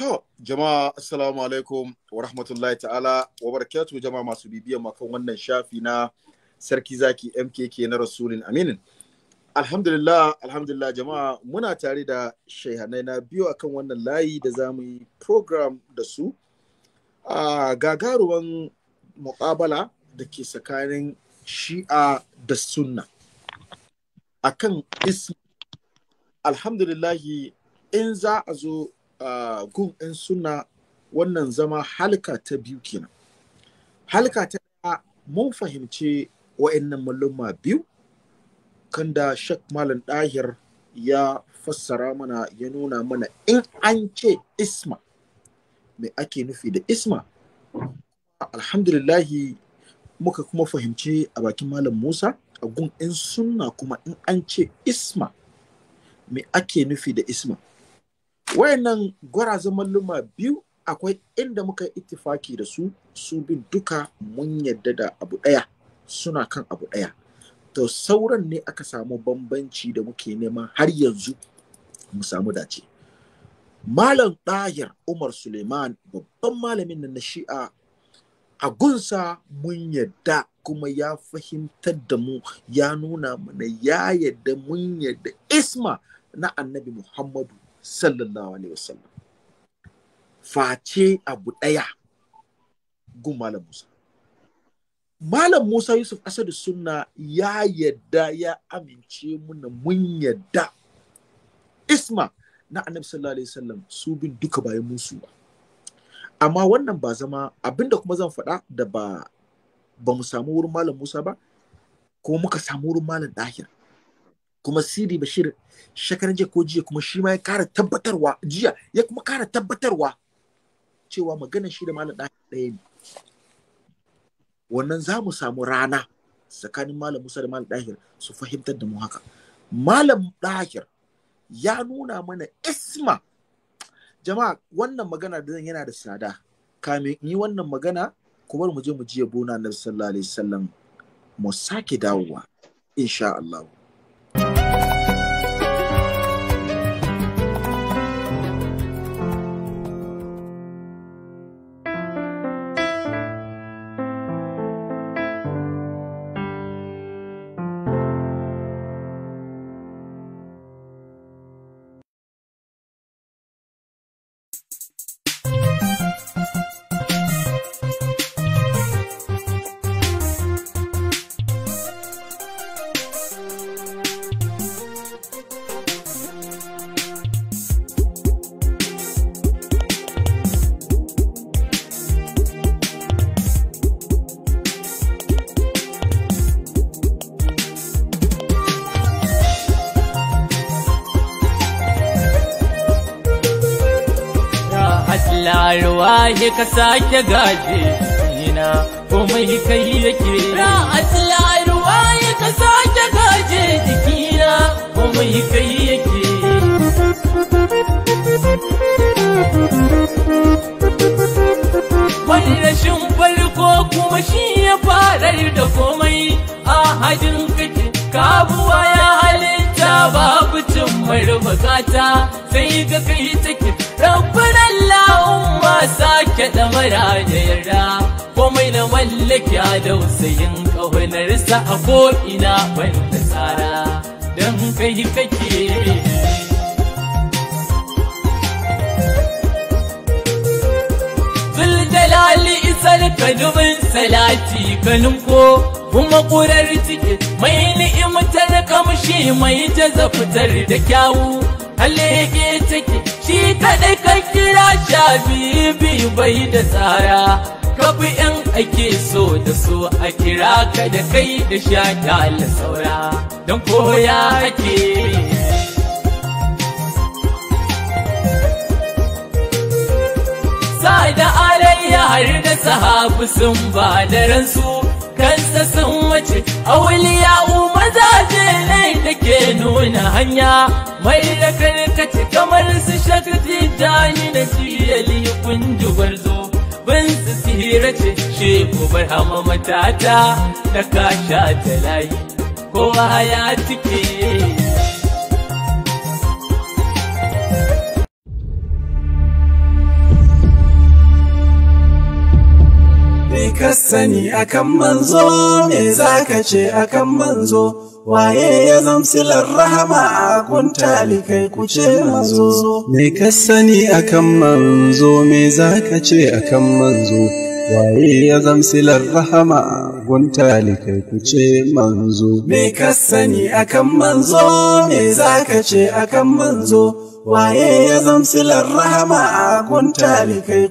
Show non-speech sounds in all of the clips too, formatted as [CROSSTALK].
To, jama'a assalamu alaikum wa rahmatullahi ta'ala wa barakatu jama'a masu bibiyan makon wannan shafi na sarki zaki MKK na Rasulun Aminin. Alhamdulillah, alhamdulillah jama'a muna tare da shaihanai na biyu akan wannan layi da za mu yi program da su a gagaruwan muƙabala da ke tsakanin shi'a da sunna akan ismi alhamdulillahi in za a zo gun ɗin suna wannan zama halka ta biyu kenan halka ta mun fahimci wa'annan maluma biyu kan da shek malam ɗahir ya fassara mana ya nuna mana in an ce isma me ake nufi da isma alhamdulillahi muka kuma fahimci a bakin malam musa a gun in suna kuma in an ce isma me ake nufi da isma wayannan gwarazan malluma biyu akwai inda muka yi ittifaki da su su bin duka mun yadda da abu ɗaya suna kan abu ɗaya to sauran ne aka samu bambanci da muke nema har yanzu mu samu dace malam ɗahir umar suleiman babban malamin nan na shi'a a gunsa mun yadda kuma ya fahimtar da mu ya nuna mana ya yadda mun yadda isma na annabi muhammadu sallallahu alaihi wasallam face abu ɗaya gun malam Musa Malam Musa Yusuf Asadu Sunna ya yadda ya amince muna mun yadda isma na annabi sallallahu alaihi wasallam su bin duka bayan musu ba amma wannan ba zama abinda kuma zan faɗa da ba ba mu samu wurin malam Musa ba ko muka samu wurin malam Dahir kuma Sidi Bashir shekaran jiya ko jiya kuma shi ma ya kara tabbatarwa jiya ya kuma kara tabbatarwa cewa magana shi da malam ɗaya ɗaya ne wannan za mu samu rana tsakanin malam Musa da malam Dahir su fahimtar da mu haka malam Dahir ya nuna mana isma jama'a wannan magana da zan yana da tsada kamin yi wannan magana kuma mu je mu jiya bona na sallallahu alaihi wasallam mu sake dawowa insha Allah ka sake gaje sanina komai kai yake ruwa ya ka sake gaje jikina komai kai yake wani rashin farko kuma shi ya farar da komai a hajin kake kabuwa ya halitta babu cin mai bukata sai ga kai take sake mara da yarda komai na mallaki a dausayin ƙaunarsa a ko'ina ban da tsara don kai kake jalali isar ka dubin salati ka ko kuma ƙurar ciki mai ni'imtar kamshi mai jaza fitar da kyawu halege take shi kaɗai ka kira biyu bai da tsara kafi yan ake so da so a kira ka da kai da sha da saura don koya ake sa da alayya har da sahabu sun ba da ransu kansa sun wace wuce awliya'u mazaje ne da ke nuna hanya mai da karkace kamar su shakti dani da shiyali kunjubar zo ban su sihira ce shehu barhama matata da kasha ta layi kowa ya tike ka sani akan manzo me za ka ce akan manzo waye ya zamsilar rahama a kuntali kai kuce manzo me ka sani akan manzo me za ce akan manzo waye ya zamsilar rahama kun talikai ku ce manzo. Me ka sani akan manzo, me za ka ce akan manzo, waye ya zamsilar rahama a kun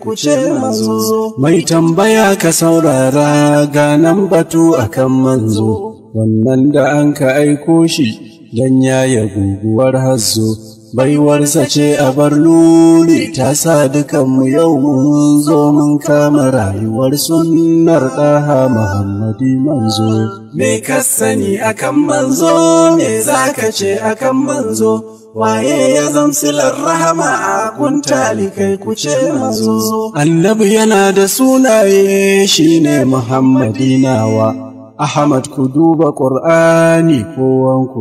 ku ce manzo. Mai tambaya ka saurara ganan batu akan manzo, wannan da an ka aiko shi don yaya guguwar hazo. baiwarsa ce a bar luli ta sa dukan mu yau mun zo mun kama rayuwar sunnar ɗaha muhammadi manzo me ka sani akan manzo me za ka ce akan manzo waye ya zamsilar rahama a tali kai ce manzo annabi yana da sunaye shine muhammadi nawa Ahmad ku duba ƙur'ani kowanku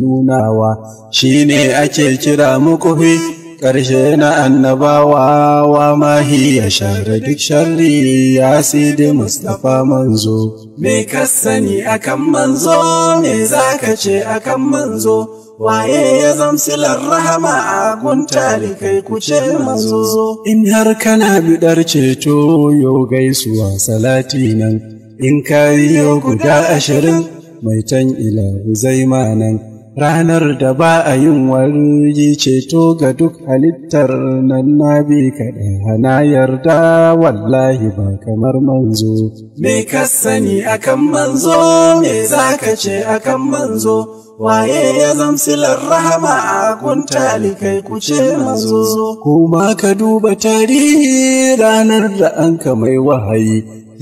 nunawa, shi ne ake kira mukufi ƙarshe na annabawa wa mahi ya share duk sharri ya sidi Mustapha manzo. Me ka sani akan manzo, me za ka ce akan manzo, waye ya zamsilar rahama a guntali kai kuce manzo. In har kana biɗar ceto yo gaisuwa salati nan. in kariyo guda ashirin mai can ila zai manan ranar da ba a yin warji ceto ga duk halittar nan na bi kaɗa hana yarda wallahi ba kamar manzo me ka sani akan manzo me za ka ce akan manzo waye ya silar rahama a kuntali kai ce manzo kuma ka duba tarihi ranar da an ka mai wahayi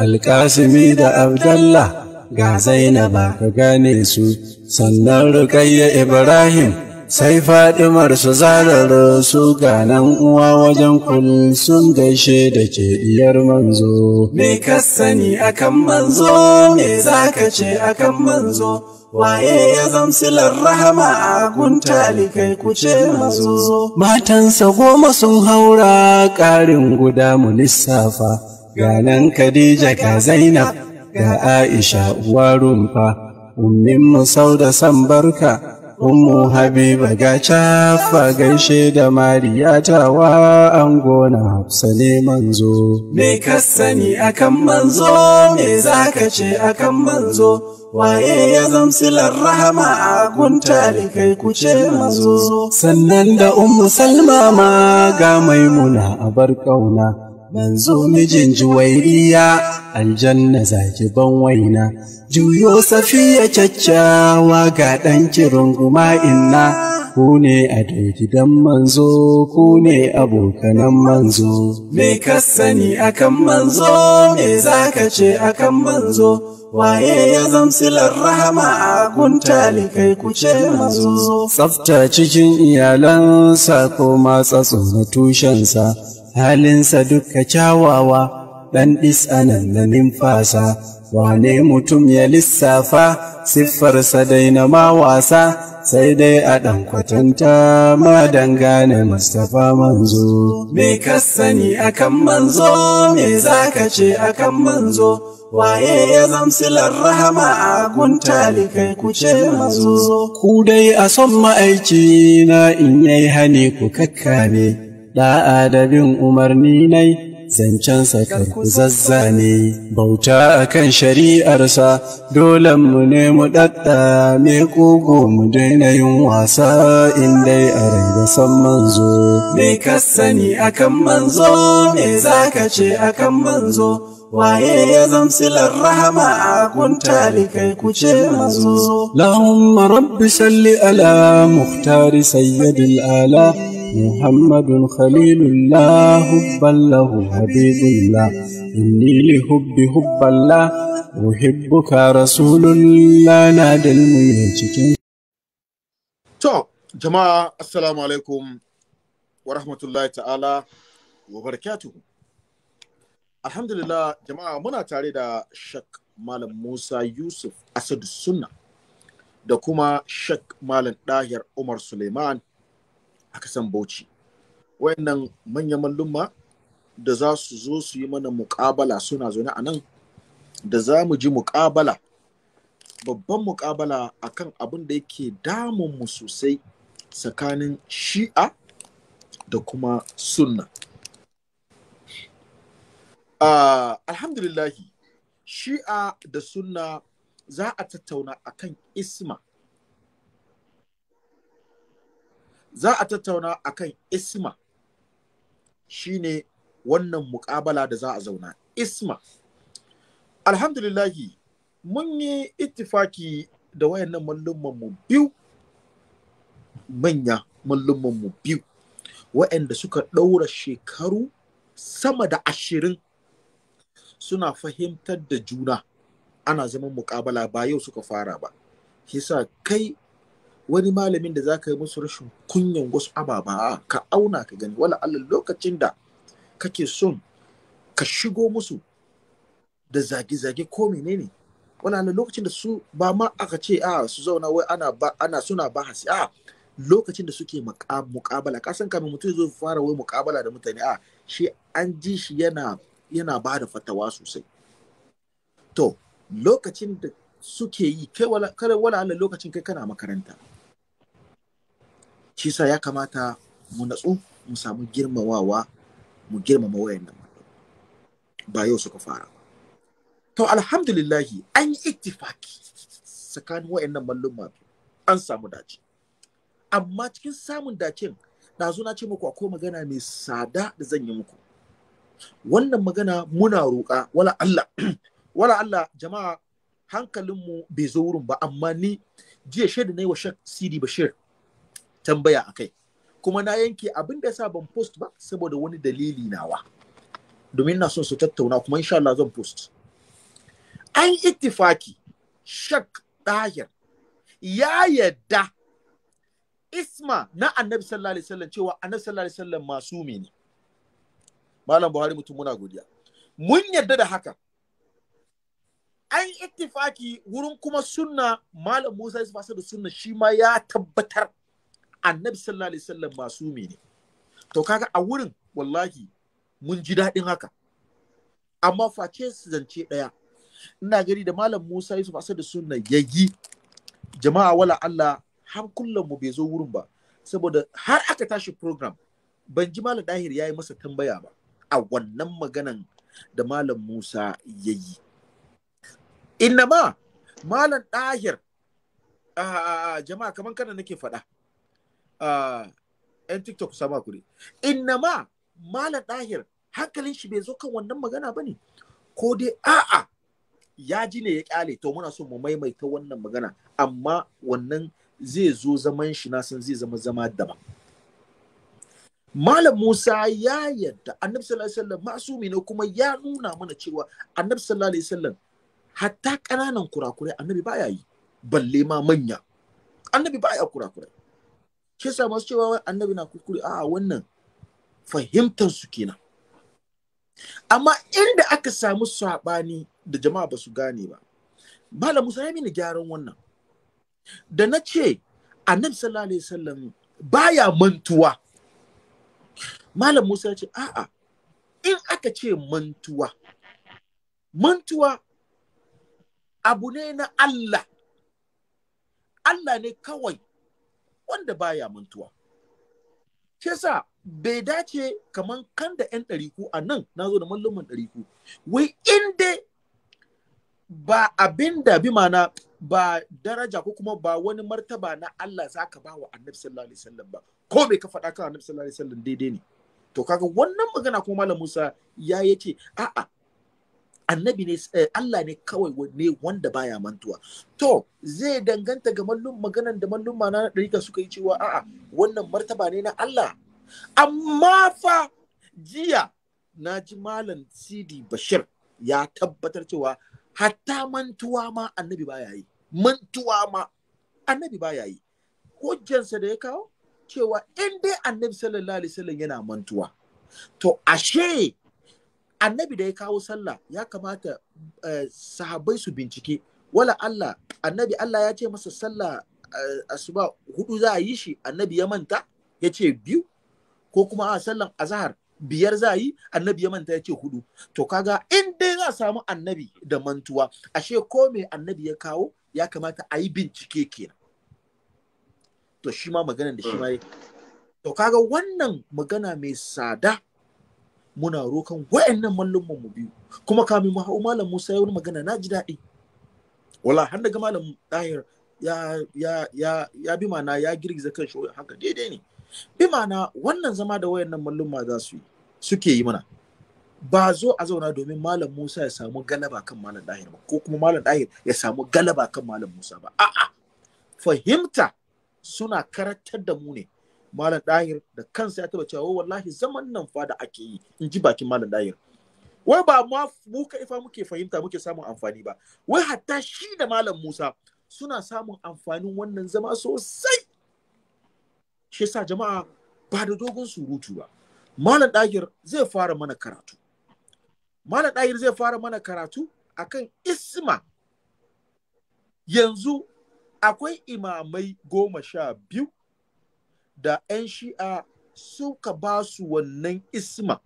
alƙasimi da abdallah ga zainaba ka gane su sannan rukayya ibrahim sai fadimar su zararo su ga nan uwa wajen kullum sun gaishe da ke ɗiyar manzo me ka sani akan manzo me za ka ce akan manzo waye ya zamsilar rahama a guntali kai kuce manzo matansa goma sun haura ƙarin guda mu lissafa ga nan Khadija ka Zainab ga Aisha uwa rumfa ummin musau da san barka ummu habiba ga cafa gaishe da mariya wa, an gona hafsa ne manzo me ka sani akan manzo me zaka ce akan manzo waye ya zamsi rahama a gunta da kai kuce manzo sannan da ummu salma ma ga maimuna abar ƙauna. manzo mijin juwairiya aljanna zaki ban waina juyo safiya kyakkyawa ga ɗan kirin guma inna ku ne a gidan manzo ku ne abokanan manzo me ka sani akan manzo me za ka ce akan manzo waye ya zamsilar rahama a kuntali kai ku ce manzo tsafta cikin iyalansa ko matsa na tushensa halinsa dukka kyawawa ɗan ɗis'anan na nimfasa wane mutum ya lissafa siffarsa daina ma wasa sai dai a ɗan kwatanta ma dangane mustapha manzo me ka sani akan manzo me za ka ce akan manzo waye ya zamsilar rahama a kuntali kai ce manzo ku dai a son ma'aiki na in yai hane ku kakkane ɗa da umarni nai zancensa karku zazzane bauta akan shari'arsa dolen mu ne mu ɗaɗɗa me kogo mu daina yin wasa in dai a rai san manzo me ka sani akan manzo me zaka ce akan manzo waye ya zamsilar rahama a kuntali kai ce manzo lahumma rabbi salli ala muhtari sayyidil ala Muhammadu خليل الله حبا له حبيب الله إني لحب حب الله أحبك رسول الله To, jama'a assalamu alaikum wa rahmatullahi ta'ala wa barakatuhu. Alhamdulillah jama'a muna tare da Shak Malam Musa Yusuf Asadu Sunna da kuma Shak Malam Dahir Umar Suleiman a kasan Bauchi. Wayannan manyan mallumma da za su zo su yi mana muƙabala suna zaune a nan da za mu ji muƙabala babban muƙabala akan abin da yake mu sosai tsakanin shi'a da kuma sunna. Uh, alhamdulillahi shi'a da sunna za a tattauna akan isma za a tattauna akan isma shine wannan muƙabala da za a zauna isma alhamdulillahi mun yi ittifaki da wayannan mu biyu manya mu biyu wayanda suka ɗaura shekaru sama da ashirin suna fahimtar da juna ana zaman muƙabala ba yau suka fara ba yasa kai wani malamin da za ka yi musu rashin kunyan wasu ababa ka auna ka gani wala Allah lokacin da kake son ka shigo musu da zage-zage ko menene wala Allah lokacin da su ba ma aka ce a ah, su zauna wai ana ba ana suna bahasi a ah, lokacin da suke muƙabala ka san kamin mutum zo fara wai muƙabala da mutane a ah, shi an ji shi yana yana ba da fatawa sosai to lokacin da suke yi kai wala Allah lokacin kai kana makaranta shi sa ya kamata mu natsu mu samu girmamawa mu girmama wayannan ba yau suka fara ba to alhamdulillahi an yi ittifaki tsakanin wayannan mallon an samu dace amma cikin samun dacen ɗazu na ce muku akwai magana mai sada da zan yi muku wannan magana muna roƙa wala Allah [CLEARS THROAT] wala Allah jama'a hankalinmu bai zo wurin ba amma ni jiya shaidu na yi wa shak sidi bashir tambaya a kai kuma na yanke abin da yasa ban post ba saboda wani dalili nawa domin na son su tattauna kuma insha Allah zan post an ittifaki shak dahir ya yadda isma na annabi sallallahu alaihi wasallam cewa annabi sallallahu alaihi wasallam masumi ne malam buhari mutum muna godiya mun yadda da haka an ittifaki wurin kuma sunna malam musa yusuf da sunna shi ma ya tabbatar annabi sallallahu alaihi wasallam masumi ne to kaga a wurin wallahi mun ji daɗin haka amma face su zance ɗaya ina gari da malam Musa Yusuf Asad da sunna yayi jama'a wala Allah har kullum mu bai zo wurin ba saboda har aka tashi program ban ji malam Dahir yayi masa tambaya ba a wannan maganan da malam Musa yayi ma malam Dahir ah, ah, ah, jama'a kamar kana nake faɗa 'yan ah, TikTok sama kuri. nama Malam Dahir hankalin shi bai zo kan wannan magana ba ne. Ko dai a'a ya ji ne ya kyale to muna so mu maimaita wannan magana amma wannan zai zo zaman shi na san zai zama zama daban. Malam Musa ya yadda Annabi sallallahu alaihi wasallam masumi ne kuma ya nuna mana cewa Annabi sallallahu alaihi wasallam hatta ƙananan kurakurai Annabi baya yi balle ma manya. Annabi baya kurakurai. kisa masu cewa annabi na kuskure a wannan fahimtar su kenan amma inda aka samu saɓani da jama'a ba su gane ba malam musa ya mini gyaran wannan da na ce annabi sallallahu alaihi wasallam baya mantuwa malam musa ya ce a'a in aka ce mantuwa mantuwa abu ne na Allah Allah ne kawai wanda ya mantuwa kesa bai dace kaman kan da yan ɗariku a nan na zo da malluman ɗariku wai in dai ba abin da bi mana ba daraja ko kuma ba wani martaba na Allah za ka ba wa annabi sallallahu alaihi wasallam ba ko bai ka faɗa kan annabi sallallahu alaihi wasallam daidai ne to kaga wannan magana kuma malam Musa ya yace a'a annabi ne eh, Allah ne kawai ne wanda baya mantuwa to zai danganta ga mallum maganan da mallum na dariƙa suka yi cewa a'a wannan martaba ne na Allah amma fa jiya na ji malam Sidi Bashir ya tabbatar cewa hatta mantuwa ma annabi baya yi mantuwa ma annabi baya yi hujjansa da ya kawo cewa in dai annabi sallallahu alaihi wasallam yana mantuwa to ashe annabi da ya kawo sallah ya kamata eh, sahabbai su bincike wala Allah annabi Allah ya ce masa sallah eh, asuba hudu za a yi shi annabi ya manta ya ce biyu ko kuma a sallan azahar biyar za a yi annabi ya manta ya ce hudu to kaga in dai za a samu annabi da mantuwa ashe ko me annabi ya kawo ya kamata a yi bincike kenan to shi ma maganar da shi ma to kaga wannan magana mai sada muna rokan wayannan mallumman mu biyu kuma kamin mu hau malam Musa ya wani magana na ji daɗi wala har daga malam Dahir ya ya ya ya bi mana ya girgiza kan shi haka daidai ne bi mana wannan zama da wayannan mallumma za su yi suke yi mana ba zo a zauna domin malam Musa ya samu galaba kan malam Dahir ba ko kuma malam Dahir ya samu galaba kan malam Musa ba a'a fahimta suna karantar da mu ne malam dahir da kansa ya taba cewa wallahi zaman nan fa da ake yi in ji bakin malam dahir wai ba ma mu kai fa muke fahimta muke samun amfani ba wai hatta shi da malam musa suna samun amfanin wannan zama sosai shi sa jama'a ba da dogon surutu ba malam dahir zai fara mana karatu malam dahir zai fara mana karatu akan isma yanzu akwai imamai goma sha biyu da 'yan shi'a suka ba su wannan isma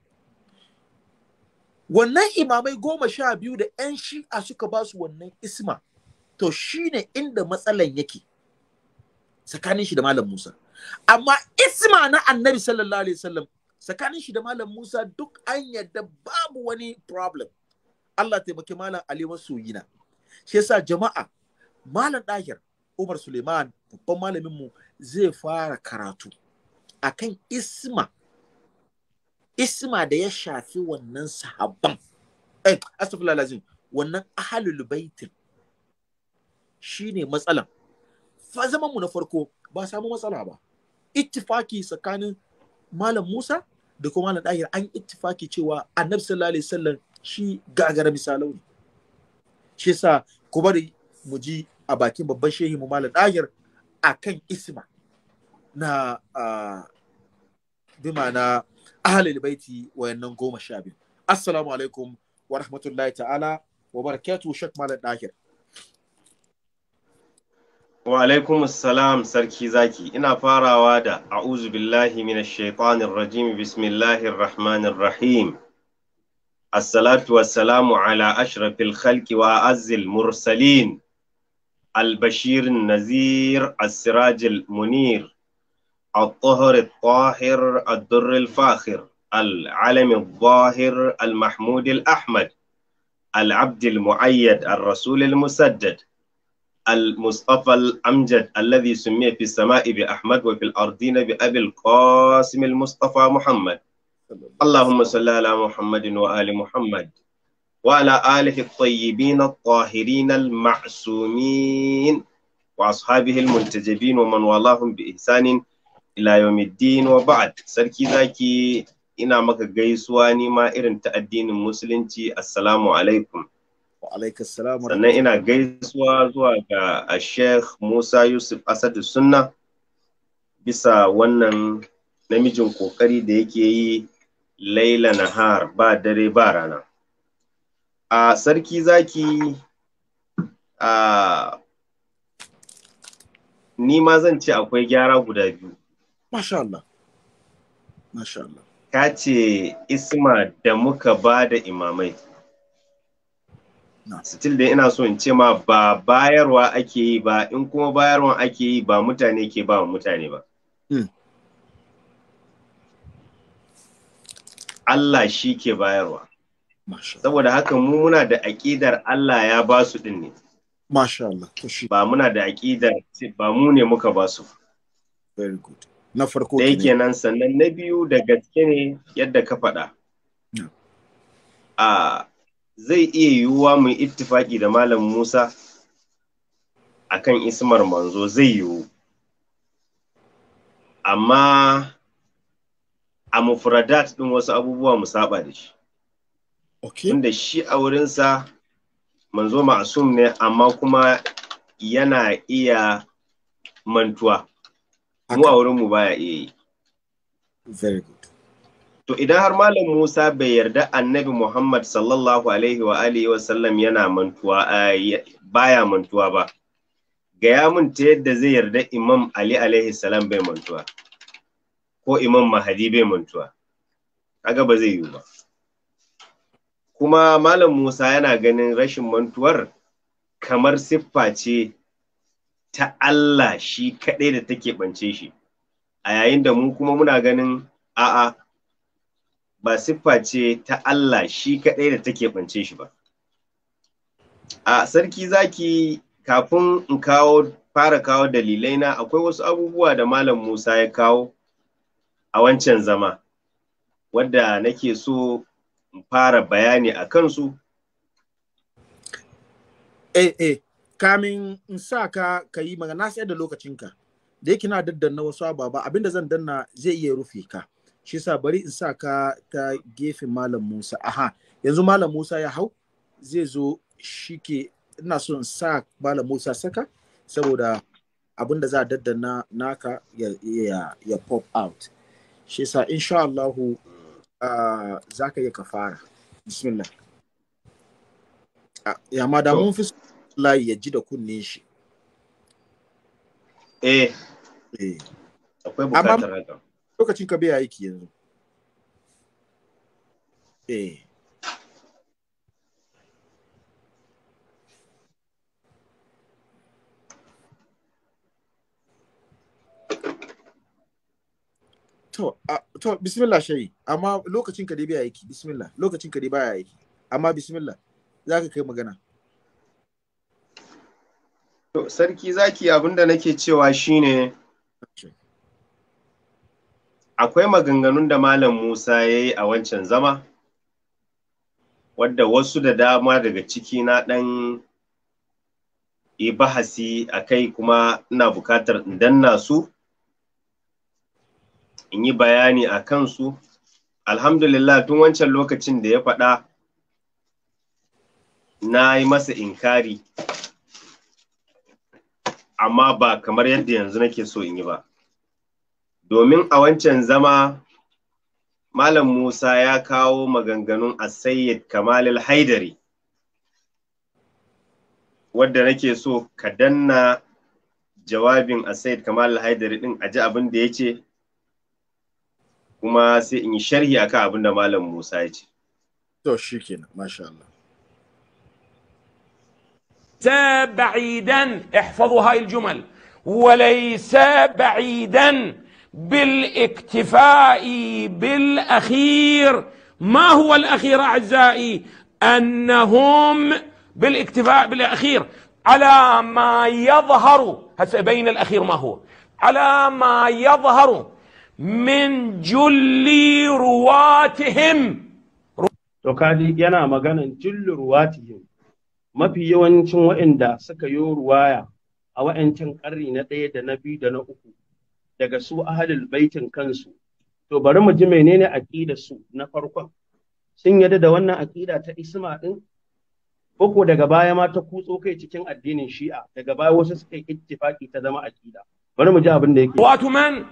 wannan imamai goma sha biyu da 'yan shi'a suka ba su wannan isma to shine inda matsalan yake tsakanin shi da malam musa amma isma na annabi sallallahu alaihi wasallam tsakanin shi da malam musa duk an yadda babu wani problem allah taimaki malam ali masoyina shi yasa jama'a malam Ɗahir, umar suleiman babban malaminmu zai fara karatu akan isma isma da ya shafi wannan sahabban eh astaghfirullah wannan ahlul baitin shine matsalan fa zaman mu na farko ba samu matsala ba ittifaki tsakanin malam Musa da kuma malam Dahir an ittifaki cewa Annabi sallallahu alaihi wasallam shi gagara misalau ne shi sa ku bari mu ji a bakin babban shehi mu malam Dahir a kan isma na bima na ahalil baiti wayannan goma sha biyu assalamu alaikum wa rahmatullahi ta'ala wa barakatu shak malam dakir wa alaikum assalam sarki zaki ina farawa da a'uzu billahi minash shaitanir rajim bismillahir rahmanir rahim الصلاة والسلام على أشرف الخلق وأعز المرسلين البشير النذير السراج المنير الطهر الطاهر الدر الفاخر العلم الظاهر المحمود الأحمد العبد المعيد الرسول المسدد المصطفى الأمجد الذي سمي في السماء بأحمد وفي الأرضين بأبي القاسم المصطفى محمد اللهم صل على محمد وآل محمد وعلى آله الطيبين الطاهرين المعصومين وأصحابه المنتجبين ومن والاهم بإحسان إلى يوم الدين وبعد سركي ذاكي ina maka gaisuwa ni ma irin ta addinin musulunci assalamu alaikum sannan ina gaisuwa zuwa ga a sheikh musa yusuf asadu sunna bisa wannan namijin kokari da yake yi laila har ba dare ba rana a sarki zaki a ni ma zan ce akwai gyara guda biyu masha Allah masha Allah ka ce isma da muka ba da imamai still dai ina so in ce ma ba bayarwa ake yi ba in kuma bayarwa ake yi ba mutane ke ba mutane ba hmm. Allah shi ke bayarwa saboda haka mu muna da aƙidar Allah ya ba su din ne Masha Allah. Ba muna da aƙidar, ba mu ne muka ba su. Very good. Na farko Da yake nan sannan na biyu da gaske ne yadda ka faɗa. A zai iya yiwuwa mu ittifaki da Malam Musa akan ismar manzo zai yiwu. Amma a mufradat ɗin wasu abubuwa mu saba da shi. Tunda shi a wurinsa manzo ma'asum ne amma kuma yana iya mantuwa. Mu a wurinmu baya iya yi. Very good. To idan har Malam Musa bai yarda annabi Muhammad sallallahu Alaihi wa alihi sallam yana mantuwa baya mantuwa ba, gaya mun ta yadda zai yarda Imam Ali alaihi salam bai mantuwa, ko Imam Mahadi bai mantuwa, kaga ba zai yiwu ba. kuma malam musa yana ganin rashin mantuwar kamar siffa ce ta Allah shi kaɗai da take bance shi a yayin da mu kuma muna ganin a'a ba siffa ce ta Allah shi kaɗai da take bance shi ba a sarki zaki kafin in kawo fara kawo dalilai na akwai wasu abubuwa da malam musa ya kawo a wancan zama wadda nake so fara bayani a kansu? Eh, eh, kamin in sa ka ka yi magana sai da lokacinka. Da yake na daddanna wasu ababa abinda zan danna zai iya rufe ka. Shi sa bari in sa ka ta gefen Malam Musa. Aha, yanzu Malam Musa ya hau zai zo shi ke ina so in sa Malam Musa saka saboda abinda za a naka ya, ya, pop out. Shi sa insha Allahu za ka iya ka fara bismillah ya da mun fi layi ya ji da kunne shi eh eh akwai bukatar haka lokacin ka bai aiki yanzu eh To, to bismillah shayi, amma lokacin ka dai bai aiki bismillah, lokacin ka dai baya aiki amma bismillah, za ka kai magana. To, sarki zaki abinda nake cewa shine akwai maganganun da Malam Musa ya yi a wancan zama, wadda wasu da dama daga ciki na dan yi bahasi a kai kuma ina bukatar in danna su. in yi bayani a kansu alhamdulillah tun wancan lokacin da ya faɗa na yi masa inkari amma ba kamar yadda yanzu nake so in yi ba domin a wancan zama malam musa ya kawo maganganun a sayyid kamalil haidari wadda nake so ka danna jawabin a sayyid kamalil haidari din a ji abin da ya ce kuma sai in yi sharhi akan abin da malam Musa ya ce to shikenan masha Allah بعيدا احفظوا هاي الجمل وليس بعيدا بالاكتفاء بالاخير ما هو الاخير اعزائي انهم بالاكتفاء بالاخير على ما يظهر هسه بين الاخير ما هو على ما يظهر min julli ruwatihim to kaji yana maganan julli ruwatihim mafi yawancin waɗanda suka yi ruwaya a wa'ancin ƙarni na ɗaya da na biyu da na uku daga su ahalul baitin kansu to bari mu ji menene aƙida su na farkon sun yarda da wannan aƙida ta isma ɗin uku daga baya ma ta kutso kai cikin addinin shi'a daga baya wasu suka yi ittifaki ta zama aƙida bari mu ji abin da yake wato man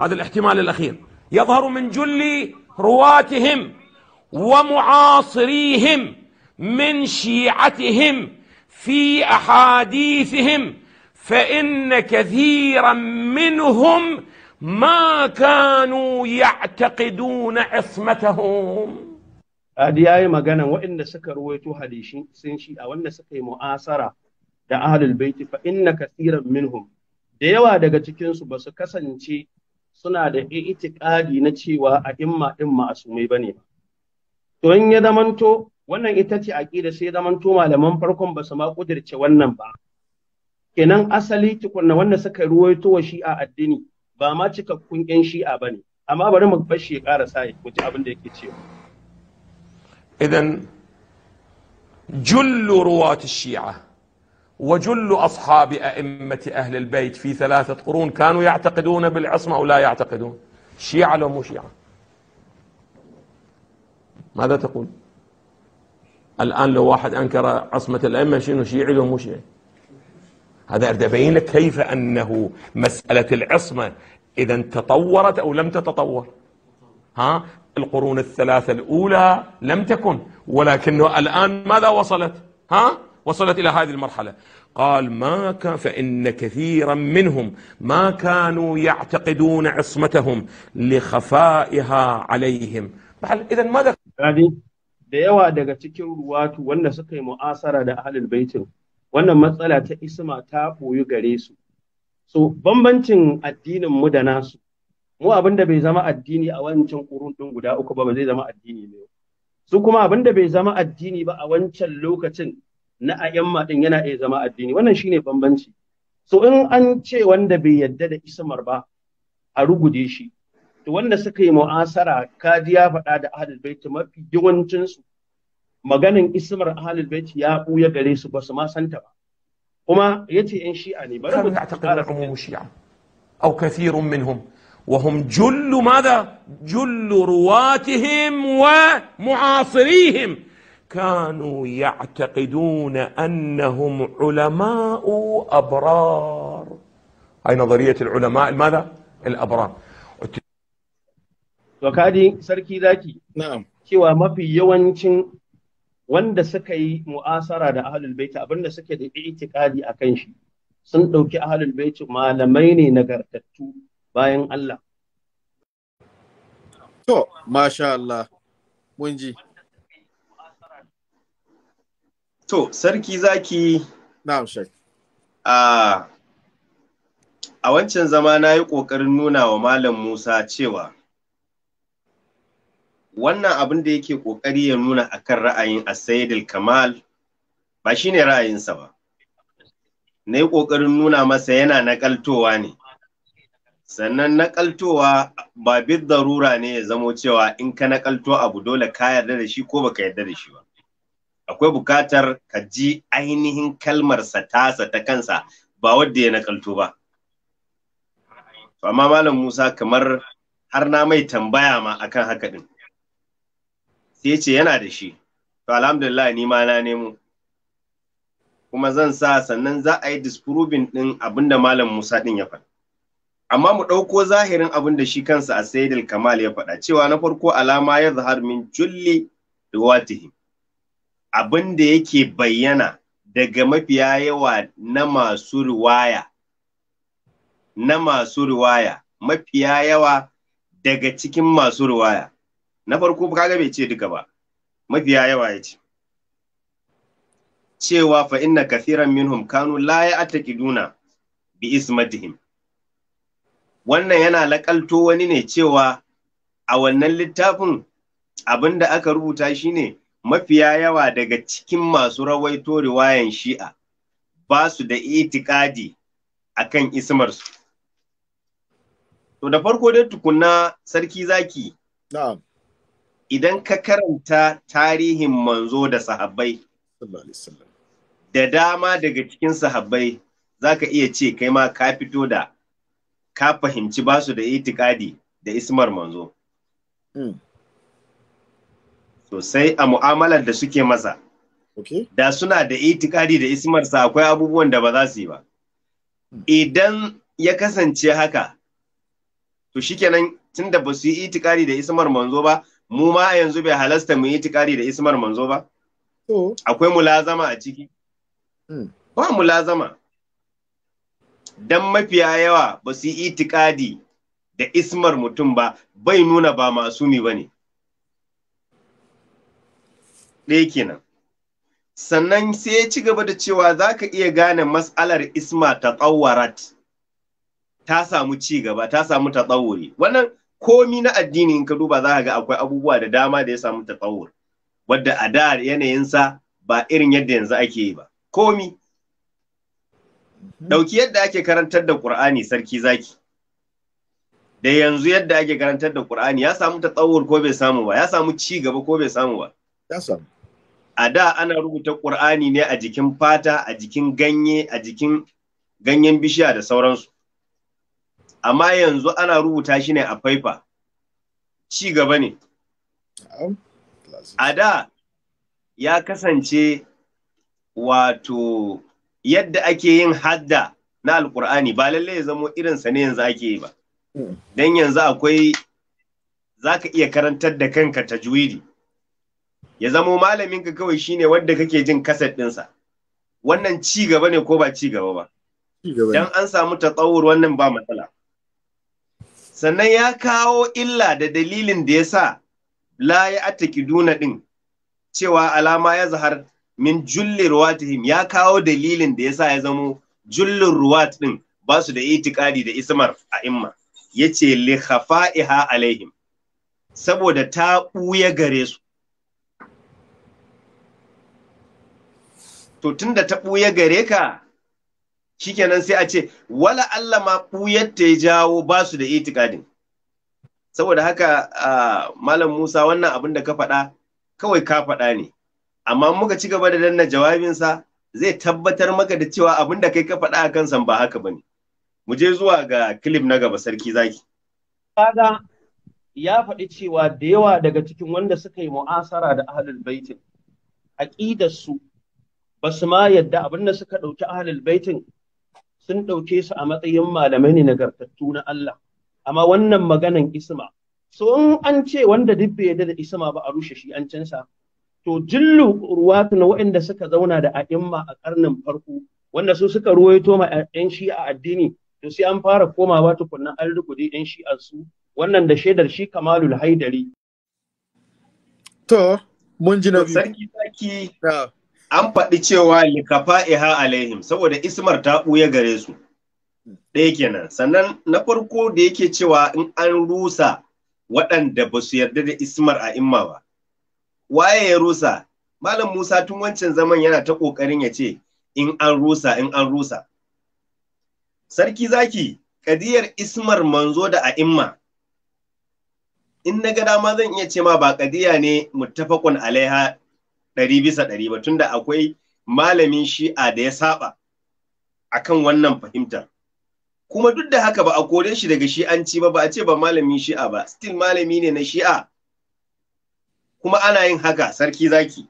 هذا الاحتمال الأخير يظهر من جل رواتهم ومعاصريهم من شيعتهم في أحاديثهم فإن كثيرا منهم ما كانوا يعتقدون عصمتهم هذه آية مغانا وإن سكر ويتو هديشين سنشي أو إن سكي مؤاسرة دا أهل البيت فإن كثيرا منهم ديوا دقا تكينسو بس كسنشي suna da itikadi na cewa a imma din ma'asumai bane to in ya zamanto wannan ita ce aqida sai zamanto malaman farkon ba su ma kudirce wannan ba kenan asali tukunna wanda suka ruwaito wa shi'a addini ba ma cikakkun yan shi'a bane amma bari mu bar shi ya karasa ku ji abin da yake cewa idan jullu ruwatu shi'a وجل أصحاب أئمة أهل البيت في ثلاثة قرون كانوا يعتقدون بالعصمة أو لا يعتقدون شيعة لو مو شيعة ماذا تقول الآن لو واحد أنكر عصمة الأئمة شنو شيعي لو مو شيعي هذا أريد أبين لك كيف أنه مسألة العصمة إذا تطورت أو لم تتطور ها القرون الثلاثة الأولى لم تكن ولكنه الآن ماذا وصلت ها وصلت إلى هذه المرحلة قال ما كان فإن كثيرا منهم ما كانوا يعتقدون عصمتهم لخفائها عليهم إذا ماذا يعني دعوة دقا تكين رواتو وانا سكي مؤاسرة دا البيت وانا مسألة اسم تابو يغريسو سو بمبنچن الدين مدناس مو أبن بي زما أوان چن قرون تنگو أكبر بزي زما سو كما أبن بي زما الديني با na a'yamma din yana iya zama addini wannan shine bambanci so in an ce wanda bai yadda da ismar ba a rugude shi to wanda suka yi mu'asara kadiya fada da ahlul bait mafi yawancin su maganin ismar ahlul bait ya buya gare su ba su ma santa ba kuma yace in shi'a ne bari mu ta'taqid umum shi'a aw kathirun minhum وهم جل ماذا؟ جل رواتهم ومعاصريهم كانوا يعتقدون أنهم علماء أبرار هاي نظرية العلماء ماذا؟ الأبرار وكادي سركي ذاكي نعم cewa mafi yawancin wanda suka yi mu'asara da ahlul baiti abinda suke da itikadi akan shi sun ɗauki ahlul baiti malamai ne nagartattu bayan Allah to masha Allah mun ji To, sarki zaki. Na'am, shek. A wancan zama na yi ƙoƙarin nuna wa Malam Musa cewa wannan abin da yake ƙoƙari ya nuna kan ra'ayin Asayidul Kamal ba shine ra'ayinsa ba. Na yi ƙoƙarin nuna masa yana naƙaltowa ne. sannan nakaltowa ba bid darura ne ya zamo cewa in ka nakalto abu dole ka yarda da shi ko baka yarda da shi ba akwai bukatar ka ji ainihin kalmarsa tasa ta kansa ba wadda ya nakalto ba to amma malam Musa kamar har na mai tambaya ma akan haka din sai ce yana da shi to alhamdulillah ni ma na nemo kuma zan sa sannan za a yi disproving din abinda malam Musa din ya faɗa amma mu ɗauko zahirin abin shi kansa a Sayyidul kamal ya faɗa cewa na farko alama ya zahar min julli riwatihim abin da yake bayyana daga mafiya yawa na masu ruwaya, na masu ruwaya, mafiya yawa daga cikin masu ruwaya, na farko kaga bai ce duka ba mafiya yawa ya ce cewa fa inna kathiran minhum kanu la ya'taqiduna bi ismatihim wannan yana lakalto wani ne cewa a wannan littafin abinda aka rubuta shine mafiya yawa daga cikin masu rawaito riwayan shi'a ba su da itikadi a kan ismarsu. To da farko dai tukuna sarki zaki, idan ka karanta tarihin manzo da sahabbai, da dama daga cikin sahabbai za ka iya ce kai ma ka fito da ka fahimci ba su da itikadi da ismar manzo. Hmm. sai a mu'amalar da suke masa da suna da itikadi da ismarsa akwai abubuwan da ba za su yi ba hmm. idan ya kasance haka to shikenan tunda ba su yi itikadi da ismar manzo ba mu ma yanzu bai halasta mu yi itikadi da ismar manzo ba akwai mulazama a ciki hmm. ba mulazama dan mafiya yawa ba su yi itikadi da ismar mutum ba bai nuna ba masumi ba ne ɗaya kenan sannan sai ya ci gaba da cewa za ka iya gane matsalar isma ta tsawarat ta samu ci gaba ta samu ta tsawuri wannan komi na addini in ka duba za ka ga akwai abubuwa da dama da ya samu ta tsawur wadda a da yanayinsa ba irin yadda yanzu ake yi ba komi ɗauki yadda ake karantar da ƙur'ani sarki zaki da yanzu yadda ake karantar da ƙur'ani ya samu ta tsawur ko bai samu ba ya samu ci gaba ko bai samu ba ya samu a da ana rubuta ƙur'ani ne a jikin fata a jikin ganye a jikin ganyen bishiya da sauransu amma yanzu ana rubuta shi ne a faifa ci gaba ne a da ya kasance wato yadda ake yin hadda na Alƙur'ani. ba lallai ya zamo irinsa ne yanzu ake yi ba hmm. don yanzu akwai za ka iya karantar da kanka tajwidi. ya zamo malamin ka kawai shine wanda kake jin kaset ɗinsa wannan ci gaba ne ko ba ci gaba ba dan an samu tatsawur wannan ba matsala sannan ya kawo illa da dalilin da ya sa la ya ataki duna ɗin cewa alama ya zahar min julli ruwatihim ya kawo dalilin da ya sa ya zamo jullin ruwat ɗin ba su da itikadi da ismar a imma ya ce li alaihim saboda ta ɓuya gare su to tun da ta ɓuya gare ka shikenan sai a ce wala Allah ma ɓuyar ta ya jawo ba su da itikadin saboda haka malam Musa wannan abin da ka faɗa kawai ka faɗa ne amma muka ci gaba da danna jawabinsa zai tabbatar maka da cewa abin da kai ka faɗa a kansan ba haka bane mu je zuwa ga kilif na gaba sarki zaki kaga ya faɗi cewa da yawa daga cikin wanda suka yi mu'asara da ahlul baitin aqidar su ba su ma yadda abin da suka ɗauki ahalul baitin sun ɗauke su a matsayin malamai ne nagartattu na Allah amma wannan maganan isma so in an ce wanda duk bai yadda da isma ba a rushe shi an cansa to jillu ruwatu na waɗanda suka zauna da a'imma a karnin farko wanda su suka ruwaito ma yan shi'a addini to sai an fara komawa tukunna an rukude yan shi'a su wannan da shaidar shi Kamalul Haidari to mun ji na sarki sarki an faɗi cewa likafa iha alaihim saboda ismar ta ɓuya gare su ɗaya kenan sannan na farko da yake cewa in an rusa waɗanda ba su yarda da ismar a imma ba waye ya rusa malam musa tun wancan zaman yana ta ƙoƙarin ya ce in an rusa in an rusa sarki zaki kadiyar ismar manzo da a imma in na ga dama zan iya ce ma ba kadiya ne mutafakun alaiha ɗari bisa ɗari ba tunda akwai malamin shi'a da ya saba akan wannan fahimtar kuma duk da haka ba a kore shi daga shi'anci ba ba a ce ba malamin shi'a ba still malami ne na shi'a kuma ana yin haka sarki zaki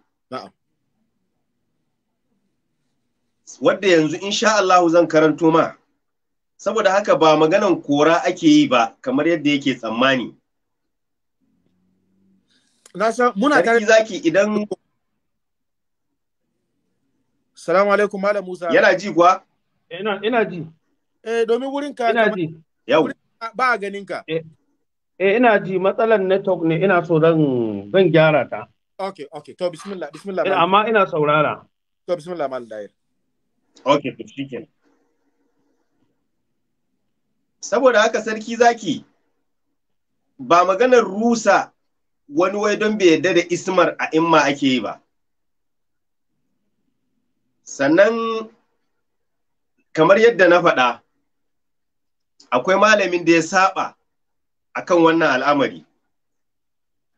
wadda yanzu insha Allahu zan karanto ma saboda haka ba maganan kora ake yi ba kamar yadda yake tsammani na san muna tare zaki idan Salamu alaikum Malam Musa. Yana ji kuwa? Ina ina ji. Eh domin wurin ka ina ji. Yau. Ba ganin ka. Eh, eh ina ji matsalan network ne ina so zan zan gyara ta. Okay okay to bismillah bismillah. Eh, amma ina saurara. To bismillah Malam Dair. Okay to shikenan. Saboda haka sarki zaki ba maganar rusa wani wai don bai yarda da ismar a imma ake yi ba. sannan kamar yadda na faɗa akwai malamin da ya saba akan wannan al'amari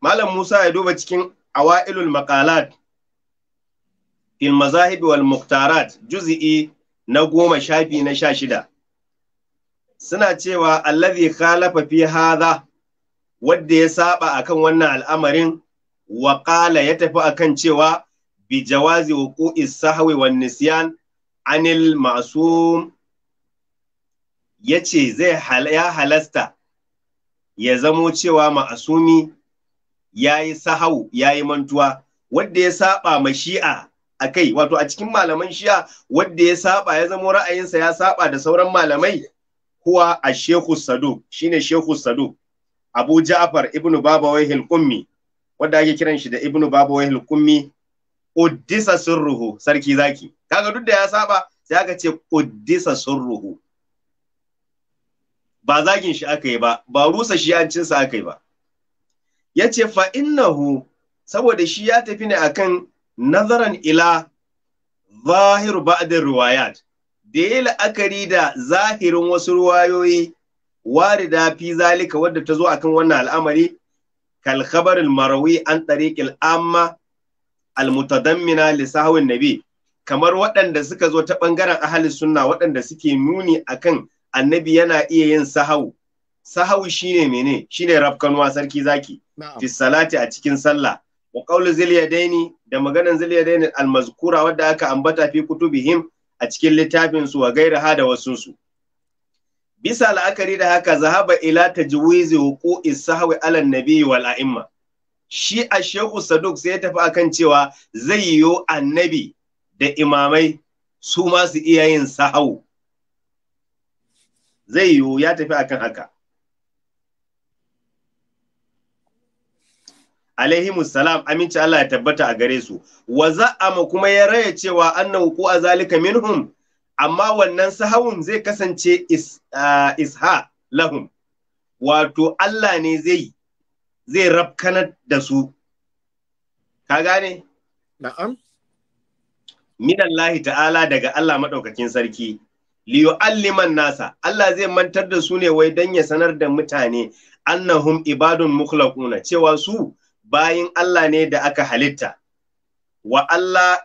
malam musa ya duba cikin awa'ilul maqalat fil mazahib wal muqtarat juz'i na goma shafi na sha shida suna cewa allazi khalafa fi hadha wadda ya saba akan wannan al'amarin wa qala ya tafi akan cewa bi jawazi wuqu'i sahwi nisyan anil ma'sum yace zai ya halasta ya zamo cewa ma'asumi yayi sahau yayi mantuwa ya saba ma shi'a a kai wato a cikin malaman shi'a wanda ya saɓa ya zamo ra'ayinsa ya saɓa da sauran malamai huwa a shehu sadu shine shehu sadu abu ja'far ibnu babawai hilkummi ake kiran shi da ibnu babawai hilkummi uddisa sirruhu sarki zaki kaga duk da ya saba sai aka ce uddisa sirruhu ba zagin shi aka yi ba ba rusa shi an cinsa aka yi ba Ya yace fa innahu saboda shi ya tafi ne akan nazaran ila zahiru Ba'adin riwayat da ya la'akari da zahirin wasu ruwayoyi warida fi zalika wadda ta zo akan wannan al'amari kal khabaril marawi an tariq amma almutadammina li sahwin nabi kamar waɗanda suka zo ta ɓangaren ahalin sunna waɗanda suke nuni akan annabi yana iya yin sahau sahau shine mene shine rafkanuwa sarki zaki fi salati a cikin sallah wa qawlu zil yadaini da maganan zil yadaini al mazkura wadda aka ambata fi kutubihim a cikin littafin su wa gairaha da wasu su bisa la'akari da haka zahaba ila tajwizi wuqu'i sahwi ala nabi wal a'imma shi a shehu saduk sai ya tafi akan cewa zai yiwu annabi da imamai su ma su iya yin sahau zai yiwu ya tafi akan haka Alayhi salam aminci Allah ya tabbata a gare su wa za'ama kuma ya raya cewa annahu ku azalika minhum amma wannan sahawun zai kasance uh, isha lahum wato Allah ne zai zai rafkanar da su ka gane na'am minallahi ta'ala daga Allah madaukakin sarki alliman nasa Allah zai mantar da su ne wai dan ya sanar da mutane annahum ibadun mukhlaquna cewa su bayin Allah ne da aka halitta wa Allah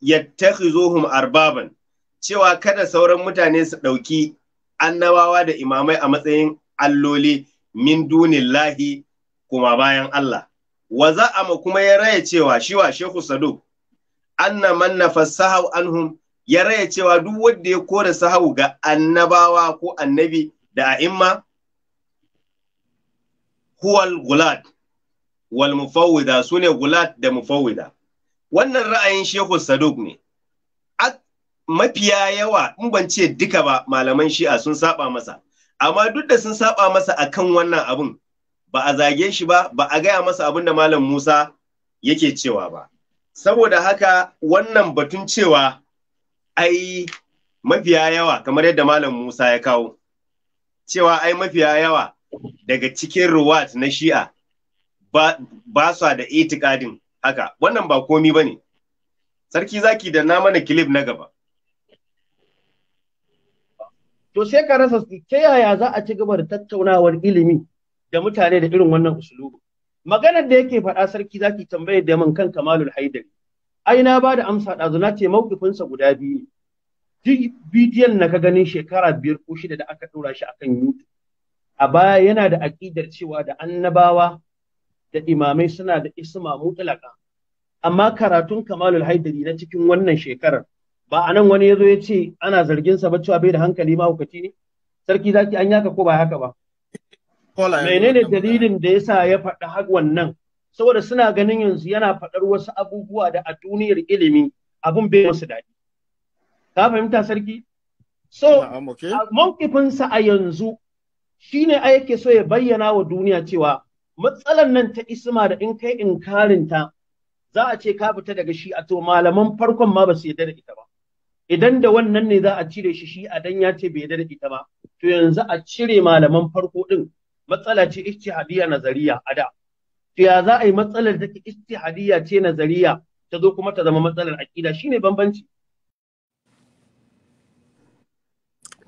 ya yattakhizuhum arbaban cewa kada sauran mutane su ɗauki annabawa da imamai a matsayin alloli min dunillahi kuma bayan Allah wa za a ma kuma ya raya cewa shi wa Shehu Saduq anna manna nafassahu anhum ya raya cewa duk wanda ya kore sahau ga annabawa ko annabi da a'imma huwal gulad wal mufawwida sune gulad da mufawwida wannan ra'ayin Shehu Saduq ne mafiya yawa in ban ce duka ba malaman shi'a sun saba masa amma duk da sun saba masa akan wannan abin ba a zage shi ba ba a gaya masa abin da malam Musa yake cewa ba saboda haka wannan batun cewa ai mafiya yawa kamar yadda malam Musa ya kawo cewa ai mafiya yawa daga cikin ruwat na shi'a ba, ba su da itikadin haka wannan ba komi ba ne sarki zaki da na mana kilif na gaba to sai ka rasa ta yaya za a ci gaba da tattaunawar ilimi da mutane da irin wannan usulubu maganar da yake faɗa sarki zaki tambaye da man kan kamalul haidari ai na ba da amsa ɗazu na ce mawkifinsa guda biyu duk bidiyon na ka ganin shekara biyar ko shida da aka ɗora shi akan youtube a baya yana da aƙidar cewa da annabawa da imamai suna da isma mutlaka amma karatun kamalul haidari na cikin wannan shekarar ba a nan wani ya zo ya ce ana zarginsa sa ba cewa bai da hankali mahaukaci ne sarki zaki an yaka ko ba haka ba menene dalilin da yasa ya faɗi har wannan saboda suna ganin yanzu yana faɗar wasu abubuwa da a duniyar ilimi abun bai musu daɗi ka fahimta sarki so mawkifinsa a yanzu shine a yake so ya bayyana wa duniya cewa matsalar nan ta isma da in kai inkarinta za a ce ka fita daga shi a to malaman farkon ma ba su yarda da ita ba idan da wannan ne za a cire shi shi a dan ya ce bai yarda da ita ba to yanzu a cire malaman farko din matsala ce ijtihadiyya nazariya a da ya za a yi matsalar da ke ijtihadiyya ce nazariya ta zo kuma ta zama matsalar aqida shine bambanci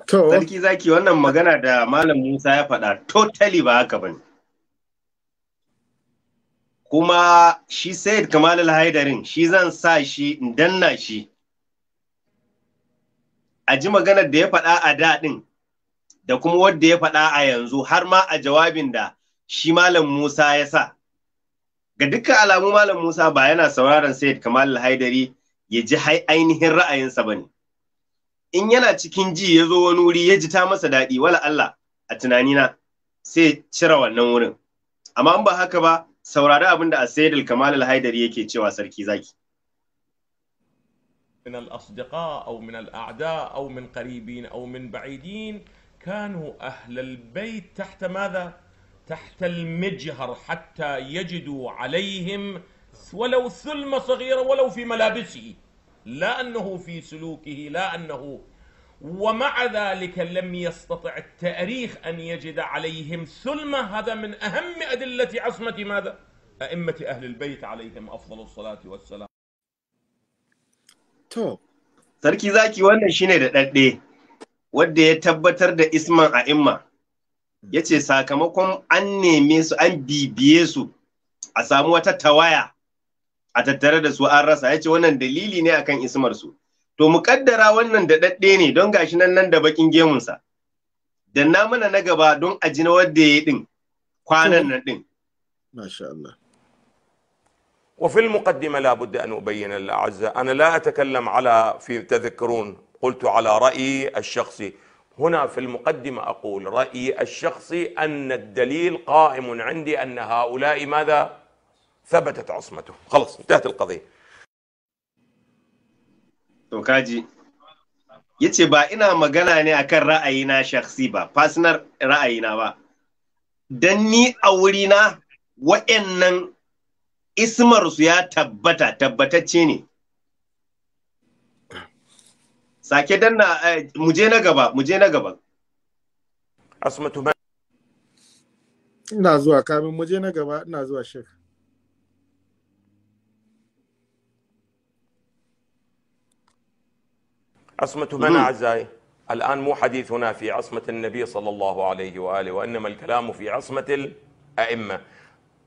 to sarki zaki wannan magana da malam Musa ya faɗa totally ba haka bane kuma shi Said Kamal al-Haidarin shi zan sa shi in danna shi a ji maganar da ya faɗa a da daɗin da kuma wadda ya faɗa a yanzu har ma a jawabin da shi Malam Musa ya sa. Ga dukkan alamu Malam Musa ba yana sauraron Sayyid Kamal al Haidari ya ji hai ainihin ra'ayinsa ba ne. In yana cikin ji ya zo wani wuri ya ji ta masa daɗi wala Allah a tunanina sai cire wannan wurin. Amma in ba haka ba saurari abin da Sayyid Kamal al Haidari yake cewa sarki zaki. من الأصدقاء أو من الأعداء أو من قريبين أو من بعيدين كانوا أهل البيت تحت ماذا؟ تحت المجهر حتى يجدوا عليهم ولو ثلمة صغيرة ولو في ملابسه لا أنه في سلوكه لا أنه ومع ذلك لم يستطع التاريخ أن يجد عليهم ثلمة هذا من أهم أدلة عصمة ماذا؟ أئمة أهل البيت عليهم أفضل الصلاة والسلام. تو تركي zaki وانا shine wadda ya tabbatar da isman a imma ya ce sakamakon an neme su an bibiye su a samu wata tawaya a tattare da su an rasa ya ce wannan dalili ne akan ismar su to mu kaddara wannan da dadde ne don gashi nan nan da bakin gemunsa da na mana na gaba don a ji wadda ya yi din kwanan nan din masha Allah وفي المقدمة لا بد أن أبين الأعزاء أنا لا أتكلم على في تذكرون قلت على رأيي الشخصي هنا في المقدمة أقول رأيي الشخصي أن الدليل قائم عندي أن هؤلاء ماذا ثبتت عصمته خلص انتهت القضية توكاجي yace ba ina magana ne akan ra'ayina shakhsi ba personal ra'ayina ba dan ni a wurina wa'annan ismar su ya tabbata tabbatacce ne sake danna mu je na gaba mu je na gaba asmatu ba ina zuwa kamin mu je na gaba ina zuwa shek عصمة من azai الآن مو حديثنا في عصمة النبي صلى الله عليه وآله وإنما الكلام في عصمة الأئمة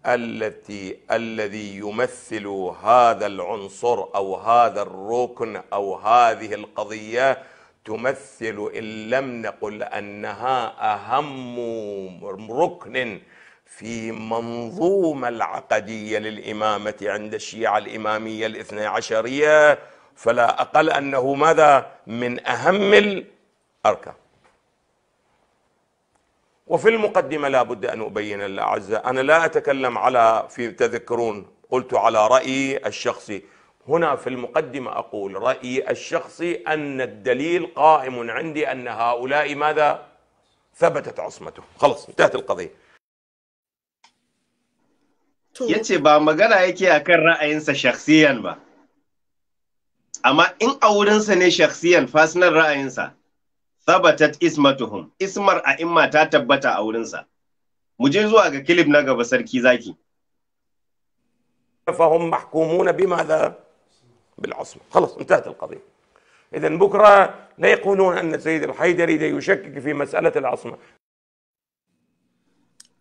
التي الذي يمثل هذا العنصر او هذا الركن او هذه القضيه تمثل ان لم نقل انها اهم ركن في منظومه العقديه للامامه عند الشيعه الاماميه الاثني عشريه فلا اقل انه ماذا من اهم الاركان وفي المقدمة لا بد أن أبين الأعزاء أنا لا أتكلم على في تذكرون قلت على رأيي الشخصي هنا في المقدمة أقول رأيي الشخصي أن الدليل قائم عندي أن هؤلاء ماذا ثبتت عصمته خلص انتهت القضية yace ba magana yake akan ra'ayinsa shakhsiyan ba amma in a wurinsa ne shakhsiyan fasinar ra'ayinsa thabatat ismatuhum ismar a imma ta tabbata a wurinsa mu je zuwa ga kilif na gaba sarki zaki فهم محكومون بماذا؟ بالعصمة خلص انتهت القضية إذا بكرة لا يقولون أن سيد الحيدري يشكك في مسألة العصمة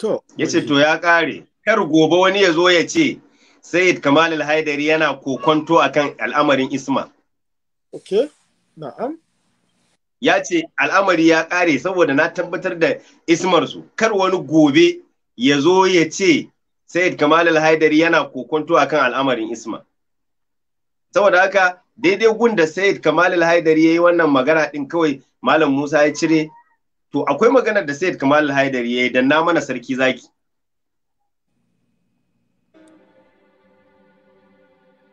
to yace to ya kare kar gobe wani ya zo ya ce Sayyid Kamal al-Haidari yana kokonto akan al'amarin Isma okay na'am ya ce al'amari ya ƙare saboda na tabbatar da ismarsu kar wani gobe ya zo ya ce sayid kamal al haidari yana kokonto akan al'amarin isma saboda haka daidai gun da sayid kamal haidari ya yi wannan magana din kawai malam musa ya cire to akwai magana da sayid kamal haidari yayi dan na mana sarki zaki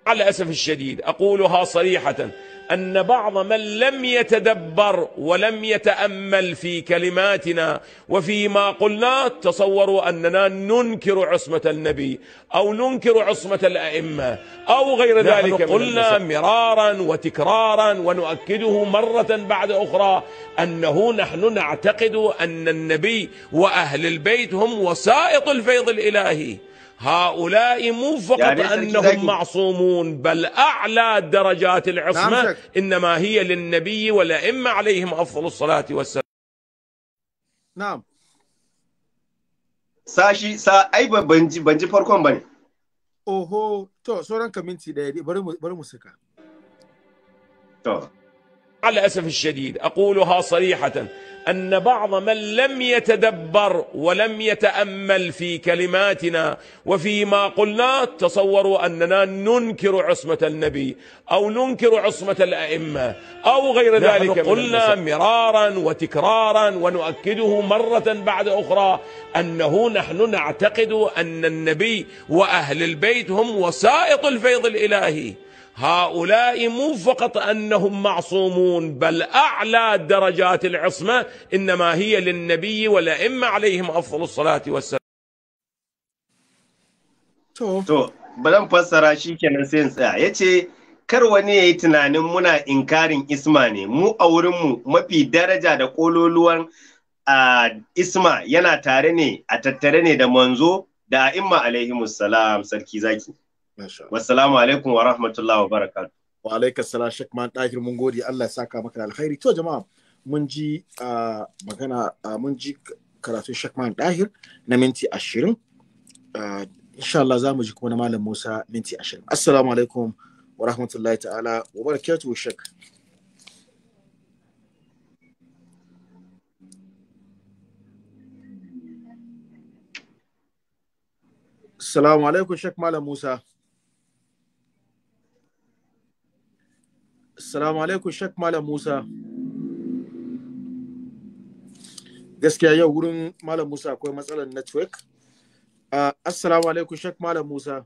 على الأسف الشديد أقولها صريحة أن بعض من لم يتدبر ولم يتأمل في كلماتنا وفيما قلناه تصوروا أننا ننكر عصمة النبي أو ننكر عصمة الأئمة أو غير ذلك قلنا مرارا وتكرارا ونؤكده مرة بعد أخرى أنه نحن نعتقد أن النبي وأهل البيت هم وسائط الفيض الإلهي هؤلاء مو فقط يعني أنهم معصومون بل أعلى درجات العصمة نعم إنما هي للنبي والأئمة عليهم أفضل الصلاة والسلام نعم ساشي سا أي بنجي بنجي فوركم بني أوهو تو سوران كمينتي sauran بري minti daya bari على الأسف الشديد أقولها صريحة أن بعض من لم يتدبر ولم يتأمل في كلماتنا وفيما قلنا تصوروا أننا ننكر عصمة النبي أو ننكر عصمة الأئمة أو غير ذلك قلنا مرارا وتكرارا ونؤكده مرة بعد أخرى أنه نحن نعتقد أن النبي وأهل البيت هم وسائط الفيض الإلهي هؤلاء مو فقط انهم معصومون بل اعلى درجات العصمه انما هي للنبي والائمه عليهم افضل الصلاه والسلام. تو بلان فسر شي كان يتي كر وني يي تنانين منا مو اورين مو مفي درجه دا قولولوان اسما ينا تاري ني اتتري ني عليهم السلام سركي زكي Wassalamu alaikum wa rahmatullahi wa barakatuh. Wa alaikum salam Sheikh Man Dahir mun gode Allah ya saka maka alkhairi. To jama'a mun ji ah, magana ah, mun ji karatun Sheikh Man Dahir na minti 20. Ah, insha Allah za mu ji kuma na Malam Musa minti 20. Assalamu alaikum wa rahmatullahi ta'ala wa barakatuhu Sheikh. Assalamu alaikum Sheikh Malam Musa. Assalamu alaikum Sheikh Malam Musa. Gaskiya yau wurin Malam Musa akwai matsalar network. Uh, assalamu alaikum Sheikh Malam Musa.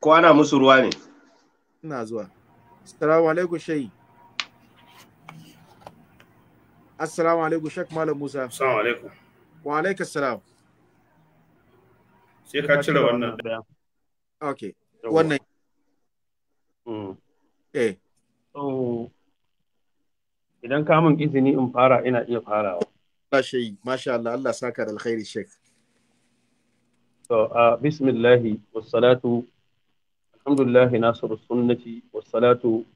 Ko ana musu ruwa ne? Ina zuwa. Assalamu alaikum Sheikh. Assalamu alaikum Sheikh Malam Musa. Assalamu alaikum. Wa alaikum assalam. Sai ka cire wannan daya. Okay. Wannan Mm. Eh. so idan ka izini in fara ina iya farawa ba masha Allah Allah saka da alkhairi sheikh to bismillahi wassalatu alhamdulillah nasiru sunnati wassalatu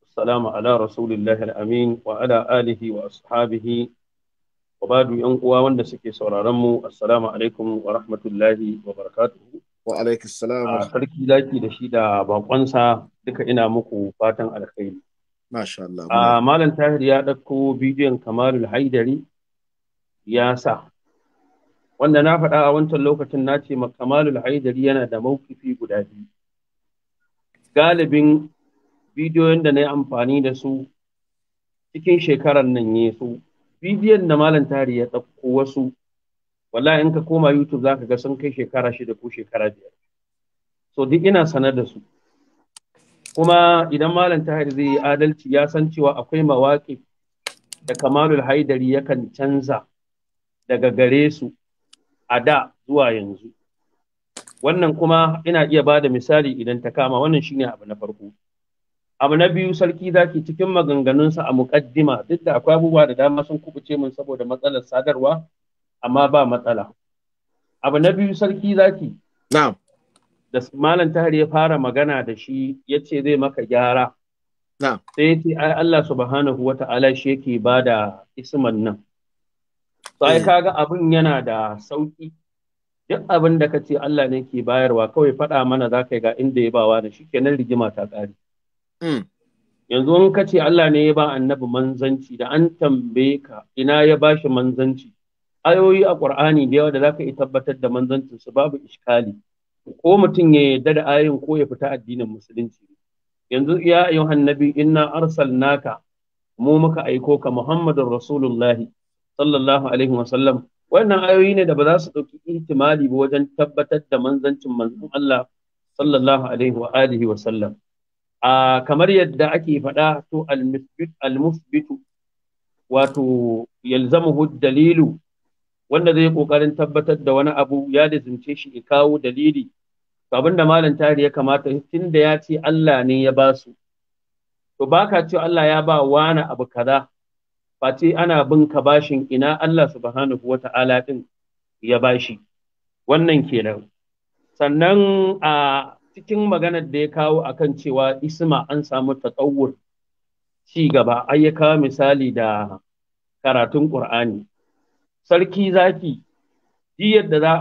wassalamu ala rasulillahi al wa ala alihi wa ashabihi wa badu yan uwa wanda suke sauraron mu assalamu alaikum wa rahmatullahi wa barakatuhu wa alaikis salam ah, sarki zaki da shi da bakonsa duka ina muku fatan alkhairi masha Allah a ah, malam tahir ya dauko bidiyon kamalul haidari ya sa wanda na faɗa a wancan lokacin na ce kamalul haidari yana da maukifi guda biyu galibin bidiyoyin da na yi amfani da su cikin shekarar nan ya su bidiyon da malam tahir ya ɗauko wasu wallahi in ka koma YouTube zaka ga sun kai shekara shida ko shekara biyar so duk ina sanar da su kuma idan malam tahir zai yi adalci ya san cewa akwai mawaƙi da kamalul haidari yakan canza daga gare su a da zuwa yanzu wannan kuma ina iya ba da misali idan ta kama wannan shine abu na farko abu na biyu sarki zaki cikin maganganunsa a muƙaddima duk da akwai abubuwa da dama sun kubuce mun saboda matsalar sadarwa amma ba matsala abu na biyu sarki zaki na'am da malam tahir ya fara magana da shi ya ce zai maka gyara sai ya ce ai Allah subhanahu wa ta'ala shi yake ba da isman nan sai eh. kaga abin yana da sauki duk abin da ka ce Allah ne ke bayarwa kawai faɗa mana za ka yi ga inda ya bawa da shi kenan rigima ta ƙare. Hmm. yanzu in ka ce Allah ne ya ba annabi manzanci da an tambaye ka ina ya ba shi manzanci ayoyi a ƙur'ani da yawa da zaka iya tabbatar da manzancinsu su babu iskali ko mutum ya yarda da ayoyin ko ya fita addinin musulunci yanzu ya ayyuhan nabi inna arsalnaka mu muka aiko ka Muhammadur Rasulullahi sallallahu alaihi wa sallam wannan ayoyi ne da ba za su ɗauki ihtimali ba wajen tabbatar da manzancin manzon Allah sallallahu alaihi wa alihi wa sallam a kamar yadda ake faɗa to al-musbitu wato yalzamuhu dalilu wanda zai kokarin tabbatar da wani abu ya lizimce shi ya kawo dalili abin da malam tari ya kamata tun da ya ce Allah ne ya ba su to baka ce Allah ya ba wani abu kaza face ana bin ka bashin ina Allah subhanahu wata'ala din ya bashi wannan kenan sannan a cikin maganar da ya kawo akan cewa isma an samu tatsawur ci gaba ayyuka misali da karatun Qur'ani sarki zaki ji yadda za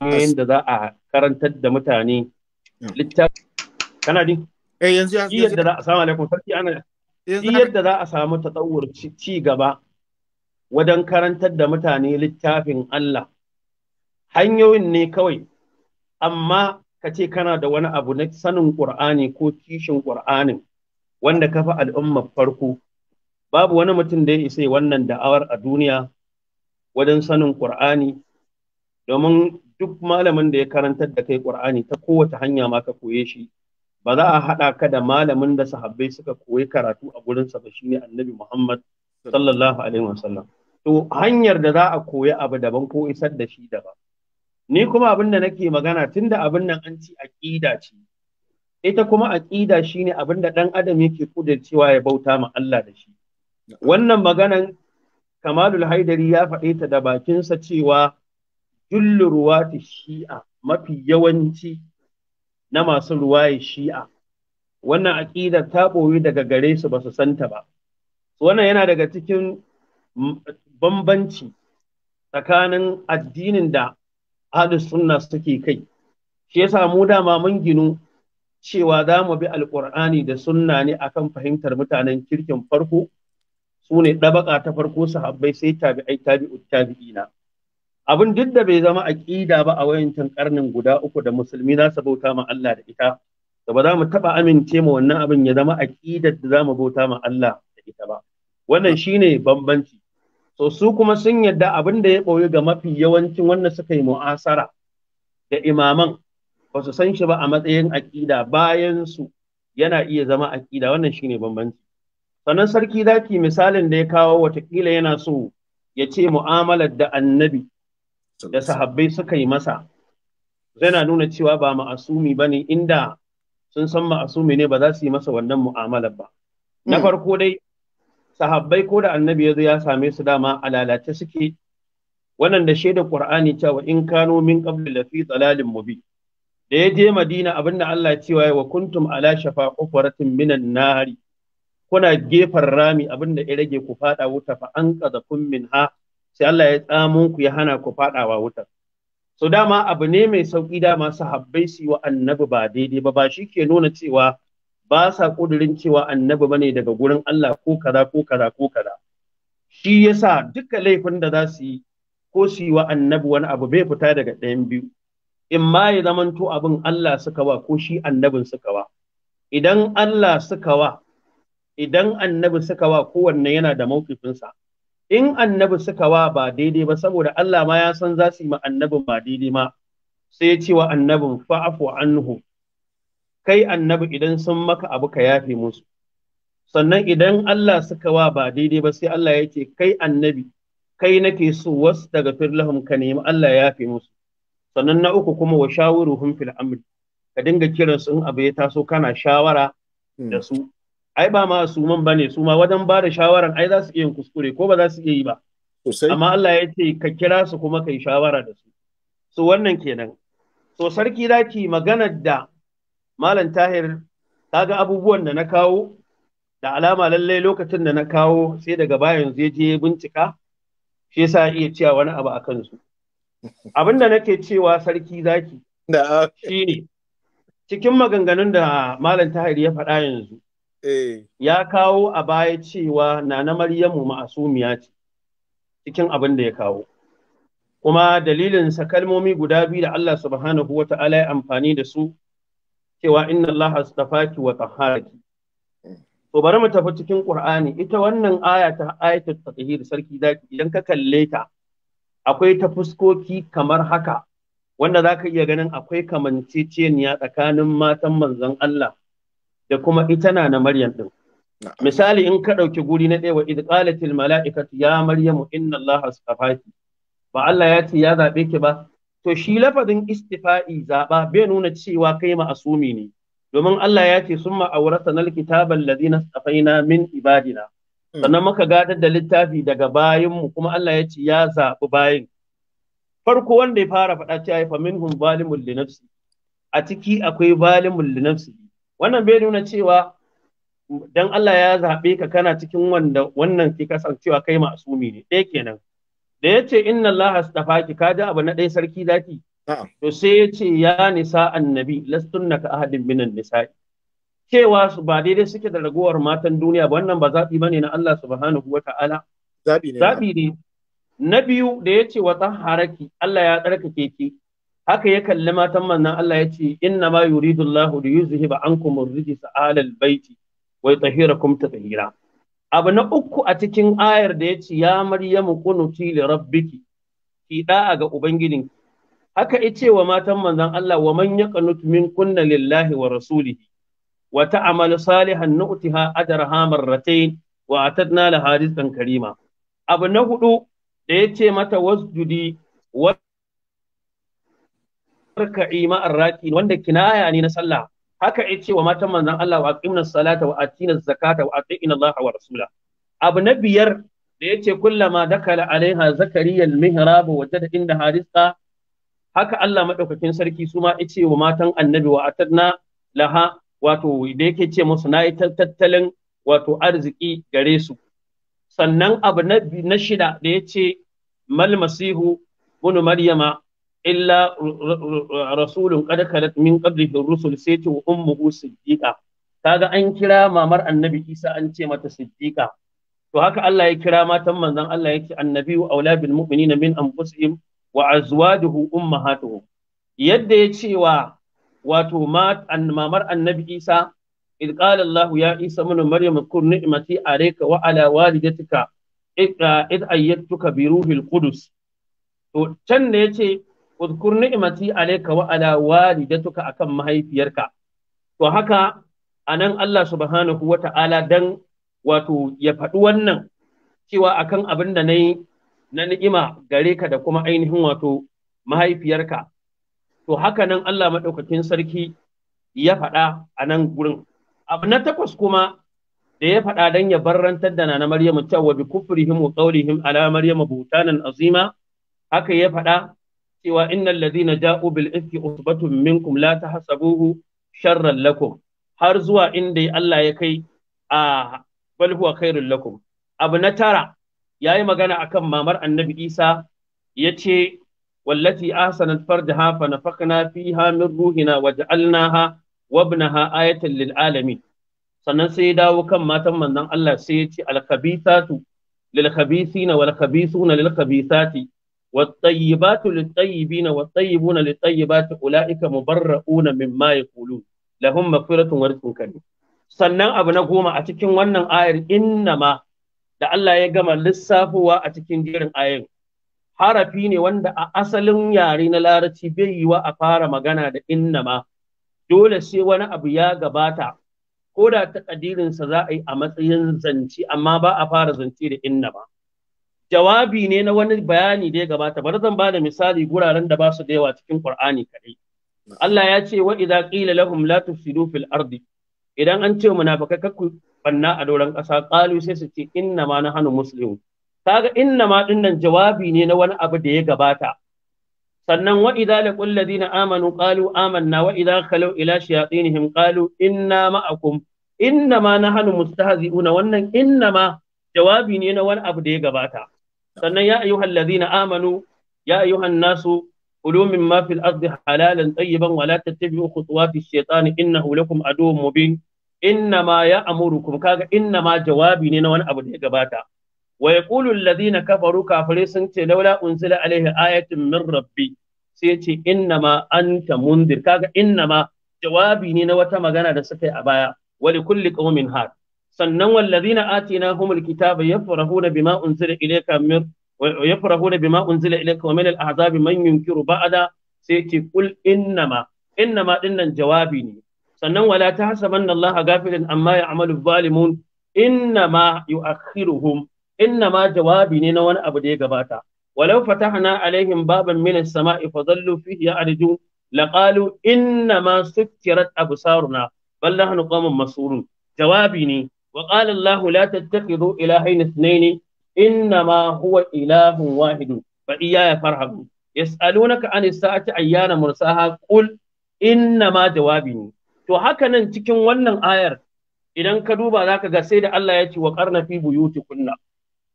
a yadda za a karantar da mutane mm. littafi kana din eh yanzu ji yadda za a samu alaikum sarki ana ji yadda za a samu tsawur ci gaba wajen karantar da mutane littafin Allah hanyoyin ne kawai amma ka ce kana da wani abu na sanin ƙur'ani ko kishin ƙur'anin wanda ka fi al'ummar farko babu wani mutum da ya isa wannan da'awar a duniya wajen sanin ƙur'ani domin duk malamin da ya karantar da kai ƙur'ani ta kowace hanya ma ka koye shi ba za a haɗa ka da malamin da sahabbai suka koyi karatu a gurinsa ba shine annabi Muhammad sallallahu alaihi wasallam to hanyar da za a koyi abu daban ko isar da shi daban ni kuma abin da nake magana tunda abin nan an ci aqida ce ita kuma aqida shine abin da dan adam yake cewa ya bauta ma Allah da shi wannan maganan Kamalul Haidari ya faɗe ta da bakinsa cewa jullu ruwati shi'a mafi yawanci na masu ruwaye shi'a wannan aƙidar ta ɓoye daga gare su ba su santa ba wannan yana daga cikin bambanci tsakanin addinin da ahlus sunna suke kai shi yasa mu dama mun ginu cewa za mu bi alkur'ani da sunna ne akan fahimtar mutanen kirkin farko su ne ɗabaka ta farko sahabbai sai tabi'ai tabi'u tabi'ina abin duk da bai zama aƙida ba a wayancin karnin guda uku da musulmi za su bauta ma Allah da ita da ba za mu taɓa amince ma wannan abin ya zama aƙidar da za mu bauta ma Allah da ita ba wannan shine bambanci so su kuma sun yadda abin da ya ɓoye ga mafi yawancin wanda suka yi mu'asara da imaman ba su san shi ba a matsayin aƙida bayan su yana iya zama aƙida wannan shine bambanci sannan sarki zaki misalin da ya kawo watakila yana so ya ce mu'amalar da annabi da sahabbai suka yi masa yana nuna cewa ba ma'asumi ba ne inda sun san ma'asumi ne ba za su yi masa wannan mu'amalar ba na mm. farko dai sahabbai ko da annabi ya zo ya same su dama a lalace suke wannan da shaidar qur'ani cewa in kano min la fi dalalin mubi da ya je madina abinda Allah cewa wa kuntum ala shafa hufratin minan nari kuna gefar rami abinda ya rage ku fada wuta fa an qadakum minha sai Allah ya tsamun ku ya hana ku fadawa wuta so dama abu ne mai sauki dama sahabbai su wa annabi ba daidai ba ba shi ke nuna cewa ba sa ƙudurin cewa annabi bane daga gurin Allah ko kaza ko kaza ko kaza shi yasa duka laifin da za su yi ko su yi wa annabi wani abu bai fita daga ɗayan biyu in ma ya zamanto abin Allah suka wa ko shi annabin suka wa idan Allah suka wa idan annabi suka wa kowanne yana da maukifinsa in annabi suka wa ba daidai ba saboda Allah ma ya san za su yi ma annabin ba daidai ma sai ya ce wa annabin fa'afu anhu kai annabi idan sun maka abu ka yafe musu sannan idan Allah suka wa ba daidai ba sai Allah ya ce kai annabi kai nake so wasu daga firlahum ka nemi Allah ya yafe musu sannan na uku kuma wa shawiruhum fil amri ka dinga kiran su in abu ya taso kana shawara da su ai ba ma su man bane su ma wajen ba da shawaran ai za su iya kuskure ko ba za su iya yi ba amma Allah ya ce ka kira su kuma kai shawara da su so wannan kenan so sarki zaki maganar da Malam Tahir kaga abubuwan da na kawo da alama lallai lokacin da na kawo sai daga bayan zai je bincika shi yasa iya cewa wani abu a kansu. Abin da nake cewa sarki zaki shi ne cikin maganganun da Malam Tahir ya faɗa yanzu eh. ya kawo a baya cewa na Nana Maryamu ma'asumiya ce cikin abin da ya kawo. Kuma dalilinsa kalmomi guda biyu da Allah subhanahu wa ta'ala ya amfani da su cewa inna Allah astafaki wa tahharaki to bari mu tafi cikin Qur'ani ita wannan aya ta ayatul tahir sarki zaki idan ka kalle ta akwai ta fuskoki kamar haka wanda zaka iya ganin akwai kamanceceniya tsakanin matan manzon Allah da kuma ita na na Maryam din misali in ka ɗauki guri na ɗaya wa idh qalatil mala'ikatu ya maryamu inna Allah astafaki ba Allah ya ce ya zabe ki ba to shi lafadin istifa'i zaba bai nuna cewa kai ma'asumi ne domin Allah ya ce sun ma'aurata na kitaba ladina safaina min ibadina hmm. sannan muka gadar da littafi daga bayanmu kuma Allah ya ce ya zaɓi bayin farko wanda ya fara faɗa cewa fa minhum zalimul li nafsi a ciki akwai zalimul li nafsi wannan bai nuna cewa dan Allah ya zaɓe ka kana cikin wanda wannan ke kasancewa kai ma'asumi ne ɗaya kenan da ya ce inna Allah astafa ki ka ji abu na ɗaya sarki zaki to sai ya ce ya nisa annabi lastunna ka ahadin minan nisa'i cewa su ba daidai suke da ragowar matan duniya ba wannan ba zaɓi ne na Allah subhanahu wa ta'ala. zaɓi ne na biyu da ya ce wa haraki Allah ya tsarkake ki haka ya kalli matan manzon Allah ya ce inna ma yuridu da li yuzhiba an ar-rijsa alal baiti wa ta tatheera abu na uku a cikin ayar da ya ce ya maryamu qunuti li rabbiki ki da'a ga ubangijin haka icewa wa matan manzon Allah wa man yaqnut min kunna lillahi wa rasulihi wa ta'malu salihan nu'tiha ajraha marratayn wa atadna laha rizqan karima abu na hudu da ya ce mata wasjudi wa raka'i ma'ar wanda kinaya ne na sallah haka ya ce wa matan manzon Allah wa aqimna salata wa atina zakata wa atina Allah wa rasula abu na biyar da ya ce kullama dakala alaiha zakariya al-mihrab wa jada inda harisa haka Allah madaukakin sarki su ma yace wa matan annabi wa atadna laha wato da yake ce musu nayi tattalin wato arziki gare su sannan abu na shida da ya ce mal masihu bunu maryama illa rasulun qad khalat min qablihi rusul sai ce wa ummuhu siddiqa kaga an kira mamar annabi Isa an ce mata siddiqa to haka Allah ya kira matan manzon Allah yake annabi aula bil mu'minina min anfusihim wa azwajuhu ummahatuhum yadda ya ce wato mamar annabi isa idh qala allah ya isa min maryam kur ni'mati alayka wa ala walidatika idh ayyatuka bi ruhil qudus to can ne yace uzkur ni'mati alayka wa ala walidatuka akan mahaifiyarka to haka anan Allah subhanahu wa ta'ala dan wato ya faɗi wannan cewa akan abin da nayi na ni'ima gare ka da kuma ainihin wato mahaifiyarka to haka nan Allah madaukakin sarki ya faɗa a nan gurin abu na takwas kuma da ya faɗa dan ya barrantar da na Maryamu cewa bi kufrihim wa qawlihim ala Maryamu butanan azima haka ya faɗa cewa innal ladina ja'u bil ifki usbatun minkum la tahsabuhu sharran lakum har zuwa inda Allah ya kai a bal huwa khairul lakum abu na tara yayi magana akan mamar annabi Isa yace wallati ahsanat farjaha fa nafaqna fiha min ruhina waja'alnaha wabnaha ayatan lil alamin sannan sai ya dawo kan matan manzon Allah sai ya ce al-khabithatu lil khabithina wal khabithuna lil khabithati والطيبات للطيبين والطيبون للطيبات أولئك مبرؤون مما يقولون لهم مغفرة ورزق كريم sannan abu na goma a cikin wannan ayar innama da Allah ya gama lissafowa a cikin jerin ayar harafi ne wanda a asalin yare na larabci bai yiwa a fara magana da innama dole sai wani abu ya gabata ko da takadirinsa za a yi a matsayin zance amma ba a fara zance da innama jawabi ne na wani bayani da ya gabata bari zan bada misali guraren da ba su da yawa cikin Qur'ani kadai Allah ya ce wa idza qila lahum la tufsidu fil ardi idan an ce munafikai kakku banna a doron ƙasa qalu sai su ce inna ma nahnu muslimun kaga inna ma dinnan jawabi ne na wani abu da ya gabata sannan wa idza laqul ladina amanu qalu amanna wa idza khalu ila shayatinihim qalu inna ma'akum inna ma nahnu mustahzi'una wannan inna ma jawabi ne na wani abu da ya gabata sannan ya ayyuhal ladina amanu ya ayyuhan nasu kulu mimma fil ardi halalan tayyiban wa la tattabi'u khutuwati shaytani innahu lakum aduwwun mubin inna ma ya'murukum kaga inna ma jawabi ne na wani abu da ya gabata wa yaqulu alladhina kafaru kafirai sun ce laula unzila alaihi ayatun min rabbi sai ce inna ma anta mundir kaga inna ma jawabi ne na wata magana da suka yi a baya wa kulli qaumin had sannan wallazina atinahumul kitaba yafrahuna bima unzila ilayka min yafrahuna bima unzila ilayka wa min al-ahzabi man yunkiru ba'da sai ce kul innama innama dinnan jawabi ne sannan wala tahsabanna Allah ghafilan amma ya'malu zalimun innama yu'akhiruhum innama jawabi ne na wani abu da ya gabata walau fatahna alaihim baban min as-sama'i fadallu fihi ya'rijun laqalu innama sukkirat absaruna bal nahnu qawmun masurun jawabi ne wa qala Allah la tattakhidhu ilahayn ithnayn innama huwa ilahun wahidun fa iyaya farhabu yas'alunaka an sa'ati ayyana mursaha qul ma jawabi ne to haka nan cikin wannan ayar idan ka duba zaka ga sai da Allah ya ce wa qarna fi buyutikunna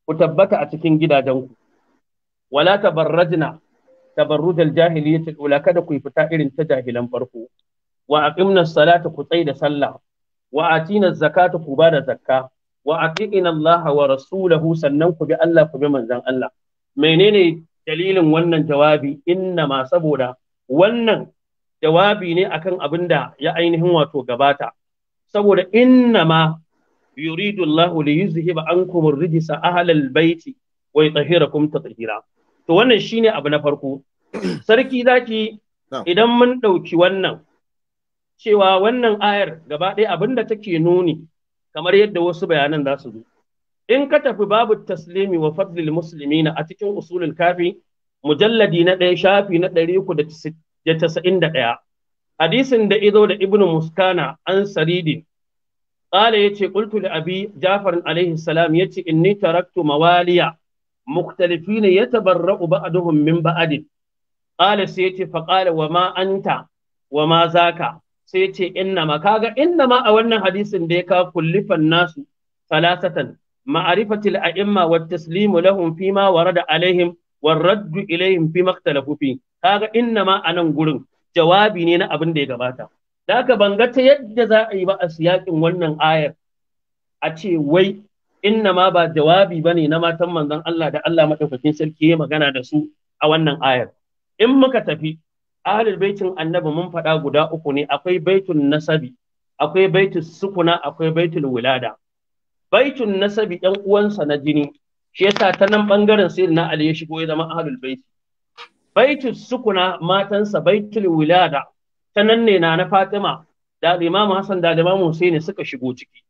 ku tabbata a cikin gidajenku wala tabarrajna tabarruj al-jahiliyyah al-ula kada ku fita irin ta jahilan farko wa a aqimna salata ku tsai da sallah wa na zakata ku ba da zakka wa atiqina Allah wa rasulahu sannan ku bi Allah ku bi manzon Allah menene dalilin wannan jawabi inna ma saboda wannan jawabi ne akan abin da ya ainihin wato gabata saboda inna ma yuridu Allah li yuzhiba ankum ar-rijsa ahlal baiti wa yutahhirakum tatheera to wannan shine abu na farko sarki zaki idan mun ɗauki wannan cewa wannan ayar gaba ɗaya abin da take nuni kamar yadda wasu bayanan za su zo in ka tafi babu taslimi wa fadlil na a cikin usulul kafi mujalladi na ɗaya shafi na ɗari uku da tasa'in da ɗaya hadisin da izo da ibnu muskana an saridi قال يتي قلت لأبي جعفر عليه السلام يتي إني a مواليا مختلفين يتبرأ بعضهم من بعض قال سيتي فقال وما wa وما ذاك sai ce innama. kaga innama a wannan hadisin da ya ka kullifan nasu salasatan ma'arifatil a'imma wa taslimu lahum fi ma warada alaihim war raddu ilaihim fi maktalafu fi kaga innama a nan gurin jawabi ne na abin da ya gabata da ka ban ga ta yadda za a yi ba a siyakin wannan ayar a ce wai innama ba jawabi bane na matan manzon Allah da Allah madaukakin sarki ya magana da su a wannan ayar in muka tafi ahlul baitin annabi mun faɗa guda uku ne akwai baitun nasabi akwai baitul sukuna akwai baitul wulada baitun nasabi ɗan uwansa na jini shi yasa ta nan bangaren na ali ya shigo ya zama ahlul baiti baitul sukuna matansa baitul wulada ta nan ne na na fatima da imamu hassan da imamu husaini suka shigo ciki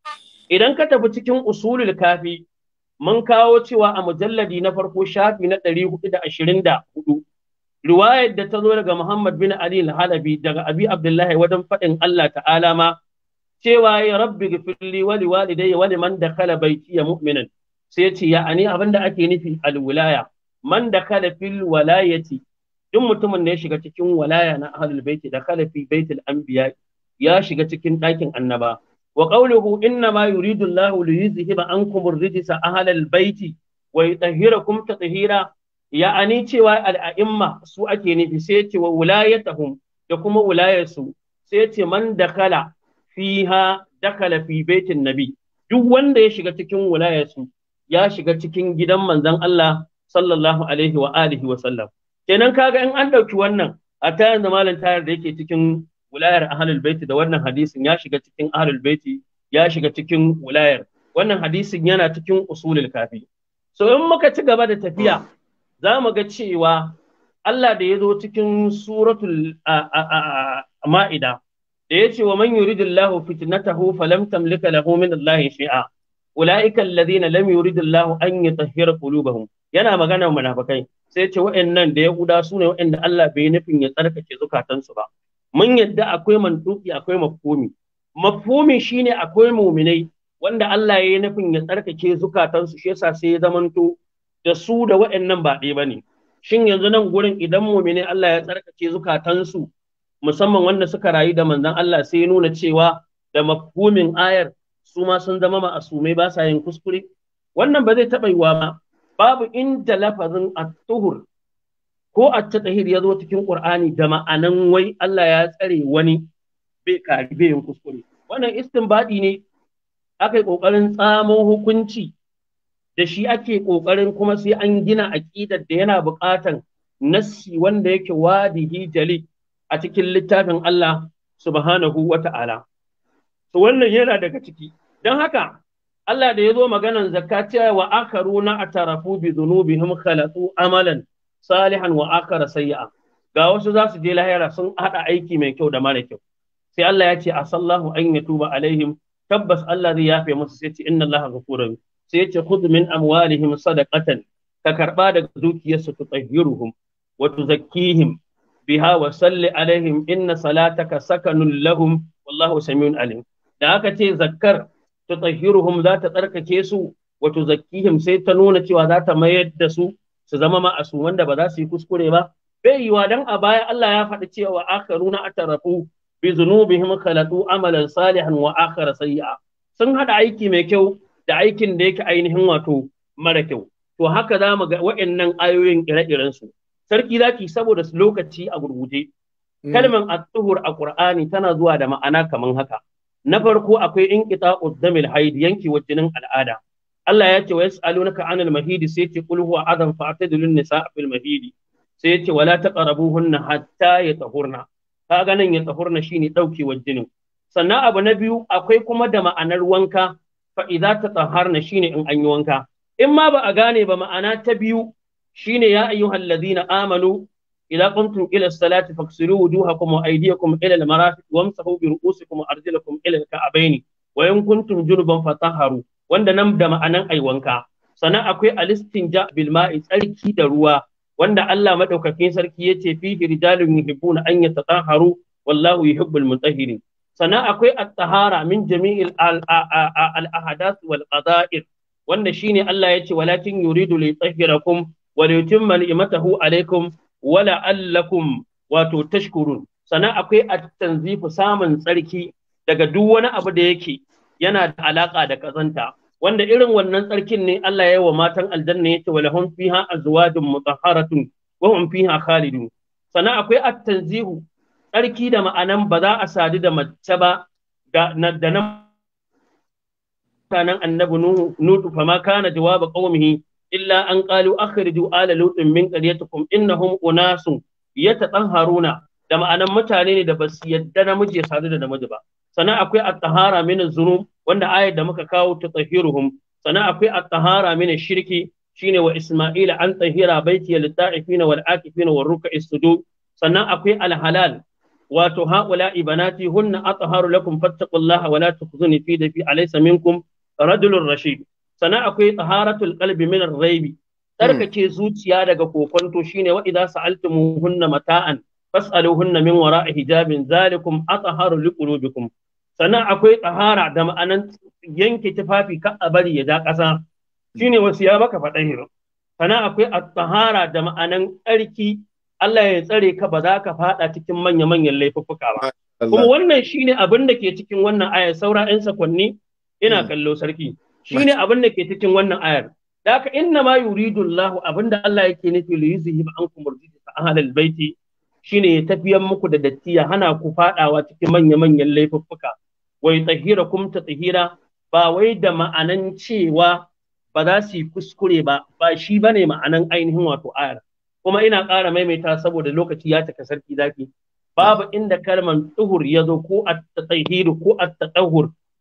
idan ka tafi cikin usulul kafi mun kawo cewa a mujalladi na farko shafi na ɗari 424 riwayar da ta zo daga Muhammad bin Ali al-Halabi daga Abi Abdullahi wajen faɗin Allah ta'ala ma cewa ya rabbi gifirli wali walidai wali man da kala baiti ya mu'minin sai ce ya ani abin da ake nufi alwilaya man da kala fil walayati duk mutumin da ya shiga cikin walaya na ahlul baiti da kala fi baitil anbiya ya shiga cikin ɗakin annaba wa qawluhu inna ma yuridu Allahu li yuzhiba ankum ar-rijsa ahlal baiti wa yutahhirakum tatheera ya'ani cewa al'a'imma su ake nufi sai yace wa wilayatahum da kuma wulayarsu sai ce man dakala fiha dakala fi baitin nabi duk wanda ya shiga cikin wulayarsu, ya shiga cikin gidan manzon Allah sallallahu alaihi wa alihi wa sallam kenan kaga in an dauki wannan a tayar da malam tayar da yake cikin wilayar ahlul baiti da wannan hadisin ya shiga cikin ahlul baiti ya shiga cikin wulayar, wannan hadisin yana cikin usulul kafi so in muka ci gaba da tafiya za mu ga cewa Allah da ya zo cikin suratul ma'ida da ya ce wa man yuridillahu fitnatahu falam tamlika lahu min Allahi shay'a ulaika alladhina lam yuridillahu an yutahhira qulubahum yana magana munafikai sai ce wa'annan da guda su ne wa'anda Allah bai nufin ya tsarkake zukatansu ba mun yadda akwai mantuki akwai mafhumi mafhumi shine akwai muminai wanda Allah ya yi nufin ya tsarkake zukatansu shi yasa sai ya zamanto da su da waɗannan ba ɗaya bane shin yanzu nan gurin idan mumini Allah ya tsarkake zukatansu musamman wanda suka rayu da manzon Allah sai ya nuna cewa da mafhumin ayar su ma sun zama ma'asumai ba sa yin kuskure wannan ba zai taɓa yiwa ba babu inda lafazin at-tuhur ko at-tahir ya zo cikin Qur'ani da ma'anan wai Allah ya tsare wani bai kari bai yin kuskure wannan istinbadi ne aka yi kokarin tsamo hukunci da shi ake ƙoƙarin kuma sai an gina aƙidar da yana buƙatan nassi wanda yake wadihi jali a cikin littafin Allah subhanahu wa ta'ala. To wannan yana daga ciki, don haka Allah da ya zo maganan zakka cewa wa akaru na atarafu bi zunubihim khalatu amalan salihan wa akara sayya'a. Ga wasu za su je lahira sun haɗa aiki mai kyau da mara kyau. Sai Allah ya ce asallahu an yatuba alaihim tabbas Allah zai yafe musu sai ce inna Allah ghafurun sai yace khudh min amwalihim sadaqatan ka karba daga dukiyarsu tutahhiruhum wa tuzakkihim biha wa salli alaihim inna salataka sakanun lahum wallahu samiun alim da aka ce zakkar tutahhiruhum za ta tsarkake su wa tuzakkihim sai ta nuna cewa za ta mayar da su su zama ma'asu da ba za su yi kuskure ba bai yiwa dan a baya Allah ya faɗi cewa akharuna atarafu bi zunubihim khalatu amalan salihan wa akhara sayi'a. sun hada aiki mai kyau da aikin da yake ainihin wato mara kyau to haka za mu ga waɗannan ayoyin ire-iren su sarki zaki saboda lokaci a gurguje mm. kalman at-tuhur a qur'ani tana zuwa da ma'ana kaman haka na farko akwai in inqita'u damil haid yanki wa jinin al'ada Allah ya ce wa yas'alunaka anil mahidi sai ce qul huwa adan fa'tadilun nisa fil mahidi sai ya ce wala taqrabuhunna hatta yatahurna ka ganin ya tsahurna shine daukewar jinin sannan abu na biyu akwai kuma da ma'anar wanka fa idza tatahharna shine in an yi wanka in ma ba a gane ba ma'ana ta biyu shine ya ayyuhal ladina amanu idza qumtum ila salati faksilu wujuhakum wa aydiyakum ila al-marafiq wamsahu bi ru'usikum wa arjulakum ila al-ka'bayn wa in kuntum junuban fatahharu wanda nan da ma'anan ai wanka sannan akwai alistinja bil ma'i tsarki da ruwa wanda Allah madaukakin sarki yace fihi rijalun yuhibbuna an yatatahharu wallahu yuhibbul mutahhirin sannan akwai at-tahara min jami'il al-ahadath wal qada'ir wanda shine Allah yace walakin yuridu li yutahhirakum wa li yutimma ni'matahu alaykum wa la'allakum wato tashkurun sannan akwai at-tanzifu samun tsarki daga duk wani abu da yake yana da alaka da kazanta wanda irin wannan tsarkin ne Allah ya yi wa matan aljanna yace wa lahum fiha azwajun mutahharatun wa hum fiha khalidun sannan akwai at-tanzihu tsarki da ma'anan ba za a sadu da mace ba da nan mutanen annabi nuhu fa ma kana jawaba qaumihi illa an qalu akhriju ala lutin min qaryatikum innahum unasun yatatanharuna da ma'anan mutane ne da ba su yadda namiji ya sadu da namiji ba sannan akwai at-tahara min az wanda ayar da muka kawo ta tsahiruhum sannan akwai at-tahara min shirki shine wa isma'ila an tahira baiti lil ta'ifina wal akifina wal ruk'i sujud sannan akwai al-halal wato haƙula ibanati hunna atharu lakum fattaqullaha wa tukhzuni fi dafi alaysa minkum rajulun rashid sana akwai taharatul qalbi min ar-raybi tsarkake hmm. zuciya daga kokonto shine wa idza mata'an fas'aluhunna min wara'i hijabin zalikum atharu liqulubikum akwai tsahara da ma'anan yanke tufafi ka a bari ya da ƙasa shine wasu ya maka faɗa hiro akwai tsahara da ma'anan tsarki Allah ya tsare ka ba za ka fada cikin manya-manyan laifuffuka ba. Kuma wannan shine abin da ke cikin wannan ayar saura 'yan sakonni ina hmm. kallo sarki. Shine abin da ke cikin wannan ayar. daka inna ma yuridullahu Allah abin da Allah yake nufi li yuzhiba an rijsa ahlal baiti shine ya tafiyan muku da datti ya hana ku fadawa cikin manya-manyan laifuffuka. Wai tsahira kum ta tsahira ba wai da ma'anan cewa ba za su yi kuskure ba ba shi bane ma'anan ainihin wato ayar. kuma ina ƙara maimaita saboda lokaci ya cika sarki zaki babu inda kalman tuhur ya zo ko at ko at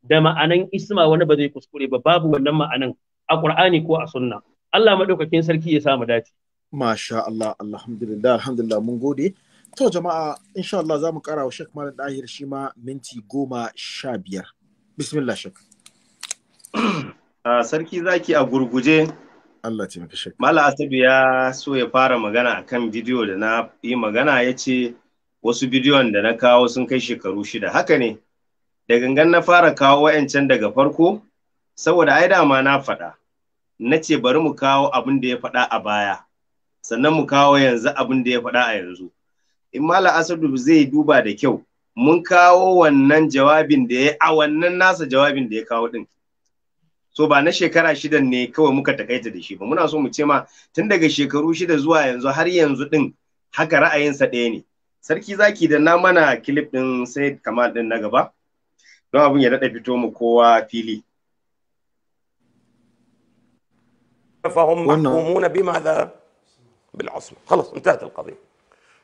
da ma'anan isma wani ba zai kuskure ba babu wannan ma'anan a Kur'ani ko a sunna Allah madaukakin sarki ya samu dace masha Allah alhamdulillah alhamdulillah mun gode to jama'a insha Allah za mu ƙara wa Sheikh Malam Dahir shi ma minti goma sha biyar bismillah Sheikh ah, sarki zaki a gurguje Allah ce maka shakka. Mala Asabi ya so ya fara magana akan bidiyo da na yi magana ya ce wasu bidiyon da na kawo sun kai shekaru shida. Haka ne, da gangan na fara kawo wa'yancan daga farko, saboda ai dama na faɗa. Na ce bari mu kawo abin da ya faɗa a baya, sannan mu kawo yanzu abin da ya faɗa a yanzu. In Mala Asadu zai duba da kyau, mun kawo wannan jawabin da ya a wannan nasa jawabin da ya kawo ɗin. so ba na shekara shidan ne kawai muka takaita da shi ba muna so mu ce ma tun daga shekaru shida zuwa yanzu har yanzu din haka ra'ayinsa ɗaya ne sarki zaki da na mana kilip din sai kamar din na gaba don abin ya daɗa fito mu kowa fili فهم محكومون بماذا؟ بالعصمة خلص انتهت القضية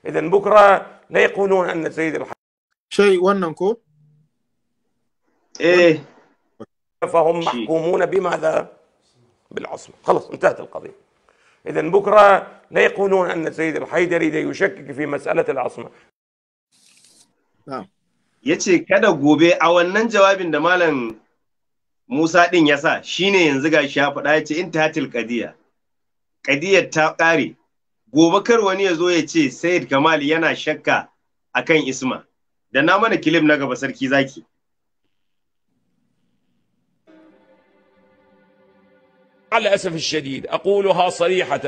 إذا بكرة لا يقولون أن سيد الحق شيء وننكو إيه فهم محكومون بماذا؟ بالعصمة خلص انتهت القضية إذا بكرة لا يقولون أن سيد الحيدري يشكك في مسألة العصمة نعم. يتي كذا غوبي أو أن جواب إن موسى دين يسا شيني ينزغى شاف لا آية يتي انتهت القضية قضية تاقاري غوبا كرواني يزو يتي سيد كمال ينا شكا أكين اسما دنامان كلم نغا كيزاكي على الأسف الشديد أقولها صريحة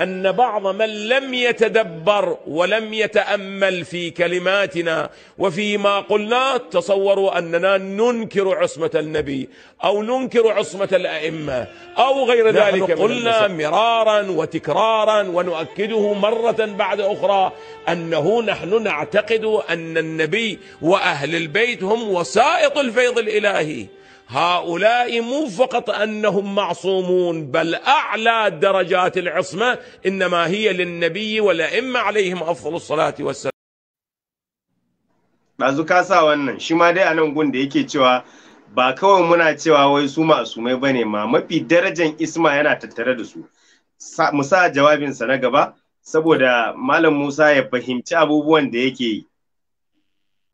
أن بعض من لم يتدبر ولم يتأمل في كلماتنا وفيما قلنا تصوروا أننا ننكر عصمة النبي أو ننكر عصمة الأئمة أو غير ذلك قلنا مرارا وتكرارا ونؤكده مرة بعد أخرى أنه نحن نعتقد أن النبي وأهل البيت هم وسائط الفيض الإلهي هؤلاء مو فقط انهم معصومون بل اعلى درجات العصمه انما هي للنبي والائمه عليهم افضل الصلاه والسلام masu kasa wannan shi ma dai a nan gun da yake cewa ba kawai muna cewa wai su ma'asumai bane ma mafi darajan isma yana tattare da su musa jawabinsa na gaba saboda malam musa ya fahimci abubuwan da yake yi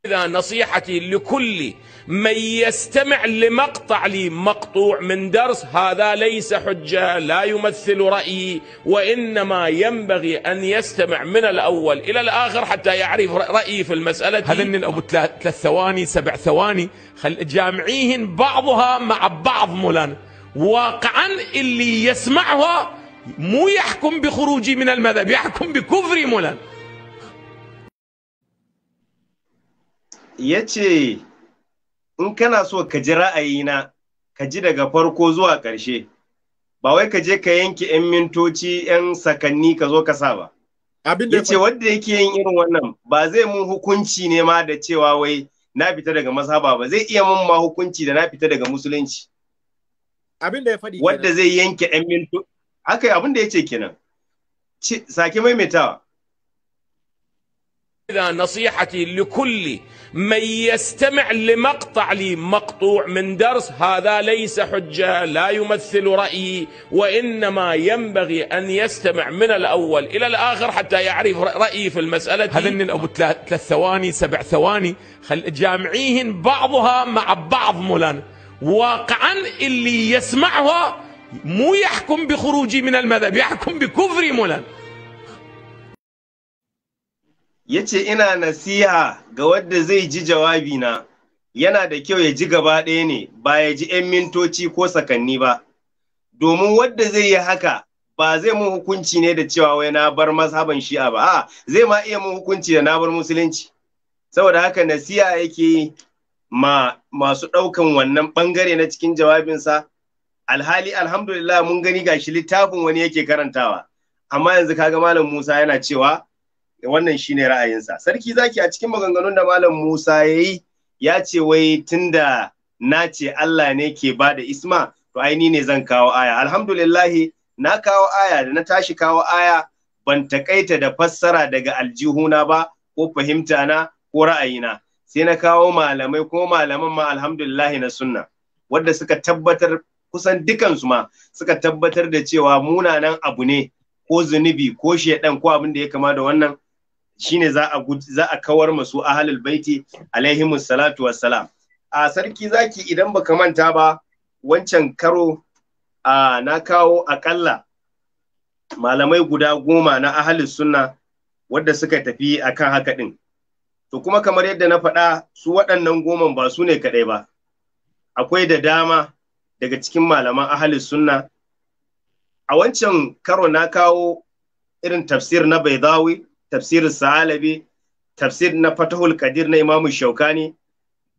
إذا نصيحتي لكل من يستمع لمقطع لي مقطوع من درس هذا ليس حجة لا يمثل رأيي وإنما ينبغي أن يستمع من الأول إلى الآخر حتى يعرف رأيي في المسألة هذا من أبو ثلاث ثواني سبع ثواني خل جامعيهن بعضها مع بعض مولانا واقعا اللي يسمعها مو يحكم بخروجي من المذهب يحكم بكفري مولانا ya ce in kana so ka ji ra'ayina ka ji daga farko zuwa ƙarshe ba wai ka je ka yanke 'yan mintoci 'yan sakanni ka zo ka sa ba ya ce wanda yake yin irin wannan ba zai mun hukunci ne ma da cewa wai na fita daga masaba ba zai iya mun ma hukunci da na fita daga musulunci abin da ya faɗi wanda zai yanke 'yan mintoci haka abin da ya ce kenan sake maimaitawa إذا نصيحتي لكل من يستمع لمقطع لي مقطوع من درس هذا ليس حجة لا يمثل رأيي وإنما ينبغي أن يستمع من الأول إلى الآخر حتى يعرف رأيي في المسألة هذن أبو ثلاث ثواني سبع ثواني خل جامعيهن بعضها مع بعض مولانا واقعا اللي يسمعها مو يحكم بخروجي من المذهب يحكم بكفري مولانا ya ce ina nasiha ga wadda zai ji jawabi na yana da kyau ya ji gaba ɗaya ne ba ya ji 'yan mintoci ko sakanni ba domin wadda zai yi haka ba zai mun hukunci ne da cewa wai na bar mazhaban shi'a ba a zai ma iya mun hukunci da na bar musulunci saboda haka nasiha yake ma masu ɗaukan wannan ɓangare na cikin jawabinsa alhali alhamdulillah mun gani gashi littafin wani yake karantawa amma yanzu kaga malam musa yana cewa wannan shine ra'ayinsa sarki zaki a cikin maganganun da malam Musa yayi ya ce wai tunda na ce Allah ne ke bada isma to ai ni ne zan kawo aya alhamdulillah na kawo aya da na tashi kawo aya ban takaita da fassara daga aljihuna ba ko fahimta na ko ra'ayina sai na kawo malamai ko malaman ma alhamdulillah na sunna wanda suka tabbatar kusan dukansu ma suka tabbatar da cewa munanan abu ne ko zunubi ko shedan ko abin da ya kama da wannan shine za a za a kawar masu ahalul baiti alaihi salatu wassalam a sarki zaki idan baka manta ba wancan karo a na kawo akalla malamai guda goma na ahlus sunna wadda suka tafi akan haka din to kuma kamar yadda na faɗa su waɗannan goman ba su ne kaɗai ba akwai da dama daga cikin malaman ahalin sunna a wancan karo na kawo irin tafsir na baidawi tafsir salabi tafsir na Fatahul Kadir na Imamu Shaukani,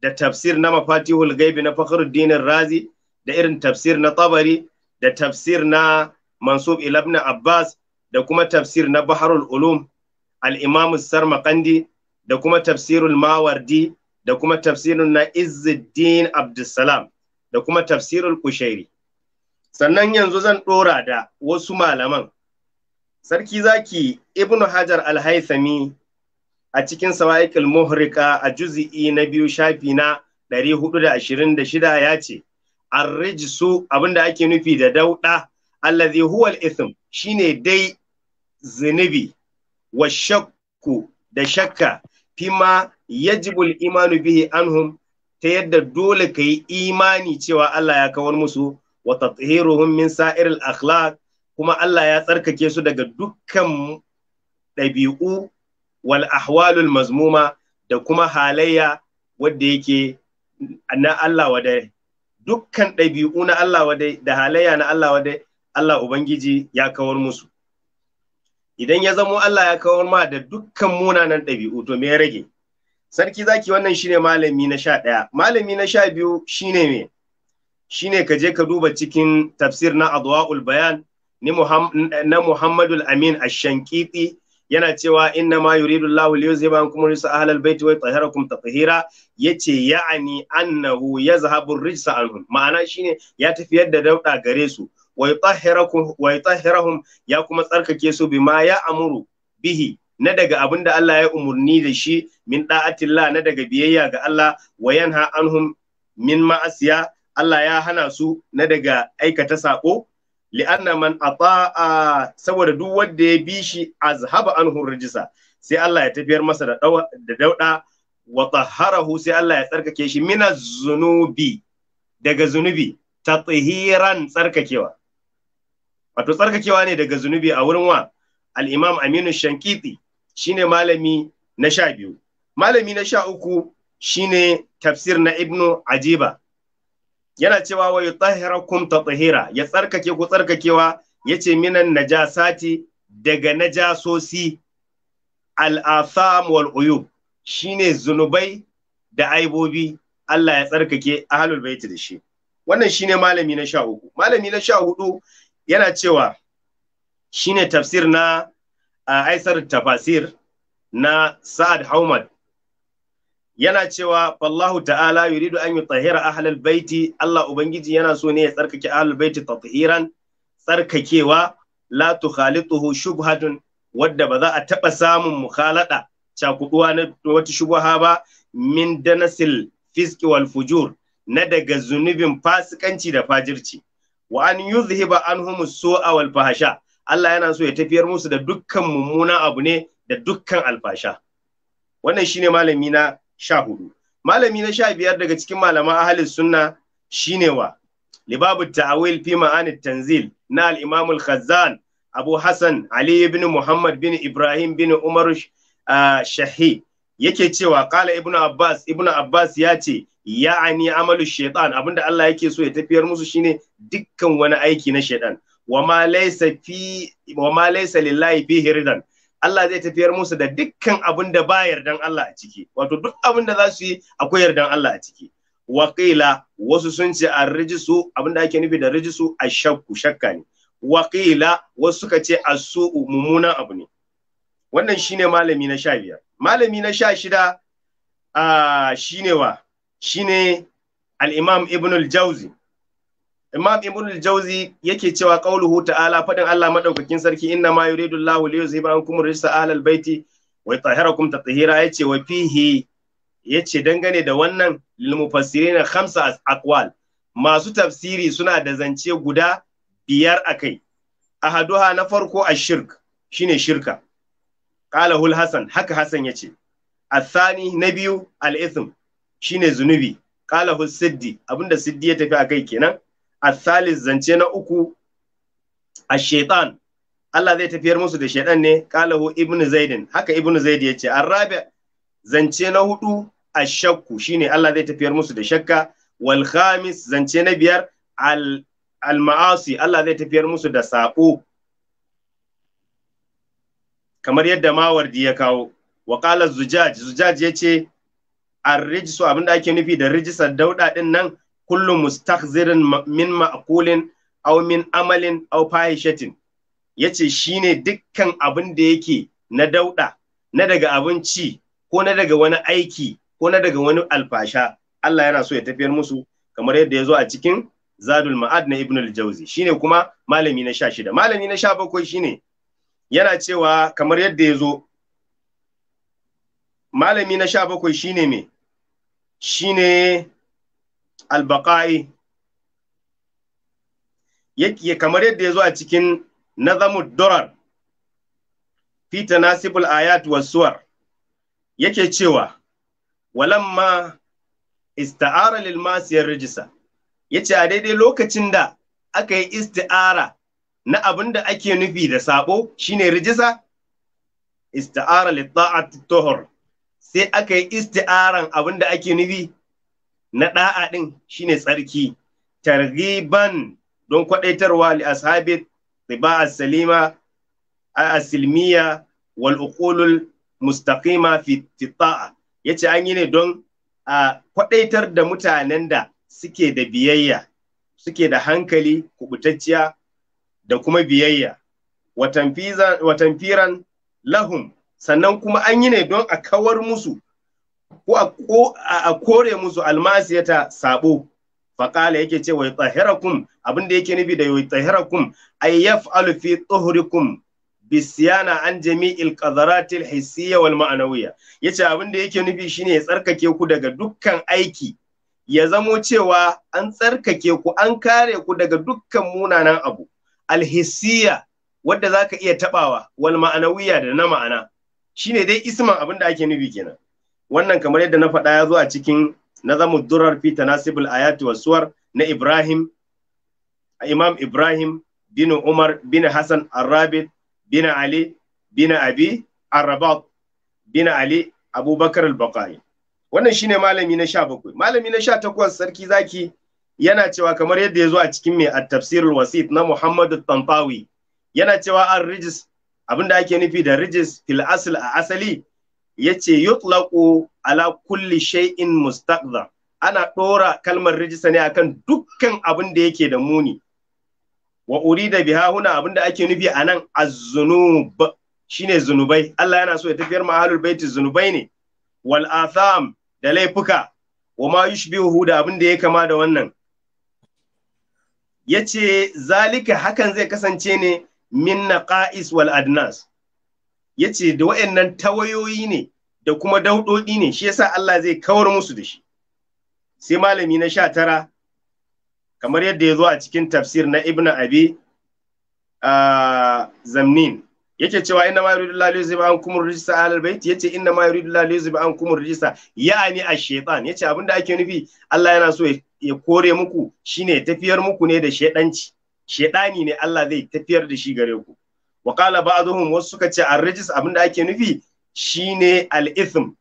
da tafsir na Mafatihul Gaibi na Fakhruddin Razi, da irin tafsir na Tabari, da tafsir na Mansub Ibn Abbas, da kuma tafsir na Baharul Ulum, al-Imamu Sarmaqandi, da kuma tafsirul Mawardi, da kuma tafsirin na Izzuddin Abdulsalam, da kuma tafsirul Kushairi. Sannan yanzu zan ɗora da wasu malaman sarki zaki ibnu hajar al a cikin sawaikul muhrika a juzi'i na biyu shafi na 426 ya ce ar abinda ake nufi da dauda allazi huwa al-ithm shine dai zunubi wa shakku da shakka fima yajibul imanu bihi anhum ta yadda dole ka yi imani cewa Allah ya kawar musu wa tatheeruhum min sa'iril akhlaq kuma Allah ya tsarkake su daga dukkan ɗabi'u wal ahwalul mazmuma da kuma halayya wadda yake na Allah wadai dukkan ɗabi'u na Allah wadai da halayya na Allah wadai Allah Ubangiji ya kawar musu idan ya zamo Allah ya kawar ma da dukkan munanan ɗabi'u to me ya rage sarki zaki wannan shine malami na sha ɗaya malami na sha biyu shine me shine ka je ka duba cikin tafsir na adwa'ul bayan na Muhammadu Amin a shankiti yana cewa inna ma yuridu Allahu li yuzhiba ankum rijsa ahlal baiti wa yutahhirakum tatheera yace ya'ani annahu yazhabu rijsa anhum ma'ana shine ya tafiyar da dauda gare su wa yutahhirakum wa ya kuma tsarkake su bima ya amuru bihi na daga abin da Allah ya umarni da shi min da'atillah na daga biyayya ga Allah wa yanha anhum min ma'asiya Allah ya hana su na daga aikata saƙo. li'anna man ata'a saboda duk wanda ya bi shi azhaba anhu rijsa sai Allah ya tafiyar masa da da dauda wa tahharahu sai Allah ya tsarkake shi mina zunubi daga zunubi tatahiran tsarkakewa wato tsarkakewa ne daga zunubi a wurin wa al-Imam Aminu Shankiti shine malami na sha biyu malami na sha uku shine tafsir na Ibnu Ajiba yana cewa wa ta tsahira ya tsarkake ku tsarkakewa ya ce minan na ja sati daga na ja sosi. atham wal shi shine zunubai da aibobi Allah ya tsarkake a bai baiti da shi wannan shi ne malami na sha uku malami na sha hudu yana cewa shine tafsir na a aisar tafasir na Sa'ad Haumad yana cewa fallahu ta'ala yuridu an tahira ahlal baiti Allah ubangiji yana so ne ya tsarkake ahlal baiti tathiran tsarkakewa la tukhalituhu shubhatun wadda ba za a taɓa samun mukhalada cakuduwa na wata shubha ba min danasil fiski wal fujur na daga zunubin fasikanci da fajirci wa an yuzhiba anhum su'a wal fahasha Allah yana so ya tafiyar musu da dukkan mummuna abu ne da dukkan alfasha wannan shine malami na sha hudu malami na sha biyar daga cikin malaman ahalin sunna ne wa libabu ta'awil fi ma'anit tanzil na al-imam abu hassan ali ibn muhammad bin ibrahim bin umar ah, shahi yake cewa kala ibnu abbas ibnu abbas ya ce ya'ani amalu shaitan abinda Allah yake so ya tafiyar musu shine dukkan wani aiki na shaitan wa ma laysa fi wa ma laysa lillahi fi hirdan Allah zai tafiyar musu da dukkan abin da ba yardan Allah a ciki wato duk abin da za su yi akwai yardan Allah a ciki qila wasu sun ce a rijisu abin da ake nufi da rijisu a shakku shakka ne Wakila wasu suka ce a su'u mummunan abu ne wannan shine malami na sha malami na sha shida a shine wa shine al-imam ibn al-jauzi Imam Ibn al-Jawzi yake cewa qauluhu ta'ala fadin Allah madaukakin sarki inna ma yuridu Allahu li yuzhiba ankum rijsa ahlal baiti wa yutahhirakum tatheera yace wa fihi yace dangane da wannan lil mufassirin khamsa aqwal masu tafsiri suna da zance guda biyar akai ahaduha na farko ashirk shine shirka qala hul hasan haka hasan yace athani na biyu al-ithm shine zunubi qala hul siddi abinda siddi ya tafi akai kenan asalis zance na uku a shaitan Allah zai tafiyar musu da shaitan ne kalahu ibnu zaidin haka ibnu zaid ya ce rabi' zance na hudu a shakku shine Allah zai tafiyar musu da shakka wal khamis zance na biyar al ma'asi Allah zai tafiyar musu da sabo kamar yadda mawardi ya kawo wa qala zujaj zujaj yace ar-rijsu abinda ake nufi da rijisar dauda din nan kullum mustakhzirin min ma'akulin aw min amalin aw fahishatin shi ne dukkan abin da yake na dauda na daga abinci ko na daga wani aiki ko na daga wani alfasha Allah yana so ya tafiyar musu kamar yadda ya zo a cikin Zadul Ma'ad na Ibn al-Jawzi shine kuma malami na 16 malami na 17 shine yana cewa kamar yadda ya zo malami na 17 shine me shine albaqa'i yake kamar yadda ya zo a cikin nazamud durar fi tanasibul ayat was suwar yake cewa walamma ista'ara lil masiyar rijisa yace a daidai lokacin da aka yi isti'ara na abin da ake nufi da sabo shine rijisa ista'ara li ta'at tuhur sai aka yi isti'aran abin da ake nufi na da'a din shine tsarki targiban don kwadaitarwa li ashabi riba salima asilmiya wal uqulul mustaqima fi tita'a yace an yi ne don a kwadaitar da mutanen da suke da biyayya suke da hankali kubutacciya da kuma biyayya watamfiran lahum sannan kuma an yi ne don a kawar musu ko a kore musu almasi almasiyata sabo faƙala yake ce wa tsahirakum abin da yake nufi da wa tsahirakum ay yaf'alu fi tuhurikum bisiyana an jami'il qadaratil hissiyya wal ma'nawiyya yace abin da yake nufi shine ya tsarkake ku daga dukkan aiki ya zamo cewa an tsarkake ku an kare ku daga dukkan munanan abu alhissiya wadda zaka iya tabawa wal ma'nawiyya da na ma'ana shine dai isman abin da ake nufi kenan wannan kamar yadda na faɗa ya zo a cikin nazamu durar fi tanasibul ayati wa suwar na Ibrahim Imam Ibrahim bin Umar bin Hassan Arrabit bin Ali bin Abi Arrabat bin Ali Abubakar al-Baqai wannan shine malami na 17 malami na 18 sarki zaki yana cewa kamar yadda ya zo a cikin mai at-tafsirul wasit na Muhammad Tantawi yana cewa an rijis abinda ake nufi da rijis fil asl a asali Ya yace yutlaqu ala kulli shay'in mustaqdam ana ɗora kalmar rijista ne akan dukkan abin da yake da muni wa urida biha huna abin da ake nufi anan az-zunub shine zunubai Allah yana so ya tafiyar ma ahlul baiti zunubai ne wal atham da laifuka wa ma yushbihu da abin da ya kama da wannan yace zalika hakan zai kasance ne min naqais wal adnas yace da waɗannan tawayoyi ne da kuma daudodi ne shi yasa Allah zai kawar musu da shi sai malami na sha tara kamar yadda ya zo a cikin tafsir na ibn abi zamnin yake cewa inna ma yuridu lalai zai an kumur rijista alal Ya yace inna ma yuridu lalai zai an kuma rijista ya'ani a shaytan yace abinda ake nufi Allah yana so ya kore muku shine tafiyar muku ne da shedanci shedani ne Allah zai tafiyar da shi gare ku wa qala ba'dhum wasu suka ce ar abinda ake nufi shine al-ithm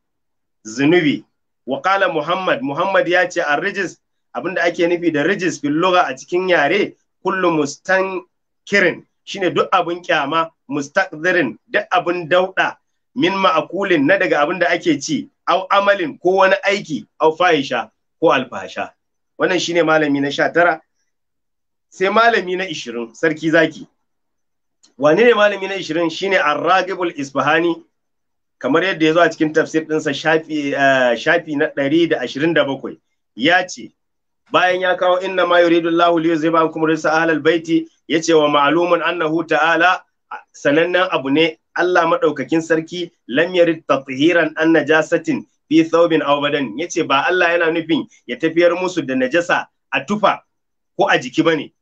zunubi wa muhammad muhammad ya ce ar-rijis abinda ake nufi da rijis fil lugha a cikin yare kullu mustankirin shine duk abin kyama mustaqdirin duk dauɗa, dauda min ma'akulin na daga abin da ake ci au amalin ko wani aiki au fahisha ko alfasha wannan shine malami na sha tara sai malami na ishirin sarki zaki wani ne malami na 20 shine arragibul ragibul isfahani kamar yadda ya zo a cikin tafsir ɗinsa shafi eh, shafi na 127 ya ce bayan ya kawo inna ma yuridu Allahu li yuzhiba ankum rijsa ahlal baiti yace wa ma'lumun annahu ta'ala sanannen abu ne Allah madaukakin sarki lam yarid tathiran an najasatin fi thawbin aw badan yace ba Allah yana nufin ya tafiyar musu da najasa a tufa ko a jiki bane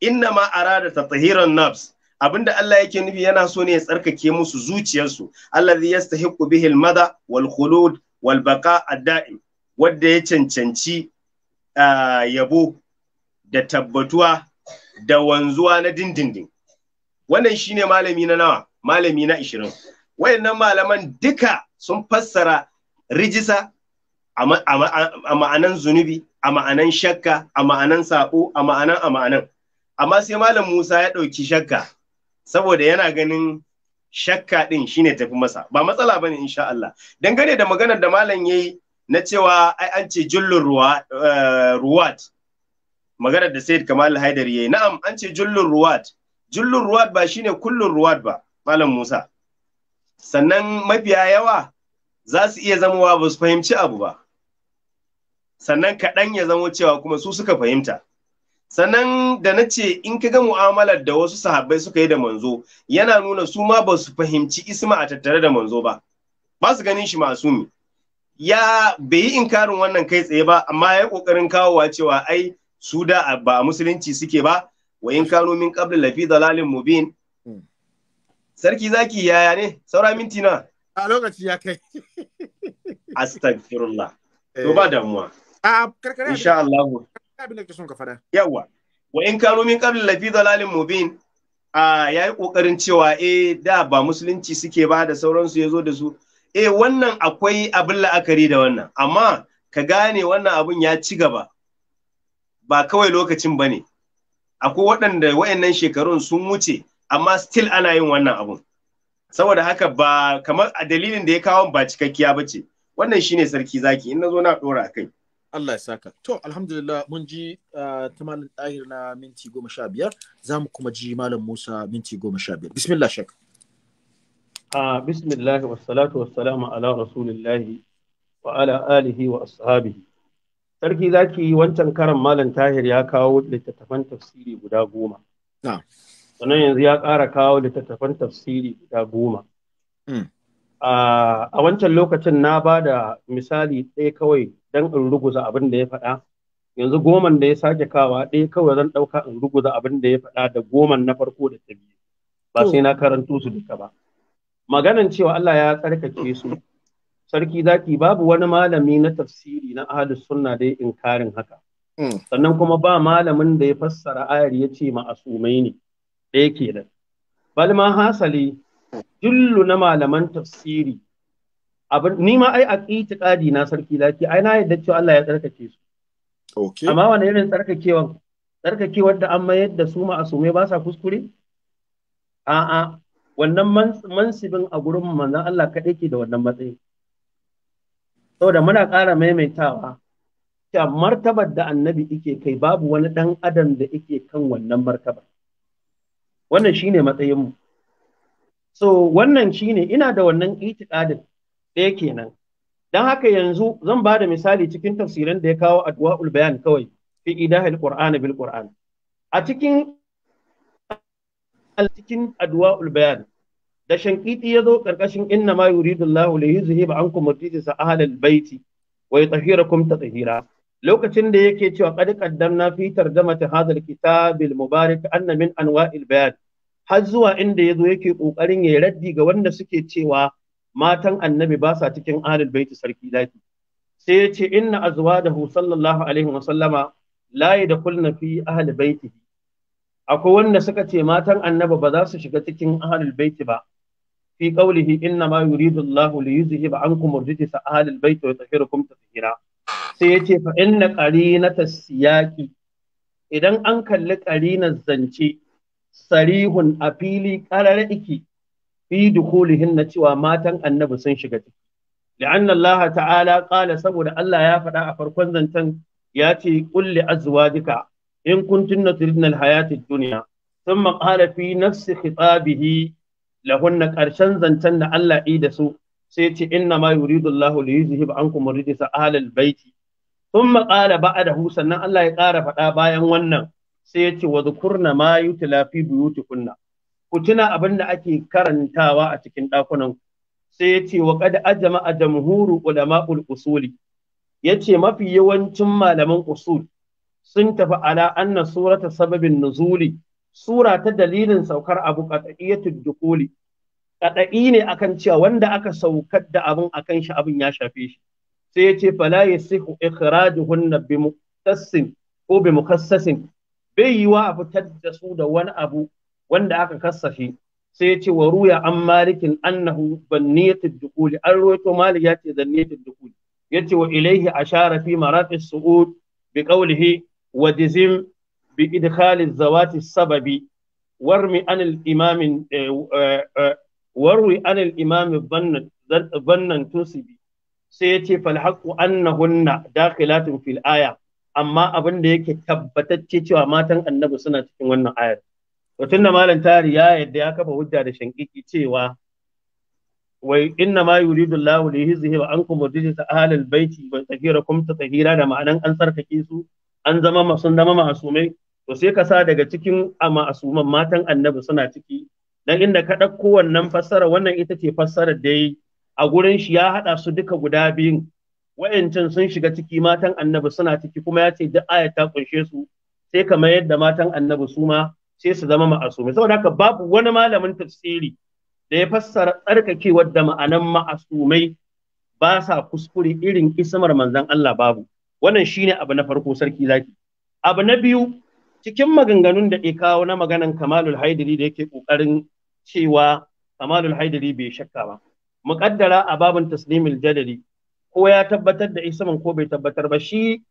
inna ma arada tathiran nafs Abin da Allah yake nufi yana so ne ya tsarkake musu zuciyarsu zai yastahiqu bihi al-madha wal khulud wal baqa ad wanda ya cancanci yabo da tabbatuwa da wanzuwa na dindindin wannan shine malami na nawa malami na 20 wayannan malaman duka sun fassara rijisa a ma'anan zunubi a ma'anan shakka a ma'anan sako a ma'anan a amma sai malam Musa ya ɗauki shakka saboda yana ganin shakka din shine tafi masa ba matsala bane insha Allah dangane da maganar da malam yayi na cewa ai an ce jullun eh, ruwat maganar da Said Kamal Haidar yayi na'am an ce jullun ruwat jullun ruwat ba shine kullun ruwat ba malam Musa sannan mafiya yawa za su iya zamowa ba su fahimci abu ba sannan kaɗan ya zama cewa kuma su suka fahimta sannan da na ce in ka ga mu'amalar da wasu sahabbai suka yi da manzo yana nuna su ma ba su fahimci isma a tattare da manzo ba ba su ganin shi masumi ya bai yi inkarin wannan kai tsaye ba amma ya kokarin kawowa cewa ai su da ba musulunci suke ba wa in kanu min qabla lafi dalalin mubin hmm. sarki zaki yaya ne saura minti na a lokaci ya kai [LAUGHS] astagfirullah to ba damuwa a insha Allah abin da kake son ka wa in kanu min qabl dalalin mubin kokarin cewa eh da ba musulunci suke ba da sauransu zo da su eh wannan akwai abin la'akari da wannan amma ka gane wannan abun ya ci gaba ba kawai lokacin bane akwai waɗanda wayannan shekarun sun wuce amma still ana yin wannan abun saboda haka ba kamar a dalilin da ya kawo ba cikakkiya ba ce wannan shine sarki zaki in na zo na ɗora kai Allah ya saka. To, alhamdulillah mun ji ah, ta malam ɗahir na minti goma sha biyar, za mu kuma ji malam Musa minti goma sha biyar. Bismillah shak. Uh, bismillah wa salatu wa salamu ala rasulillahi wa ala alihi wa ashabihi. Sarki za ki yi wancan karan malam tahir ya kawo littattafan tafsiri guda goma. Sannan yanzu ya ƙara kawo littattafan tafsiri guda goma. Hmm. a wancan lokacin na ba da misali ɗaya kawai don in ruguza abin da ya faɗa yanzu goman da ya sake kawa ɗaya kawai zan ɗauka in ruguza abin da ya faɗa da goman na farko da ta biyu ba sai na karanto su duka ba maganan cewa Allah ya tsarkake su sarki zaki babu wani malami na tafsiri na ahali sunna da ya inkarin haka hmm. sannan kuma ba malamin da ya fassara ayar ya ce ma'asumai ne ɗaya kenan balma hasali jullu na malaman tafsiri abin ni ma ai aqtiqadi na sarki laki ai na yadda cewa Allah ya tsarkake su okay amma wani irin tsarkakewan tsarkakewar da an mayar da su ma'asume ba sa kuskure a'a wannan mansibin a gurin manzon Allah kaɗai ke da wannan matsayin saboda muna ƙara maimaitawa cewa martabar da annabi ike kai babu wani ɗan adam da ike kan wannan martabar wannan shine matsayinmu So wannan shine ina da wannan itiqadin ɗaya kenan. Dan haka yanzu zan ba da misali cikin tafsirin da ya kawo adduaul bayan kawai fi idahil qur'ani bil qur'an. A cikin cikin adwa'ul bayan da shankiti ya zo ƙarƙashin inna ma yuridu Allahu li yuzhiba ankum rijsa ahlal baiti wa yutahhirakum tatheera lokacin da yake cewa qad qaddamna fi tarjamati hadha kitabil almubarak anna min anwa'il bayan har zuwa inda ya zo yake ƙoƙarin ya raddi ga wanda suke cewa matan annabi ba sa cikin ahlul baiti sarki zaki sai ya ce inna hu, sallallahu alaihi wa sallama la yadkhulna fi ahlul baiti akwai wanda suka ce matan annabi ba za su shiga cikin ahlul baiti ba fi qawlihi inna ma yuridu Allahu li yuzhiba ankum rijsa ahlul baiti wa yutahhirakum tatheera sai ya ce fa inna qarinata siyaqi idan an kalli qarinar zance sarihun a fili ƙarare iki fi dukulihin na cewa matan annabi sun shiga ciki. Li'an Allah ta'ala ƙala saboda Allah ya faɗa a farkon zancen ya ce ƙulli azuwa duka in kuntun na turin alhayatun duniya. Sun maƙala fi nafsi khitabihi lahun na ƙarshen zancen da Allah yi da su sai ce inna ma yuridu Allah li yuzhib ankum rijsa ahlal baiti. Sun maƙala ba'da hu sannan Allah ya ƙara faɗa bayan wannan. sai ya ce wa zukurna ma yutla fi kunna. ku tuna abin da ake karantawa a cikin ɗakunan sai ya ce wa qad ajma jamhuru ulama'ul usuli yace mafi yawancin malaman usul sun tafi ala anna surata sababin nuzuli sura ta dalilin saukar abu qat'iyatud dukuli kadai ne akan cewa wanda aka saukar da abin akan shi abin ya shafe shi sai ya ce fala yasihu ikhrajuhunna bi muqtassim ko bi bai yiwa a fitar da su da wani abu wanda aka kassafe sai ya ce wa ruya an malikin annahu banniyatul dukuli an rawaito malik ya ce zanniyatul dukuli yace wa ilaihi ashara fi marafi su'ud bi qawlihi wa dizim bi idkhali zawati sababi warmi an imamin eh, eh, eh, warwi an al bannan tusibi sai yace fal haqqu annahunna dakhilatun fil aya amma abin da yake tabbatacce cewa matan annabi suna cikin wannan ayar Wato na malam tari ya yadda ya kafa hujja da shankiki cewa wai inna ma yuridu Allahu li yuzhi wa ankum rijsa ahlal baiti wa tahirakum tsafira da ma'anan an sarkake su an zama masu zama ma'asumai to sai ka sa daga cikin ma'asuman matan annabi suna ciki dan inda ka kowannan wannan fassara wannan ita ce fassarar da yi a gurin shi ya haɗa su duka guda biyun wa'yancan sun shiga ciki matan annabi suna ciki kuma ya ce duk aya ta kunshe su sai kamar yadda matan annabi su ma sai su zama ma'asumi saboda haka babu wani malamin tafsiri da ya fassara tsarkakewar da ma'anan ma'asumai ba sa kuskure irin ismar manzon Allah babu wannan shine abu na farko sarki zaki abu na biyu cikin maganganun da ya kawo na maganan kamalul haidari da yake kokarin cewa kamalul haidari bai shakka ba muqaddara a babun taslimil jadali ko ya tabbatar da isman ko bai tabbatar ba shi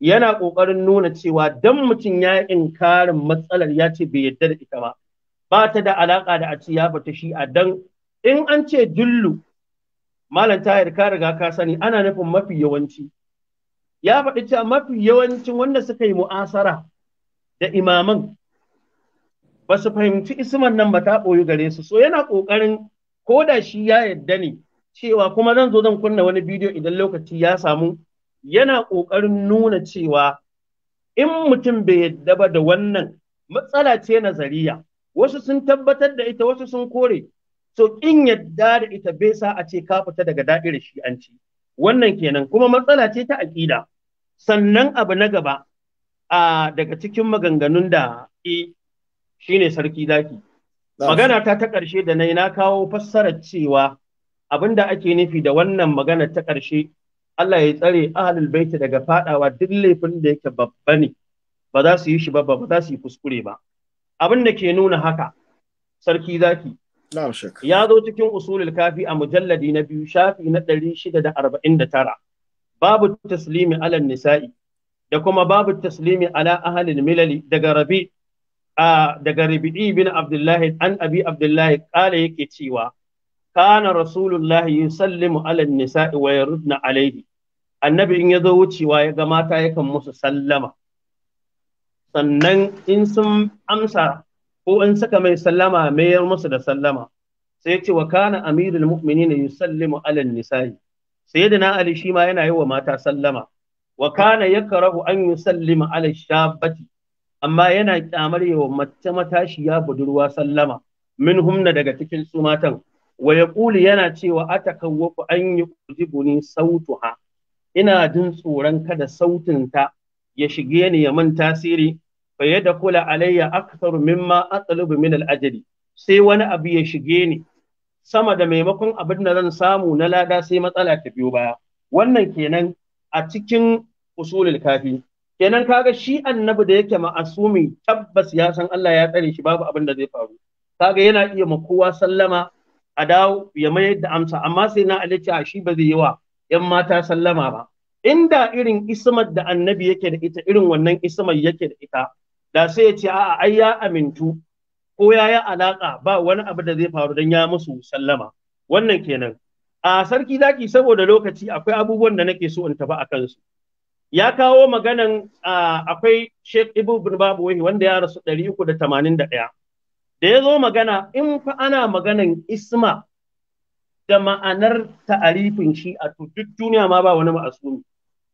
yana ƙoƙarin nuna cewa dan mutum ya inkarin matsalar ya ce bai yarda da ita ba ba ta da alaƙa da a ce ya bata shi a dan in an ce jullu malam tayar ka riga ka sani ana nufin mafi yawanci ya faɗi cewa mafi yawancin wanda suka yi mu'asara da imaman ba su fahimci isman nan ba ta ɓoyi gare su so yana ƙoƙarin ko da shi ya yarda ne cewa kuma zan zo zan kunna wani bidiyo idan lokaci ya samu yana ƙoƙarin nuna cewa in mutum bai yadda ba da wannan matsala ce nazariya wasu sun tabbatar da ita wasu sun kore so in yadda da ita bai sa a ce ka fita daga da'irar shi'anci wannan kenan kuma matsala ce ta aƙida sannan abu na gaba a daga cikin maganganun da e shine sarki zaki magana ta ta ƙarshe da na na kawo fassarar cewa abin da ake nufi da wannan magana ta ƙarshe Allah ya tsare ahalul baiti daga fadawa duk laifin da yake babba ne ba za su yi shi babba ba za su yi kuskure ba abin da ke nuna haka sarki zaki ya zo cikin usulul kafi a mujalladi na biyu shafi na 649 babu taslimi alal nisa'i da kuma babu taslimi ala ahalil milali daga rabi daga rabi'i bin abdullahi an abi abdullahi kala yake cewa kana rasulullahi yusallimu ala nisa'i wa yardna alayhi annabi in ya zo wucewa ya ga mata yakan musu sallama sannan in sun amsa ko in suka mai sallama mayar musu da sallama sai ya ce wa kana amirul mu'minin yusallimu ala nisa'i sayyidina ali shi ma yana yi wa mata sallama wa kana yakrahu an yusallima ala shabbati amma yana kyamar yawa mace matashiya budurwa sallama min humna daga cikin su matan wa ƙuli yana cewa atakawwafu an yuqzibuni sautuha ina jin tsoron kada sautin ta ya shige ni ya man tasiri fa kula, alayya akthar mimma atlubu min al sai wani abu ya shige ni sama da maimakon abin da zan samu na lada sai matsala ta biyo baya wannan kenan a cikin usulul kafi kenan kaga shi annabi da yake ma'asumi tabbas ya san Allah ya tsare shi babu abin da zai faru kaga yana iya ma kowa sallama a dawo ya mayar da amsa amma sai na ali ce shi ba zai yi wa yan mata sallama ba inda irin ismar da annabi yake da ita irin wannan ismar yake da ita da sai ya ce a'a ai ya amintu ko ya yi alaka ba wani abu da zai faru dan ya musu sallama wannan kenan a sarki zaki saboda lokaci akwai abubuwan da nake so in tafi a kansu ya kawo maganan akwai Sheikh Ibn Babu wanda ya rasu 381 da ya zo magana in fa ana maganan isma da ma'anar ta'arifin shi a duk duniya ma ba wani ma'asumi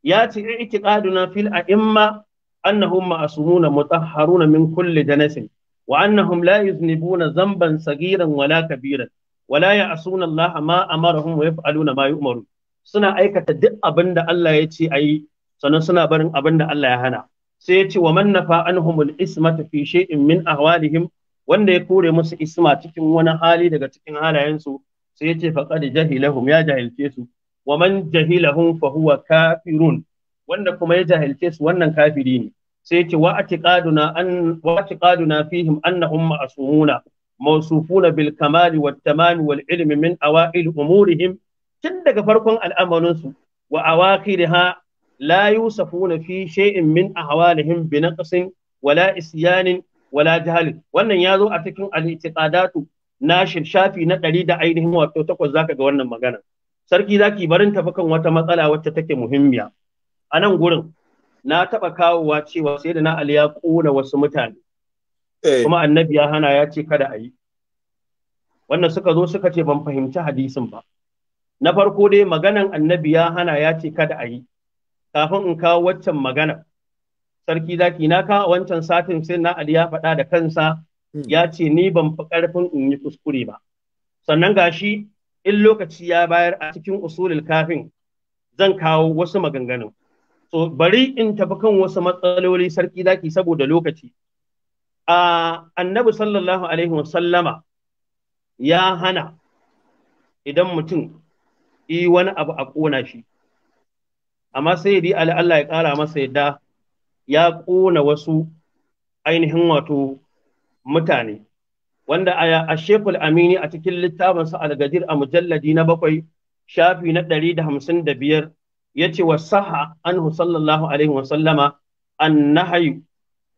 ya ce i'tiqaduna fil a'imma annahum ma'asumuna mutahharuna min kulli danasin wa annahum la yuznibuna zamban sagiran wala kabiran wala ya'asuna Allah ma amarahum wa yaf'aluna ma yu'maru suna aikata duk abin da Allah ya ce ayi sannan suna barin abin da Allah ya hana sai ya ce wa man nafa anhumul ismata fi shay'in min ahwalihim wanda ya kore musu isma cikin wani hali daga cikin halayensu sai ya ce faqad jahilahum ya jahilce su wa man jahilahum fa huwa kafirun wanda kuma ya jahilce su wannan kafiri ne sai ya ce wa atiqaduna an wa atiqaduna fihim annahum ma'sumuna mawsufuna bil kamali wat tamam wal min awail umurihim tun daga farkon al'amarin su wa ha la yusafuna fi shay'in min ahwalihim bi naqsin wala isyanin wala jahalin wannan ya zo a cikin al-i'tiqadatu na shafi na ɗari da ainihin wato takwas zaka ga wannan magana sarki zaki barin tafi kan wata matsala wacce take muhimmiya a nan gurin na taɓa kawowa cewa sai da na Ali ya ƙona wasu mutane eh. kuma annabi ya hana ya ce kada a yi wannan suka zo suka ce ban fahimci hadisin ba na farko dai maganan annabi ya hana ya ce kada a yi kafin in kawo waccan magana sarki zaki na ka wancan satin sai na Ali ya faɗa da kansa hmm. ya ce ni ban fi ƙarfin in yi kuskure ba sannan gashi in lokaci ya bayar a cikin usulul kafin zan kawo wasu maganganun so bari in tafi kan wasu matsaloli sarki zaki saboda lokaci a annabi sallallahu alaihi wasallama ya hana idan mutum yi wani abu a ƙona shi amma sai dai Allah ya ƙara masa yadda ya ƙona wasu ainihin wato mutane wanda a shekul amini a cikin littafinsa algadir a mujalladi na bakwai shafi na ɗari da hamsin da biyar ya ce wa saha anhu sallallahu alaihi wasallama an nahayu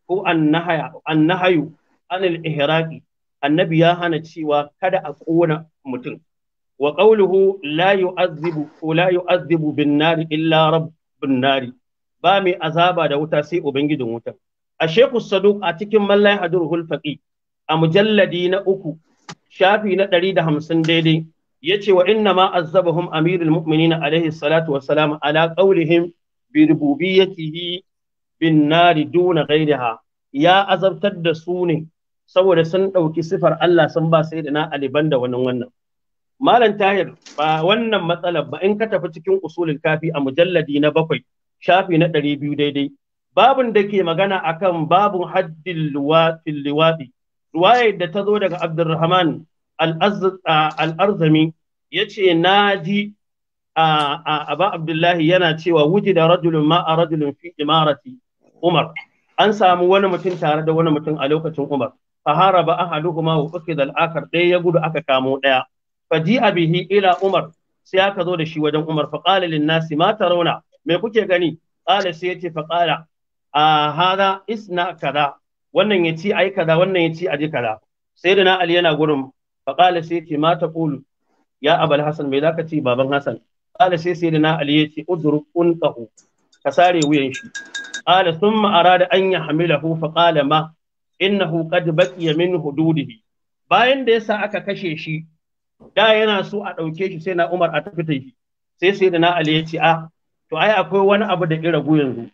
ko an nahaya an nahayu anil ihraqi annabi ya hana cewa kada a ƙona mutum wa qawluhu la yu'azzibu ko la yu'azzibu bin nari illa rabbun nari ba mai azaba da wuta sai ubangijin wutan a sheku saduk a cikin mallai hadurul faqi a mujalladi na uku shafi na ɗari da hamsin daidai ya ce wa inna ma azzabahum amirul mu'minin alaihi salatu wa salam ala qaulihim bi rububiyyatihi bin nari duna ghairiha ya azabtar da su ne saboda sun ɗauki sifar Allah sun ba sai da na aliban da wannan wannan malam tahir ba wannan matsalar ba in ka tafi cikin usulul kafi a mujalladi na bakwai shafi na ɗari biyu daidai babun da ke magana akan babun haddin liwafi ruwayar da ta zo daga abdurrahman al'arzami ya ce na ji a abdullahi yana cewa wuji da rajulun ma a rajulun fi imarati umar an samu wani mutum tare da wani mutum a lokacin umar fahara ba ahaduhuma wa ukhidha al-akhar ɗaya ya gudu aka kamo ɗaya faji bihi ila umar sai aka zo da shi wajen umar fa qala nasi ma tarawna me kuke gani qala sai ce fa qala a hada isna kaza wannan ci ai kaza wannan yace aje kaza na ali yana gurin fa qala sai ce ma taqulu ya abul hasan me zaka ci baban hasan qala sai sayyidina ali yace udruk unqahu ka sare wuyan shi sun thumma arada an yahmilahu fa qala ma innahu qad baqiya min hududihi bayan da yasa aka kashe shi da yana so a ɗauke shi sai na Umar a tafi ta shi sai sai da na Ali ya ce a ah, to ai akwai wani abu da kira yanzu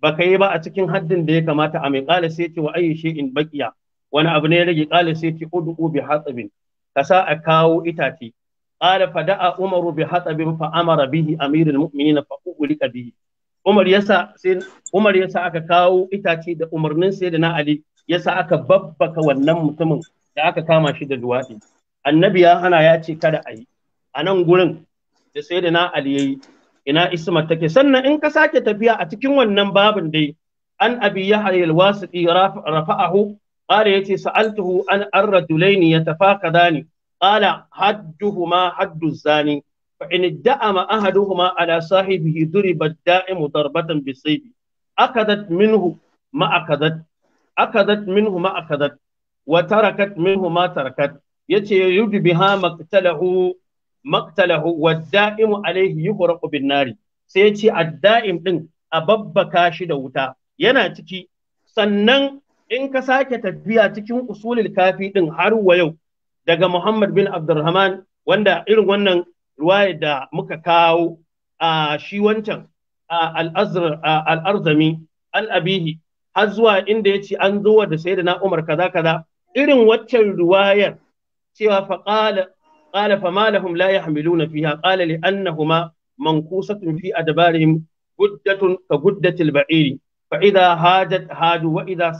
baka yi ba a cikin haddin da ya kamata a mai kala sai ce wa ayi in baqiya wani abu ne ya rage kala sai ce ud'u bi hatsabin kasa a kawo itace qala fada'a umaru bi hatsabin fa amara bihi amirul mu'minin fa ulika bihi umar yasa sai umar yasa aka kawo itace da umarnin sayyidina ali yasa aka babbaka wannan mutumin da aka kama shi da duwatsi annabi ya hana ya ce kada a yi a nan gurin da sayyidina ali yayi ina isma take sannan in ka sake tafiya a cikin wannan babin dai an abi yahya al rafa'ahu qala yace sa'altuhu an ar-rajulaini yatafaqadani qala hadduhuma haddu zani fa in da'ama ahaduhuma ala sahibihi duriba da'imu darbatan bisayfi akadat minhu ma akadat akadat minhu ma akadat wa tarakat minhu ma tarakat yace yudbiha maqtalahu maktalahu wadda'imu alaihi yuhraqu bin nari sai ce a adda'im ɗin, a babbaka shi da wuta yana ciki sannan in ka sake tafiya cikin usulul kafi ɗin har wa yau daga Muhammad bin Abdurrahman wanda irin wannan ruwaya da muka kawo a shi wancan al'arzami al'abihi har zuwa inda ya ce an zuwa da sai da na Umar kaza kaza irin waccan ruwayar cewa faƙala qala fa ma lahum la yahmiluna fiha qala li annahuma manqusatun fi adbarihim guddatun ka guddatil ba'iri fa idza hajat hadu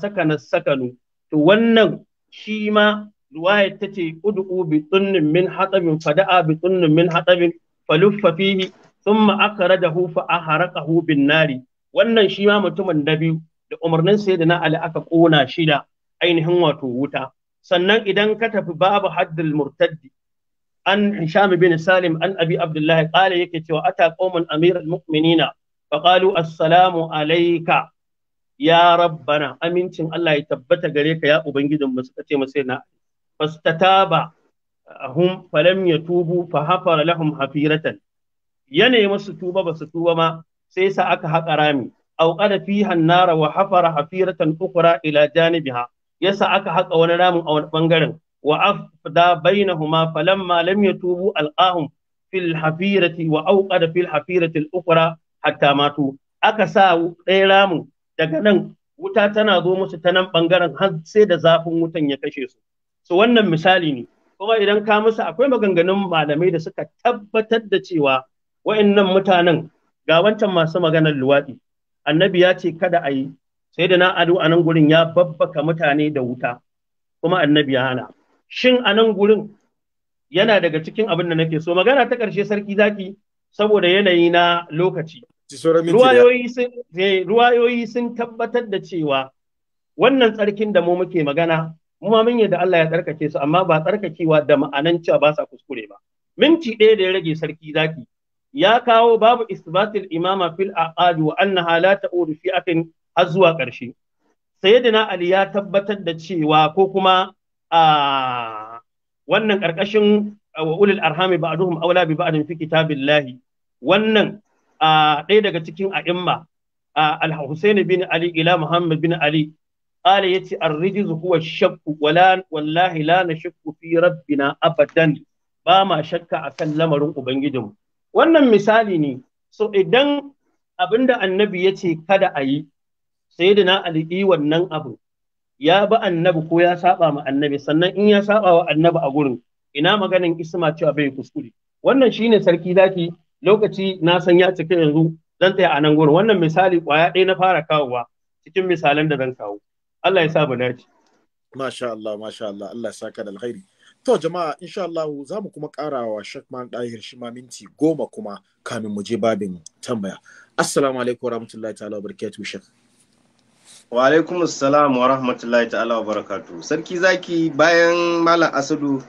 sakana sakanu to wannan shi ma ruwaya tace ud'u bi tunnin min hatabin fada'a bi tunnin min hatabin faluffa fihi thumma akradahu fa aharaqahu bin nari wannan shi ma mutumin na biyu da umarnin sai da na ali aka kona shi ainihin wato wuta sannan idan ka tafi babu haddul murtaddi an Hisham bin Salim an Abi Abdullah qala yake cewa ata qaumun amiral mu'minina faqalu assalamu alayka ya rabbana amincin Allah ya tabbata gare ka ya ubangijin mu suka ce masa na fastataba hum falam yatubu fa hafara lahum hafiratan yanayi masu tuba ba su tuba ma sai sa aka haƙa rami aw qada fiha an-nara wa hafara hafiratan ukhra ila janibiha yasa aka haƙa wani ramin a wani bangaren wa afda bainahuma falamma lam yatubu alqahum fil hafirati wa auqada fil hafirati al-ukhra hatta aka sa ɗaya daga nan wuta tana zo musu ta nan bangaren har sai da zafin wutan ya kashe su Su wannan misali ne kuma idan ka musu akwai maganganun malamai da suka tabbatar da cewa wa'annan mutanen ga wancan masu maganar luwaɗi annabi ya ce kada a yi sai da na ado a nan gurin ya babbaka mutane da wuta kuma annabi ya hana shin a nan gurin yana daga cikin abin da nake so magana ta ƙarshe sarki zaki saboda yanayi na lokaci eh, ruwayoyi sun tabbatar da cewa wannan tsarkin da mu muke magana mu ma mun yadda Allah ya tsarkake su amma ba tsarkakewa da ma'anan cewa ba sa kuskure ba minti ɗaya da ya rage sarki zaki ya kawo babu isbatil imama fil aqad wa annaha la ta'udu fi atin har zuwa ƙarshe sayyidina ali ya tabbatar da cewa ko kuma a wannan ƙarƙashin ulul arhami ba'duhum aula bi ba'din fi kitabillahi wannan ɗaya daga cikin a'imma al-Husayn bin Ali ila Muhammad bin Ali قال يتي الرجز هو الشك ولا والله لا نشك في ربنا ابدا ba ma shakka akan lamarin ubangijinmu wannan misali ne so idan abinda annabi ya ce kada a yi sai da na aliyi wannan abu ya bi annabi ko ya saba ma annabi sannan in ya saba wa annabi a gurin ina maganin isma cewa bai kuskure wannan shine sarki zaki lokaci na san ya cika yanzu zan tsaya a nan gurin wannan misali kwaya ɗaya na fara kawowa cikin misalan da zan kawo Allah ya sa mu dace masha Allah masha Allah Allah ya saka da alkhairi To jama'a insha Allah za mu kuma karawa Shakman Dahir shi ma minti goma kuma kamin mu je babin tambaya. Assalamu alaikum warahmatullahi ta'ala wabarakatuh barakatuhu Shakman. Wa alaikum salam wa rahmatullahi ta'ala wa barakatu. Sarki zaki bayan Malam Asadu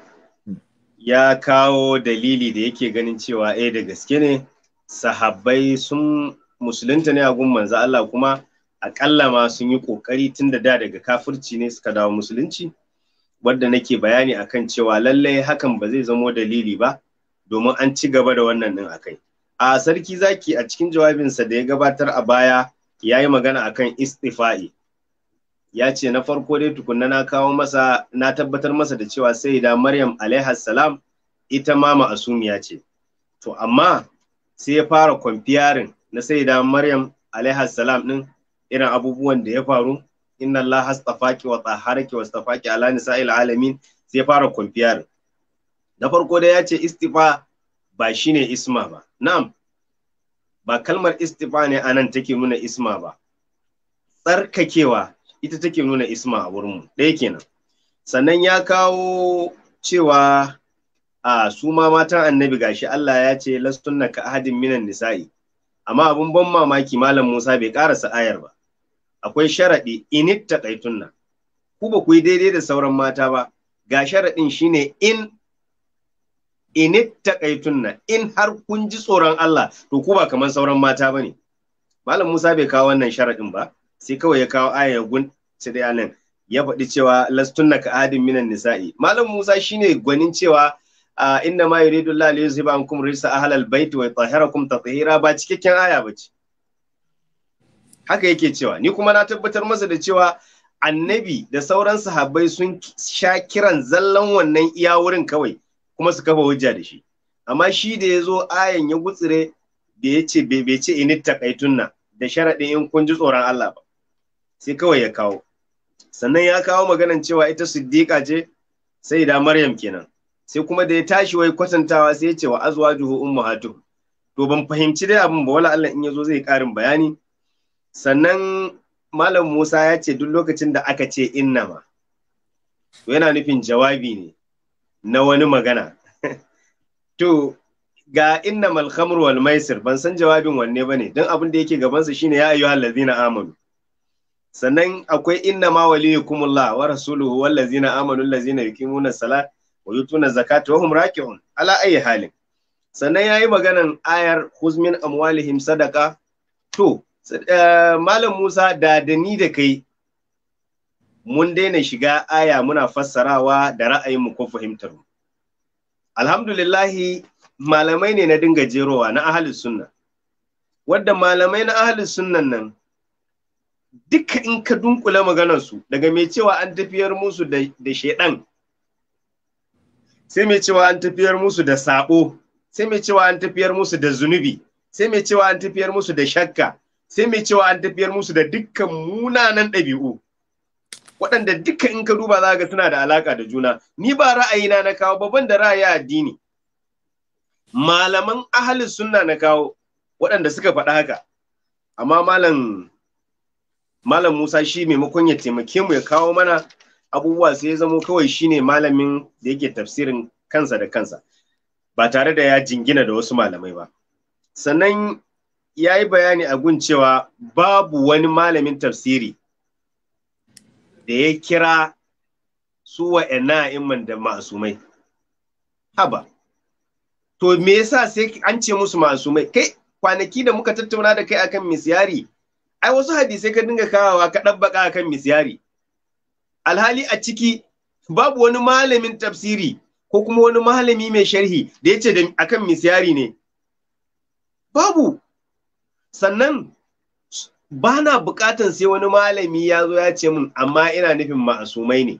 ya kawo dalili da yake ganin cewa eh da gaske ne sahabbai sun musulunta ne a gun manzo Allah kuma akalla ma sun yi kokari tun da da daga kafirci ne suka dawo musulunci wadda nake bayani akan cewa lallai hakan ba zai zamo dalili ba domin an ci gaba da wannan din akai a sarki zaki a cikin jawabinsa da ya gabatar a baya ya yi magana a akan istifa'i ya ce na farko dai tukunna na kawo masa na tabbatar masa da cewa sai da maryam alaihas ita ma ma'asumiya ce to amma sai ya fara kwamfiyarin na sai da maryam alaihas salam irin abubuwan da ya faru inna Allah hastafaki wa tsaharaki wa stafaki ala nisa'il alamin sai ya fara kwamfiyarin da farko dai ya ce istifa ba shine isma ba na'am ba kalmar istifa ne a nan take nuna isma ba tsarkakewa ita take nuna isma a wurinmu ɗaya kenan sannan ya kawo cewa a su ma matan annabi gashi Allah ya ce lastunna ka ahadin minan nisa'i amma abin ban mamaki malam Musa bai karasa ayar ba akwai sharaɗi init taqaitunna ku ba ku yi daidai da sauran mata ba ga sharadin shine in in na in har kun ji tsoron Allah to ku ba kamar sauran mata bane malam Musa bai kawo wannan sharadin ba sai kawai ya kawo aya gun sai dai anan ya faɗi cewa lastunna ka adin minan nisa'i malam Musa shine gwanin cewa inna ma yuridu Allah li yuzhiba ankum rijsa ahlal bait wa yutahhirakum tatheera ba cikakken aya ba ce. haka yake cewa ni kuma na tabbatar masa da cewa annabi da sauran sahabbai sun sha kiran zallan wannan iya wurin kawai kuma su kafa hujja da shi amma shi da ya zo ayan ya gutsire da ya ce bai ce init takaitunna da sharaɗin in kun ji tsoron Allah ba sai kawai ya kawo sannan ya kawo maganan cewa ita siddiqa ce sai da maryam kenan sai kuma da ya tashi wai kwatantawa sai ya ce wa azwajuhu ummahatu to ban fahimci dai abin ba wala Allah in ya zo zai karin bayani sannan malam Musa ya ce duk lokacin da aka ce innama to yana nufin jawabi ne na wani magana [LAUGHS] to ga inna malhamur Walmaisir ban san jawabin wanne ba ne don abin da yake gabansa shine ya ayyuhal ladzina amanu sannan akwai inna ma waliyukumullah wa rasuluhu wal ladzina amanu allazina yuqimuna sala wa yutuna zakata wa hum raki'un ala ayi halin sannan yayi maganan ayar huzmin amwalihim sadaka to eh, malam Musa da da ni da kai mun daina shiga aya muna fassarawa da ra'ayinmu ko fahimtar mu alhamdulillahi malamai ne na dinga jerowa na ahalin sunna wadda malamai na ahalin sunnan nan duka in ka dunkule maganarsu daga mai cewa an tafiyar musu da shaidan sai mai cewa an tafiyar musu da sabo sai mai cewa an tafiyar musu da zunubi sai mai cewa an tafiyar musu da shakka sai mai cewa an tafiyar musu da dukkan munanan ɗabi'u waɗanda duka in ka duba za ga suna da alaƙa da juna ni ba ra'ayina na kawo babban da ra'ayi addini malaman ahalin sunna na kawo waɗanda suka faɗa haka amma malam malam Musa shi maimakon ya taimake mu ya kawo mana abubuwa sai ya zamo kawai shine malamin da yake tafsirin kansa da kansa ba tare da ya jingina da wasu malamai ba sannan ya yi bayani a gun cewa babu wani malamin tafsiri da ya kira su wa'annan a'imman da masumai. haba to me yasa sai an ce musu masumai, kai kwanaki da muka tattauna da kai akan misyari ai wasu hadisai ka dinga kawawa ka ɗabbaka akan misyari alhali a ciki babu wani malamin tafsiri ko kuma wani malami mai sharhi da ya ce akan misyari ne babu sannan ba na buƙatan sai wani malami ya zo ya ce min amma ina nufin ma'asumai ne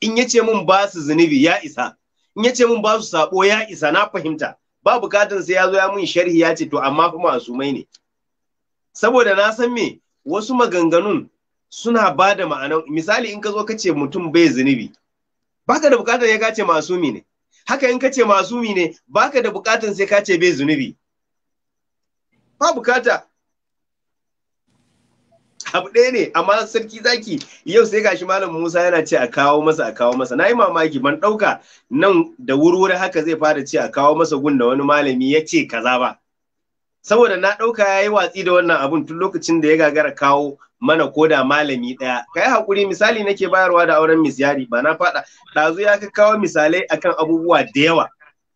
in ya ce min ba su zunubi ya isa in ya ce min ba su sabo ya isa na fahimta ba buƙatan sai ya zo ya min sharhi ya ce to amma fa ma'asumai ne saboda na san me wasu maganganun suna ba da ma'ana misali in ka zo ka ce mutum bai zunubi baka da buƙatar ya kace masumi ne haka in ka ce masumi ne baka da buƙatar sai ka ce bai zunubi ba bukata abu ɗaya ne amma sarki zaki yau sai gashi malam Musa yana ce a kawo masa a kawo masa Na yi mamaki ban ɗauka nan da wurwuri haka zai fara ce a kawo masa gun da wani malami ya ce kaza ba saboda na ɗauka ya yi watsi da wannan abun tun lokacin da ya gagara kawo mana koda malami ɗaya ka yi haƙuri misali nake bayarwa da auren misyari ba na faɗa ɗazu ya kawo misalai akan abubuwa da yawa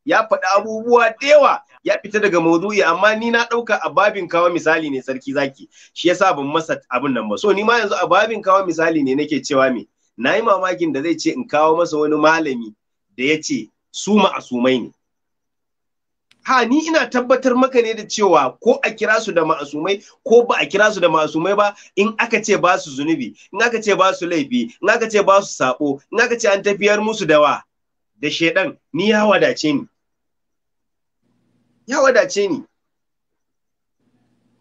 ya faɗi abubuwa da yawa ya fita daga maudu'i amma ni na ɗauka a babin kawo misali ne sarki zaki shi yasa ban masa abin nan ba so ni ma yanzu a babin kawo misali ne nake cewa me na yi mamakin da zai ce in kawo masa wani malami da ya ce su ma'asumai ne ha ni ina tabbatar maka ne da cewa ko a kira su da ma'asumai ko ba a kira su da ma'asumai ba in aka ce ba su zunubi in aka ce ba su laifi in aka ce ba su sabo in aka ce an tafiyar musu da wa da shedan ni ya wadace ni ya wadace ni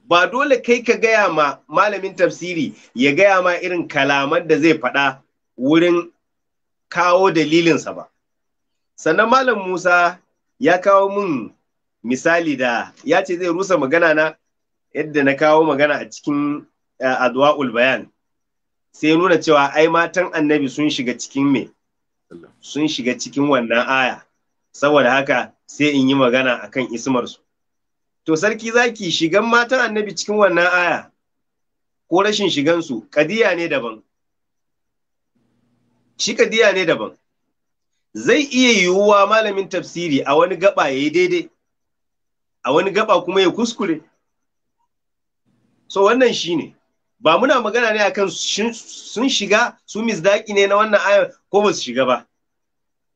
ba dole kai ka gaya ma malamin tafsiri ya gaya ma irin kalaman da zai faɗa wurin kawo dalilinsa ba sannan malam musa ya kawo mun misali da ya ce zai rusa magana na yadda na kawo magana a cikin eh, adwa'ul bayan sai nuna cewa ai matan annabi sun shiga cikin me sun shiga cikin wannan aya saboda haka sai in yi magana a kan ismarsu to sarki zaki shigan matan annabi cikin wannan aya ko rashin shigansu kadiya ne daban shi kadiya ne daban zai iya yiwuwa malamin tafsiri a wani gaba ya yi daidai a wani gaba kuma ya kuskure so wannan shi ne ba muna magana ne akan sun shiga su misdaki ne na wannan aya ko ba su shiga ba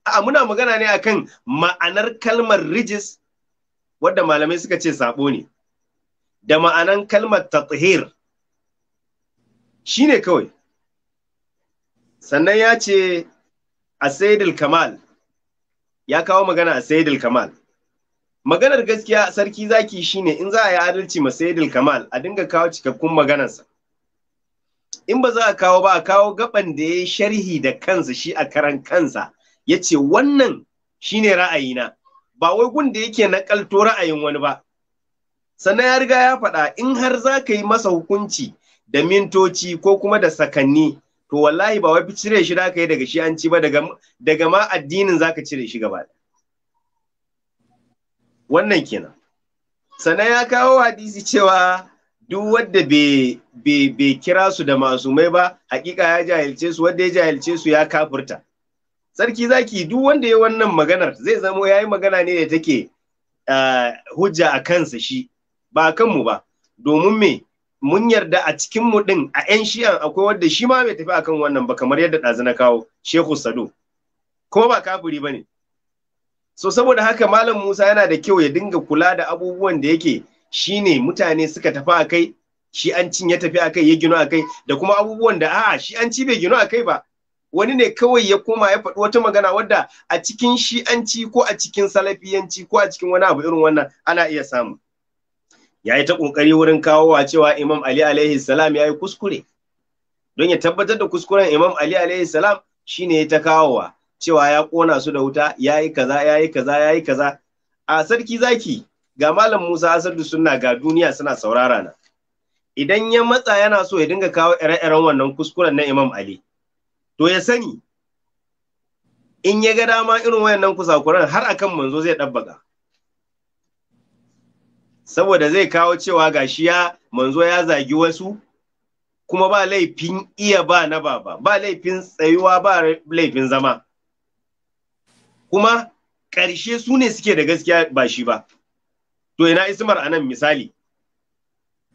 A'a muna magana ne akan ma'anar kalmar rijis wadda malamai suka ce sabo ne. Da ma'anan kalmar tathir shi ne kawai. Sannan ya ce a kamal ya kawo magana a sayidul kamal. Maganar gaskiya sarki zaki shi ne in za a yi adalci ma sayidul kamal a dinga kawo cikakkun maganarsa. in ba za a kawo ba a kawo gaban da ya yi sharhi da kansa shi a karan kansa ya ce wannan shine ra'ayina ba wai gunda yake nakalto ra'ayin wani ba sannan ya riga ya faɗa in har za ka yi masa hukunci da mintoci ko kuma da sakanni to wallahi ba wai fi cire shi da ka yi daga shi an ci ba daga ma addinin za ka cire shi gaba wannan kenan sannan ya kawo hadisi cewa duk wadda bai kira su da masumai ba hakika ya jahilce su wadda ya jahilce su ya kafurta sarki zaki duk wanda ya wannan maganar zai zamo ya yi magana ne da take hujja a kansa shi ba kanmu ba domin me mun yarda a cikin mu din a yan shi'an akwai wanda shi ma bai tafi akan wannan ba kamar yadda ɗazu na kawo shehu sado kuma ba kafiri ba ne so saboda haka malam musa yana da kyau ya dinga kula da abubuwan da yake shine mutane suka tafi a kai shi an cin ya tafi a kai ya gino a kai da kuma abubuwan da a'a shi an ci bai gino a kai ba wani ne kawai ya koma ya faɗi wata magana wadda a cikin shi'anci ko a cikin salafiyanci ko a cikin wani abu irin wannan ana iya samu ya yi ta ƙoƙari wurin kawowa cewa imam ali alaihi salam ya yi kuskure don ya tabbatar da kuskuren imam ali alaihi salam shine ya ta kawowa cewa ya ƙona su da wuta ya yi kaza ya yi kaza ya yi kaza a sarki zaki ga malam musa da sunna ga duniya suna saurara na idan ya matsa yana so ya dinga kawo ire-iren wannan kuskuren na imam ali to ya sani in ya ga dama irin wayannan kusakuran har akan manzo zai ɗabbaga saboda zai kawo cewa gashi ya manzo ya zagi wasu kuma ba laifin iya ba na baba ba laifin tsayuwa ba laifin zama kuma ƙarshe su ne suke da gaskiya ba shi ba to ina ismar anan misali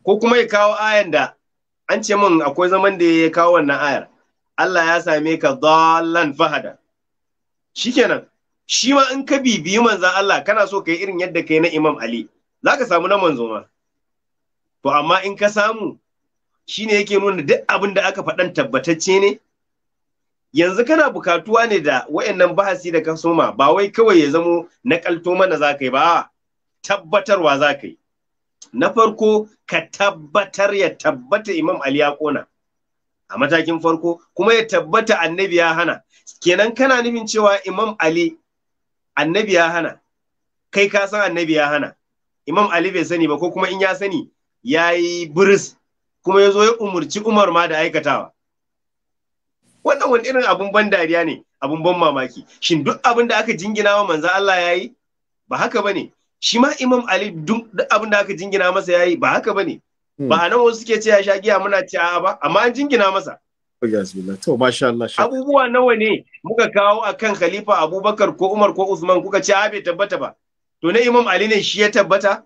ko kuma ya kawo ayan da an ce min akwai zaman da ya kawo wannan ayar Allah ya same ka dalan fahada shikenan shi ma in ka bibiyi manzan Allah kana so kai irin yadda kai na Imam Ali zaka samu na manzo ma to amma in ka samu shine yake nuna duk abin da aka faɗan tabbatacce ne yanzu kana bukatuwa ne da wayannan bahasi da ka soma ba wai kawai ya zamo na kalto mana za ka yi ba tabbatarwa za ka yi na farko ka tabbatar ya tabbata imam ali ya ƙona. a matakin farko kuma ya tabbata annabi ya hana kenan kana nufin cewa imam ali annabi ya hana kai ka san annabi ya hana imam ali bai sani ba ko kuma in ya sani ya yi biris kuma ya zo ya umurci umar ma da aikatawa wannan wani irin abun ban dariya ne abun ban mamaki shin duk abin da aka jingina wa manzo Allah ya yi ba haka bane shi ma imam ali duk abin da aka jingina masa ya yi ba haka bane Hmm. ba a nawa wasu suke ce ya sha giya muna ci a ba amma an jingina masa to masha Allah abubuwa nawa ne muka kawo akan khalifa abubakar ko umar ko usman kuka ce a bai tabbata ba to na imam ali ne shi ya tabbata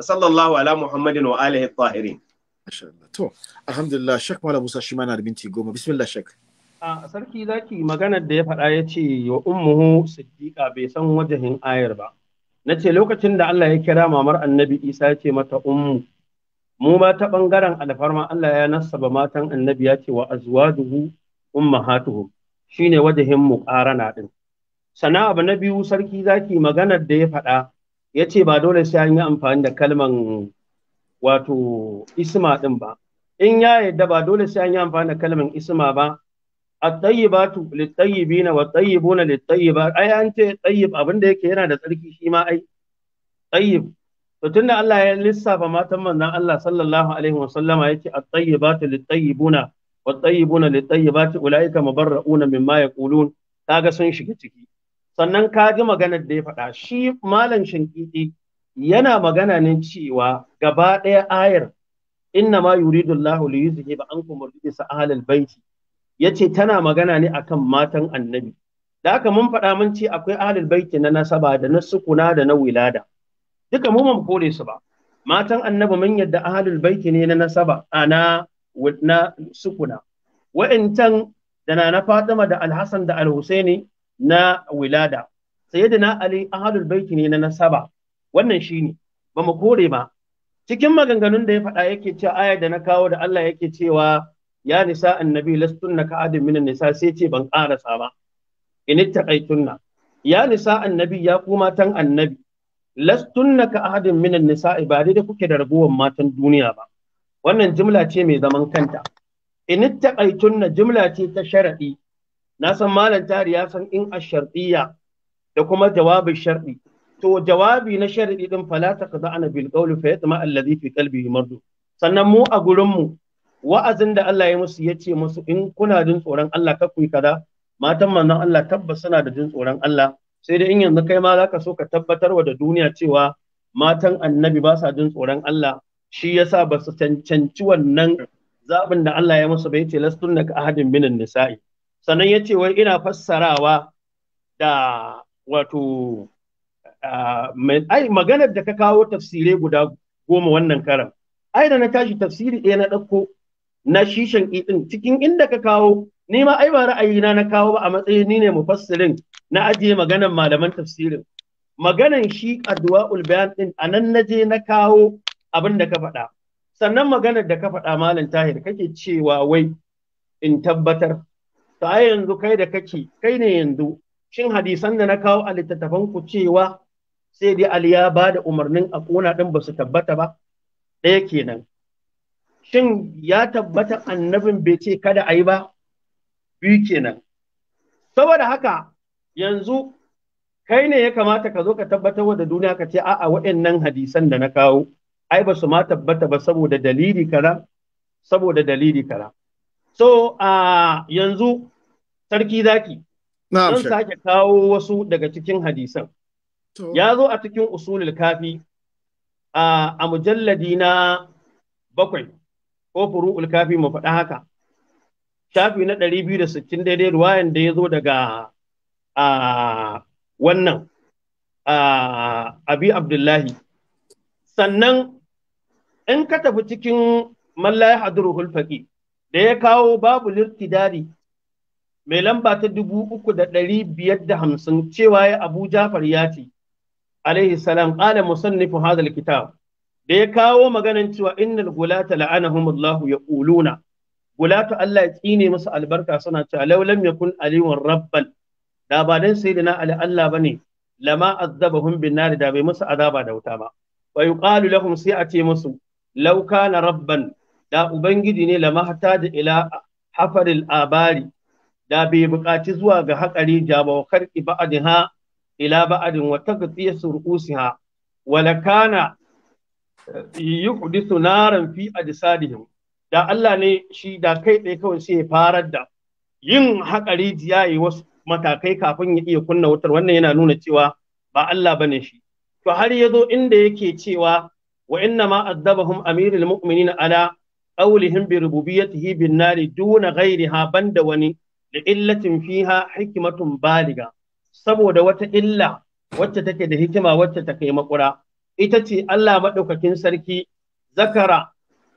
sallallahu ala muhammadin wa alihi tahirin masha Allah to alhamdulillah shek mala musa shi mana da minti goma bismillah shak a sarki zaki maganar da ya faɗa ya ce wa ummuhu siddiqa bai san wajahin ayar ba na ce lokacin da Allah ya kira mamar annabi Isa ya ce mata ummu mu ma ta ɓangaren alfarma Allah ya nasaba matan annabi ya ce wa azwajuhu ummahatuhum shine wajahin muqarana din sana abu na biyu sarki zaki maganar da ya faɗa ya ce ba dole sai an yi amfani da kalman wato isma din ba in ya yadda ba dole sai an yi amfani da kalman isma ba الطيبات للطيبين والطيبون للطيبات ai an ce طيب abin da yake yana da tsarki shi ma ai طيب to tunda Allah ya lissafa matan manzon Allah sallallahu alaihi wa sallama yake at-tayyibatu lit-tayyibuna wat-tayyibuna lit-tayyibati ulaika mubarra'una mimma yaqulun kaga sun shiga ciki sannan ka ji maganar da ya faɗa shi malam shinkiti yana magana ne cewa gaba ɗaya ayar inna ma yuridu Allahu li yuzhiba ankum rijsa ahlal baiti yace tana magana ne akan matan annabi da haka mun faɗa mun ce akwai ahlul baiti na nasaba da na sukuna da na wilada duka mu mu kore su ba matan annabi mun yadda ahlul baiti ne na nasaba ana na sukuna wa'intan da na Fatima da Alhassan da Alhusaini na wilada sayyidina Ali ahlul baiti ne na nasaba wannan shine ba mu kore ba cikin maganganun da ya faɗa yake cewa aya da na kawo da Allah yake cewa ya nisa annabi lastunna ka adam minan nisa sai ce ban karasa ba in taqaitunna ya nisa annabi ya ku tan annabi lastunna ka ahadin minan nisa'i ba dai da kuke da raguwar matan duniya ba wannan jimla ce mai zaman kanta in taqaitunna jimla ce ta sharadi na san malam tari ya san in ashartiyya da kuma jawabin shar'i to jawabi na shar'i din fala taqda ana bil qawli fa yatma alladhi fi qalbihi mardu sannan mu a gurin mu wa'azin da Allah ya musu yace musu in kuna jin tsoron Allah ka kuyi kaza matan manzon Allah tabbas suna da jin tsoron Allah sai dai in yanzu kai ma zaka so ka tabbatar wa da duniya cewa matan annabi ba sa jin tsoron Allah shi yasa ba su cancanci wannan zaɓin da Allah ya masa bai ce lastun ka ahadin minin nisa'i sannan ya ce wai ina fassarawa da wato maganar da ka kawo tafsirai guda goma wannan karan ai da na tashi tafsiri ɗaya na ɗauko na shishin ɗin cikin inda ka kawo ni ma ai ba ra'ayina na kawo ba a matsayin ni ne mufassirin na ajiye maganan malaman tafsirin maganan shi addu'a'ul bayan din anan nan na na kawo abin da ka faɗa sannan maganar da ka faɗa malam tahir kake cewa wai in tabbatar to ai yanzu kai da kake kai ne yanzu shin hadisan da na kawo a littattafan ku cewa sai dai ali ya ba da umarnin a kona din ba su tabbata ba ɗaya kenan shin ya tabbata annabin bai ce kada a yi ba biyu kenan saboda haka yanzu kai ne ya kamata ka zo ka tabbatar da duniya ka ce a'a waɗannan hadisan da na kawo ai ba su ma tabbata ba saboda dalili kara. saboda dalili kara. so a yanzu sarki zaki zan sake kawo wasu daga cikin hadisan ya zo a cikin usulul kafi a mujalladi na bakwai ko furu'ul kafi mu faɗa haka shafi na 260 daidai ruwayan da ya zo daga a wannan abi abdullahi sannan in ka tafi cikin mallaya hadruhul faqi da ya kawo babu lirtidari mai lamba ta dubu uku da ɗari biyar da hamsin cewa ya abu jafar ya ce alaihi salam ƙala musannifu hadal kitab da ya kawo maganan cewa innal gulata la'anahumullahu ya uluna Gulata Allah ya tsine musu albarka suna cewa laulam yakun aliwan rabbal da ba dan sayyidina ali Allah bane lama azzabahum bin nar da bai musu azaba da wuta ba wa yuqalu lahum sai a ce musu law kana rabban da ubangiji ne lama hatta da ila hafaril abari da bai buƙaci zuwa ga haƙari jaba wa karki ha ila ba'adin wa taqtiya surusiha wa lakana yuhdisu naran fi ajsadihim da Allah ne shi da kai ɗaya kawai sai ya farar da yin haƙa rijiya yi wasu matakai kafin ya iya kunna wutar wannan yana nuna cewa ba Allah bane shi to har yazo inda yake cewa wa inna ma addabahum amirul mu'minin ala qawlihim bi rububiyyatihi bin nari duna ghayriha banda wani li illatin fiha hikmatun baliga saboda wata illa wacce take da hikima wacce ta kai makura ita ce Allah madaukakin sarki zakara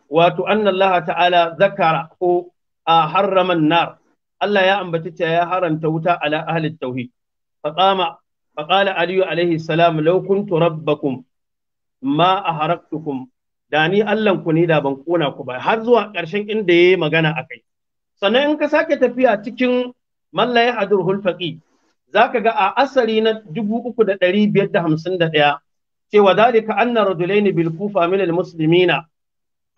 wato anna Allah ta'ala zakara ko a harraman nar Allah ya ambaci cewa ya haramta wuta ala ahli tauhid faqama faqala aliyu alaihi salam law kuntu rabbakum ma aharaktukum da ni Allah ku ni da ban kona ku ba har zuwa ƙarshen inda yayi magana akai sannan in ka sake tafiya cikin malla ya hadurhul faqi zaka ga a asari na 3551 cewa dalika anna rajulaini bil kufa min al muslimina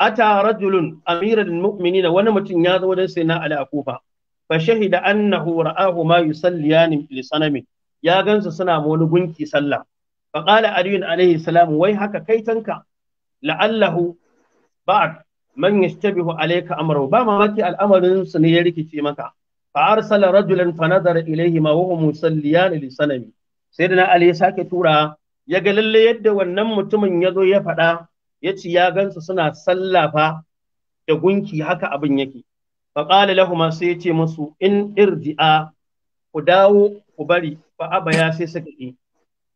ata rajulun amiral mu'minina wani mutum ya zo wajen sai na ala kufa fa shahida annahu ra'ahu ma yusalliyan li sanamin ya gansu suna ma wani gunki sallah fa qala ali salam wai haka kai tanka la'allahu ba'd man yashtabihu alayka amru ba mamaki al'amarin su ne ya rikice maka fa arsala rajulan fa nadara ma ma huwa musalliyan li sanamin na ali ya sake tura ya ga yadda wannan mutumin ya zo ya faɗa ya ci ya gansu suna sallafa da gunki haka abin yake faƙala lahuma sai ya ce musu in irji'a ku dawo ku bari fa abaya sai suka da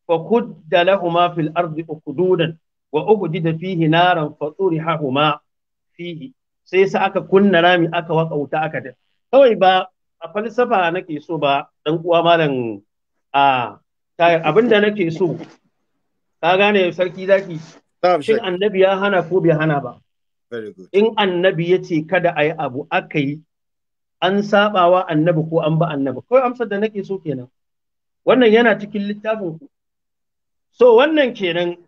fa kudda lahuma fil ardi ukududan wa uhudida fihi naran fa turihahuma fihi sai sa aka kunna rami aka waka wuta aka da kawai ba a falsafa nake so ba dan uwa malam a abinda nake so ka gane sarki zaki shin annabi ya hana ko bai hana ba in annabi ya ce kada a yi abu aka yi an sabawa annabi ko an ba annabi kawai amsar da nake so kenan wannan yana cikin littafin so wannan kenan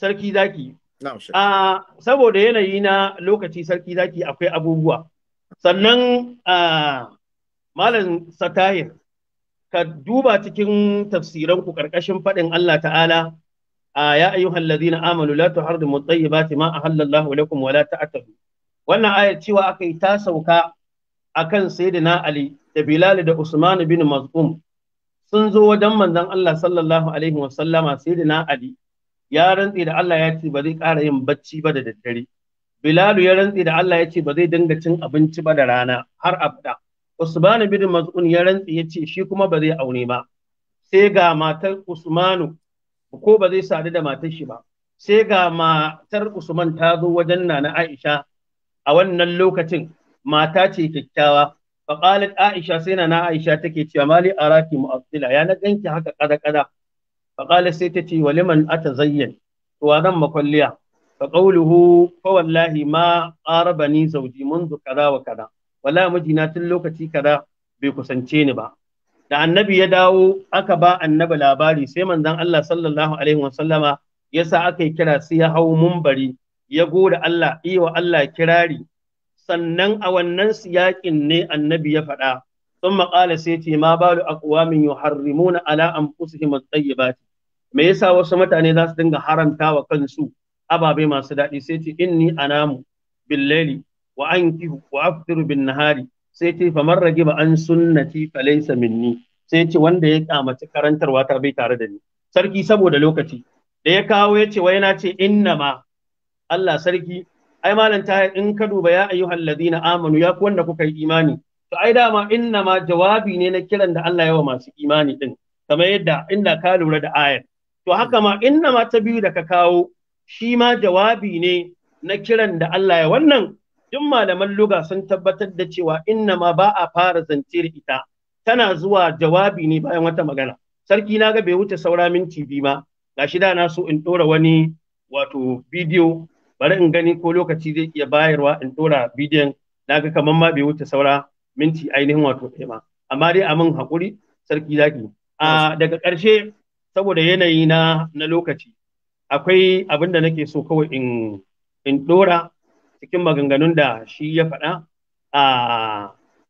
sarki zaki a saboda yanayi na lokaci sarki zaki akwai abubuwa sannan a malam satahir ka duba cikin tafsiranku ƙarƙashin faɗin Allah ta'ala ya ayyuhal ladina amanu la tuharrimu tayyibati ma ahallallahu lakum wa la ta'tadu wannan aya cewa aka yi ta sauka akan sayyidina Ali da Bilal da Usman bin Maz'um sun zo wajen manzon Allah sallallahu alaihi wa sallama sayyidina Ali ya rantsi da Allah ya ce ba zai ƙara yin bacci ba da daddare Bilalu ya rantsi da Allah ya ce ba zai dinga cin abinci ba da rana har abada Usman bin Maz'un ya rantsi ya ce shi kuma ba zai aune ba sai ga matar Usmanu ko ba zai sadu da matar shi ba sai ga matar Usman ta zo wajen Nana Aisha a wannan lokacin mata ce kyakkyawa faqalat Aisha sai Nana Aisha take cewa mali araki mu'attila ya na ganki haka kada kada faqalat sai ta ce waliman atazayyan to wa zan makwalliya faqawluhu fa wallahi ma qarabani zawji منذ kaza wa kaza wallahi mijina tun lokaci kada bai kusance ni ba da annabi ya dawo aka ba annabi labari sai manzon Allah sallallahu alaihi ya sa aka yi kira sai ya hau mumbari ya goda Allah iya wa Allah kirari sannan a wannan siyakin ne annabi ya faɗa ثم قال سيتي ما بال أقوام يحرمون على أنفسهم الطيبات me yasa wasu mutane za su dinga haramta wa kansu ababe masu daɗi sai ce inni anamu billali wa ankihu wa aftiru bin nahari sai ce famar rage ba an sunnati falaisa minni sai ce wanda ya kamaci karantarwa ta bai tare da ni sarki saboda lokaci da ya kawo ya ce wai na ce inna Allah sarki ai malam ta in ka duba ya ayyuhal ladina amanu ya wanda kuka yi imani to ai dama inna ma jawabi ne na kiran da Allah ya wa masu imani din kamar yadda inda ka lura da ayat to haka ma inna ma ta biyu da ka kawo shi ma jawabi ne na kiran da Allah ya wannan duk malaman luga sun tabbatar da cewa inna ma ba a fara zance da ita tana zuwa jawabi ne bayan wata magana sarki na ga bai wuce saura minti biyu ma gashi da na so in dora wani wato bidiyo bari in gani ko lokaci zai iya bayarwa in dora bidiyon na ga kamar ma bai wuce saura minti ainihin wato ɗaya ma amma dai amin haƙuri sarki zaki a daga ƙarshe saboda yanayi na na lokaci akwai abinda nake so kawai in in dora cikin maganganun da shi ya faɗa a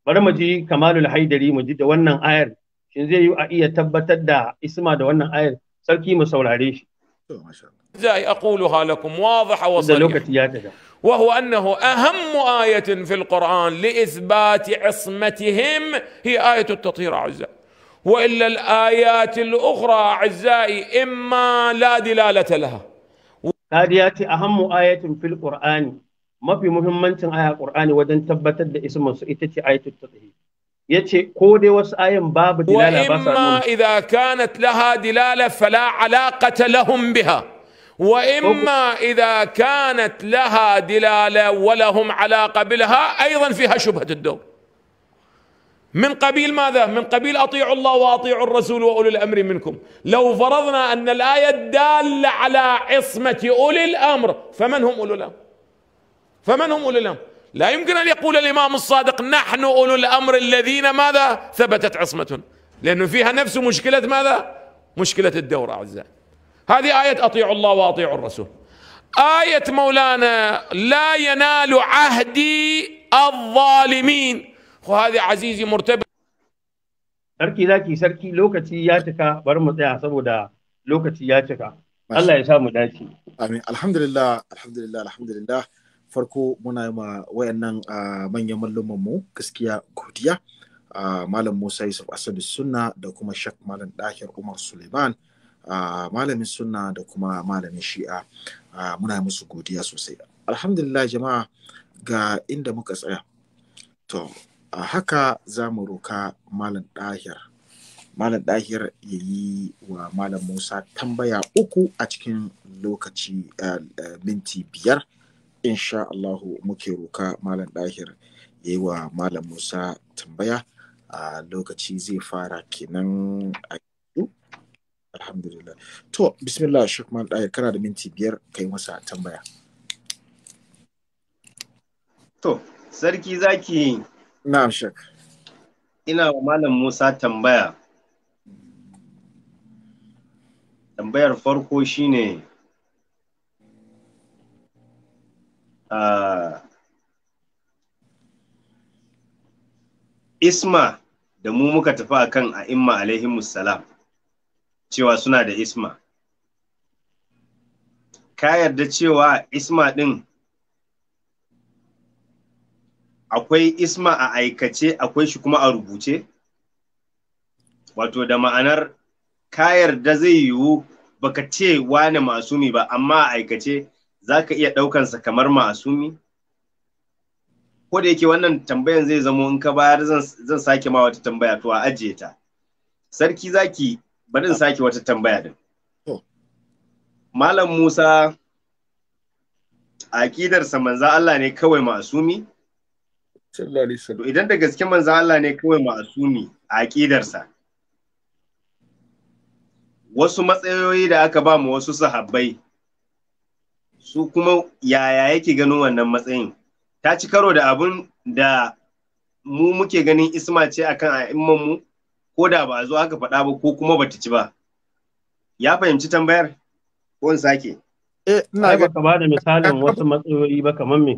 bari mu ji kamalul haidari mu ji da wannan ayar shin zai yi a iya tabbatar da isma da wannan ayar sarki mu saurare shi زي أقولها لكم واضحة وصريحة وهو أنه أهم آية في القرآن لإثبات عصمتهم هي آية التطهير أعزائي وإلا الآيات الأخرى أعزائي إما لا دلالة لها هذه أهم آية في القرآن ما في مهم من تنعي القرآن ودن ismin su ita ce ayatul tadhhir yace ko dai wasu ayan وإما إذا كانت لها دلالة فلا علاقة لهم بها وإما إذا كانت لها دلالة ولهم علاقة بها أيضا فيها شبهة الدور من قبيل ماذا؟ من قبيل أطيعوا الله وأطيعوا الرسول وأولي الأمر منكم لو فرضنا أن الآية دالة على عصمة أولي الأمر فمن هم أولي الأمر؟ فمن هم اولي الأمر لا يمكن أن يقول الإمام الصادق نحن أولو الأمر الذين ماذا ثبتت عصمتهم لأنه فيها نفس مشكلة ماذا مشكلة الدور أعزائي هذه آية أطيعوا الله وأطيعوا الرسول آية مولانا لا ينال عهدي الظالمين وهذه عزيزي مرتبط sarki ذاكي سركي lokaci ya cika bari mu tsaya saboda lokaci الله cika Allah ya sa mu dace amin alhamdulillah farko muna ma wayannan manyan malluman mu gaskiya godiya malam Musa Yusuf Asadu Sunna da kuma Shak Malam Dahir Umar Suleiman malamin sunna da kuma malamin shi'a muna musu godiya sosai alhamdulillah jama'a ga inda muka tsaya to a haka za mu roka malam Dahir. malam Dahir ya yi wa malam musa tambaya uku a cikin lokaci minti biyar insha Allahu muke roka malam Dahir ya yi wa malam Musa tambaya a lokaci zai fara kenan a alhamdulillah to bismillah shek malam Dahir kana da minti biyar ka yi masa tambaya to sarki zaki na'am shek ina wa malam Musa tambaya tambayar farko shine ne uh, isma da mu muka tafi a kan a imma alaihimussalam cewa suna da isma ka yarda cewa isma ɗin akwai isma a aikace akwai shi kuma a rubuce wato da ma'anar ka yarda zai yiwu baka ce wane masumi ba amma a aikace za ka iya ɗaukansa kamar ma'asumi? Ko da yake wannan tambayan zai zamo in ka bayar zan sake ma wata tambaya to a ajiye ta. Sarki zaki bari in sake wata tambaya din. Malam Musa a aƙidarsa manzan Allah ne kawai ma'asumi? To idan da gaske manzan Allah ne kawai ma'asumi a sa. Wasu matsayoyi da aka ba mu wasu sahabbai su kuma yaya yake ganin wannan matsayin ta ci karo da abun da mu muke ganin isma ce akan a'imman mu ko da ba a zo aka faɗa ba ko kuma bata ci ba ya fahimci tambayar ko in sake eh ina ga ka bada misalin wasu matsayoyi ba kaman me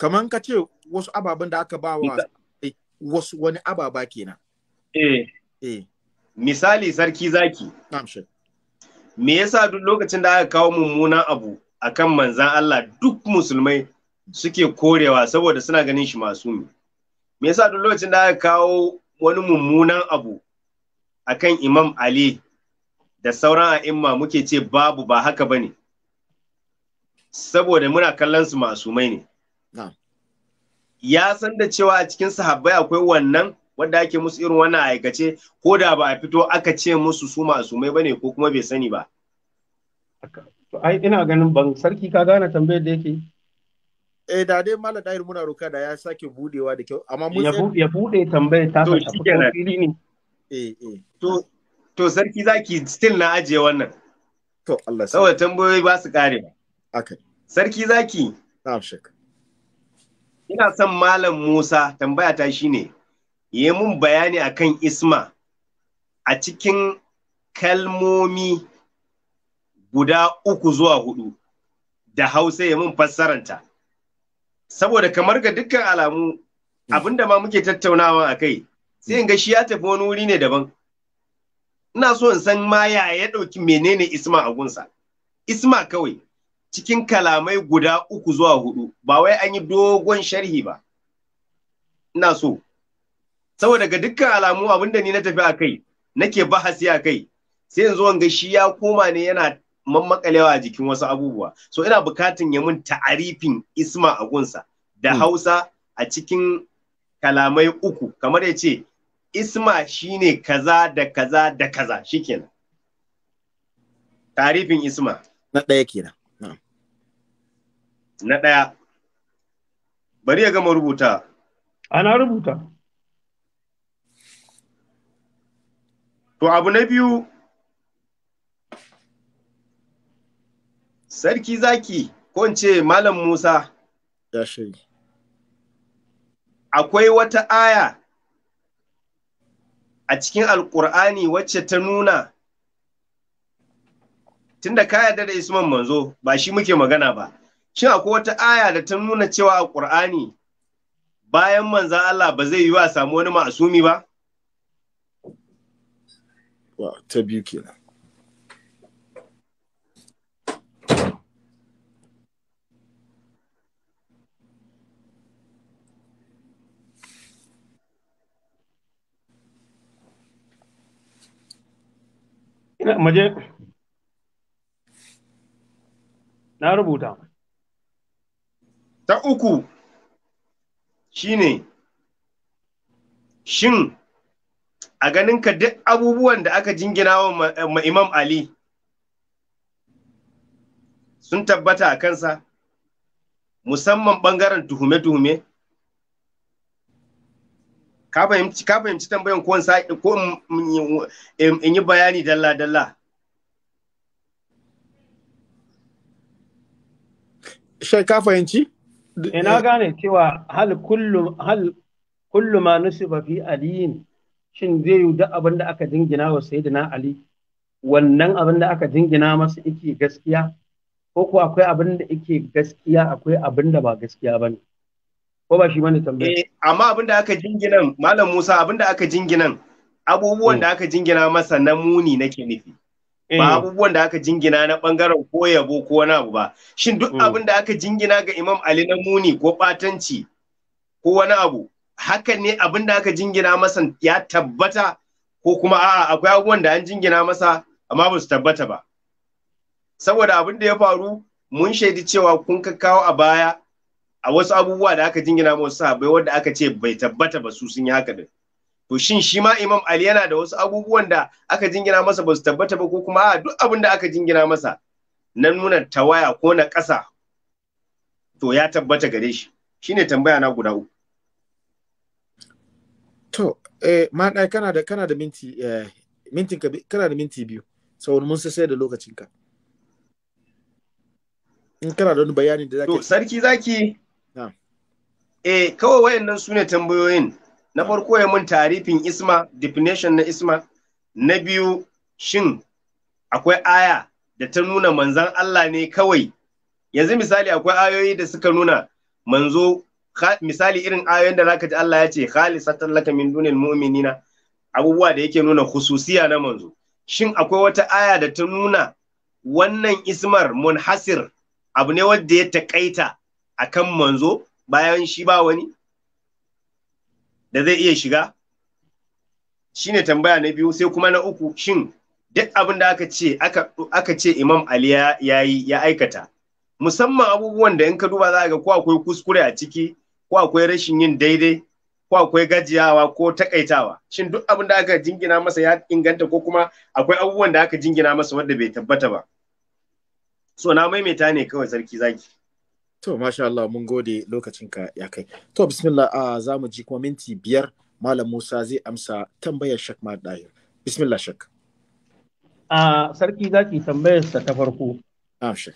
kaman ka ce wasu ababen da aka ba wa eh, wasu wani ababa kenan eh eh misali sarki zaki me yasa duk lokacin da aka kawo mummunan abu akan manzan Allah duk musulmai suke korewa saboda suna ganin shi masu ne me yasa duk lokacin da aka kawo wani mummunan abu akan Imam Ali da sauran a'imma muke ce babu ba haka ba ne? saboda muna kallon su mai ne ya san da cewa a cikin sahabbai akwai wannan wanda ake musu irin wannan aikace ko da ba a fito aka ce musu su mai bane ko kuma bai sani ba ai ina ganin ban sarki ka gane tambayar da yake eh da dai malam dahir muna roka da ya sake budewa da kyau amma mun ya bude tambayar ta ta fito fili ne eh eh to to sarki zaki still na ajiye wannan to Allah sai saboda tambayoyi ba su kare ba okay sarki zaki na'am shek ina son malam Musa tambaya ta shine yi mun bayani akan isma a cikin kalmomi guda uku zuwa hudu da hausa ya mun fassaranta saboda kamar ga dukkan alamu hmm. abinda ma muke tattaunawa a kai sai in ga shi ya tafi wani wuri ne daban ina so in san ma ya ya ɗauki menene isma a gunsa isma kawai cikin kalamai guda uku zuwa hudu ba wai an yi dogon sharhi ba ina so saboda ga dukkan alamu abinda ni na tafi a kai nake bahasi a kai sai yanzu wanga shi ya koma ne yana mammakalewa a jikin wasu abubuwa so ina bukatun ya mun ta'arifin isma a gunsa da hmm. hausa a cikin kalamai uku kamar ya ce isma shine kaza da kaza da kaza shikenan tarifin isma na ɗaya kenan hmm. na ɗaya bari ya gama rubuta ana rubuta To abu na biyu, Sarki zaki ko in ce Malam Musa. Ya Akwai wata aya a cikin Alƙur'ani wacce ta nuna tunda ka yarda da Isman manzo ba shi muke magana ba. Shin akwai wata aya da ta nuna cewa a Ƙur'ani bayan manzan Allah ba zai yi wa samu wani ma'asumi ba? ta biyu kenan na rubuta ta uku shine shin a ganin ka duk abubuwan da aka jingina wa eh, ma Imam Ali sun tabbata a kansa musamman ɓangaren tuhume-tuhume? Ka fahimci tambayan ko in yi bayani dalla-dalla. Shai ka fahimci? Ina eh, gane cewa hal kullu ma nusiba fi aliyin shin zai yi duk abin da aka jingina wa sayyidina ali wannan abin da aka jingina masa yake gaskiya ko ko akwai abin da yake gaskiya akwai abin da ba gaskiya ba ne ko ba shi bane tambaya eh amma abin da aka jingina malam Musa abin da aka jingina abubuwan hmm. da aka jingina masa na muni nake nufi ba hmm. abubuwan da aka jingina na bangaren ko yabo ko wani abu ba shin duk hmm. abin da aka jingina ga Imam Ali na muni ko batanci ko wani abu hakan ne abin da aka jingina masa ya tabbata ko kuma a'a akwai abubuwan da an jingina masa amma ba su tabbata ba saboda abin da ya faru mun shaidi cewa kun kawo a baya a wasu abubuwa da aka jingina masu sahabbai wanda aka ce bai tabbata ba su sun yi haka din to shin shi ma imam ali yana da wasu abubuwan da aka jingina masa ba su tabbata ba ko kuma a duk abin da aka jingina masa na nuna tawaya ko na ƙasa to ya tabbata gare shi ne tambaya na guda uku To, eh, kana da kana da minti eh, mintin ka kana da minti biyu Sau mun sai da lokacin ka. In kana da wani bayani da zaki. To, sarki zaki. Eh, kawai wayannan su ne tambayoyin. Na farko ya mun tarifin isma, definition na isma. Na biyu, shin akwai aya da ta nuna manzan Allah ne kawai. Yanzu misali akwai ayoyi da suka nuna manzo misali irin ayoyin da zaka ji Allah ya ce khalisatan laka min dunil mu'minina abubuwa da yake nuna khususiya na manzo shin akwai wata aya da ta nuna wannan ismar munhasir abu ne wanda ya takaita akan manzo bayan shi ba wani da zai iya shiga shine tambaya na biyu sai kuma na uku shin duk abin da aka ce aka ce Imam Ali ya yi ya aikata musamman abubuwan da in ka duba za ga ko akwai kuskure a ciki ko akwai rashin yin daidai ko akwai gajiyawa ko takaitawa shin duk abin da aka jingina masa ya inganta ko kuma akwai abubuwan da aka jingina masa wanda bai tabbata ba so na maimaita ne kawai sarki zaki to masha Allah mun gode lokacinka ya kai to bismillah uh, za mu ji kuma minti biyar malam Musa zai amsa tambayar Shak Madayo bismillah Shak a uh, sarki zaki tambayar sa ta farko ah Shak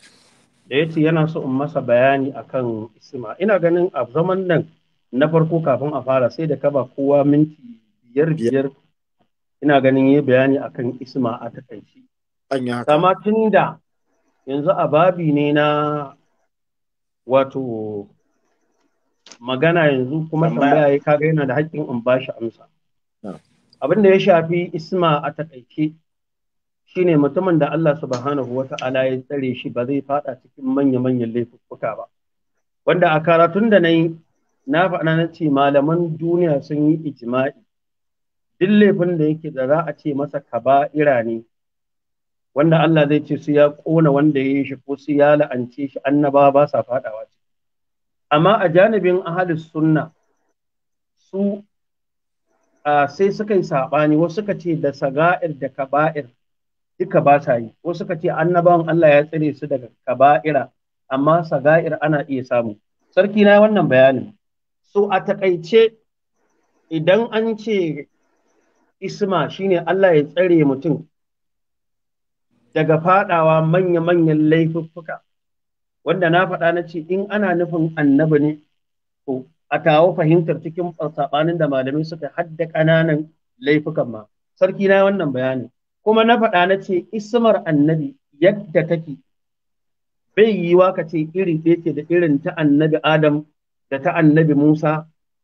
da ya ce yana so in masa bayani akan isma ina ganin a zaman nan na farko kafin a fara sai da kaba kowa minti biyar biyar ina ganin yi bayani akan isma a takaici kama tun da yanzu a babi ne na wato magana yanzu kuma tambaya ya kaga yana da haƙƙin in bashi amsa ah. abin da ya shafi isma a takaice shine mutumin da Allah subhanahu wa ta'ala ya tsare shi ba zai fada cikin manya-manyan laifuka ba wanda a karatun da na yi na faɗa na ce malaman duniya sun yi ijima'i. duk laifin da yake da za a ce masa kaba'ira ne wanda Allah zai ce su ya kona wanda ya yi shi ko su ya la'ance shi annaba ba sa faɗawa ce. amma a janibin ahalus sunna su sai suka yi saɓani wasu suka ce da saga'ir da kaba'ir duka ba sa yi Ko suka ce annabawan Allah ya tsare su daga kaba'ira amma saga'ir ana iya samu sarki na wannan bayanin so a takaice idan an ce isma shine Allah ya tsare mutum daga fadawa manya-manyan laifuffuka wanda na faɗa na ce in ana nufin annabi ne to a kawo fahimtar cikin saɓanin da malamai suka hadda ƙananan laifukan ma sarki na wannan bayanin kuma na faɗa na ce ismar annabi yadda take bai yi yiwa ka ce irin ɗaya ce da irin ta annabi adam da ta annabi musa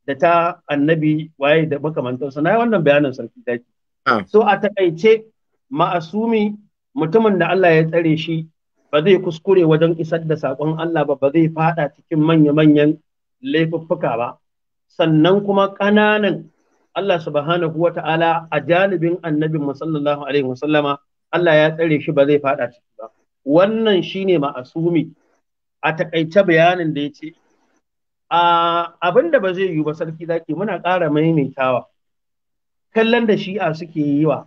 da ta annabi waye da makamantarsa na yi wannan bayanin sarki daki ah. so a taƙaice ma'asumi mutumin da Allah ya tsare shi ba zai kuskure wajen isar da saƙon Allah ba ba zai fada cikin manya-manyan laifuffuka ba sannan kuma ƙananan Allah subhanahu wa ta'ala a janibin annabin sallallahu alaihi wasallama Allah ya tsare shi ba zai fada ciki ba wannan shine ma'asumi a takaice bayanin da ya ce abin da ba zai yiwu ba sarki zaki muna ƙara maimaitawa kallon da shi'a suke yi wa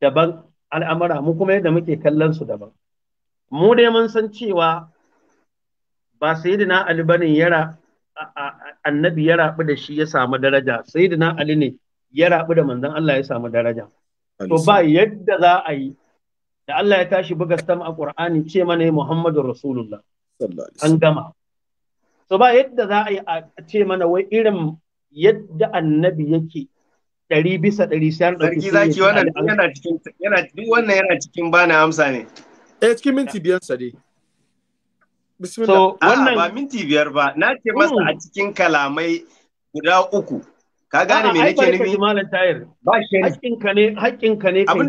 daban al'amara mu kuma yadda muke kallon su daban mu dai mun san cewa ba sayyidina Ali bane yara annabi ya rabu da shi ya samu daraja sai da ali ne ya rabu da manzon Allah ya samu daraja to ba yadda za a yi da Allah ya tashi buga sam a Qur'ani ce mana Muhammadu Rasulullah an gama to ba yadda za a yi a ce mana wai irin yadda annabi yake ɗari bisa ɗari sai ɗauki zaki wannan yana cikin yana duk wannan yana cikin bana amsa ne eh cikin minti biyan sa dai So, wannan ba minti biyar ba, na ce masa hmm. a cikin kalamai guda uku. Ka gane me nake nufi? Ba shi ne. Haƙƙinka ne, haƙƙinka ne kai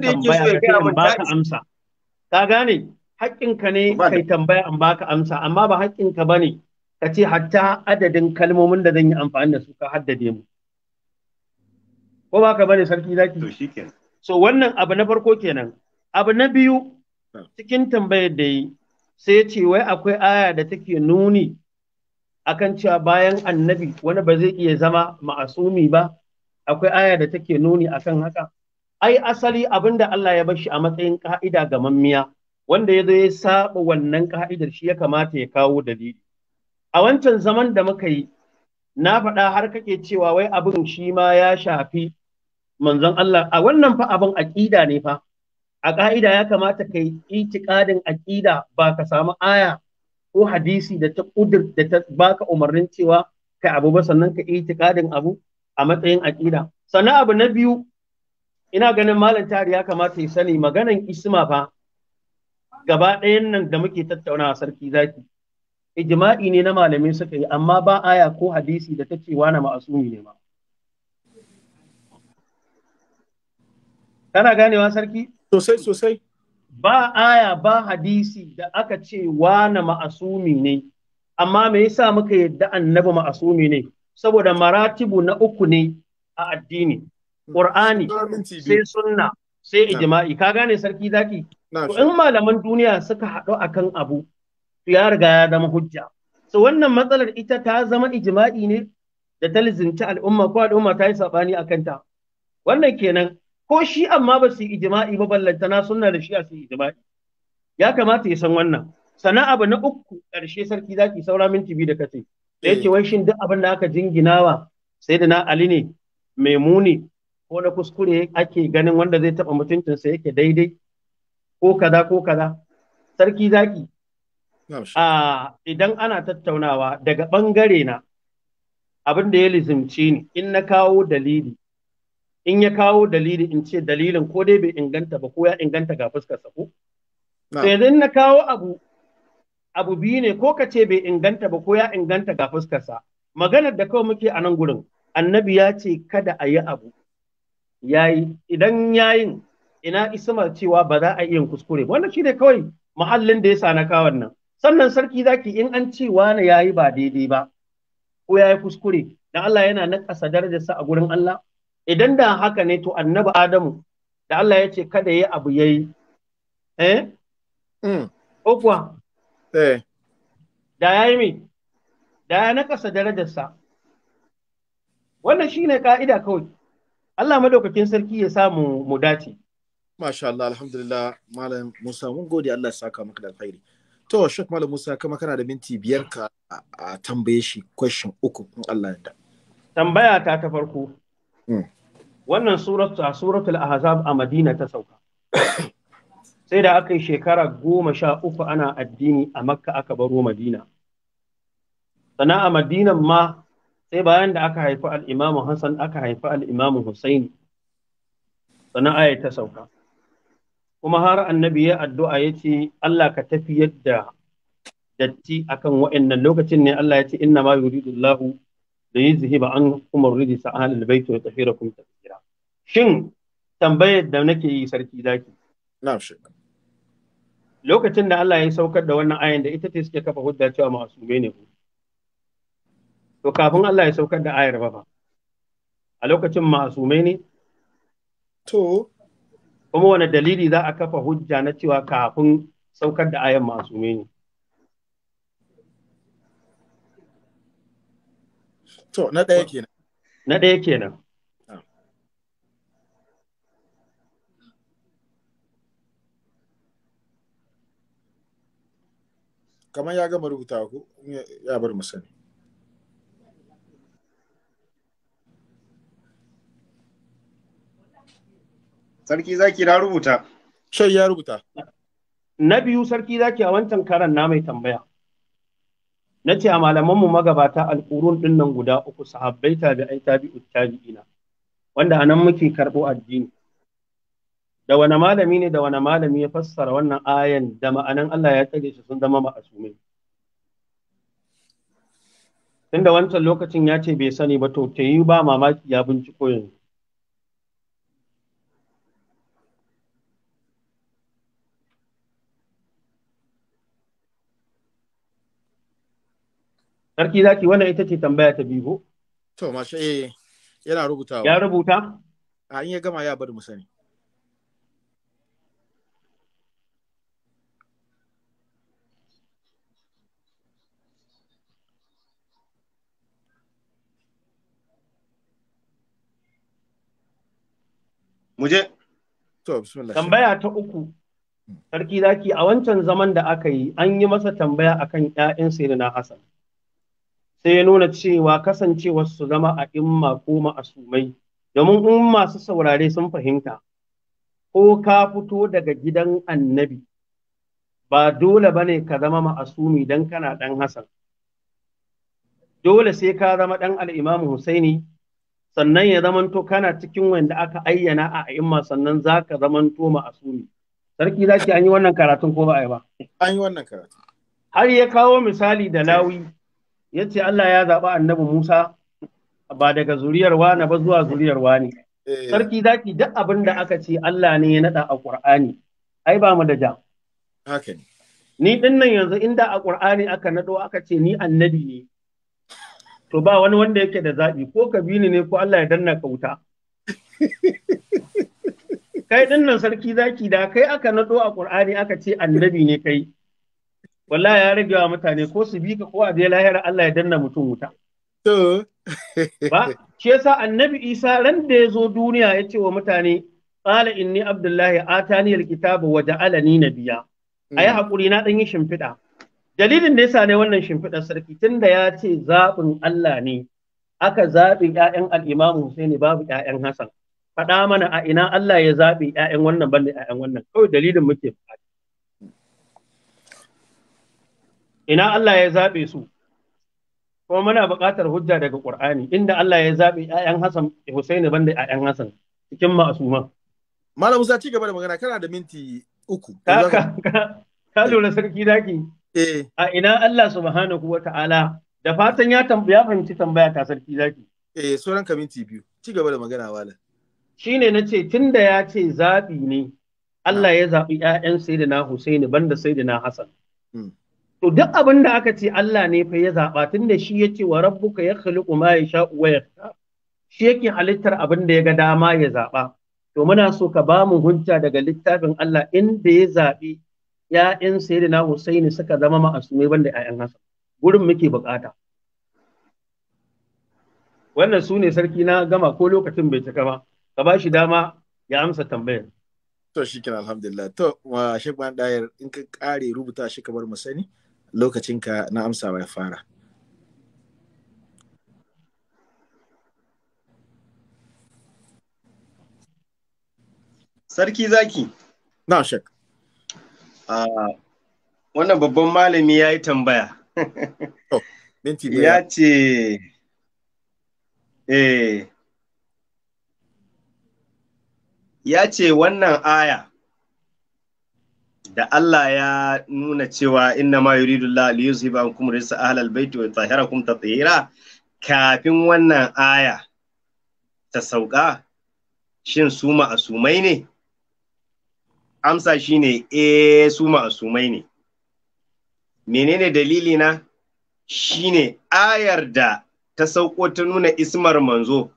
tambaya kai in baka amsa. Ka gane? Haƙƙinka ne kai tambaya in baka amsa, amma ba haƙƙinka bane ka ce hatta adadin kalmomin da zan yi amfani da su ka haddade mu. Ko ba ka bane sarki za To shikenan. So wannan abu na farko kenan. Abu na biyu hmm. cikin tambayar da yi sai ya ce wai akwai aya da take nuni akan cewa bayan annabi wani ba zai iya zama ma'asumi ba akwai aya da take nuni akan haka ai asali abin da Allah ya bashi a matsayin ka'ida ga mammiya wanda ya zo ya saba wannan ka'idar shi ya kamata ya kawo dalili a wancan zaman da muka yi na faɗa har kake cewa wai abin shi ma ya shafi manzon Allah a wannan fa abin aƙida ne fa a ƙa'ida ya kamata ka yi itiƙadin aƙida ba ka samu aya ko hadisi da ta ƙudur da ta baka umarnin cewa kai abu ba sannan ka itiƙadin abu a matsayin aƙida sannan abu na biyu ina ganin malam tari ya kamata ya sani maganan isma fa gaba ɗayan nan da muke tattaunawa sarki zaki ijma'i ne na malamai suka yi amma ba aya ko hadisi da ta ce wani ma'asumi ne ma kana ganewa sarki Sosai sosai. Ba aya ba hadisi da aka ce na ma'asumi ne, amma me yasa muka yadda annabi ma'asumi ne, saboda maratibu na uku ne a addini. Ƙur'ani, sai sunna, sai ijma'i. Ka gane sarki zaki? To in malaman duniya suka haɗu akan abu, ya riga ya zama hujja. So wannan matsalar ita ta zama ijma'i ne da ta lizinci al'umma ko al'umma ta yi saɓani a kanta. Wannan kenan ko shi amma ba su yi jima'i ba ballantana suna da shi a su yi ijima'i ya kamata ya san wannan sana abu na uku ƙarshe sarki zaki saura minti biyu da kace da yake eh. wai shin duk abin da aka jinginawa sai da na ali ne mai muni ko na kuskure ake ganin wanda zai taɓa mutuncinsa yake daidai ko kaza ko kaza sarki zaki a idan ana tattaunawa daga ɓangare na abin da ya lizimci ni in na kawo dalili in ya kawo dalili in ce dalilin ko dai bai inganta ba ko ya inganta ga fuskar sa ko sai idan na kawo abu abu biyu ne ko ka ce bai inganta ba ko ya inganta ga fuskar sa maganar da kawai muke a nan gurin annabi ya ce kada a yi abu yayi idan yayin ina ismar cewa ba za a iya kuskure wannan shine kawai muhallin da ya sa na kawon nan sannan sarki zaki in an ce wani yayi ba daidai ba ko yayi kuskure dan Allah yana nakasa darajarsa a gurin Allah idan da haka ne to annabi Adamu da Allah ya ce kada ya abu yi eh mm. Okwa. Da ya eh da da ya nakasa darajarsa wannan shi ne ka'ida kawai Allah madaukakin sarki ya samu mu dace masha Allah alhamdulillah malam Musa mun gode Allah ya saka maka da alkhairi to Shek malam Musa kama kana da minti biyar ka a tambaye shi question uku in Allah ya da tambaya ta ta farko mm. wannan suratu a suratul ahzab a madina ta sauka sai da aka yi shekara goma sha uku ana addini a makka aka baro madina sana a madinan ma sai bayan da aka haifi al'imamu hassan aka haifi al'imamu husaini sana aya ta sauka kuma har annabi ya addu'a ya ce allah ka tafi yadda datti akan wa'annan lokacin ne allah ya ce inna ma yuridullahu da ba an halin rijisa ya tafi da kuma tatheera shin tambayar da nake yi sarki zaki Na shi lokacin da Allah ya saukar da wannan ayan da ita ce suke kafa hujja cewa ma'asume ne ku to kafin Allah ya saukar da ayar ba a lokacin ma'asume ne to kuma wani dalili za a kafa hujja na cewa kafin saukar da ayan ma'asume ne To, na ɗaya kenan. Na ɗaya kenan. Ah. Kamar ya gama rubuta ku, ya bar mu sani. Sarki zaki na rubuta. Shai ya rubuta. Na biyu sarki zaki a wancan karan na mai tambaya. na ce a malamanmu magabata alƙurun ɗin nan guda uku sahabbai tabi'ai tabi'ut tabi'ina wanda a nan muke karɓo addini da wani malami ne da wani malami ya fassara wannan ayan da ma'anan Allah ya tsare shi sun zama ma'asumai tunda wancan lokacin ya ce bai sani ba to ta yi ba mamaki ya binciko yanzu Sarki zaki wannan ita ce tambaya ta biyu. To masha eh yana rubutawa. Ya rubuta? A in ya gama ya bari mu sani. Muje. To bismillah. Tambaya ta uku. Sarki zaki a wancan zaman da aka yi an yi masa tambaya akan ƴaƴan Sayyidina Hassan. sai ya nuna cewa kasancewar su zama a imma ko ma'asumai domin in masu saurare sun fahimta ko ka fito daga gidan annabi ba dole ba ne ka zama ma'asumi don kana ɗan hasan dole sai ka zama ɗan al'imamu husaini sannan ya zamanto kana cikin wanda aka ayyana a imma sannan za ka zamanto ma'asumi sarki za ki an yi wannan karatun ko ba a yi ba an yi wannan karatun har ya kawo misali da lawi ya ce Allah ya zaɓi annabi Musa ba daga zuriyar wani ba zuwa zuriyar wani. Eh. Sarki zaki duk abin da aka ce Allah ne ya naɗa a Ƙur'ani, ai ba mu da ja. Ni ɗin nan yanzu inda a Ƙur'ani aka naɗo aka ce ni annabi ne, to ba wani wanda yake da zaɓi ko ka bi ni ne ko Allah ya danna ka wuta. [LAUGHS] Kai ɗin nan sarki zaki da kai aka naɗo a Ƙur'ani aka ce annabi ne kai. wallahi ya rage wa mutane ko su bi ka ko a je lahira Allah ya danna mutum wuta to [LAUGHS] ba shi yasa annabi Isa ran da ya zo duniya ya ce wa mutane qala inni abdullahi ni ta waje alkitaba wa biya. A yi hakuri na ɗan yi shimfiɗa dalilin da sa ne wannan shimfiɗa, sarki tun da ya ce zaɓin Allah ne aka zaɓi yayan Al'imamu imam Husaini babu yayan Hassan faɗa mana a ina Allah ya zaɓi ƴaƴan wannan banda ƴaƴan wannan kawai dalilin muke faɗi ina Allah ya zaɓe su kuma muna buƙatar hujja daga Qur'ani inda Allah ya zaɓe 'ya'yan Hassan Hussein banda 'ya'yan Hassan cikin ma'asuma Malam Musa ci gaba da magana kana da minti uku ka lura sarki daki eh a ina Allah subhanahu wa ta'ala da fatan ya tambaya fahimci tambaya ta sarki daki. eh sauran ka minti biyu ci gaba da magana wala shine nace tunda ya ce zaɓi ne Allah ya zaɓi ƴaƴan Sayyidina Hussein banda Sayyidina Hassan hmm. to duk abin da aka ce Allah ne fa ya zaɓa tun da shi ya ce wa rabbuka ya khaliqu ma yasha wa yakta shi yake halittar abin da ya ga dama ya zaɓa to muna so ka ba mu hujja daga littafin Allah inda ya zaɓi ‘ya'yan Sayyidina Husaini suka zama ma'asumai banda ‘ya'yan Hassan gurin muke bukata wannan su ne sarki na gama ko lokacin bai cika ba ka ba shi dama ya amsa tambayar to shi alhamdulillah to wa shekwan dayar in ka kare rubuta shi kamar mu sani lokacinka na amsawa ya fara sarki zaki na shak uh, ah, wannan babban malami ya yi tambaya oh, ya ce eh, ya ce wannan aya da Allah ya nuna cewa inna ma yuridu Allah li yuzhiba ankum rijsa ahlal baiti wa yutahhirakum tatheera kafin wannan aya ta sauka shin su ma'asumai ne amsa shine eh su ma'asumai ne menene dalili na shine ayar da ta sauko ta nuna ismar manzo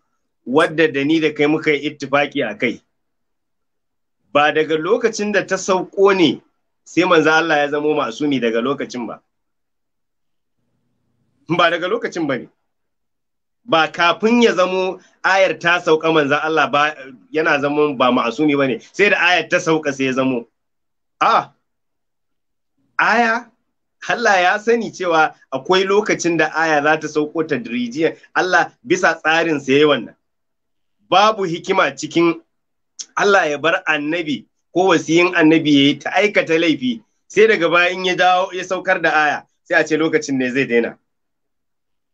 wadda da ni da kai muka yi ittifaki a kai ba daga lokacin da ta sauko ne sai manzo Allah ya zamo masumi daga lokacin ba ba daga lokacin ba ba kafin ya zamo ayar ta sauka manzo Allah ba yana zama ba masumi ba ne sai da ayar ta sauka sai ya zamo a aya Allah ya sani cewa akwai lokacin da aya za ta sauko ta dirijiya Allah bisa tsarin sa wannan babu hikima cikin Allah ya bar annabi ko wasiyin annabi yayi ta aikata laifi sai daga bayan ya dawo ya saukar da aya sai a ce lokacin ne zai daina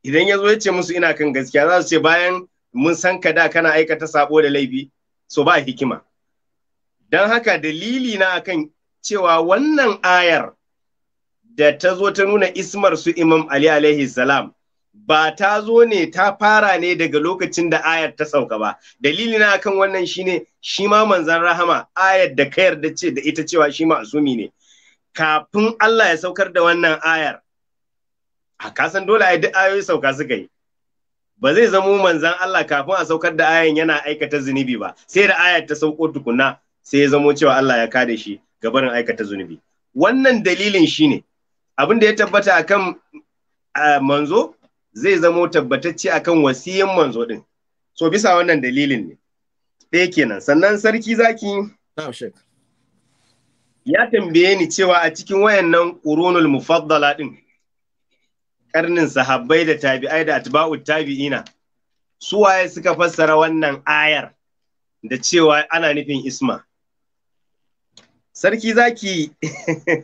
idan ya zo ya ce musu ina kan gaskiya za su ce bayan mun san ka da kana aikata sabo da laifi so ba hikima dan haka dalili na akan cewa wannan ayar da ta zo ta nuna ismar su imam ali alaihi salam ba ta zo ne ta fara ne daga lokacin da ayar ta sauka ba dalili na akan wannan shine shi ma manzan rahama ayar da ka yarda ce da ita cewa shi ma'asumi ne kafin Allah ya saukar da wannan ayar a kasan dole a duk ayoyi sauka suka yi ba zai zamo manzan Allah kafin a saukar da ayan yana aikata zunubi ba sai da ayar ta sauko tukunna sai ya zamo cewa Allah ya kada shi ga aikata zunubi wannan dalilin shine abin da ya tabbata akan eh, manzo zai zamo tabbatacce akan wasiyan manzo din so bisa wannan dalilin ne ɗaya kenan sannan sarki zaki ya tambaye ni cewa a cikin wayannan ƙurunul mufaddala din karnin sahabbai da tabi'ai da atba'u tabi'ina su waye suka fassara wannan ayar da cewa ana nufin isma sarki zaki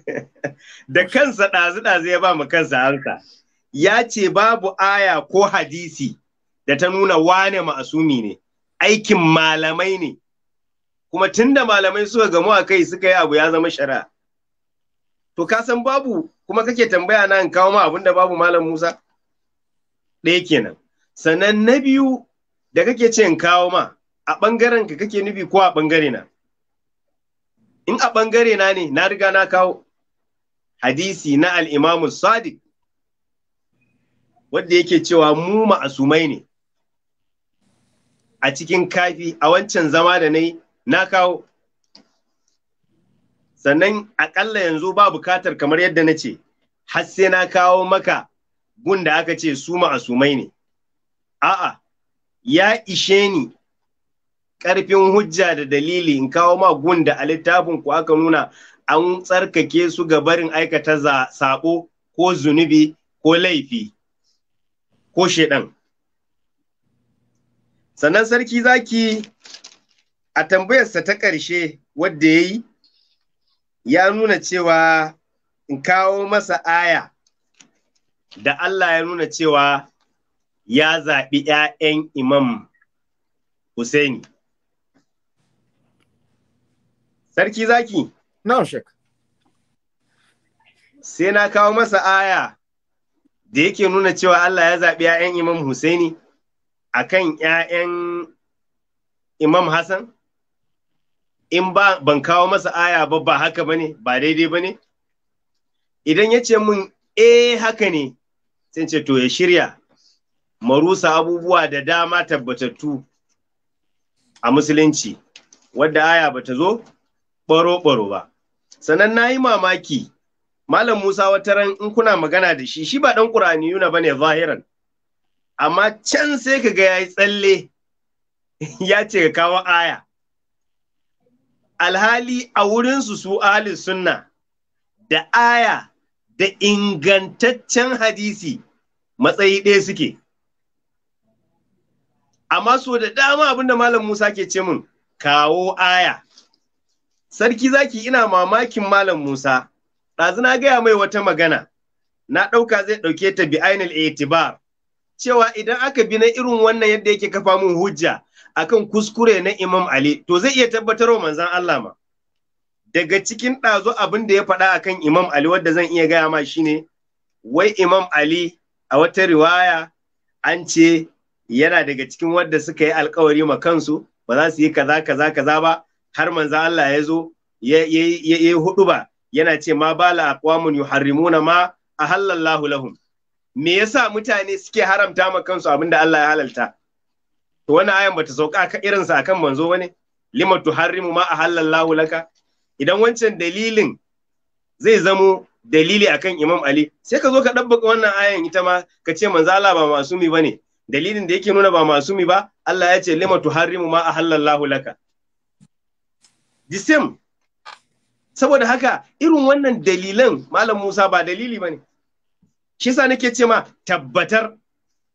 [LAUGHS] da kansa ɗazu-ɗazu ya ba mu kansa hansa ya ce babu aya ko hadisi da ta nuna wane ma'asumi ne aikin malamai ne kuma tunda malamai suka gamu a kai suka yi abu ya zama shari'a to ka babu kuma kake tambaya na in kawo ma abin da babu malam Musa ɗaya kenan sannan na biyu da kake ce in kawo ma a ɓangaren ka kake nufi ko a ɓangare na in a ɓangare na ne na riga na kawo hadisi na al Sadiq wanda yake cewa mu ma'asumai ne a cikin kafi a wancan zama da nai na kawo sannan akalla yanzu ba bukatar kamar yadda na ce har sai na kawo maka gun da aka ce su ma'asumai ne a'a ya ishe ni ƙarfin hujja da dalili in kawo ma gun da a littafin ku aka nuna an tsarkake su ga barin aikata saɓo ko zunubi ko laifi ko shedan sannan sarki zaki a tambayarsa ta ƙarshe wanda ya yi ya nuna cewa in kawo masa aya da Allah ya nuna cewa ya zaɓi ‘ya'yan imam Hussein? Sarki zaki? Na no, shek. Sai na kawo masa aya da yake nuna cewa Allah ya zaɓi ‘ya'yan Imam Husaini a kan ‘ya'yan Imam Hassan? In ba ban kawo masa aya ba ba haka ba ne, ba daidai ba ne? Idan ya ce mun eh haka ne, sun ce to ya shirya, marusa abubuwa da dama tabbatattu a Musulunci, wadda aya ba ta zo ɓaro-ɓaro ba. Sannan na yi mamaki. Malam Musa wata ran in kuna magana da shi shi ba dan ba ne, zahiran. Amma can sai ka ga yayi tsalle [LAUGHS] ya ce ka kawo aya. Alhali a wurinsu su ahli sunna da aya da ingantaccen hadisi matsayi ɗaya suke. Amma so da dama abinda Malam Musa ke ce min kawo aya. Sarki zaki ina mamakin Malam Musa. ɗazu na gaya mai wata magana na ɗauka zai ɗauke ta bi ainihin itibar cewa idan aka bi na irin wannan yadda yake kafa mun hujja akan kuskure na Imam Ali to zai iya tabbatar wa manzan Allah ma daga cikin ɗazu abin da ya faɗa akan Imam Ali wadda zan iya gaya ma shine wai Imam Ali a wata riwaya an ce yana daga cikin wadda suka yi alkawari ma kansu ba za su yi kaza kaza kaza ba har manzan Allah ya zo ya yi hudu ba yana ce ma ba bala aqwamun yuharrimuna ma ahallallahu lahum me yasa mutane suke haramta ma kansu abin da Allah ya halalta to wannan ayan bata sauka ka irin sa akan manzo bane lima tuharrimu ma ahallallahu laka idan wancan dalilin zai zamo dalili akan Imam Ali sai ka zo ka dabbaka wannan ayan ita ma ka ce manzo Allah ba masumi bane dalilin da yake nuna ba masumi ba Allah ya ce lima tuharrimu ma ahallallahu laka the same saboda haka irin wannan dalilan malam Musa ba dalili ba bane shi yasa nake ce ma tabbatar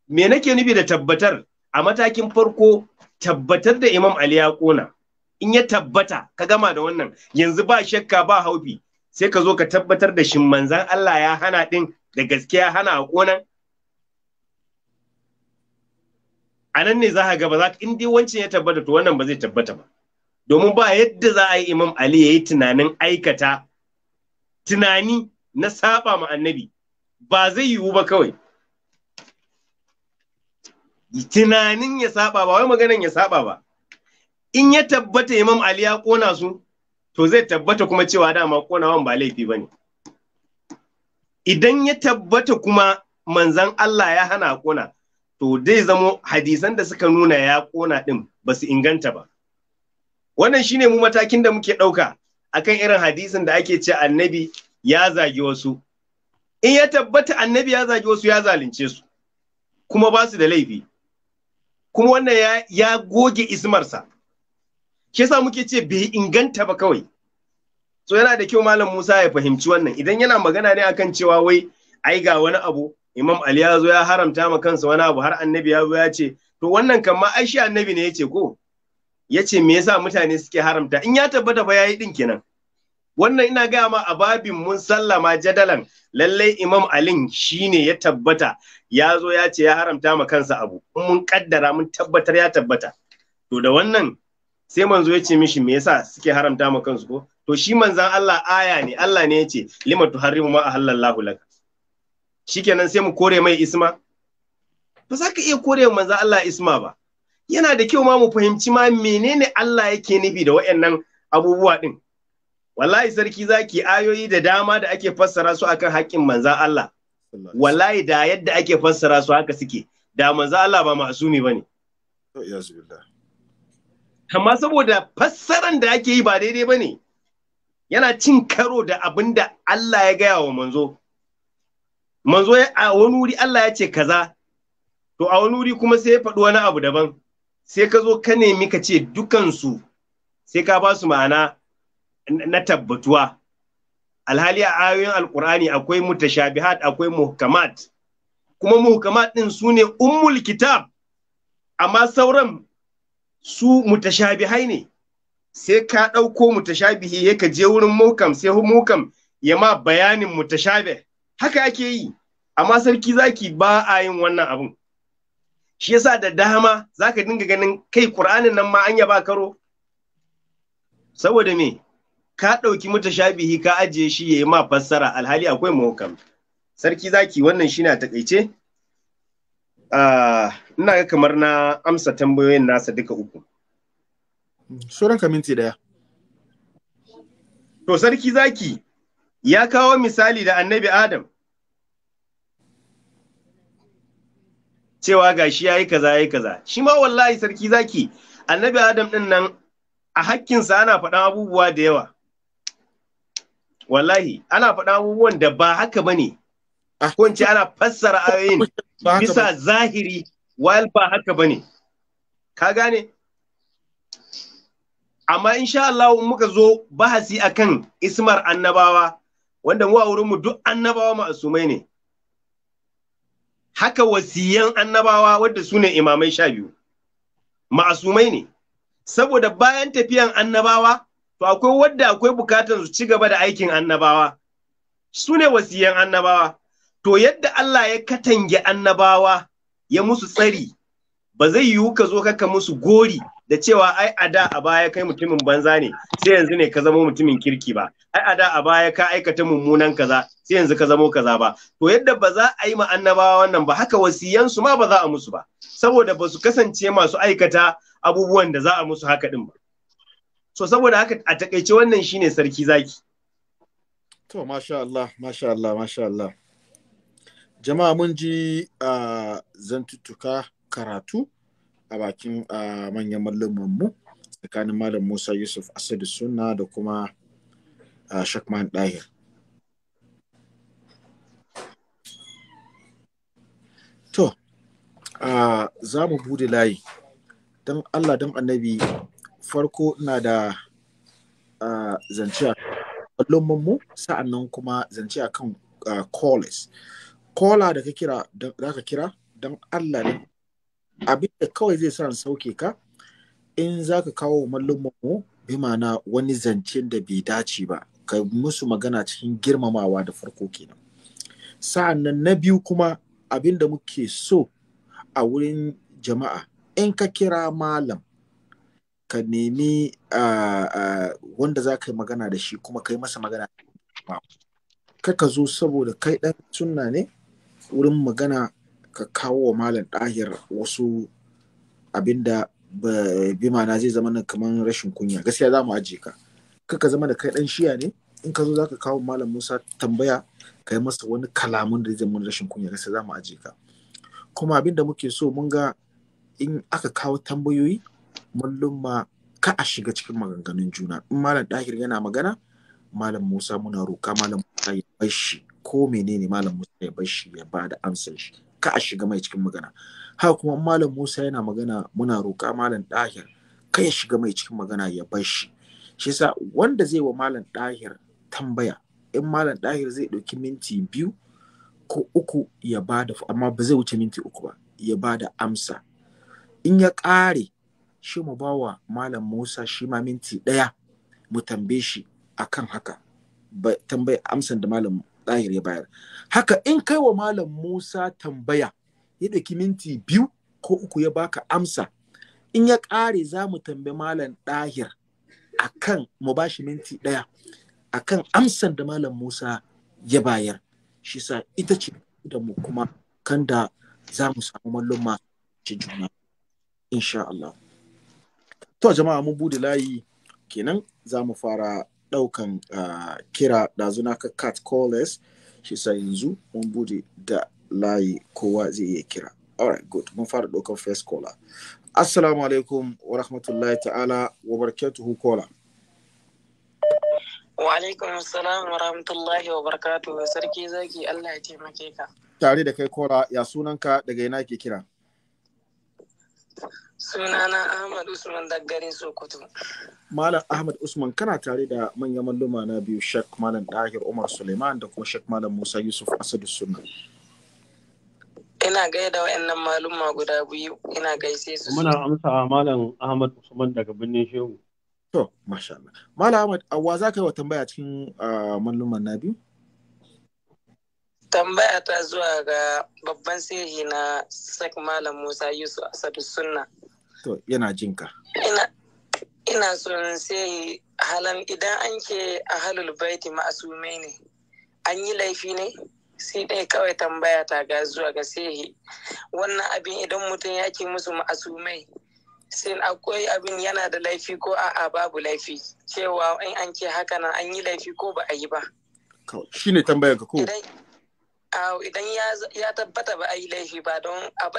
me nake nufi da tabbatar a matakin farko tabbatar da Imam Ali ya kona in ya tabbata ka gama da wannan yanzu ba shakka ba haufi sai ka zo ka tabbatar da shin manzan Allah ya hana din da gaskiya hana a kona a nan ne za ka ga za ka in dai wancan ya tabbata to wannan ba zai tabbata ba domin ba yadda za a yi imam ali ya yi tunanin aikata tunani na saba ma annabi ba zai yiwu ba kawai tunanin ya saba ba wai maganan ya saba ba in ya tabbata imam ali ya kona su to zai tabbata kuma cewa dama wan ba laifi ba ne idan ya tabbata kuma manzan Allah ya hana kona to zai zamo hadisan da suka nuna ya ƙona ɗin ba su inganta ba wannan shine mu matakin da muke ɗauka akan irin hadisin da ake ce annabi ya zagi wasu in ya tabbata annabi ya zagi wasu ya zalunce su kuma ba su da laifi kuma wannan ya, ya goge ismarsa Ke sa muke ce bai inganta ba kawai so yana da kyau malam Musa ya fahimci wannan idan yana magana ne akan cewa wai ai ga wani abu Imam Ali ya zo ya haramta ma kansa wani abu har annabi ya zo ya ce to wannan kan ma ai shi annabi ne ya ce ko ya ce me yasa mutane suke haramta in ya tabbata ba yayi din kenan wannan ina gaya ma a babin mun sallama jadalan lallai imam alin shine ya tabbata ya zo ya ce ya haramta ma kansa abu in mun kaddara mun tabbatar ya tabbata to da wannan sai manzo ya ce mishi me yasa suke haramta ma kansu ko to shi manzan Allah aya ne Allah ne ya ce lima tuharrimu ma ahallallahu laka shikenan sai mu kore mai isma ba za ka iya kore manzan Allah isma ba yana da kyau ma mu fahimci ma menene Allah yake nufi da waɗannan abubuwa ɗin. Wallahi sarki zaki ayoyi da dama da ake fassara su akan haƙƙin manzan Allah. Wallahi da yadda ake fassara su haka suke, da manzan Allah ba ne ba ne. Oh, Amma saboda fassaran da ake yi ba daidai ba ne, yana cin karo da abin da Allah ya gaya wa manzo. Manzo a wani wuri Allah ya ce kaza, to a wani wuri kuma sai ya faɗi wani abu daban. sai ka zo ka nemi ka ce dukansu sai ka ba su ma'ana na tabbatuwa alhali a ayoyin alkur'ani akwai mutashabihat akwai muhkamat kuma muhkamat ɗin su ne ummul kitab amma sauran su mutashabihai ne sai ka ɗauko mutashabihi ya ka je wurin mukam sai mukam ya ma bayanin mutashabih haka ake yi amma sarki zaki ba a yin wannan abin shi yasa da dama zaka dinga ganin kai Qur'anin nan ma an yaba karo saboda me ka ɗauki shabihi ka ajiye shi yayi ma fassara alhali akwai muhkam sarki zaki wannan shi na taƙaice. Ah, ina ga kamar na amsa tambayoyin nasa duka uku sauran ka minti daya to sarki zaki ya kawo misali da annabi Adam cewa gashi yayi kaza yayi kaza shi ma wallahi sarki zaki annabi adam din nan a hakkinsa ana faɗan abubuwa da yawa wallahi ana faɗan abubuwan da ba haka bane ah. ko in ana fassara ayoyin [LAUGHS] bisa zahiri wal ba haka bane ka gane amma insha Allah muka zo bahasi akan ismar annabawa wanda mu a wurinmu duk annabawa ma'asumai ne haka wasiyan annabawa wadda su ne imamai sha biyu ma'asumai ne saboda bayan tafiyan annabawa to akwai wadda akwai bukatar su ci gaba da aikin annabawa su ne wasiyan annabawa to yadda Allah ya katange annabawa ya musu tsari ba zai yiwu ka zo kaka musu gori da cewa ai a da a baya kai mutumin banza ne sai yanzu ne ka zama mutumin kirki ba ai a da a baya ka aikata mummunan kaza sai yanzu ka zamo kaza ba to yadda ba za a yi ma annabawa wannan ba haka wasiyansu ma ba za a musu ba saboda ba su kasance masu aikata abubuwan da za a musu haka din ba so saboda haka a takaice wannan shine sarki zaki to masha Allah masha Allah masha Allah jama'a mun ji uh, zantuttuka karatu a bakin manyan malluman mu tsakanin malam Musa Yusuf Asadu Sunna da kuma Shakman Dahir. To, za mu bude layi. Don Allah don annabi farko na da zance a mu sa'annan kuma zance a kan callers. Kola da ka kira, za ka kira don Allah ne abin da kawai zai sa sauke ka in za ka kawo mallumanmu bi mana wani zance da bai dace ba ka musu magana cikin girmamawa da farko kenan sa'an nan na biyu kuma abin da muke so a wurin jama'a in ka kira malam ka nemi wanda za ka yi magana da shi kuma ka yi masa magana ka zo saboda kai ɗan sunna ne wurin magana ka kawo wa malam ɗahir wasu abinda bi ma'ana zai zama nan kamar rashin kunya gaskiya za mu ajiye ka kaka zama da kai ɗan shiya ne in ka zo za ka kawo malam musa tambaya ka yi masa wani kalamun da zai zama rashin kunya gaskiya za mu ajiye ka kuma abinda muke so mun ga in aka kawo tambayoyi mun lumma ka a shiga cikin maganganun juna in malam ɗahir yana magana malam musa muna roka malam musa ya bar shi ko menene malam musa ya bar shi ya ba da amsar shi ka a shiga mai cikin magana ha kuma malam Musa yana magana muna roƙa malam Dahir kai ya shiga mai cikin magana ya bar shi shi yasa wanda zai wa malam Dahir tambaya in malam Dahir zai ɗauki minti biyu ko uku ya bada amma ba zai wuce minti uku ba ya ba da amsa in ya ƙare shi mu bawa malam Musa shi ma minti ɗaya mu tambaye shi akan haka tambayi amsan da malam ɗahir ya bayar haka in kai wa malam musa tambaya ya ɗauki minti biyu ko uku ya baka amsa in ya ƙare za mu tambayi malam ɗahir akan mu ba shi minti ɗaya akan amsan da malam musa ya bayar shi sa ita ce da mu kuma kan da za mu samu mallon ci juna insha Allah to jama'a mu bude layi kenan za mu fara ɗaukan ah, kira ɗazuna ka cat callers shi sa yanzu mun bude da layi kowa zai iya kira alright good mun fara ɗaukan first caller assalamu alaikum wa rahmatullahi ta'ala wa barakatuhu caller wa alaikum assalam wa rahmatullahi wa barakatuhu sarki zaki Allah ya taimake ka tare da kai kola ya sunanka daga ina ke kira Sunana Ahmad Usman garin Sokoto. Malam Ahmad Usman kana tare da manyan malluma na biyu Sheikh Malam Dahir Umar Suleiman da kuma Sheikh Malam Musa Yusuf Asadu Sunna. Ina gaida wa'annan malluma guda biyu, ina gaishe su. Muna amsa Malam Ahmad Usman daga birnin Shehu. To, masha Allah. Malam Ahmad, wa za ka yi wa tambaya cikin malluman na biyu? Tambaya ta zuwa ga babban sirri na Sheikh Malam Musa Yusuf Asadu Sunna. To, yana jinka. Ina, ina son sai halan idan an ke a halul baiti ma'asumai ne, an yi laifi ne? sai ɗaya kawai tambaya ta ga zuwa ga sai wannan abin idan mutum ya ke musu masumai sai akwai abin yana da laifi ko a'a babu laifi cewa in an ke haka nan an yi laifi ko ba a yi ba shine tambayar ka ko idan ya tabbata ba a yi laifi ba don a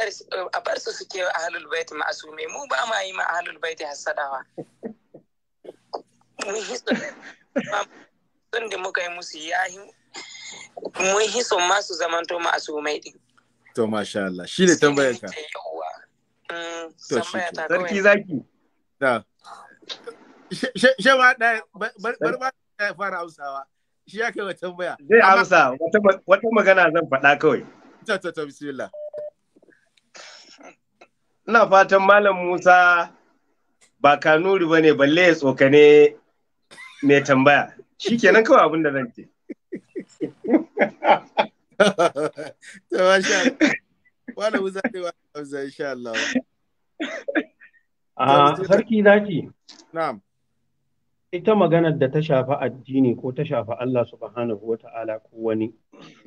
bar su suke a halul baiti ma'asume mu ba ma yi ma a halul baiti hassadawa sun da muka yi musu yahi mun hiso masu zamanto mai din to masha Allah shi ne tambayar ka mm, to shi sarki zaki da shema ɗaya bar ba ta fara hausawa shi ya kai wata baya. Zai amsa wata magana zan faɗa kawai. Ta ta ta bisimila. Ina fatan Malam Musa ba kanuri ba ne balle ya tsokane mai tambaya. Shi kenan kawai abin da zan ce. [LAUGHS] Ta masha Malam Musa ne wa amsa insha Allah. Sarki zaki. Na'am. ita maganar da ta shafi addini ko ta shafi Allah subhanahu wa ta'ala ko wani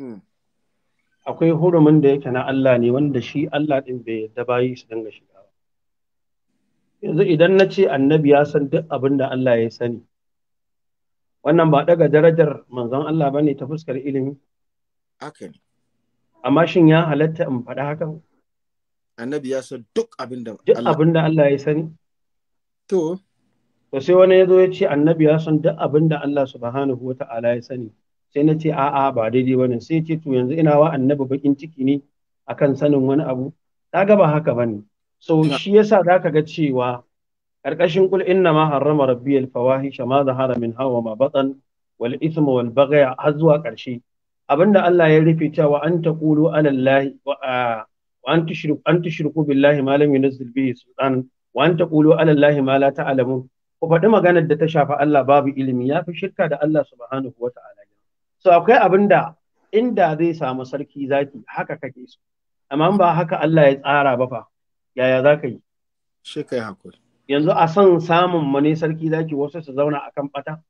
hmm. akwai hurumin da yake na Allah ne wanda shi Allah ɗin bai yarda bayi su dinga shiga ba yanzu idan na ce annabi ya san duk abin da Allah ya sani wannan ba daga darajar manzon Allah bane ta fuskar ilimi haka amma shin ya halatta in faɗa hakan annabi ya san duk duk abin da Allah ya sani to to sai wani ya zo ya ce annabi ya san duk abin da Allah subhanahu wata'ala ya sani sai na ce a'a ba daidai bane sai ce to yanzu ina wa annabi bakin ciki ne akan sanin wani abu kaga ba haka bane so shi yasa zaka ga cewa karkashin kul inna ma harrama rabbi al fawahisha ma zahara min hawa ma batan wal ithma wal baghya har zuwa karshe abinda Allah ya rufe cewa an taqulu ala allahi wa an tushriku an tushriku billahi ma lam yunzil bihi sultan wa an taqulu ala ma la ta'lamun ku faɗi maganar da ta shafi Allah babu ilimi ya fi shirka da Allah subhanahu wa ta'ala so akwai abin da inda zai samu sarki zaki haka kake so amma ba haka Allah ya tsara ba fa yaya za ka yi shi kai hakuri yanzu a son samun mu ne sarki zaki wasu su zauna akan bata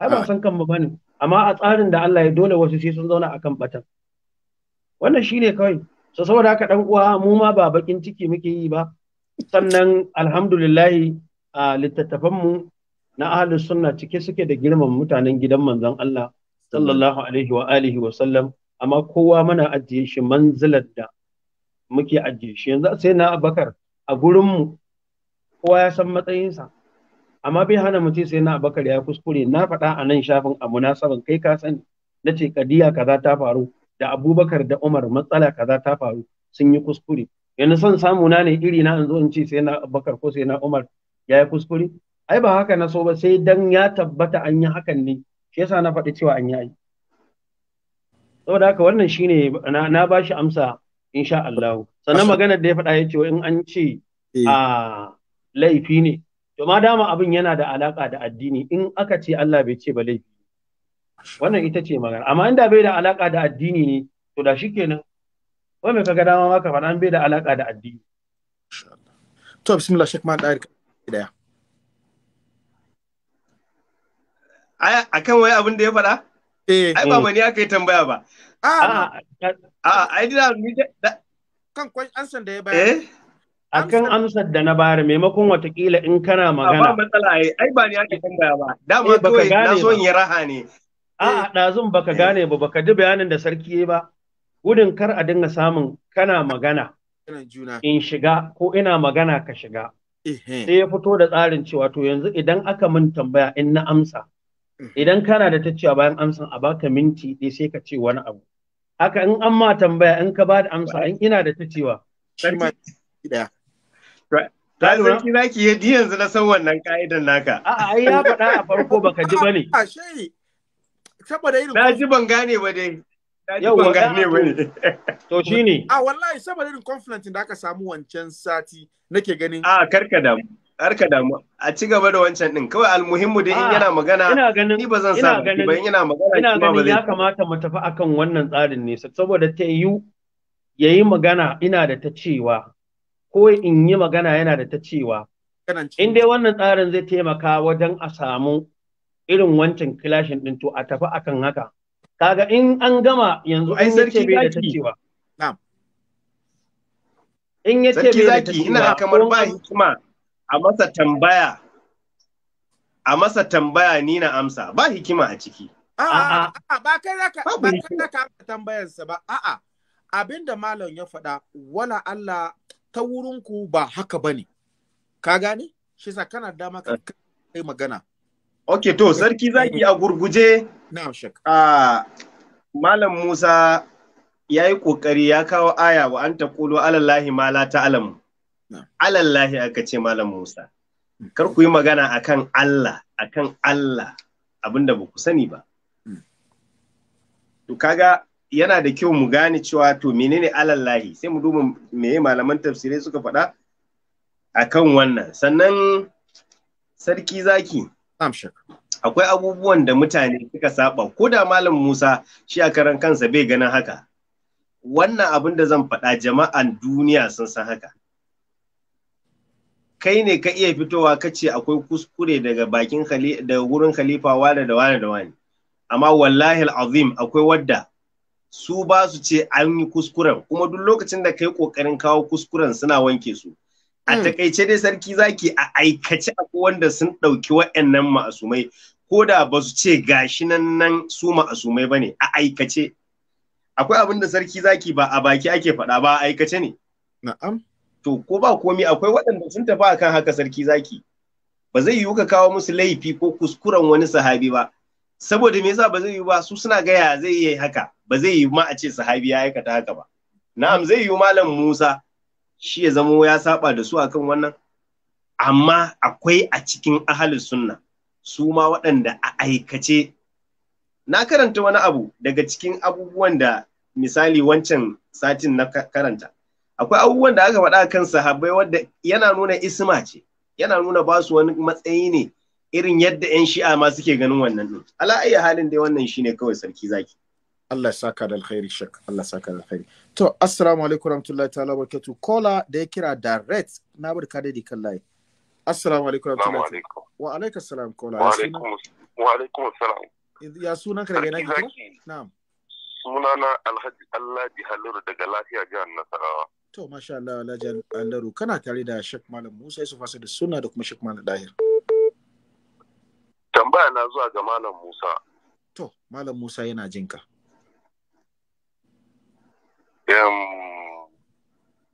ai ba ah. san kan ba ne amma a tsarin da Allah ya dole wasu sai sun zauna akan ɓata. wannan shine kawai so saboda haka dan uwa mu ma ba bakin ciki muke yi ba sannan alhamdulillahi a littattafanmu na ahalin sunna cike suke da girman mutanen gidan manzon Allah sallallahu alaihi wa alihi wa sallam amma kowa mana ajiye shi manzilar da muke ajiye shi yanzu sai na abakar a gurinmu kowa ya san matsayinsa amma bai hana mutum sai na abakar ya kuskure na faɗa a nan shafin a munasaban kai ka sani na ce kadiya kaza ta faru da abubakar da umar matsala kaza ta faru sun yi kuskure yanzu son samu na ne iri na in in ce sai na abakar ko sai na umar ya yi kuskure ai ba haka na so ba sai dan ya tabbata an yi hakan ne shi yasa na faɗi cewa an yi ai saboda haka wannan shine na, na ba shi amsa insha Allah sannan maganar da ya faɗa ya ce in an ce eh. a laifi ne to ma dama abin yana da alaka da addini in aka ce Allah bai ce ba laifi wannan ita ce magana amma inda bai da alaka da addini ne to da shikenan wai me kaga dama ma ka faɗa bai da alaka da addini to bismillah shek ma daya a kan wai abin da ya faɗa? Eh. Ai ba ni aka yi tambaya ba. A a kan ansan da ya bayar. Eh. Akan amsar da na bayar maimakon watakila in kana magana. Ba matsala ai ai ba ni aka tambaya ba. Dama eh, kawai na so in yi raha ne. A a eh. ɗazun baka eh. gane ba baka ji bayanin da sarki ya ba. Gudun kar a dinga samun kana magana. In shiga ko ina magana ka shiga. sai ya fito da tsarin cewa to yanzu idan aka min tambaya in na amsa idan kana da ta cewa bayan amsan a baka minti ɗaya sai ka ce wani abu haka in an ma tambaya in ka ba da amsa in ina da ta cewa Ta san kira ki yadda yanzu na san wannan ka'idan naka. A'a ai ya faɗa a farko baka ji ba ne. Na ji ban gane ba dai. yau ban gane bane [LAUGHS] to shi ne. a wallahi saboda irin confident da aka samu wancan sati nake ganin a karka damu karka damu a ci gaba da wancan din kawai almuhimmu dai in yana magana ina ganin ni ba zan sa ba in yana magana ina ganin ya kamata mu tafi akan wannan tsarin ne saboda ta yiwu yayi magana ina da ta cewa ko in yi magana yana da ta cewa in dai wannan tsarin zai taimaka wajen a samu irin wancan kilashin din to a tafi akan haka kaga in an gama yanzu ai sarki bai da tacewa na'am in yace bai da ina kamar ba hikima a masa tambaya a masa tambaya ni na amsa ba hikima a ciki a'a ba kai raka ba kai tambayar tambayarsa ba a'a abinda malam ya faɗa wala Allah ta wurinku ba haka bane ka gane shi sa kana dama kai magana Ok, to sarki zaki a gurguje Na'am Ah Malam Musa ya yi ƙoƙari ya kawo aya wa an ta ƙulo alallahi ma la ta'lamu. Alallahi aka ce Malam Musa. Hmm. Kar ku yi magana akan Allah, akan Allah abinda ba ku sani ba. Hmm. To kaga yana da kyau mu gane cewa to menene alallahi sai mu duba meye malaman tafsirai suka faɗa akan wannan. Sannan sarki zaki. Na'am Sheikh. akwai abubuwan da mutane suka saba ko da malam Musa shi a karan kansa bai ganin haka wannan abin da zan faɗa jama'an duniya sun san haka kai ne ka iya fitowa ka ce akwai kuskure daga bakin daga wurin khalifa wane da wane da wane amma wallahi azim akwai wadda su ba su ce an yi kuskuren kuma duk lokacin da kai kokarin kawo kuskuren suna wanke su a hmm. takaice dai sarki zaki a aikace akwai wanda sun ɗauki wa'annan ma'asumai ko da ba su ce gashi nan nan su ma'asumai ba ne a aikace akwai abin da sarki zaki ba a baki ake faɗa ba a aikace ne na'am to ko ba komi akwai waɗanda sun tafi akan haka sarki zaki ba zai yiwu ka kawo musu laifi ko kuskuren wani sahabi ba saboda me yasa ba zai yiwu ba su suna gaya zai yi haka ba zai yiwu ma a ce sahabi ya aikata haka ba na'am zai yiwu malam Musa shi ya zama ya saba da su akan wannan amma akwai a cikin ahalin sunna su ma waɗanda a aikace na karanta wani abu daga cikin abubuwan da misali wancan satin na karanta akwai abubuwan da aka faɗa kan sahabbai wadda yana nuna isma ce yana nuna ba su wani matsayi ne irin yadda 'yan shi'a ma suke ganin wannan din ala ayya halin dai wannan shine kawai sarki zaki Allah ya saka da alkhairi shak Allah ya saka da alkhairi to assalamu alaikum warahmatullahi ta'ala barakatuh kola da ya kira direct na barka da kan layi Assalamu alaikum warahmatullahi wa alaikum salam kola wa alaikum wa alaikum salam ya sunan kare daga ina kike na'am sunana Alhaji Allah Haliru daga lafiya jihar Nasarawa to masha Allah Alhaji Haliru kana tare da Sheikh Malam Musa Yusuf da suna da kuma Sheikh Malam Dahir tambaya na zuwa ga Malam Musa to Malam Musa yana jinka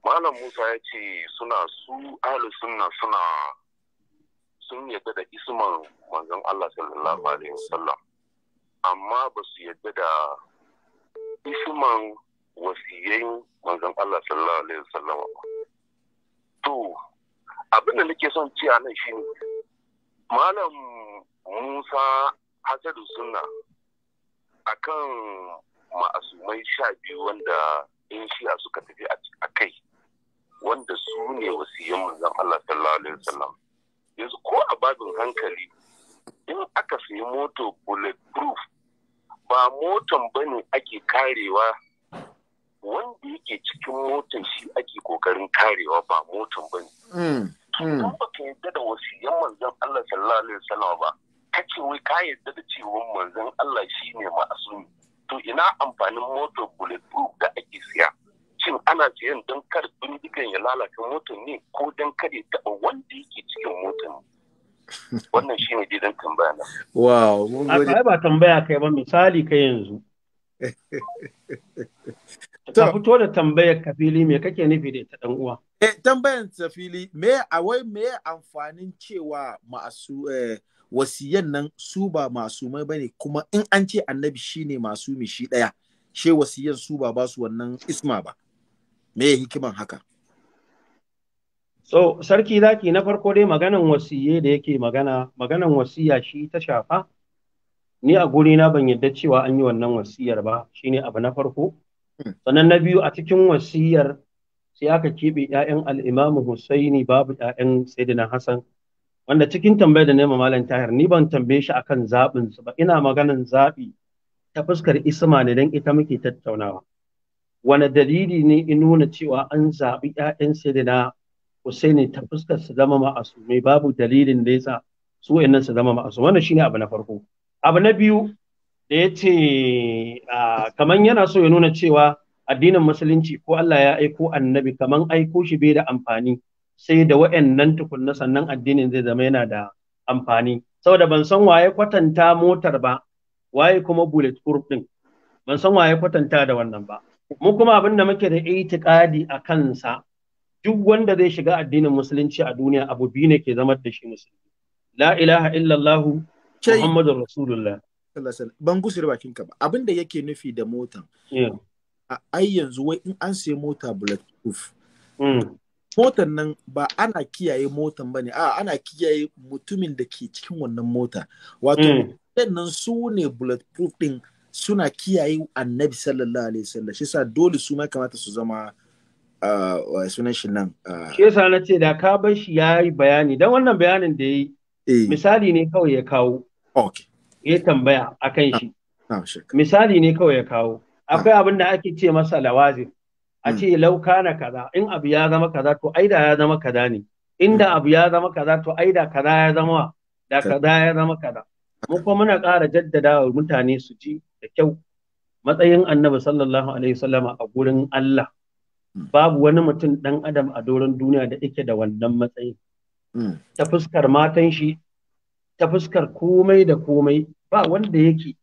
Malam Musa ya ce suna su ahlu suna sun yadda da isman manzon Allah sallallahu alaihi wasallam amma ba su yadda da isman wasiyayin manzon Allah sallallahu alaihi wasallam ba to abin da nake son ci a nan shine malam Musa Hasadu Sunna akan ma'asumai sha biyu wanda in shi'a suka tafi a kai wanda su ne wasiyan manzon Allah sallallahu alaihi wasallam yanzu ko a babin hankali in aka sayi moto bulletproof ba motan bane ake karewa wanda yake cikin motan shi ake kokarin karewa ba motan bane mm, tun mm. ba ka yadda da yan manzan Allah sallallahu alaihi wasallam ba kace wai ka yadda da cewa manzon Allah shi shine ma'asumi to ina amfanin motar bulletproof da ake siya shin ana siyan don kar bindigan ya lalata motar ne ko don kare taɓa wanda yake cikin motar wannan shi ne didan tambaya na. Wow, a gode. ba tambaya kai ba misali kai yanzu. [LAUGHS] Ka fito da tambayar ka fili me kake nufi da ita dan uwa? Eh tambayar ta fili me awai me amfanin cewa masu eh, wasiyan nan su ba masumai bane kuma in an ce annabi shine masu mishi daya she wasiyan su ba ba su wannan isma ba me hikiman haka so sarki zaki na farko dai maganan wasiye da yake magana maganan wasiya shi ta shafa ni a guri na ban yadda cewa an yi wannan wasiyar ba shine abu na farko hmm. sannan na biyu a cikin wasiyar sai aka keɓe 'ya'yan al'imamu Hussaini, babu 'ya'yan saidina Hassan wanda cikin tambayar da nema malam tahir ni ban tambaye shi akan zaɓinsu ba ina maganan zaɓi ta fuskar isma ne don ita muke tattaunawa wani dalili ne in nuna cewa an zaɓi 'ya'yan sayyidina Husaini ta fuskar su zama mai babu dalilin da yasa su wa'annan su zama ma'asumai wannan shine abu na farko abu na biyu da ya ce kamar yana so ya nuna cewa addinin musulunci ko Allah ya aiko annabi kamar aiko shi bai da amfani sai da wa'annan tukunna sannan addinin zai zama yana da amfani saboda ban san waye kwatanta motar ba waye kuma bullet bulletproof din ban san waye kwatanta da wannan ba mu kuma abin da muke da itikadi a kansa duk wanda zai shiga addinin musulunci a duniya abu biyu ne ke zama da shi musulmi la ilaha illallah muhammadur rasulullah ban gusuri bakin ka ba abin da yake nufi da motan ai yanzu wai in an sai mota bulletproof mm. motan nan ba ana kiyaye motan bane a ana kiyaye mutumin da ke cikin wannan mota wato mm. nan su ne bulletproof din. suna kiyaye annabi sallallahu alaihi wasallam shi yasa dole su ma kamata su zama ah, sunan shi nan ah. shi yasa na ce da ka bar shi ya yi bayani dan wannan bayanin da ya yi eh. misali ne kawai ya kawo Okay. ya tambaya akan shi ah, misali ne kawai ya kawo akwai abin da ake ce masa lawazim a hmm. ce lauka na kaza in abu ya zama kaza to aida ya zama kaza ne inda hmm. abu ya zama kaza to aida kaza ya zama da kaza ya zama kaza mu kuma muna ƙara jaddada wa mutane su ji da kyau matsayin annabi sallallahu alaihi wasallama a gurin Allah hmm. babu wani mutum ɗan adam a doron duniya da yake da wannan matsayin hmm. ta fuskar matan shi ta fuskar komai da komai ba wanda yake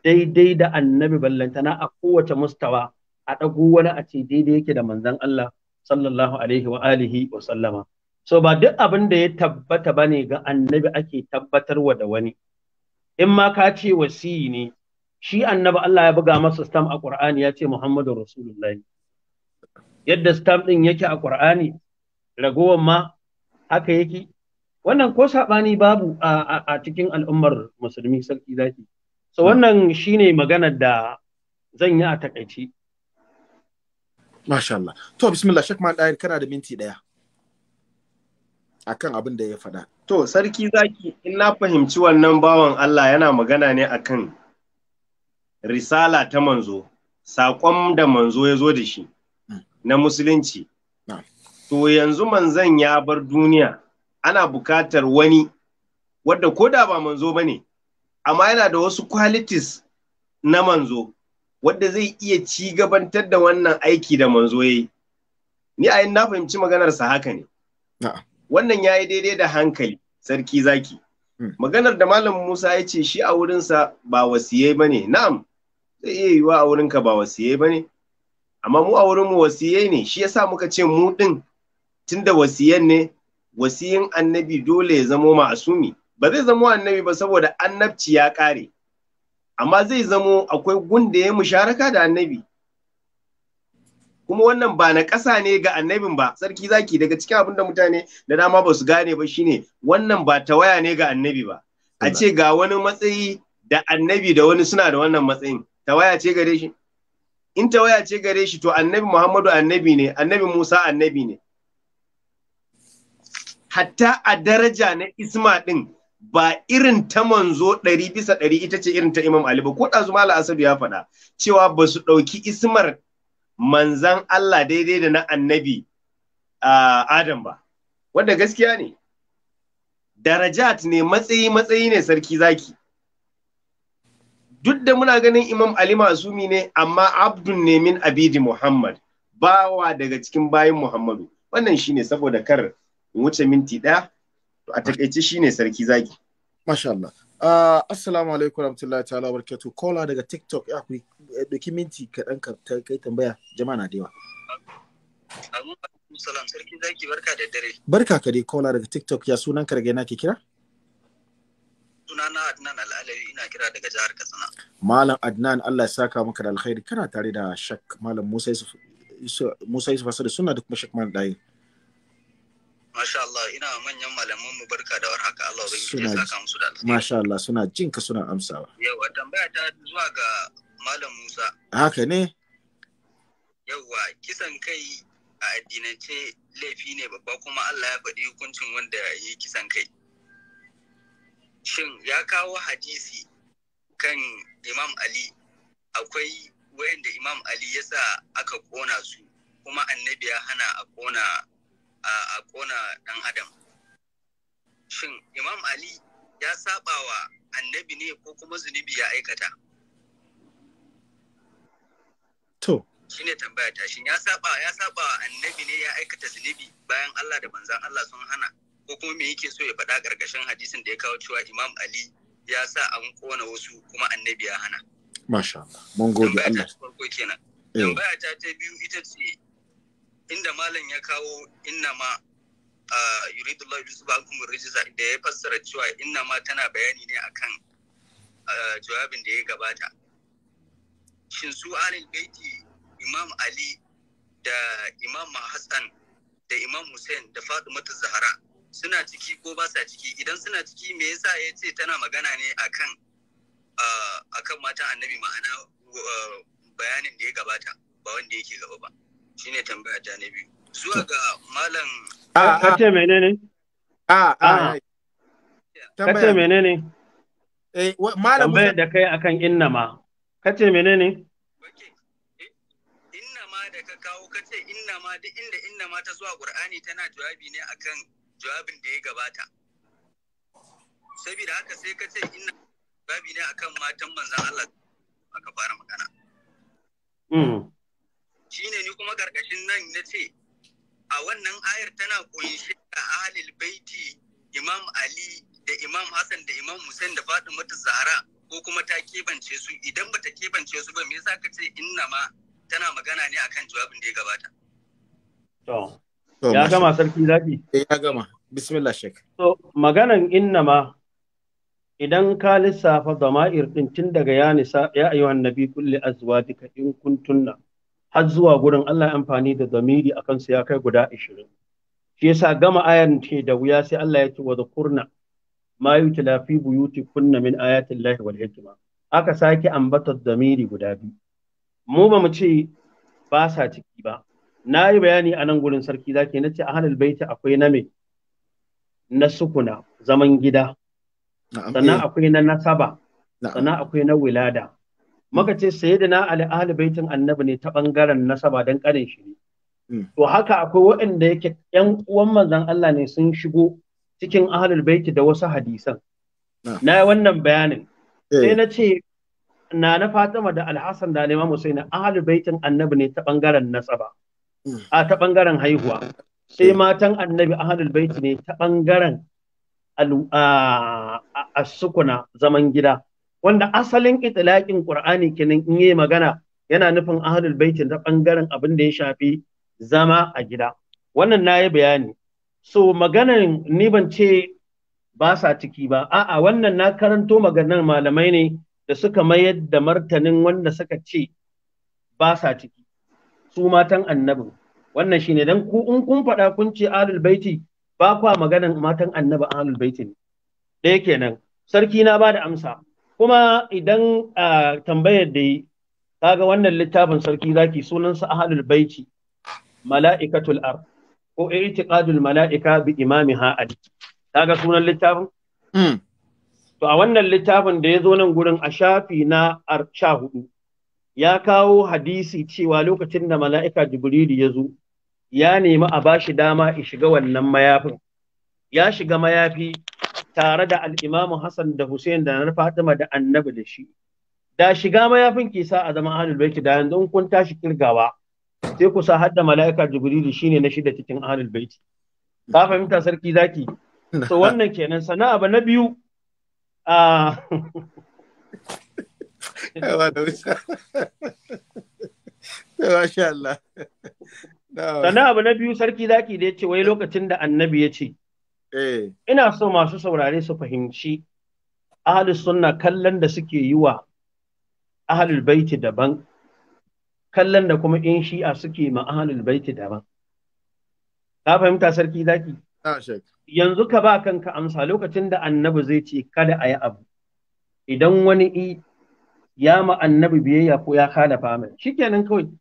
daidai da annabi ballantana a kowace mustawa a ɗago wani a ce daidai yake da manzon Allah sallallahu alaihi wa alihi wa sallama so ba duk abin da ya tabbata bane ga annabi ake tabbatarwa da wani in ma ka ce wasi ne shi annabi Allah ya buga masa stam a Qur'ani ya ce Muhammadu Rasulullahi yadda stam ɗin yake a Qur'ani ragowar ma haka yake wannan ko sabani babu a cikin al'ummar musulmi sarki zaki so hmm. wannan shine maganar da zan yi a takaici Masha Allah. To, bismillah, Sheikh Maɗayar, kana da minti ɗaya. akan abin da ya faɗa. To, sarki zaki, in na fahimci wannan bawan Allah yana magana ne akan risala ta manzo saƙon da manzo ya zo da shi hmm. na musulunci hmm. to yanzu manzan ya bar duniya ana bukatar wani wadda ko da ba manzo ba ne amma yana da wasu qualities na manzo wadda zai iya ci gabantar da wannan aiki da manzo ya ni a yin na fahimci maganarsa haka ne wannan ya yi daidai da hankali sarki zaki hmm. maganar da malam musa ya ce shi a wurinsa ba wasiyai ba ne na'am zai iya yiwa a wurinka ba wasiye ba ne amma mu a wurinmu wasiye ne shi yasa muka ce mu ɗin tunda wasiyan ne wasiyin annabi dole ya zamo ma'asumi ba zai zamo annabi ba saboda annabci ya kare amma zai zamo akwai gunda ya musharaka da annabi kuma wannan ba na ƙasa ne ga annabin ba sarki zaki daga cikin abin da mutane da dama ba su gane ba shine wannan ba ta waya ne ga annabi ba a ce ga wani matsayi da annabi da wani suna da wannan matsayin tawaya ce gare shi in tawaya ce gare shi to annabi Muhammadu annabi ne annabi Musa annabi ne hatta a daraja na isma din ba irin ta manzo ɗari bisa ɗari ita ce irin ta Imam Ali ba ko ɗazu Malam ya faɗa cewa ba su ɗauki ismar manzan Allah daidai da na annabi Adam ba wanda gaskiya ne darajat ne matsayi matsayi ne sarki zaki duk da muna ganin imam ali mazumi ne amma abdun ne min abidi muhammad bawa daga cikin bayin muhammadu wannan shine saboda kar in wuce minti ɗaya to a takaice shine sarki zaki masha Allah uh, assalamu alaikum warahmatullahi ta'ala barkatu kola daga tiktok ya ku doki minti kaɗan ka kai tambaya jama'a na da yawa Salam sarki zaki barka da dare. Barka ka dai kola daga TikTok ya sunan karge na ke kira? sunana Adnan Al'alari ina kira daga jihar Katsina. Malam Adnan Allah ya saka maka da alkhairi kana tare da Shak Malam Musa Yusuf Musa Yusuf Asadu suna da kuma Shak Malam Dai. Masha Allah ina manyan malaman mu barka da warhaka Allah ya saka musu da alkhairi. Masha Allah suna jin ka suna amsawa. Yawa tambaya ta zuwa ga Malam Musa. Haka ne. Yawa kisan kai a addinance laifi ne babba kuma Allah ya faɗi hukuncin wanda ya yi kisan kai. shin ya kawo hadisi kan imam ali akwai wayanda imam ali ya sa aka kona su kuma annabi ya hana a kona a kona dan adam shin imam ali ya saba wa annabi ne ko kuma zunubi ya aikata to shine tambaya ta shin ya saba ya saba annabi ne ya aikata zunubi bayan Allah da manzan Allah sun hana ko kuma me yake so ya faɗa ƙarƙashin hadisin da ya kawo cewa Imam Ali ya sa an kona wasu kuma annabi ya hana. Masha Allah, mun gode Allah. Farko kenan. Tambaya ta ta biyu ita ce inda malam ya kawo inna ma yuridullahu yusbakum rijza da ya fassara cewa inna ma tana bayani ne akan jawabin da ya gabata. Shin su alil baiti Imam Ali da Imam Hassan da Imam Hussein da Fatimatu Zahra suna ciki ko ba sa ciki idan suna ciki me yasa ya ce tana magana ne akan akan matan annabi ma'ana uh, bayanin da ya gabata ba wanda yake gaba ba shine tambaya ta na biyu zuwa ga malam ah, ah. a a ce menene a a kace menene eh malam tambaya da kai akan innama kace menene eh, innama da ka kawo kace innama duk inda innama ta zuwa qur'ani tana jawabi ne akan jawabin da ya gabata saboda haka sai ka ce ina babi ne akan matan manzan Allah aka fara magana hmm. ne ni kuma karkashin nan na ce a wannan ayar tana kunshe da ahalil baiti imam ali da imam hassan da imam hussein da fatimatu zahra ko kuma ta kebance su idan bata kebance su ba me yasa ka ce inna ma tana magana ne akan jawabin da ya gabata ya gama sarki zafi eh, ya gama bismillah shek so maganan innama idan ka lissafa dama'ir din tun daga ya nisa ya ayyuha annabi kulli azwajika in kuntunna har zuwa gurin Allah amfani da zamiri a kansu ya kai guda 20 shi yasa gama ayar ce da wuya sai Allah ya ce wa zakurna ma yutla fi buyutikunna min ayati lahi wal hikma aka sake ambatar zamiri guda biyu mu ba mu ce ba sa ciki na yi bayani a nan gurin sarki zake na ce ahlul baiti akwai na me na sukuna zaman gida sannan eh. akwai na nasaba sannan akwai na wilada maka ce sayyidina ali ahlul baitin annabi ne ta bangaren nasaba dan karin shi ne hmm. to haka akwai waɗanda yake yan uwan manzon Allah ne sun shigo cikin ahlul baiti da wasu hadisan na wannan bayanin eh. sai na ce na na Fatima da Alhassan da Imam Musaina ahlul baitin annabi ne ta bangaren nasaba Hmm. a ta ɓangaren haihuwa sai hmm. matan annabi ahlul baiti ne ta ɓangaren a sukuna zaman gida wanda asalin itilaƙin ƙur'ani kenan in yi magana yana nufin ahlul baiti ta ɓangaren abin da ya shafi zama a gida wannan na yi bayani so maganan ni ban ce ba sa ciki ba a'a wannan na karanto maganar malamai ne da suka mayar da martanin wanda suka ce ba sa ciki su matan annabin wannan shine dan ku in kun faɗa kun ce ahlul baiti ba kwa maganan matan annabi alul baiti ne ɗaya kenan sarki na bada amsa kuma idan a tambayar da yi kaga wannan littafin sarki zaki sunansa ahlul baiti mala'ikatul ar ko i'tiqadul mala'ika bi imamiha ali kaga sunan littafin hmm. to a wannan littafin da ya zo nan gurin a shafi na sha hudu ya kawo hadisi cewa lokacin da mala'ika Jibrilu ya zo ya nemi a bashi dama ya shiga wannan mayafin ya shiga mayafi tare da al'imamu Hassan da Hussein da na Fatima da annabi da shi da shiga mayafin ke sa a zama ahlul baiti da yanzu kun tashi kirgawa sai ku sa hadda mala'ika Jibrilu shine na shida cikin ahlul baiti ka fahimta sarki zaki So wannan kenan sana'a ba na biyu ah, [LAUGHS] [LAUGHS] sannan abu na biyu sarki zaki da ya ce wai lokacin da annabi ya ce eh. ina so masu saurare su fahimci ahalus sunna kallon da suke yi wa ahalul baiti daban kallon da kuma in shi'a suke ma ahalul baiti daban ka fahimta sarki zaki yanzu ka ba kanka amsa lokacin da annabi zai ce kada a yi abu idan wani i ya ma annabi biyayya ko ya kana shi shikenan kawai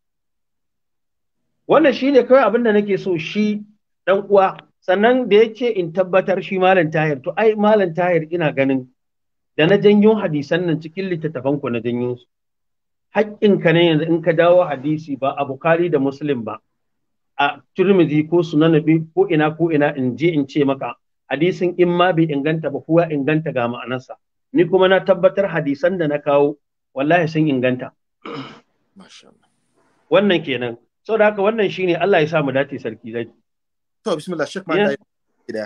wannan shine kawai abin da nake so shi dan uwa sannan da yake in tabbatar shi malam tahir to ai malam tahir ina ganin da na janyo hadisan nan cikin littattafan ku na janyo su ka ne yanzu in ka dawo hadisi ba a bukari da muslim ba a turmizi ko nabi ko ina ko ina in je in ce maka hadisin in ma bai inganta ba kuwa inganta ga ma'anarsa ni kuma na tabbatar hadisan da na kawo wallahi sun inganta wannan kenan da haka wannan shi ne, Allah ya sa mu dace sarki zaki to bismillah shek ma da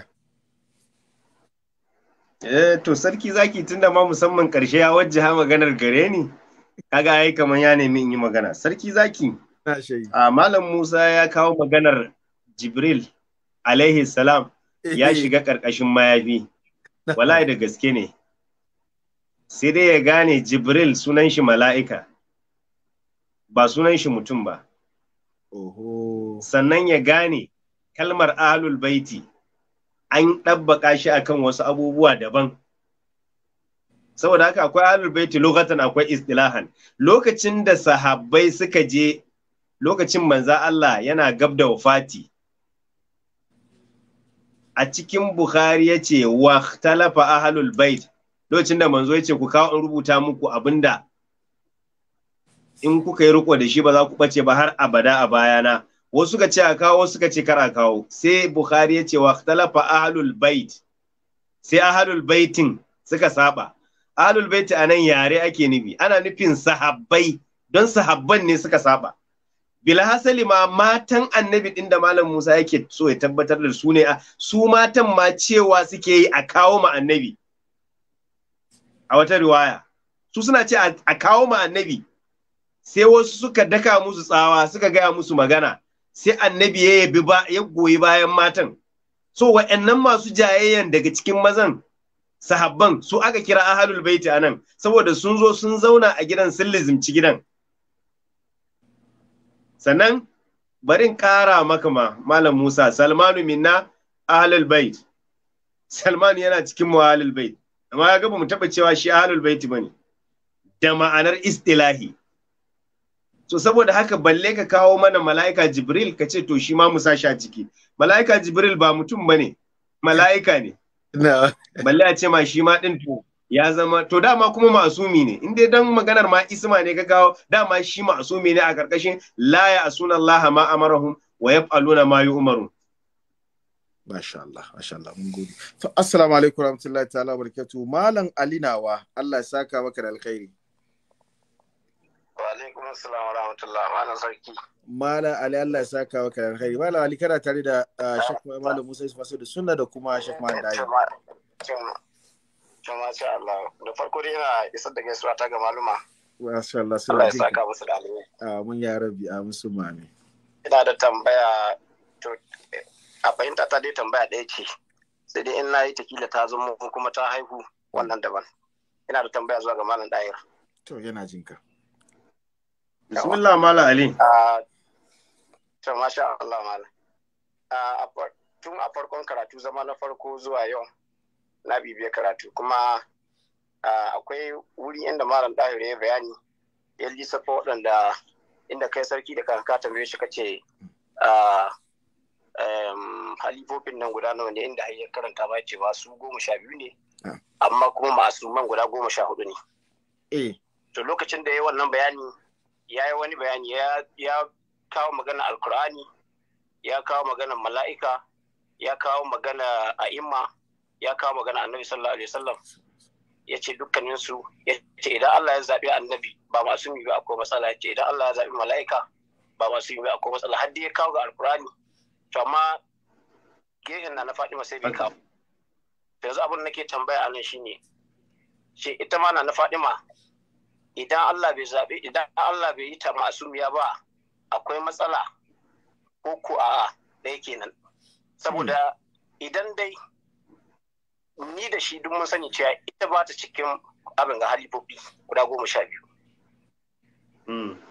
eh to sarki zaki tunda ma musamman karshe ya wajjaha maganar gare ni kaga ai kamar ya nemi in yi magana sarki zaki a malam Musa ya kawo maganar Jibril alaihi salam ya eh. shiga karkashin mayafi wallahi da gaske ne sai dai ya gane jibril sunan shi mala'ika ba sunan shi mutum ba sannan ya gane kalmar ahlul baiti an ɗabbaka shi akan wasu abubuwa daban saboda haka akwai ahlul baiti lokacin akwai istilahan lokacin da sahabbai suka je lokacin manza Allah yana gab da wafati a cikin Bukhari ya ce wa talafa ahalul bait lokacin da manzo ya ce ku kawo in rubuta muku abinda in kuka yi riko da shi ba za ku bace ba har abada a bayana wasu suka ce a kawo wasu suka ce kar a kawo sai bukhari ya ce wa ikhtalafa ahlul bait sai ahlul baitin suka saba ahlul bait anan yare ake nufi ana nufin sahabbai don sahabban ne suka saba hasali ma matan annabi din da malam Musa yake so ya tabbatar da su ne su matan ma cewa suke yi a kawo ma annabi a wata riwaya su suna ce a kawo ma annabi sai wasu suka daka musu tsawa suka gaya musu magana sai annabi ya yabi ba ya goyi bayan matan so wa'annan masu jayayyan daga cikin mazan sahabban su aka kira ahalul baiti anan saboda sun zo sun zauna a gidan sun lizimci gidan sannan barin ƙara maka ma malam Musa salmanu minna ahalul bait salman yana cikin mu ahalul bait amma ya ga mu taɓa cewa shi ahlul baiti bane da ma'anar istilahi to saboda haka balle ka kawo mana mala'ika jibril ka ce to shi ma mu sha ciki mala'ika jibril ba mutum bane mala'ika ne balle a ce ma shi ma din to ya zama to dama kuma masumi ne in dai dan maganar ma isma ne ka kawo dama shi masumi ne a karkashin la ya asuna Laha ma amarahum wa yaf'aluna ma umaru. Masha Allah, Masha Allah, mun gode. To, assalamu alaikum warahmatullahi ta'ala barkatu Malam ali Alinawa, Allah ya saka maka da alkhairi. Wa alaikum assalam warahmatullahi malam sarki. Malam Ali Allah ya saka maka da alkhairi. Malam Ali kana tare da uh, Sheikh Malam Musa Ismail da Sunna da kuma Sheikh Malam Dai. To, masha Allah. Da farko dai ina isar da gaisuwa ta ga maluma. Masha Allah, Allah ya saka musu da alkhairi. Amin ya rabbi, amin su mami. Ina da tambaya a fahimta ta dai tambaya ɗaya ce sai dai in na yi takila ta zama kuma ta haihu wannan daban ina da tambaya zuwa ga malam ɗayar to yana ka bismillah malam ali ah, to masha Allah malam ah, tun a farkon karatu zama na farko zuwa yau na bibiyar karatu kuma ah, akwai wuri inda malam ɗayar ya bayani ya lissafa waɗanda inda kai sarki da kanka tambaye shi kace halifofin nan guda nawa ne inda hanyar karanta ba ce masu goma sha biyu ne ah. amma kuma masu man guda goma sha hudu ne eh. to lokacin da ya wannan bayani ya yi wani bayani ya kawo magana alkur'ani ya kawo magana mala'ika ya kawo magana a'imma ya kawo magana annabi sallallahu alaihi wasallam ya ce dukkaninsu ya ce idan Allah ya zaɓi annabi ba masu yi ba akwai matsala ya ce idan Allah ya zaɓi mala'ika ba masu yi ba akwai matsala har ya kawo ga alkur'ani to amma gehen na na faɗi ma sai bai kawo yanzu abin nake tambaya anan shine shi ita ma na na faɗi ma. idan Allah bai zabe idan Allah bai yi ta masumiya ba akwai matsala ko ko a'a da yake nan saboda idan dai ni da shi duk mun sani cewa ita ba ta cikin abin ga halifofi guda goma sha biyu hmm.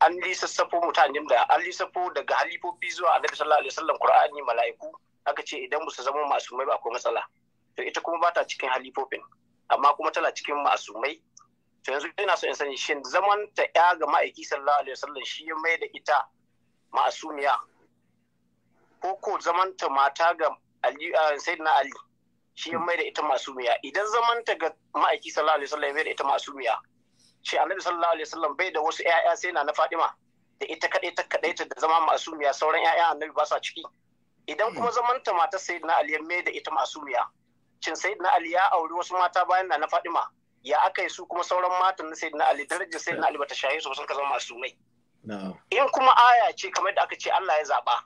an lissafo mutanen da an lissafo daga halifofi zuwa annabi sallallahu alaihi wasallam qur'ani mala'iku aka ce idan musu zama masumai ba akwai matsala to ita kuma bata cikin halifofin amma kuma tana cikin masumai to yanzu ina so in sani shin zaman ta ya ga ma'aiki sallallahu alaihi wasallam shi ya mai da ita masumiya ko ko zaman ta mata ga Ali sayyidina Ali shi ya mai da ita masumiya idan zaman ta ga ma'aiki sallallahu alaihi wasallam ya mai da ita masumiya shi annabi sallallahu alaihi wasallam bai da wasu ƴaƴa sai na na Fadima da ita kadai ta kadai ta da zama masumiya sauran ƴaƴa annabi ba sa ciki idan kuma hmm. zaman ta matar sayyidina Ali mai da ita masumiya cin sayyidina Ali ya auri wasu mata bayan na na Fadima ya aka yi su kuma sauran matan na sayyidina Ali darajar sayyidina Ali bata shaye su sun ka zama masumai in kuma aya ce kamar da aka ce Allah ya zaba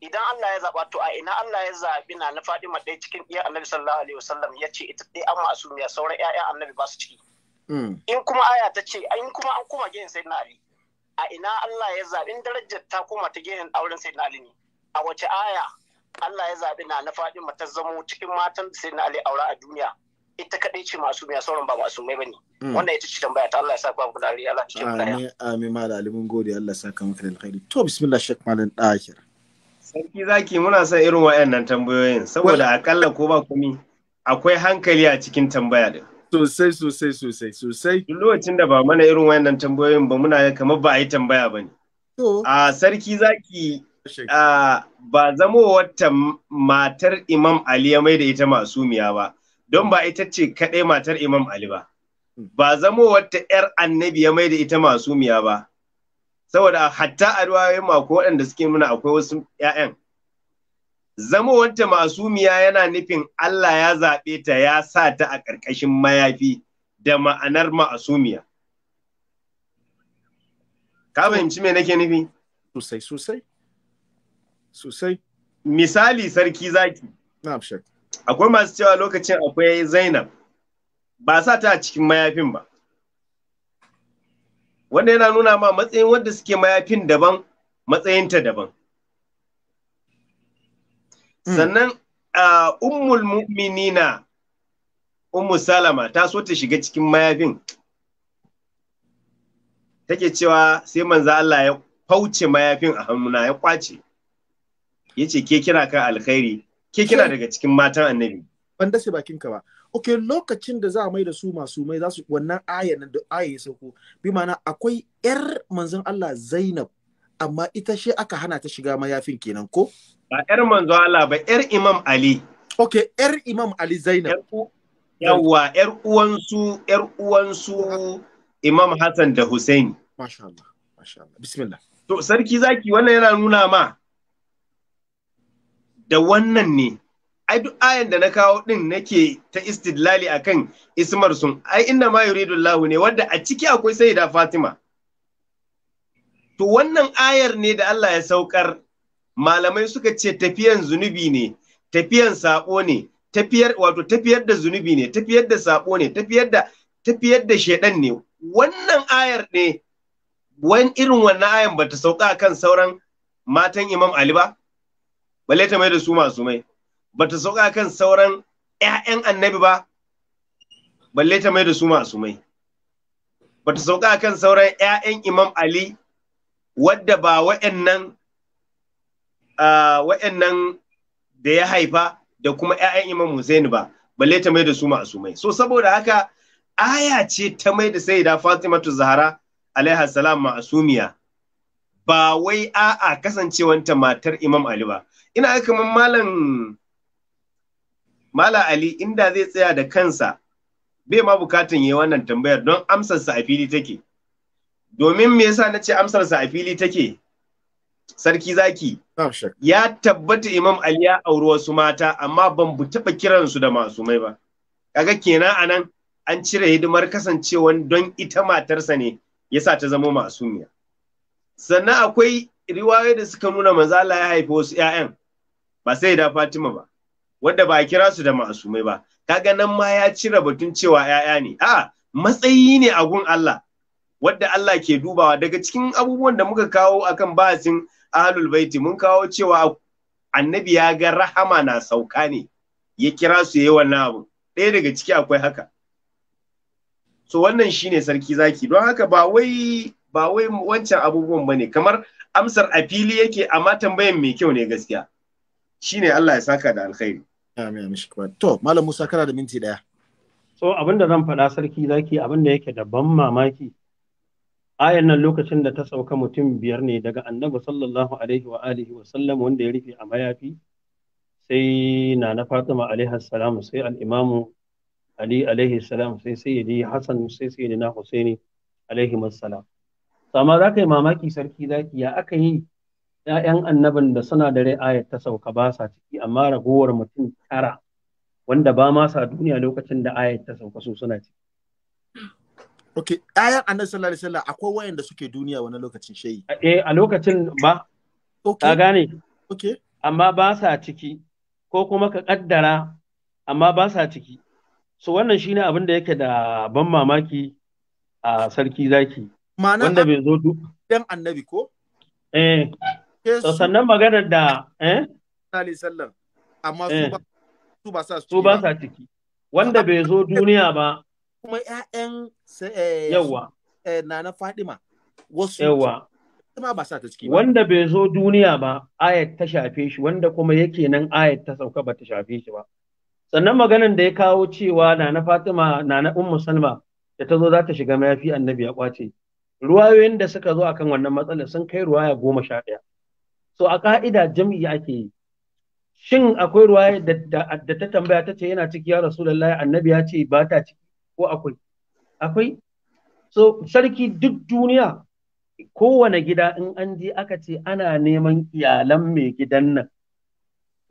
idan Allah ya zaba to a ina Allah ya zabi na na Fadima ɗaya cikin iya annabi sallallahu alaihi wasallam ya ce ita ɗaya amma asumiya sauran ƴaƴa annabi ba su ciki Mm. in kuma aya ta ce in kuma an koma gehen sai na ali a ina Allah ya zaɓi darajar ta koma ta gehen auren sai na ali ne a wace aya Allah ya zaɓi na na faɗi mata zamo cikin matan da sai na ali aure a duniya ita kaɗai ce masu miya sauran ba masu mai bane mm. wannan ita ce tambaya ta Allah ya sa ba ku dariya Allah ya cikin kaya amin amin malamin alimin gode Allah ya saka maka da alkhairi to bismillah shek malam dakir sarki zaki muna son irin wa'annan tambayoyin saboda akalla ko ba komi akwai hankali a cikin tambaya din Sosai sosai sosai sosai. Duk lokacin da ba mana irin wayannan tambayoyin ba muna kamar ba a yi tambaya ba ne. A sarki zaki ba zamo wata matar Imam Ali ya mai da ita masumiya ba, don ba ita ce kaɗai matar Imam Ali ba. Hmm. Ba zamo wata ‘yar annabi ya mai da ita masumiya ba, saboda hatta a ruwayoyin mako waɗanda suke muna akwai wasu ‘ya'yan zamowanta masumiya yana nufin Allah ya zaɓe ta ya sa ta a ƙarƙashin mayafi da ma'anar ma'asumiya. Ka fahimci me nake nufi? Sosai, sosai. Sosai. Misali sarki zaki. Akwai masu cewa lokacin akwai Zainab, ba sa ta a cikin mayafin ba. Wanda yana nuna ma matsayin wanda suke mayafin daban, matsayinta daban. Mm. sannan uh, ummul mu'minina ummu salama ta so ta shiga cikin mayafin take cewa sai manzo Allah ya fauce mayafin a hannuna ya kwace yace ke kira kan alkhairi ke kina daga cikin matan annabi ban dace bakin ka ba Ok, lokacin da za a mai da su masu mai za su wannan aya da aya ya sauko bi ma'ana akwai yar manzon Allah Zainab amma ita she aka hana ta shiga mayafin kenan ko Ba ‘yar manzo Allah ba, ‘yar Imam Ali. Ok, ‘yar Imam Ali Zainab. Yawa ‘yar uwansu, ‘yar uwansu Imam Hassan da Hussein. Masha Allah, Masha Allah. Bismillah. To, sarki zaki wannan yana nuna ma da wannan ne. Ai duk ayan da na kawo din nake ta istidlali akan ismar sun. Ai inna ma yuridullahu ne wanda a ciki akwai sayyida Fatima. To wannan ayar ne da Allah ya saukar malamai suka ce tafiyan zunubi ne tafiyan saƙo ne tafiyar wato tafiyar da zunubi ne tafiyar da saƙo ne tafiyar da tafiyar da shedan ne wannan ayar ne wani irin wannan ayan ta sauka kan sauran matan Imam Ali ba balle ta mai da su masu mai ta sauka kan sauran ƴaƴan Annabi ba balle ta mai da su masu mai ta sauka kan sauran ƴaƴan Imam Ali wadda ba nan. wa'annan da ya haifa da kuma 'ya'yan Imam Hussein ba balle ta mai da su ma'asumai so saboda haka aya ce ta mai da Sayyida Fatimatu Zahra alaiha salam ma'asumiya ba wai a'a kasancewanta matar Imam Ali ba ina kamar malam Mala Ali inda zai tsaya da kansa bai ma bukatan yi wannan tambayar don amsarsa a fili take. Domin me yasa na ce amsarsa a fili take? sarki zaki ya tabbata imam ali ya auri wasu mata amma ban bu taɓa kiransu da masumai ba kaga kenan anan an cire hidimar kasancewa don ita matarsa ne yasa ta zama masumiya sannan akwai riwaye da suka nuna maza Allah ya haifi wasu ƴaƴan ba sai da Fatima ba wanda ba kira su da masumai ba kaga nan ma ya cire batun cewa ƴaƴa ne a matsayi ne a gun Allah wadda Allah ke dubawa daga cikin abubuwan da muka kawo akan bahasin ahlul baiti mun kawo cewa annabi ya ga rahama na sauka ne ya kira su yi wannan abu ɗaya daga ciki akwai haka so wannan shine sarki zaki don haka ba wai ba wai wancan abubuwan bane kamar amsar a fili yake amma tambayan mai kyau ne gaskiya shine Allah ya saka da alkhairi amin amin to malam Musa kana da minti daya so abinda zan faɗa sarki zaki abinda yake da ban mamaki ayan nan lokacin da ta sauka mutum biyar ne daga annabi sallallahu alaihi wa alihi wa sallam wanda ya rufe a mayafi sai na na fatima alaihi salam sai al-imamu ali alaihi salam sai sayyidi hasan sai sayyidi na husaini alaihi salam amma za ka yi mamaki sarki zaki ya aka yi ‘ya'yan annabin da suna da rai ayat ta sauka ba sa ciki amma ragowar mutum tara wanda ba ma sa duniya lokacin da ayat ta sauka su suna ciki Okay, ayan annabi sallallahu alaihi wasallam akwai wayanda suke duniya wani lokacin shayi. Eh a lokacin ba. Okay. Ka gane? Okay. Amma ba sa ciki ko kuma ka kaddara amma ba sa ciki. So wannan shine abin da yake da ban mamaki a sarki zaki. Ma'ana wanda bai zo duk dan annabi ko? Eh. So sannan maganar da eh sallallahu alaihi amma su eh. ba su ba sa ciki. Wanda bai zo duniya ba kuma ƴaƴan eh, yawa eh, na na Fadima wasu yawa Fatima ba sa ta ciki wanda bai zo duniya ba ayat ta shafe shi wanda kuma yake nan ayat ta sauka ba ta shafe shi ba sannan maganan da ya kawo cewa na na Fatima na na Ummu Salma da ta zo za ta shiga mayafi annabi ya kwace ruwayoyin da suka zo akan wannan matsalar sun kai ruwaya goma sha ɗaya so a ka'ida jam'i ake yi shin akwai ruwaya da ta tambaya ta ce yana ciki ya rasulullahi annabi ya ce ba ta ciki ko akwai akwai so sarki duk duniya kowane gida in an je aka ce ana neman iyalan mai gidan nan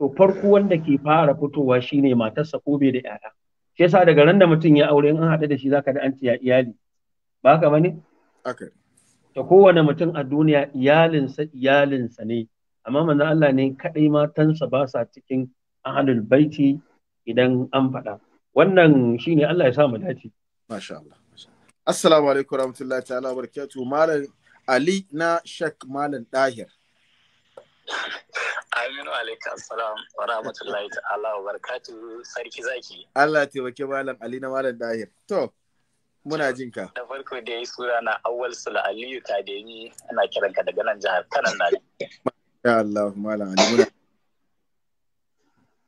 to farko wanda ke fara fitowa shine matarsa ko bai da yaya shi yasa daga ran da mutum ya aure in an haɗu da shi zaka da an ce ya iyali ba haka bane okay. to kowane mutum a duniya iyalinsa iyalinsa ne amma manzon Allah ne kadai matansa ba sa cikin ahlul baiti idan an faɗa wannan shi ne Allah ya sa mu dace masha Allah assalamu alaikum warahmatullahi ta'ala barkatu malam ali na Shek malam dahir Aminu alaikum salam wa rahmatullahi ta'ala wa barakatuh sarki zaki Allah yi malam ali na malam dahir to muna jin ka da farko da yi sura na awwal sula aliyu kademi ana kiranka daga nan jihar Kano na ya Allah malam ali muna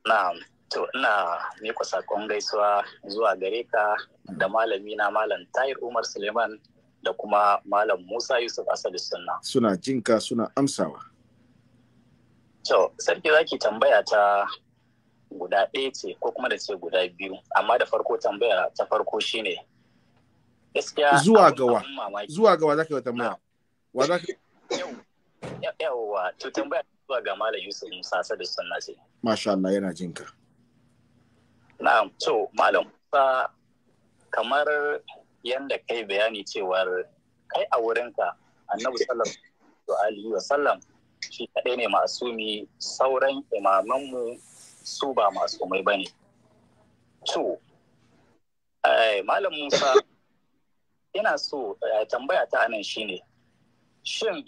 na'am To ina miƙa saƙon gaisuwa zuwa gare ka da malami na malam Tahir Umar Suleiman da kuma malam Musa Yusuf Asadu Sunna. Suna jinka suna amsawa. To sarki zaki tambaya ta guda ɗaya ce ko kuma da ce guda biyu amma da farko tambaya ta farko shine gaskiya zuwa gawa zuwa gawa zaka yi tambaya wa zaka yawwa to tambaya zuwa ga malam Yusuf Musa Asadu Sunna ce. Masha Allah yana jinka. Na'am, so malam fa kamar yadda kai bayani cewar kai a wurinka annabi sallallahu alaihi wa sallam shi kaɗai ne masu mi sauran imamanmu su ba masumai ba ne. To, Malam Musa yana so tambaya ta anan shi ne, shin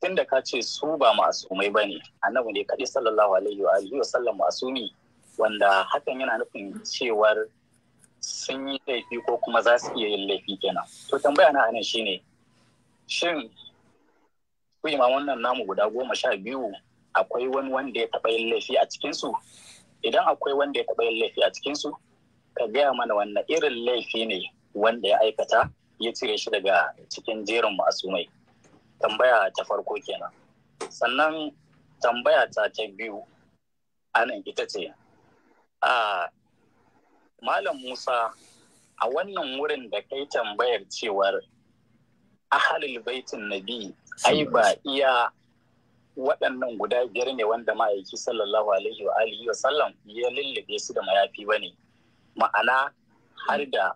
tun da ka ce su ba masumai ba ne, annabi ne kaɗai sallallahu alaihi wa sallam masu mi wanda hakan yana nufin cewar sun yi laifi ko kuma za su iya yin laifi kenan to tambaya na anan shine shin ku ma wannan namu guda goma sha biyu akwai wani wanda ya taɓa yin laifi a cikinsu idan akwai wanda ya taɓa yin laifi a cikinsu ka gaya mana wannan irin laifi ne wanda ya aikata ya cire shi daga cikin jerin masumai tambaya ta farko kenan sannan tambaya ta ta biyu anan ita ce A Malam Musa a wannan wurin da kai tambayar cewar ahalil baitin nabi ai ba iya waɗannan guda biyar ne wanda ma'aiki sallallahu alaihi wa alihi wa sallam ya lullube su da mayafi ba ne ma'ana har da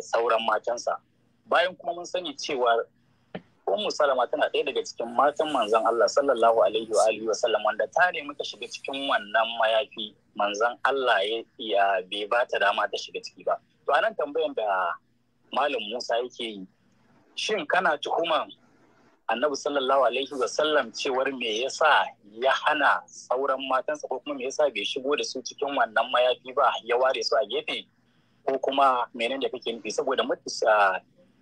sauran matansa bayan kuma mun sani cewar. ummu salama tana ɗaya daga cikin matan manzon Allah sallallahu alaihi wa alihi wa sallam wanda ta nemi ta shiga cikin wannan mayafi manzon Allah ya bai ba ta dama ta shiga ciki ba to anan tambayan da malam Musa yake yi shin kana tuhuman annabi sallallahu alaihi wa sallam cewar me yasa ya hana sauran matansa ko kuma me yasa bai shigo da su cikin wannan mayafi ba ya ware su a gefe ko kuma menene da kake nufi saboda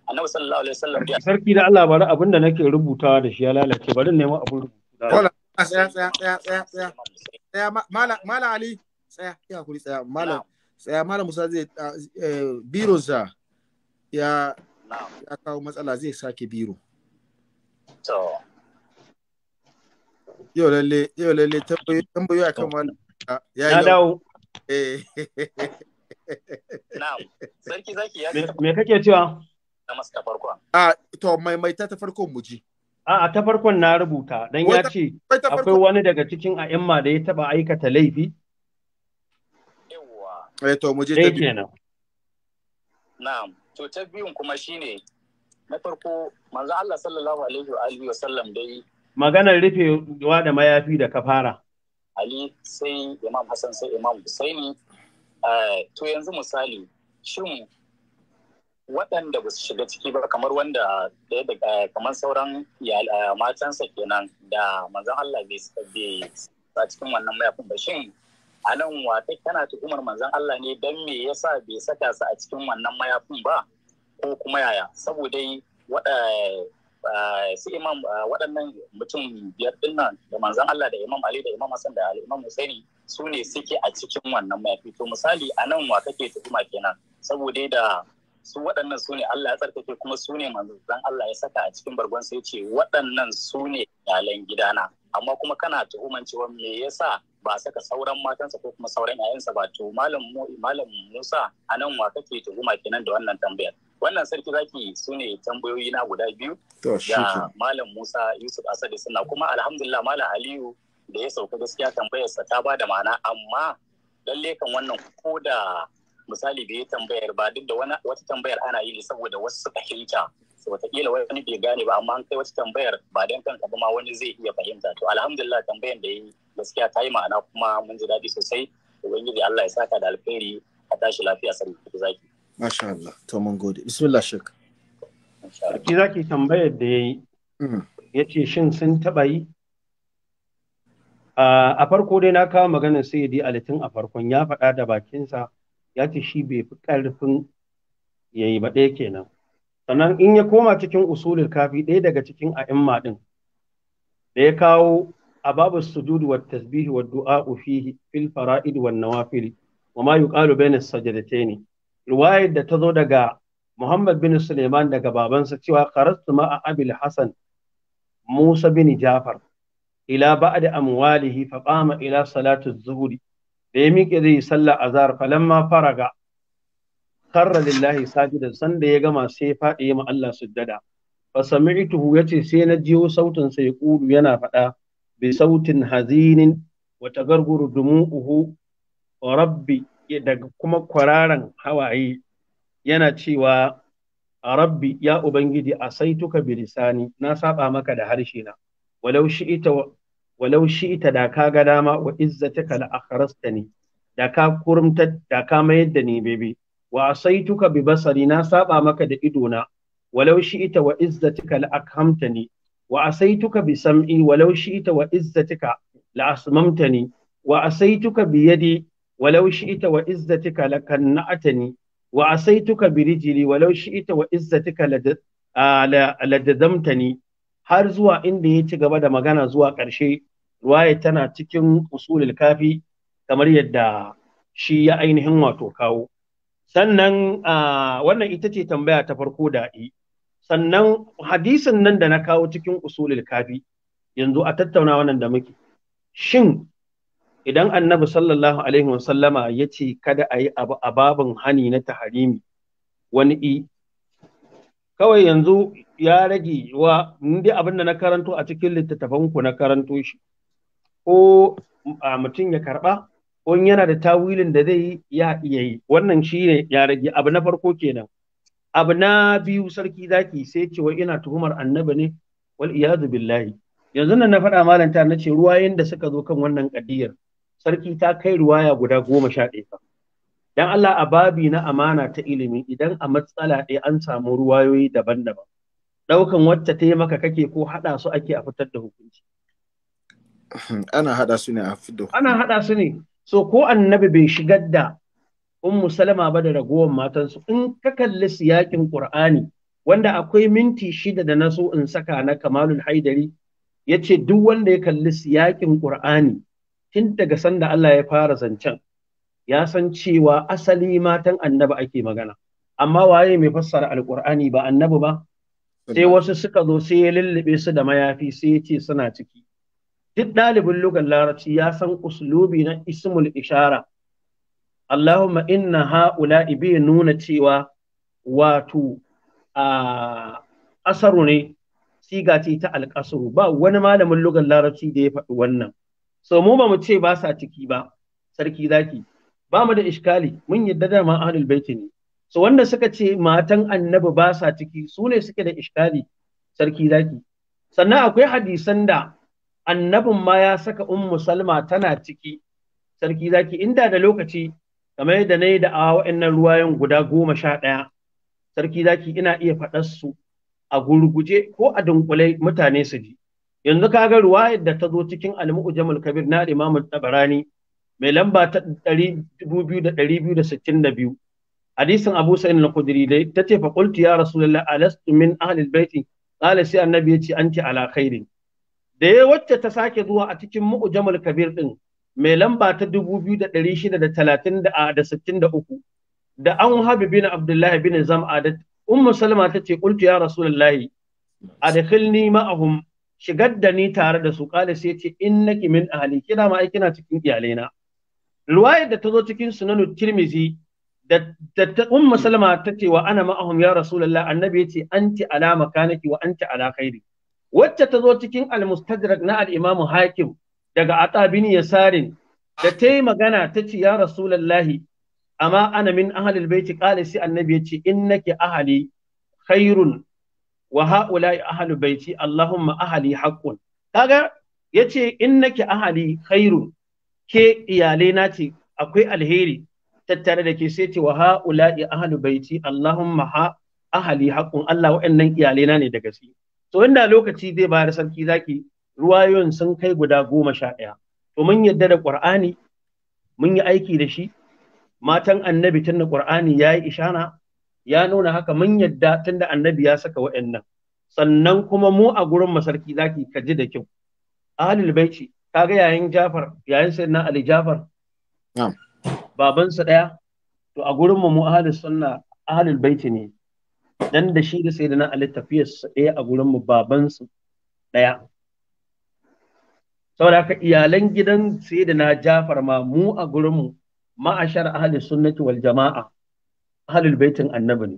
annabi sallallahu alaihi wasallam sarki da Allah bari abin da nake rubuta da shi ya lalace bari neman abin rubuta kola tsaya tsaya tsaya tsaya tsaya tsaya ali tsaya ya kuri tsaya tsaya musa zai eh, biro sa ya ya kawo matsala zai sake biro to yau lalle yau lalle ya dawo eh. [LAUGHS] na'am sarki zaki ya me kake cewa ta farkon. A to ta farko mu ji. A'a ta farkon na rubuta dan ya ce akwai wani daga cikin a'imma da ya taba aikata laifi. Yawwa. Eh to mu ji ta biyu. Na'am. To ta biyun kuma shine na farko manzo Allah sallallahu alaihi wa alihi wasallam dai maganar wa da mayafi da kafara. Ali sai Imam Hassan sai Imam Husaini. Eh, to yanzu misali shin waɗanda ba su shiga ciki ba kamar wanda eh, kamar sauran eh, matansa kenan da manzon Allah bai a cikin wannan mayafin ba shin a nan wata tana tuhumar manzon Allah ne don me yasa bai saka su a cikin wannan mayafin ba ko kuma yaya saboda eh, su imam waɗannan mutum biyar dinnan nan da manzon Allah da imam Ali da imam Hassan da imam Husaini su ne suke a cikin wannan mayafi to misali a nan wa kake tuhuma kenan saboda da su waɗannan su ne Allah ya tsarkake kuma su ne manzan Allah ya saka a cikin bargon sai ce waɗannan su ne iyalan gidana amma kuma kana tuhuman cewa me yasa ba a saka sauran matansa ko kuma sauran yayansa ba to malam mu a nan anan wa kake tuhuma kenan da wannan tambayar wannan sarki zaki su ne tambayoyi na guda biyu da malam Musa Yusuf Asadi suna kuma alhamdulillah malam Aliyu da ya sauka gaskiya tambayarsa ta ba da ma'ana amma lalle kan wannan ko da misali da ya tambayar ba duk da wata tambayar ana yi ne saboda wasu fahimta wataƙila wani bai gane ba amma an kai wata tambayar ba don kanka ba ma wani zai iya fahimta to alhamdulillah tambayar da yi gaskiya ta yi ma'ana kuma mun ji daɗi sosai ubangiji Allah ya saka da alkhairi a tashi lafiya sarki zaki masha Allah to mun gode bismillah shek sarki zaki tambayar da ya yi mm. yace shin sun taɓa yi ah, a farko dai na kawo maganar sayyidi alitin a farkon ya faɗa da bakinsa ya ce shi bai fi ƙarfin ya yi ba ɗaya kenan sannan in ya koma cikin usulul kafi ɗaya daga cikin a'imma ɗin da ya kawo a babu sujudu wa tasbihi wa du'a fihi fil fara'id wa nawafil wa ma yuqalu bayna sajdatayn riwayar da ta zo daga Muhammad bin Suleiman daga babansa cewa qarastu ma'a Abil Hasan Musa bin Jafar ila ba'd amwalihi fa qama ila salati az da ya miƙe zai yi sallah azhar falamma faraga karra lillahi sajidan sanda ya gama sai faɗi ma Allah sujjada fa sami'tuhu yace sai na jiyo sautin sai-kudu yana faɗa bi sautin hazinin wa tagarguru dumu'uhu wa rabbi daga kuma kwararan hawaye yana cewa a rabbi ya ubangiji a saituka bilisani na saba maka da harshe na walau shi'ita walau ita da ka ga dama wa izzatika la akhrastani da ka kurumta da ka mayar da ni bebe wa asaituka bi basari na saɓa maka da idona walau shi ita wa izzatika la akhamtani wa asaituka bi sam'i walau ita wa izzatika la wa bi yadi ita wa la wa bi ita wa la har zuwa inda ya ci gaba da magana zuwa ƙarshe ruwaya tana cikin usulul kafi kamar yadda shi ya ainihin wato kawo sannan wannan ita ce tambaya ta farko da sannan hadisin nan da na kawo cikin usulul kafi yanzu a tattauna wannan da muke shin idan annabi sallallahu alaihi wasallama ya ce kada a yi ababen hani na taharimi wani i kawai yanzu ya rage wa abin da na karanto a cikin littattafanku na karanto shi ko a mutum ya karba ko yana da tawilin da zai ya iya yi wannan shi ne ya rage abu na farko kenan abu na biyu sarki zaki sai cewa ina tuhumar annabi ne wal iyadu billahi yanzu nan na faɗa malanta na ce ruwayen da suka zo kan wannan kadiyar sarki ta kai ruwaya guda goma sha ɗaya dan Allah a babi na amana ta ilimi idan a matsala ɗaya an samu ruwayoyi daban-daban ɗaukan wacce ta yi maka kake ko haɗa su ake a fitar da hukunci. Ana haɗa su ne a fitar da hukunci. Ana haɗa su ne. So ko annabi bai shigar da Ummu Salama ba da ragowar matansu in ka kalli siyakin Qur'ani wanda akwai minti shida da na so in saka na Kamalul Haidari ya ce duk wanda ya kalli siyakin Qur'ani tun daga sanda Allah ya fara zancen ya san cewa asali matan annabi ake magana amma waye mai fassara alqur'ani ba annabi ba sai wasu suka zo sai ya lullube su da mayafi sai ya ce suna ciki duk ɗalibin lugar larabci ya san uslubi na ismul ishara Allahumma inna ha'ula ibi nuna cewa wato a asaru ne siga ce ta alƙasaru. ba wani malamin Lugan larabci da ya faɗi wannan so mu ba mu ce ba sa ciki ba sarki zaki ba mu da iskali mun yadda da ma ahlul baiti ne su wanda suka ce matan annabi ba sa ciki su ne suke da iskali sarki zaki sannan akwai hadisan da annabin ma ya saka ummu salma tana ciki sarki zaki inda da lokaci kamar da na yi da awa wa'annan ruwayan guda goma sha ɗaya sarki zaki ina iya faɗar su a gurguje ko a dunkule mutane su ji yanzu ka ga ruwayar da ta zo cikin almu'ujamul kabir na imamu tabarani mai lamba ta biyu hadisin Abu Sa'id al-Khudri dai tace fa qultu ya Rasulullah alastu min ahli al-baiti qala sai annabi yace anti ala da ya wacce ta sake zuwa a cikin mu'jamul kabir din mai lamba ta 2663 da an habi bin Abdullahi bin Zam'a da Ummu Salma tace qultu ya Rasulullah adkhilni ma'ahum shigar da ni tare da su kala sai ce innaki min ahli kina ma ai kina cikin iyalaina ruwayar da ta zo cikin sunanu tirmizi da umma salama ta ce wa ana ma'ahum ya rasulullah annabi ya ce anti ala makanaki wa anti ala khairi wacce ta zo cikin almustadrak na al-imamu hakim daga ata bin yasarin da ta yi magana ta ce ya rasulallahi amma ana min ahalil baiti qala annabi ya ce innaki ahali khairun wa haula'i ahalul baiti allahumma ahali haqqun kaga yace innaki ahali khairun ke iyalai na ce akwai alheri tattare da ke sai ce wa ha'ula'i ahlu baiti Allahumma ha ahali haƙun Allah waɗannan na ne da gaske to inda lokaci zai bayar sarki zaki ruwayoyin sun kai guda goma sha ɗaya to mun yadda da Qur'ani mun yi aiki da shi matan annabi tun da Qur'ani ya yi ishana ya nuna haka mun yadda tun da annabi ya saka waɗannan sannan kuma mu a gurin sarki zaki ka ji da kyau ahlul baiti kaga yayin Jafar yayin sayyidina Ali Jafar babansa ɗaya to a gurin mu ahlus sunna ahlul baiti ne dan da shi da sayyidina Ali tafiyar sa ɗaya a gurin mu baban ɗaya saboda haka iyalan gidan sayyidina Jafar ma mu a gurin mu ma'ashar ahlus sunnati wal jama'a ahlul baitin annabi ne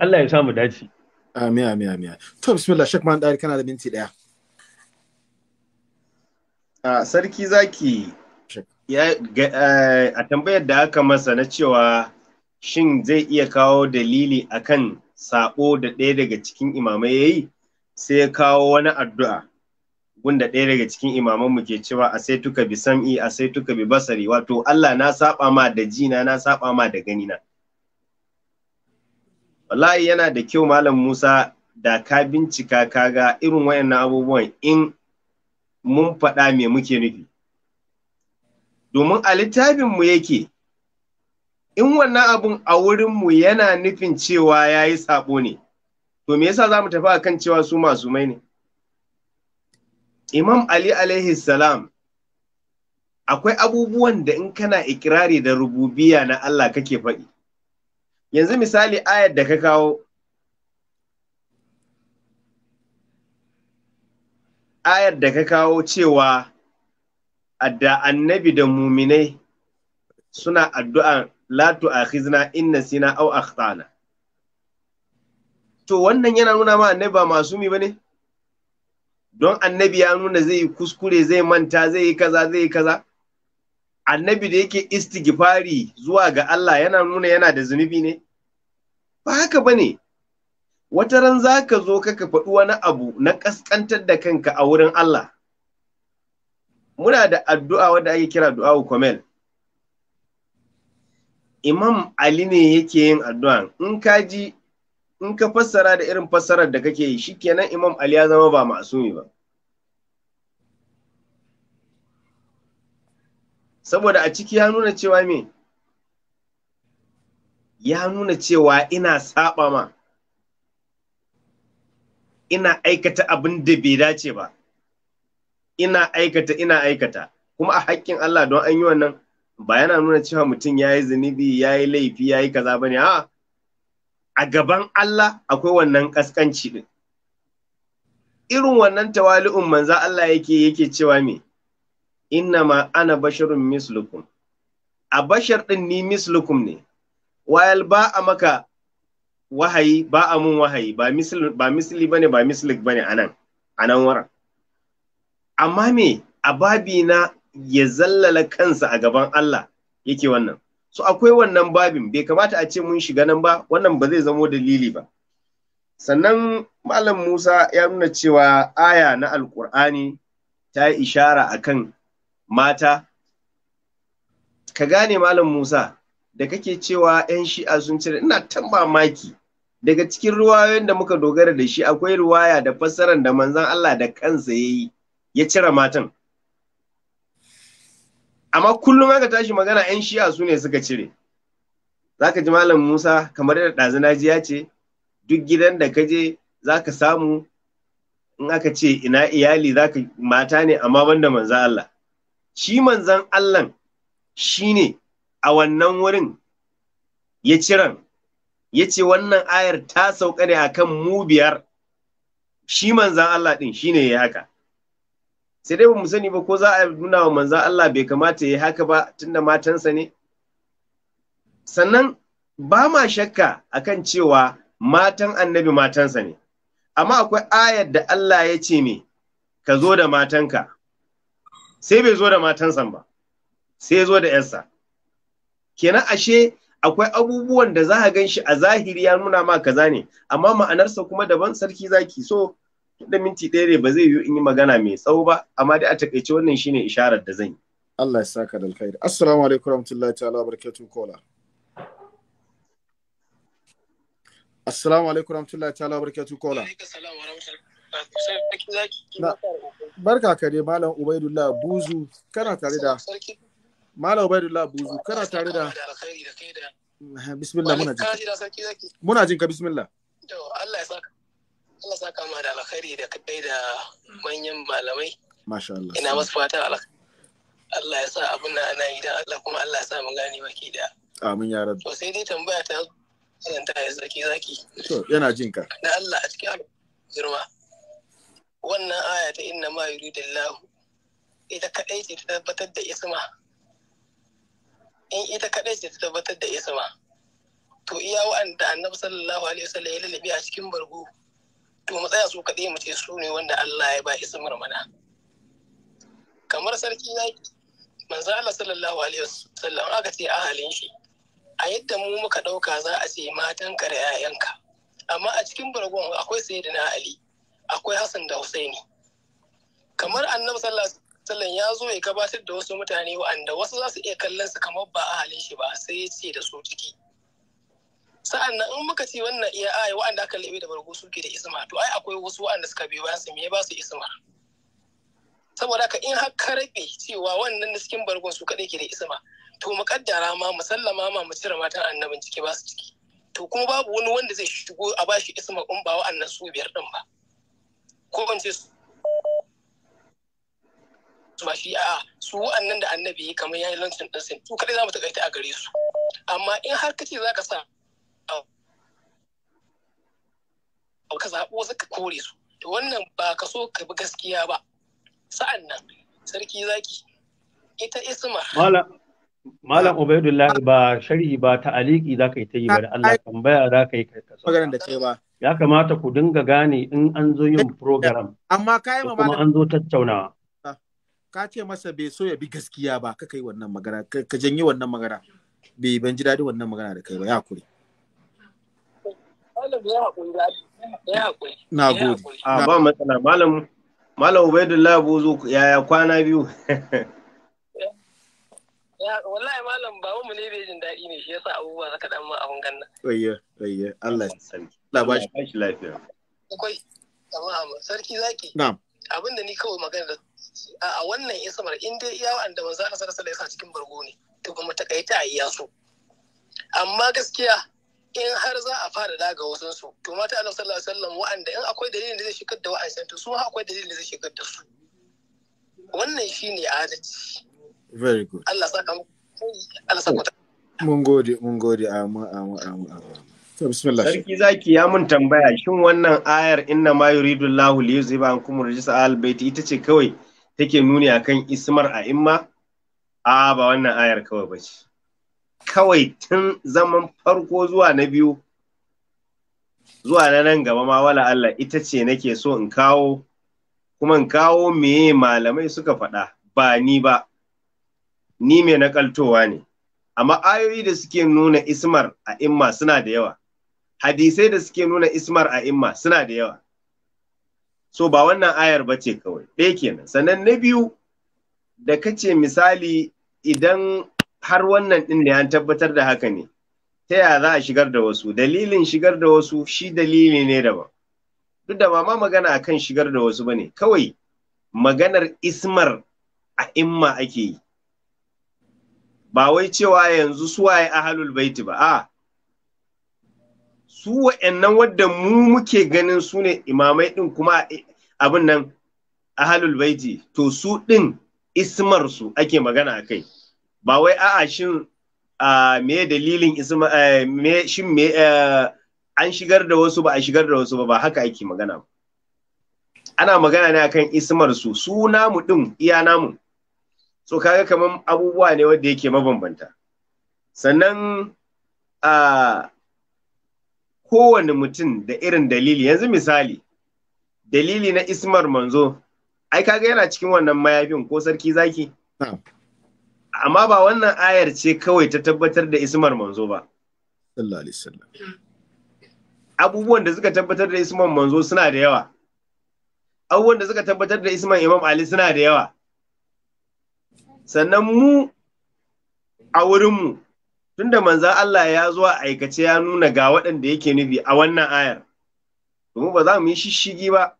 Allah ya samu dace amin amin amin to bismillah shek man dari kana da minti ɗaya a ah, sarki zaki Eh, a tambayar da aka masa na cewa shin zai iya kawo dalili akan sabo da ɗaya daga cikin imamai ya yi sai ya kawo wani addu'a wanda ɗaya daga cikin imamanmu ke cewa a sai tuka bi sam'i a sai tuka bi basari wato Allah na saba ma da jina na saba ma da ganina wallahi yana da kyau malam Musa da ka bincika kaga irin wayannan abubuwan in mun faɗa me muke nufi domin a littafinmu yake in wannan abun a wurinmu yana nufin cewa ya yi sabo ne to me yasa za mu tafi akan cewa su masu mai ne imam ali alaihi salam akwai abubuwan da in kana ikirari da rububiya na Allah kake faɗi yanzu misali ayar da ka kawo ayar da ka kawo cewa da annabi da muminai suna addu'a la tu'akhizna in nasina aw akhtana to wannan yana nuna ma annabi ba masumi bane don annabi ya nuna zai yi kuskure zai manta zai yi kaza zai yi kaza annabi da yake istighfari zuwa ga Allah yana nuna yana da zunubi ne ba haka bane wata za zaka zo kaka faɗi wani abu na kaskantar da kanka a wurin Allah muna da addu'a wanda ake kira du'a'u komel imam ali ne yake yin addu'a in ka ji in ka fassara da irin fassarar da kake yi shikenan imam ali ya zama ba masumi ba saboda a ciki ya nuna cewa me ya nuna cewa ina saɓa ma ina aikata abin da bai dace ba ina aikata ina aikata kuma a hakkin Allah don an yi wannan ba yana nuna cewa mutum ya yi zunubi ya yi laifi ya yi kaza ba ne a gaban Allah akwai wannan ƙasƙanci ɗin irin wannan tawali'un manza Allah yake yake cewa me inna ma ana basharun mislukum a bashar ɗin ni mislukum ne wayal ba a maka wahayi ba a mun wahayi ba misli ba ne ba mislik ne a nan waran amma me a babina ya zallala kansa a gaban Allah yake wannan so akwai wannan babin bai kamata a ce mun shiga nan ba wannan ba zai zamo dalili ba sannan malam Musa ya nuna cewa aya na alkur'ani ta yi ishara kan mata ka gane malam Musa da kake cewa 'yan shi'a sun cire ina tan mamaki daga cikin ruwayoyin da muka dogara da shi akwai ruwaya da fassarar da manzan Allah da kansa ya yi ya cire matan amma kullum aka tashi magana 'yan shi'a su ne suka cire za ka ji malam musa kamar da ɗazina na ya ce duk gidan da ka je za ka samu in aka ce ina iyali za ka mata ne amma banda manzan Allah shi manzan Allah shi ne a wannan wurin ya ciran ya ce wannan ayar ta sauka ne akan mu biyar shi manzan Allah ɗin shi ne ya haka sai dai ba mu sani ba ko za a nuna wa manzan Allah bai kamata ya haka ba tunda matansa ne sannan ba ma shakka a kan cewa matan annabi matansa ne amma akwai ayar da Allah ya ce ne ka zo da matanka sai bai zo da matansa ba sai zo da yarsa kenan ashe akwai abubuwan da za a gan shi a zahiri ya nuna ma kaza ne amma ma'anarsa kuma daban sarki zaki so da minti ɗaya ne ba zai yi in yi magana mai tsawo ba amma dai a takaice wannan shine isharar da zan yi Allah ya saka da alkhairi assalamu alaikum warahmatullahi ta'ala barakatuh kola assalamu alaikum warahmatullahi ta'ala barakatuh kola barka ka dai malam ubaidullah buzu kana tare da malam ubaidullah buzu kana tare da eh, bismillah muna jin muna jin ka bismillah Allah ya saka Allah saka ma da alkhairi da kai da manyan malamai. Masha Allah. Ina masu fata Allah ya sa abin na ana yi da Allah kuma Allah ya sa mu gane baki da. Amin ya rabu. To sai dai tambaya ta karanta ya zaki zaki. To yana jin ka. Da Allah a cikin girma. Wannan aya ta inna ma yuridillahu ita kadai ce ta tabbatar da isma. In ita kadai ce ta tabbatar da isma. To iya wa'anda annabi sallallahu alaihi wasallam ya lalabe a cikin bargo. to mu tsaya su kaɗai mu ce su ne wanda Allah ya ba ismir mana kamar sarki ya manzo Allah sallallahu alaihi wasallam aka ce a ahalin shi a yadda mu muka ɗauka za a ce matanka da 'ya'yanka amma a cikin bargon akwai sayyidina Ali akwai Hassan da Husaini kamar annabi sallallahu alaihi ya zo ya gabatar da wasu mutane wa'anda wasu za su iya kallon su kamar ba halin shi ba sai ya ce da su ciki sa'an nan in muka ce wannan iya yi wa'anda aka lebe da bargo suke da isma to ai akwai wasu wa'anda suka biyo bayan su me ba su isma saboda ka in har ka rabe cewa wannan da cikin bargon su kadai ke da isma to mu kaddara ma musallama ma mu cire matan annabin ciki ba su ciki to kuma babu wani wanda zai shigo a bashi isma in ba wa'annan su biyar din ba ko ban ce su ba shi a su wa'annan da annabi kamar yayin lancin din su kadai za mu taƙaita a gare su amma in har kace zaka sa ka zaɓo wasu ka kore su wannan ba ka so ka bi gaskiya ba sa'an nan sarki zaki ita isma Malam Ubaidullahi ba shari'i ba ta aliki za ka yi ta yi ba da Allah tambaya za ka yi ba. Ya kamata ku dinga gane in an zo yin program. Amma ka yi kuma an zo tattaunawa. Ah, ka ce masa bai so ya bi gaskiya ba ka kai wannan magana ka janye wannan magana bai ban ji daɗi wannan magana da kai ba ya kure. Na gode. Ah, ba matsala, malam Malam Ubaidullah Bozo yaya kwana biyu. [LAUGHS] Wallahi malam babu mu ne bai jin daɗi ne shi yasa abubuwa zaka dan ma abun ganna. Ayya, ayya, Allah ya sani. Allah ba shi lafiya. Akwai amma sarki zaki. Na'am. Abin da ni kawai magana da a wannan isamar in dai iya wanda manzo Allah sallallahu alaihi yasa cikin bargo ne to kuma takaita a iya so. Amma gaskiya in har za a fara daga wasu su to mata annabi sallallahu alaihi wasallam wa'anda in akwai dalilin da zai shigar da wa'ansan to su ma akwai dalilin da zai shigar da su wannan shine adalci very good Allah saka Allah saka mun gode mun gode amma amma amma to bismillah sarki zaki ya mun tambaya shin wannan ayar inna ma yuridu Allahu li yuziba ankum rijsa al baiti ita ce kawai take nuni akan ismar a a ba wannan ayar kawai bace kawai tun zaman farko zuwa na biyu zuwa na nan gaba ma wala Allah ita ce nake so in kawo kuma in kawo meye malamai suka faɗa ba ni ba ni mai nakaltowa ne amma ayoyi da suke nuna ismar a imma suna da yawa hadisai da suke nuna ismar a imma suna da yawa so ba wannan ayar ba ce kawai ɗaya kenan sannan na biyu da kace misali idan har wannan ɗin da an tabbatar da haka ne ta yaya za a shigar da wasu dalilin shigar da wasu shi dalili ne daban duk da ma magana a kan shigar da wasu bane kawai maganar ismar a imma ake yi ba wai cewa yanzu suwaye ahalul baiti ba a su wa'annan wadda mu muke ganin su ne imamai ɗin kuma abin nan ahalul baiti to su ɗin ismar su ake magana a kai ba wai a'a shin me dalilin eh, me shin me eh, an shigar da wasu ba a shigar da wasu ba ba haka ake magana ba ana magana ne akan ismar su su namu din iya namu so kaga kaman abubuwa ne wanda yake mabambanta sannan a kowane mutum da irin dalili yanzu misali dalili na ismar manzo ai kaga yana cikin wannan mayafin ko sarki zaki amma ba wannan ayar ce kawai ta tabbatar da ismar manzo ba abubuwan da suka tabbatar da isman manzo suna da yawa abubuwan da suka tabbatar da isman imam ali suna da yawa sannan mu a wurinmu tunda manzan Allah ya zuwa aikace ya nuna ga waɗanda yake nufi a wannan ayar domin ba za mu yi shishigi ba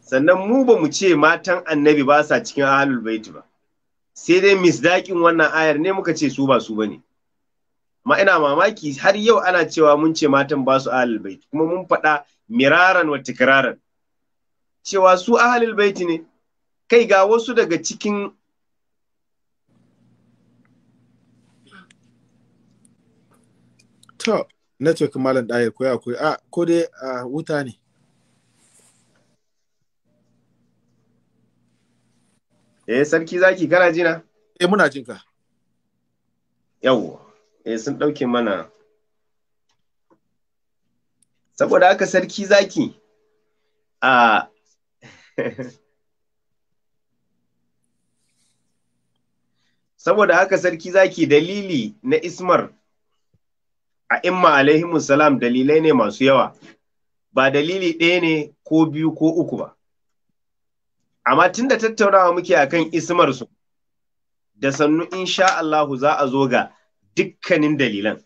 sannan mu ba mu ce matan annabi ba sa cikin ahalul baiti ba sai dai misdaƙin wannan ayar ne muka ce su ba su bane ma ina mamaki har yau ana cewa mun ce matan ba su ahlul bait kuma mun faɗa miraran wa tikraran cewa su ahlul bait ne kai ga wasu daga cikin to network malam ɗayar ko ya ko dai wuta ne Eh sarki zaki kana jina? Eh muna jin ka. Yawo. Eh sun dauke mana. Saboda haka sarki zaki a [LAUGHS] Saboda haka sarki zaki dalili na ismar a imma alaihimus salam dalilai ne masu yawa ba dalili ɗaya ne ko biyu ko uku ba. amma tun da tattaunawa muke a kan ismarsu, da sannu insha Allahu za a zo ga dukkanin dalilan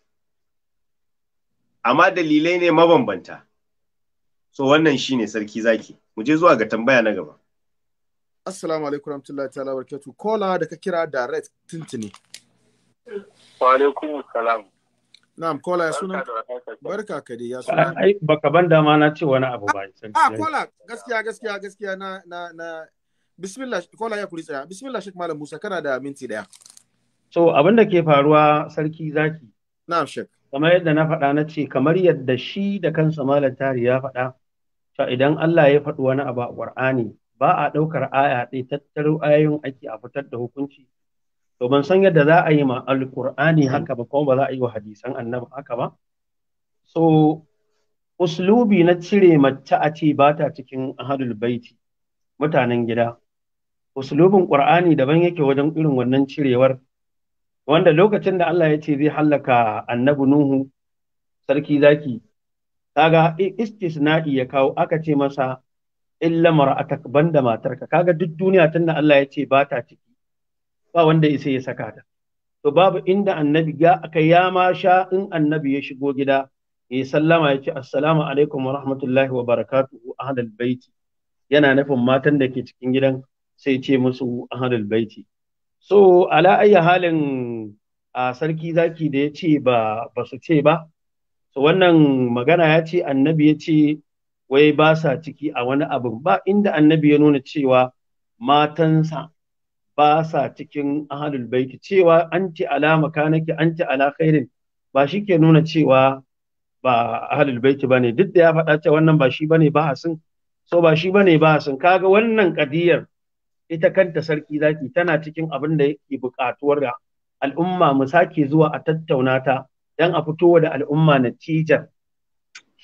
amma dalilai ne mabambanta so wannan shine sarki zaki mu je zuwa ga tambaya na gaba assalamu alaikum rahmatullahi ta'ala barakatuh kola da ka kira direct tuntuni wa alaikum salam Na'am kola ya suna barka ka dai ya suna ai baka ban dama na ce wani abu ba a ah, kola gaskiya gaskiya gaskiya na na na bismillah kola ya kuri tsaya bismillah Sheikh malam Musa kana da minti daya so abin da ke faruwa sarki zaki na'am shek kamar yadda na faɗa na ce kamar yadda shi da kansa malam tari ya faɗa to idan Allah ya faɗi wani abu a ƙur'ani, ba a ɗaukar aya ɗaya tattaro ayoyin ake a fitar da hukunci to ban san yadda za a yi ma alkur'ani mm-hmm. haka ba kuma ba za a yi wa hadisan annabi haka ba so uslubi na cire mace a ce ba ta cikin ahadul baiti mutanen gida uslubin qur'ani daban yake wajen irin wannan cirewar wanda lokacin da Allah ya ce zai hallaka annabi nuhu sarki zaki kaga istisna'i ya kawo aka ce masa illa mar'atak banda matarka kaga duk duniya tunda Allah ya ce ba ta ciki ba wanda isa ya saka ta to babu inda annabi ya aka ya ma sha in annabi ya shigo gida ya sallama ya ce assalamu alaikum wa rahmatullahi wa barakatuhu ahlul baiti yana nufin matan da ke cikin gidan sai ce musu ahlul baiti so ala ayya halin a sarki zaki da ya ce ba ba su ce ba so wannan magana ya ce annabi ya ce wai ba sa ciki a wani abin ba inda annabi ya nuna cewa matansa ba sa cikin ahlul baiti cewa anti ala makanaki anti ala khairin ba shi ke nuna cewa ba ahlul baiti ne. duk da ya faɗa cewa wannan ba shi ne ba hasin so ba shi ne ba hasin kaga wannan kadiyar ita kanta sarki zaki tana cikin abin da yake buƙatuwar da al'umma mu sake zuwa a tattauna ta dan a fito da al'umma na tijar.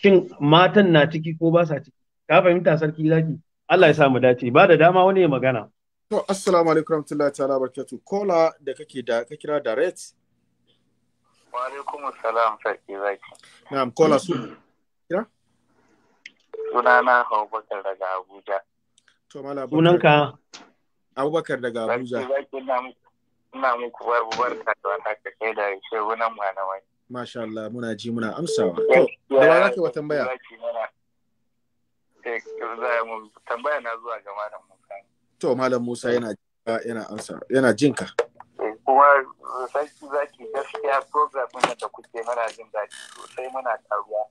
shin matan na ciki ko ba sa ciki ka fahimta sarki zaki Allah ya sa mu dace ba da dama wani ya magana To, so, assalamu alaikum rahmatullahi ta'ala barkatu. Kola da kake da ka kira direct. Wa alaikum assalam sarki zaki. Na'am, Kola su. Kira? Sunana Abubakar daga Abuja. To, mala Sunanka? Abubakar daga Abuja. Sarki zaki na ina muku barka da wata kai da shegunan malamai. Masha Allah, muna ji muna amsawa. To, da wa zaka wa tambaya? Tambaya na zuwa ga malam Musa. to malam Musa yana yana amsa yana jinka eh, kuma sarki zaki gaskiya program ɗin da kuke mana jin daɗi sosai muna karuwa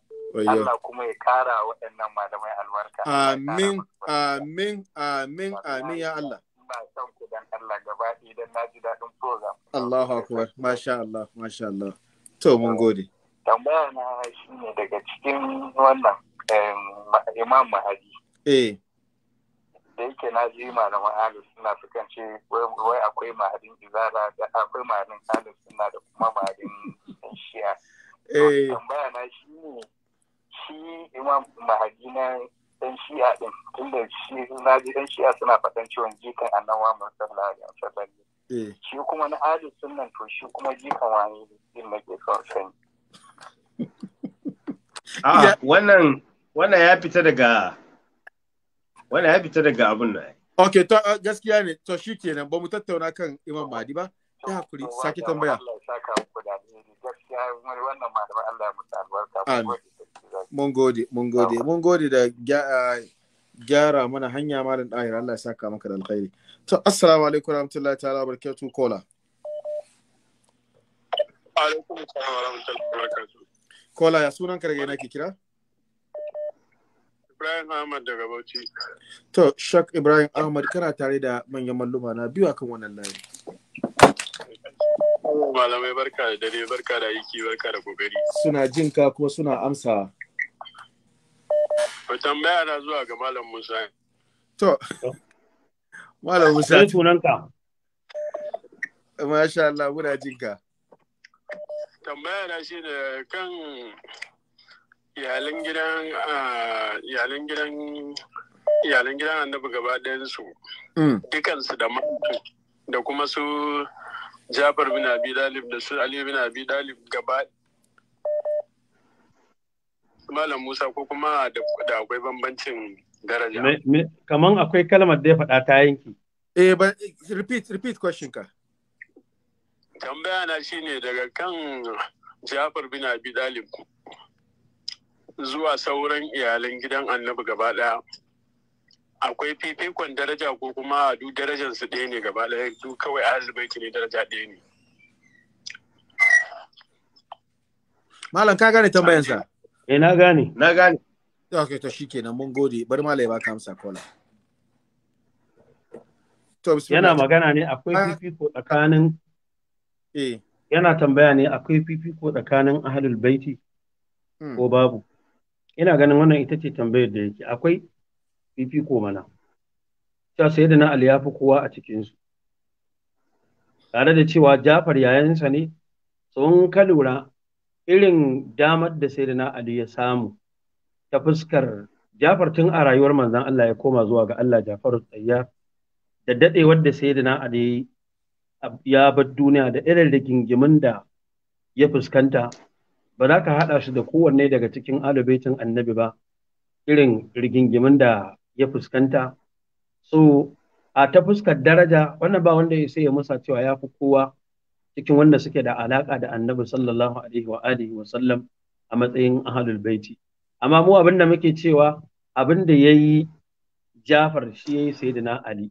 Allah kuma ya kara waɗannan malamai albarka amin amin amin amin ya Allah ina son ku dan Allah gaba idan na ji daɗin program Allahu akbar masha Allah masha Allah to mun eh, gode tambaya na shine daga cikin wannan eh, imam mahadi eh da yake na ji malaman alis suna sukan ce wai akwai ma'adin izara da akwai ma'adin alis suna da kuma ma'adin shiya eh. tambaya na shi ne shi imam mahaji na dan shiya din tunda shi na ji dan shiya suna faɗan ciwon jikan annawa musalla da musalla eh. shi kuma na alis sunan to shi kuma jikan wani din na ke son sani ah, wannan ya fita daga Wani ya fita daga abun nan. Ok, to gaskiya ne, to shi kenan ba mu tattauna kan Imam Mahdi ba. Ya hakuri, sake tambaya. wannan Mun gode, mun gode, mun gode da gyara mana hanya malin ɗahira Allah ya saka maka da alkhairi. To, assalamu alaikum rahmatullahi ta'ala wa barakatuh kola. Kola ya sunan ka daga yana ke kira? Ibrahim Ahmad daga Bauchi. To, Shak Ibrahim Ahmad kana tare da manyan malluma na biyu akan wannan layi. Malamai barka da dare, barka da aiki, barka da kokari. Suna jin ka kuma suna amsa. Ba tambaya na zuwa ga Malam Musa. To, Malam Musa. Sai sunanka. Masha Allah, muna jin ka. Tambaya na shi da kan iyalan gidan ah, iyalin gidan iyalin gidan annabi gaba ɗayansu mm. dukansu da mantu da kuma su jafar bin abi dalib da su ali bin abi dalib gaba malam musa ko kuma da akwai bambancin daraja kaman akwai kalmar da ya faɗa ta yanki eh ba repeat repeat question ka tambaya na shine daga kan jafar bin abi dalib zuwa sauran iyalan gidan annabi gaba ɗaya akwai fifikon daraja ko kuma duk darajar su ɗaya ne gaba ɗaya duk kawai ahlul ne daraja ɗaya ne malam ka gane tambayansa eh na gane na gane okay to kenan mun gode bari malam ya baka amsa kola yana magana ne akwai ah. fifiko tsakanin eh. yana tambaya ne akwai fifiko tsakanin ahlul baiti hmm. ko babu ina ganin wannan ita ce tambayar da yake akwai fifiko mana ta sai da na aliyafi kowa a cikinsu tare da cewa jafar yayansa ne tsohon ka lura irin damar da sai da na ali ya samu ta fuskar jafar tun a rayuwar manzan Allah ya koma zuwa ga Allah jafar tsayya da dadewar da sai da na ali ya bar duniya da irin gingimin da ya fuskanta ba za ka haɗa shi da kowanne daga cikin alubaitin annabi ba irin rigingimin da ya fuskanta so a ta fuskar daraja wannan ba wanda ya sai ya musa cewa ya fi kowa cikin wanda suke da alaka da annabi sallallahu alaihi wa alihi wa sallam a matsayin ahlul baiti amma mu abin da muke cewa abin da ya jafar shi yayi yi sayyidina ali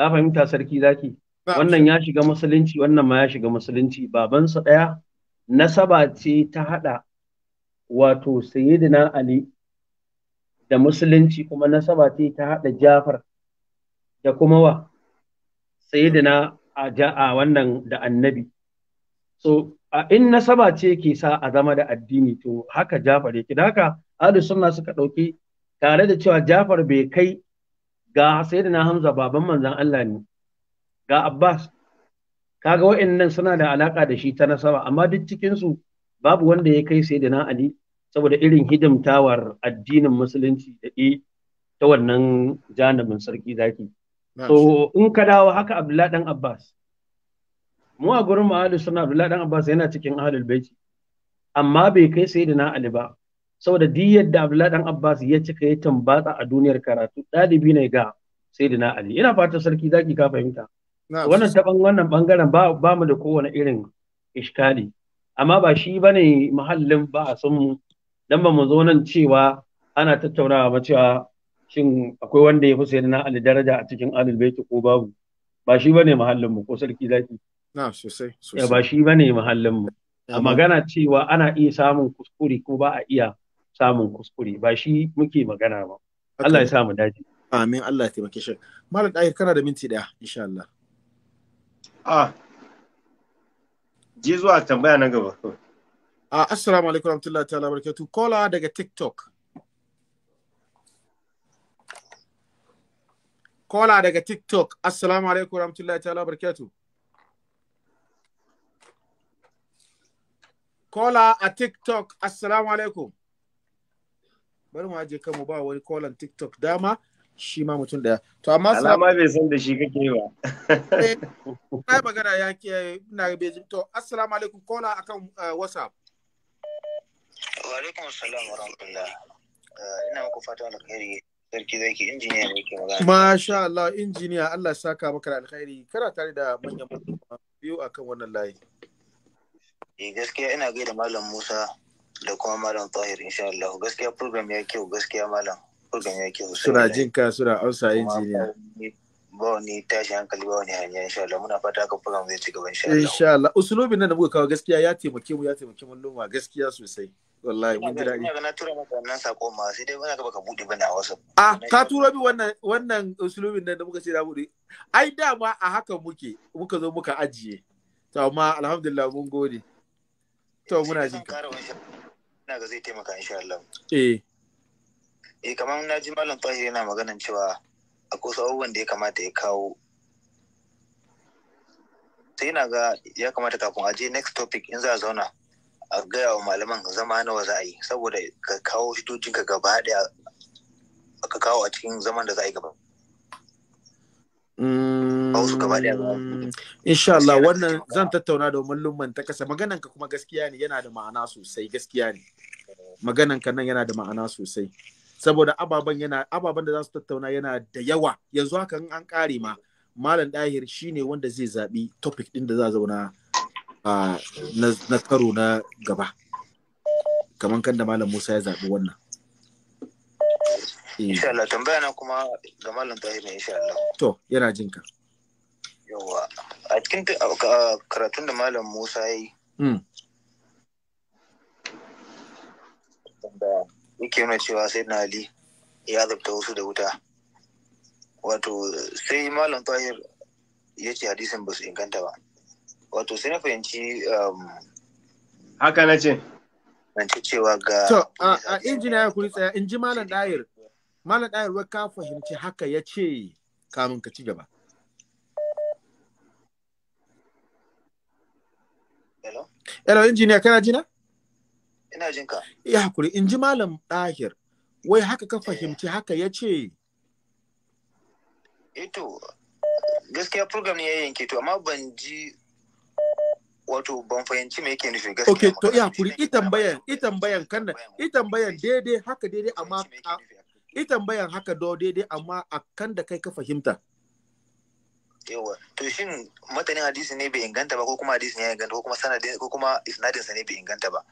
ka fahimta sarki zaki wannan ya shiga musulunci wannan ma ya shiga musulunci babansa ɗaya nasaba ce ta haɗa wato sayyidina Ali da musulunci kuma nasaba ce ta haɗa Jafar da kuma wa sayyidina a wannan da annabi so a in nasaba ce ke sa a zama da addini to haka Jafar yake da haka ahlus sunna suka ɗauki tare da cewa Jafar bai kai ga sayyidina Hamza baban manzon Allah ne ga Abbas kaga wa'annan suna da alaka da shi ta nasaba amma duk cikin su babu wanda ya kai na ali saboda irin hidimtawar addinin musulunci da e ta wannan janibin sarki zaki so in ka dawo haka abdullahi dan abbas mu a gurin suna abdullahi dan abbas yana cikin ahlul baiti amma bai kai na ali ba saboda duk yadda abdullahi dan abbas ya cika ya tambatsa a duniyar karatu ɗalibi ne ga na ali ina fata sarki zaki ka fahimta wannan ta wannan bangaren ba mu da kowane irin iskali amma ba shi ba ne muhallin ba a mu don ba mu zo nan cewa ana tattaunawa ba cewa shin akwai wanda ya fi sayar na ali daraja a cikin alul baiti ko babu ba shi ba ne muhallin mu ko sarki zaki na sosai ba shi ba ne muhallin mu a magana cewa ana iya samun kuskure ko ba a iya samun kuskure ba shi muke magana ba Allah ya sa mu amin Allah ya taimake shi malam dahir kana da minti daya insha Allah a je zuwa tambaya na gaba a assalamu alaikum rahmatullahi ta'ala barakatu kola daga tiktok kola daga tiktok assalamu alaikum rahmatullahi ta'ala barakatu kola a tiktok assalamu alaikum bari mu aje kanmu ba wani kolan tiktok dama shi ma mutum daya to amma alama bai san da shi kake ba eh, ai magana ya ke ina bai to assalamu alaikum kola akan eh, whatsapp wa alaikum assalam wa rahmatullah eh, ina muku fata alkhairi sarki zaki injiniya ne ke magana masha Allah injiniya Allah ya saka maka da alkhairi kana tare da manyan mutum biyu akan wannan layi eh gaskiya ina gaida malam Musa da kuma malam Tahir insha Allah gaskiya program ya kyau gaskiya malam Ogan yake Hussein. Suna jinka suna injiniya. Ba wani tashi hankali ba wani insha Allah muna fata zai ci gaba insha Allah. Insha Allah nan da muka kawo gaskiya ya taimake mu ya taimake mu lumma gaskiya sosai. wallahi mun ji daɗi. Ina na tura maka wannan sako ma sai dai wani ka baka buɗe bana wasu. Ah ka turo bi wannan wannan usulubin nan da muka ce da buɗe. Ai dama a haka muke muka zo muka ajiye. To amma alhamdulillah mun gode. To muna jin ka. Ina ga zai taimaka insha Allah. Eh. eh kamar na ji malam tahir yana maganan cewa a kusa abubuwan da ya kamata ya kawo sai na ga ya kamata kafin a je next topic in za a zauna a gaya wa malaman zama nawa za a yi saboda ka kawo shidojin ka gaba daya ka kawo a cikin zaman da za a yi gaba mm, Insha Allah wannan zan tattauna da mallumman ta kasa maganan ka kuma gaskiya ne yana da ma'ana sosai gaskiya ne maganan ka nan yana da ma'ana sosai saboda ababen yana ababen da za su tattauna yana da yawa yanzu haka in an kare ma malam dahir shine wanda zai zaɓi topic ɗin da za zauna na karo na gaba kamar kan da malam musa ya zaɓi wannan eh. insha Allah tambaya na kuma ga malam dahir ne insha Allah to yana jin ka yawa a cikin karatun da malam musa ya yi hmm. yake nuna cewa sai na ali ya zabta wasu da wuta wato sai malam tahir ya ce hadisin ba su inganta ba wato sai na fahimci um, haka na ce fahimci cewa ga to a injiniya ya kuri tsaya in ji malam tahir malam tahir wai ka fahimci haka ya ce kamun ka ci gaba Hello, I do that? ina jin ka eh, ya hakuri in ji malam ɗahir wai haka ka eh. fahimci haka ya ce ito eh, gaskiya program ne ya yanke to amma ban ji wato ban fahimci me yake nufi gaskiya okay to ya kuri i tambayan i tambayan kan i tambayan daidai haka daidai amma i tambayan haka do daidai amma a kan da kai ka fahimta yawa to shin matanin hadisi ne bai inganta ba ko kuma hadisi ne ya inganta ko kuma sanadin ko kuma isnadin sa ne bai inganta ba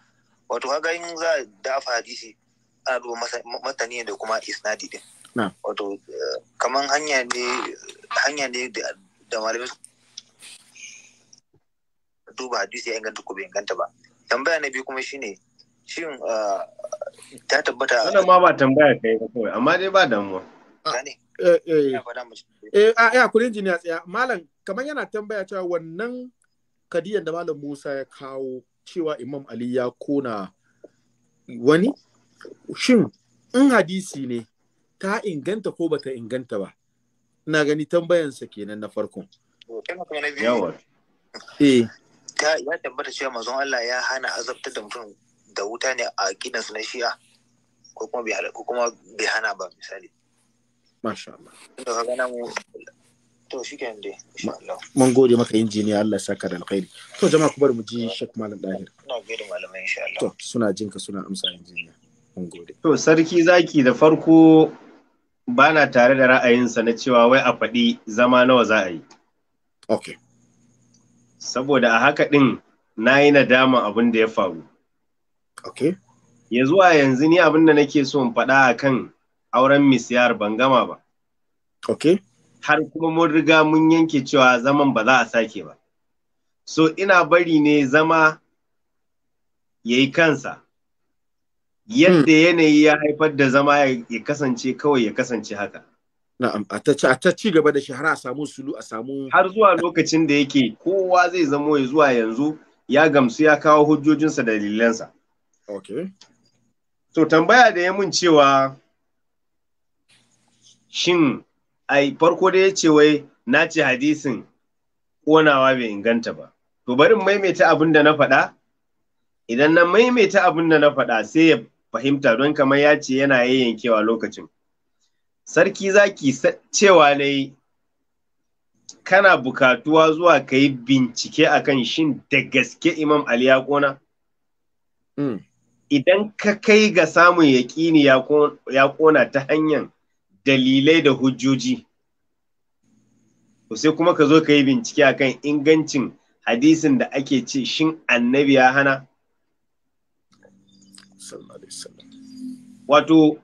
wato kaga in za a dafa hadisi a duba matani da kuma isnadi din wato eh, kaman hanya ne hanya ne da malamai duba hadisi ya inganta ko bai inganta ba tambaya na biyu kuma shine shin eh, ta tabbata wannan ma ba tambaya kai ba kawai amma dai ba damuwa eh eh eh, eh a kurin jini a tsaya malam kamar yana tambaya cewa wannan kadiyan da malam Musa ya kawo cewa Imam Ali ya kona wani? Shin in hadisi ne ta inganta ko bata inganta ba? Ina gani tambayansa kenan na farko. Yawa. Eh. Ya tabbata cewa manzon Allah ya hana azabtar da mutum da wuta ne a gidansu na shi'a ko kuma bai hana ba misali. Masha Allah. to shi ke mun gode maka injiniya Allah ya saka da alkhairi to jama'a ku bar mu ji shek malam dahir na gode malamai to suna jin ka suna amsa injiniya mun gode to sarki zaki da farko bana tare da ra'ayinsa na cewa wai a faɗi zama nawa za a yi okay saboda a haka din na yi nadama abin da ya faru okay ya zuwa yanzu ni abin da nake so in faɗa akan auren misiyar ban gama ba okay har kuma mun riga mun yanke cewa zaman ba za a sake ba so ina bari ne zama ya yi kansa yadda hmm. yanayi ya haifar da zama ya kasance kawai ya kasance haka Na'am, a ta ci gaba da shi har a samu sulu a samu. Har zuwa lokacin da yake kowa zai zamo ya zuwa yanzu ya gamsu ya kawo hujjojinsa da dalilansa. Ok. To tambaya da ya mun cewa shin ai farko da ya ce wai na ce hadisin ƙonawa bai inganta ba to barin maimaita abin da na faɗa idan na maimaita abin da na faɗa sai ya fahimta don kamar ya ce yana yayyankewa lokacin sarki zaki cewa ne kana bukatuwa zuwa ka yi bincike akan shin da gaske imam ali ya ƙona mm. idan ka kai ga samun yaƙini ya ƙona ta hanyar dalilai da hujjoji sai kuma ka zo ka yi bincike akan ingancin hadisin da ake ce shin annabi ya hana wato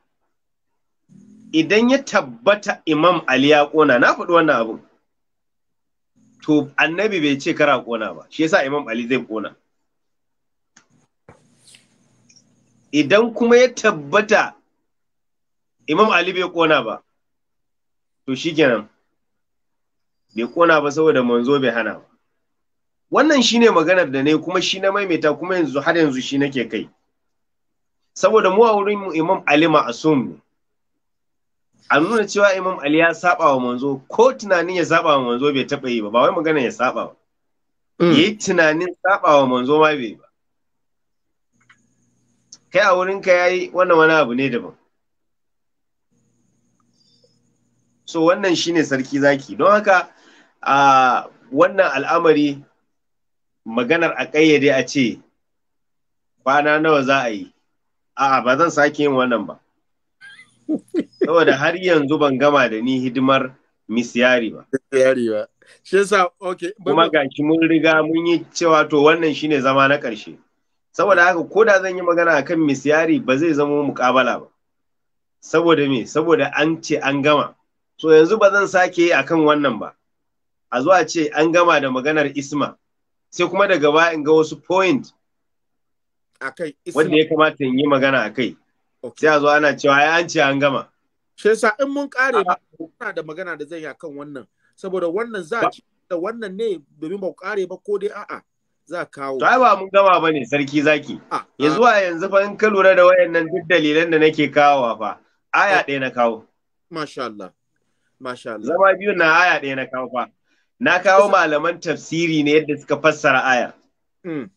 idan ya tabbata imam ali ya kona na faɗi wannan abin to annabi bai ce kara kona ba shi yasa imam ali zai kona idan kuma ya tabbata Imam Ali bai kona ba, to shi kenan, bai kona ba saboda manzo bai hana ba. Wannan shi ne maganar da ne kuma shi na maimaita kuma yanzu har yanzu shi nake kai. Saboda mu a wurin Imam Ali ma'asum ne. A nuna cewa Imam Ali ya saba wa manzo ko tunanin ya saba wa manzo bai taɓa yi ba, ba wai magana ya saba ba. Mm. Yi tunanin saba wa manzo ma bai ba. Kai a wurin ya yi wannan wani abu ne daban. so wannan shine sarki zaki don haka a wannan al'amari maganar a ƙayyade a ce kwana nawa za a yi a'a ba zan sake yin wannan ba saboda har yanzu ban gama da ni hidimar misiyari ba misiyari ba shi kuma gashi mun riga mun yi cewa to wannan shine zama na ƙarshe saboda haka ko da zan yi magana akan misiyari ba zai zama mukabala ba saboda me saboda an ce an gama so yanzu ba zan sake yi kan wannan ba a zuwa ce an gama da maganar isma sai kuma daga ba in ga wasu point wanda ya kamata in yi magana a kai sai a zuwa ana cewa ya an ce an gama Shesa in mun kare ba kuna da magana da zan yi kan wannan saboda wannan za ci da wannan ne domin ba ku kare ba ko dai a'a za a kawo to yi ba mun gama ba ne, sarki zaki ya zuwa yanzu fa in ka lura da wayannan duk dalilan da nake kawowa fa aya ɗaya na kawo masha Allah Masha Allah. Zama biyu na aya ɗaya na kawo fa. Na kawo malaman tafsiri ne yadda suka fassara aya. Mm.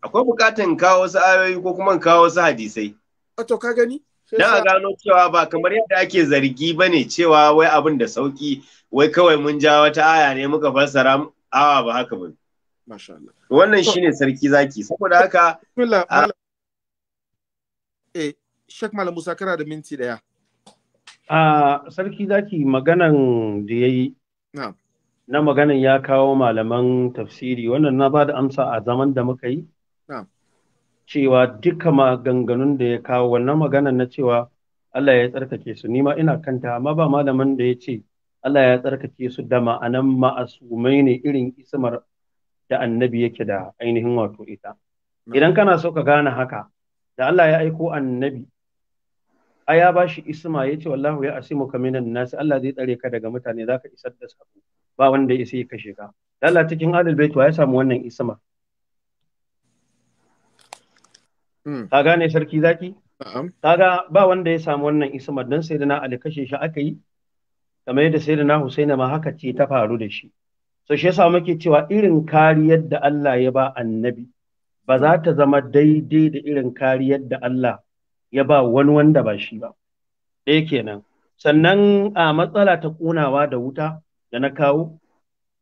Akwai bukatan kawo wasu ayoyi ko kuma kawo wasu hadisai. A to ka gani? Na gano cewa ba kamar yadda ake zargi ba ne cewa wai abin da sauki wai kawai mun ja wata aya ne muka fassara awa ba haka ba. Masha Allah. Wannan shine sarki zaki saboda haka. Eh, Sheikh Malam Musa kana da minti daya. a sarki zaki maganan da ya yi na maganan ya kawo malaman tafsiri wannan na ba da amsa a zaman da muka yi cewa duka maganganun da ya kawo wannan maganan na cewa Allah ya tsarkake su nima ina kanta amma ba malamin da ya ce Allah ya tsarkake su da ma'anan ma'asumai ne irin ismar da annabi yake da ainihin wato ita idan kana so ka gane haka da Allah ya aiko annabi a ya shi isma ya ce wallahu ya asimuka minan nasi Allah zai tsare ka daga mutane zaka isar da sako ba wanda ya sai kashe ka Allah cikin adal bait ya samu wannan isma hmm. ka gane sarki zaki kaga ba wanda ya samu wannan isma dan sayyidina ali kashe shi aka yi kamar yadda sayyidina na husaina ma haka ce ta faru da shi so shi yasa muke cewa irin kariyar da Allah ya ba annabi ba za ta zama daidai da irin kariyar da Allah ya ba wani wanda ba shi ba ɗaya kenan sannan a matsala ta ƙunawa da wuta da na kawo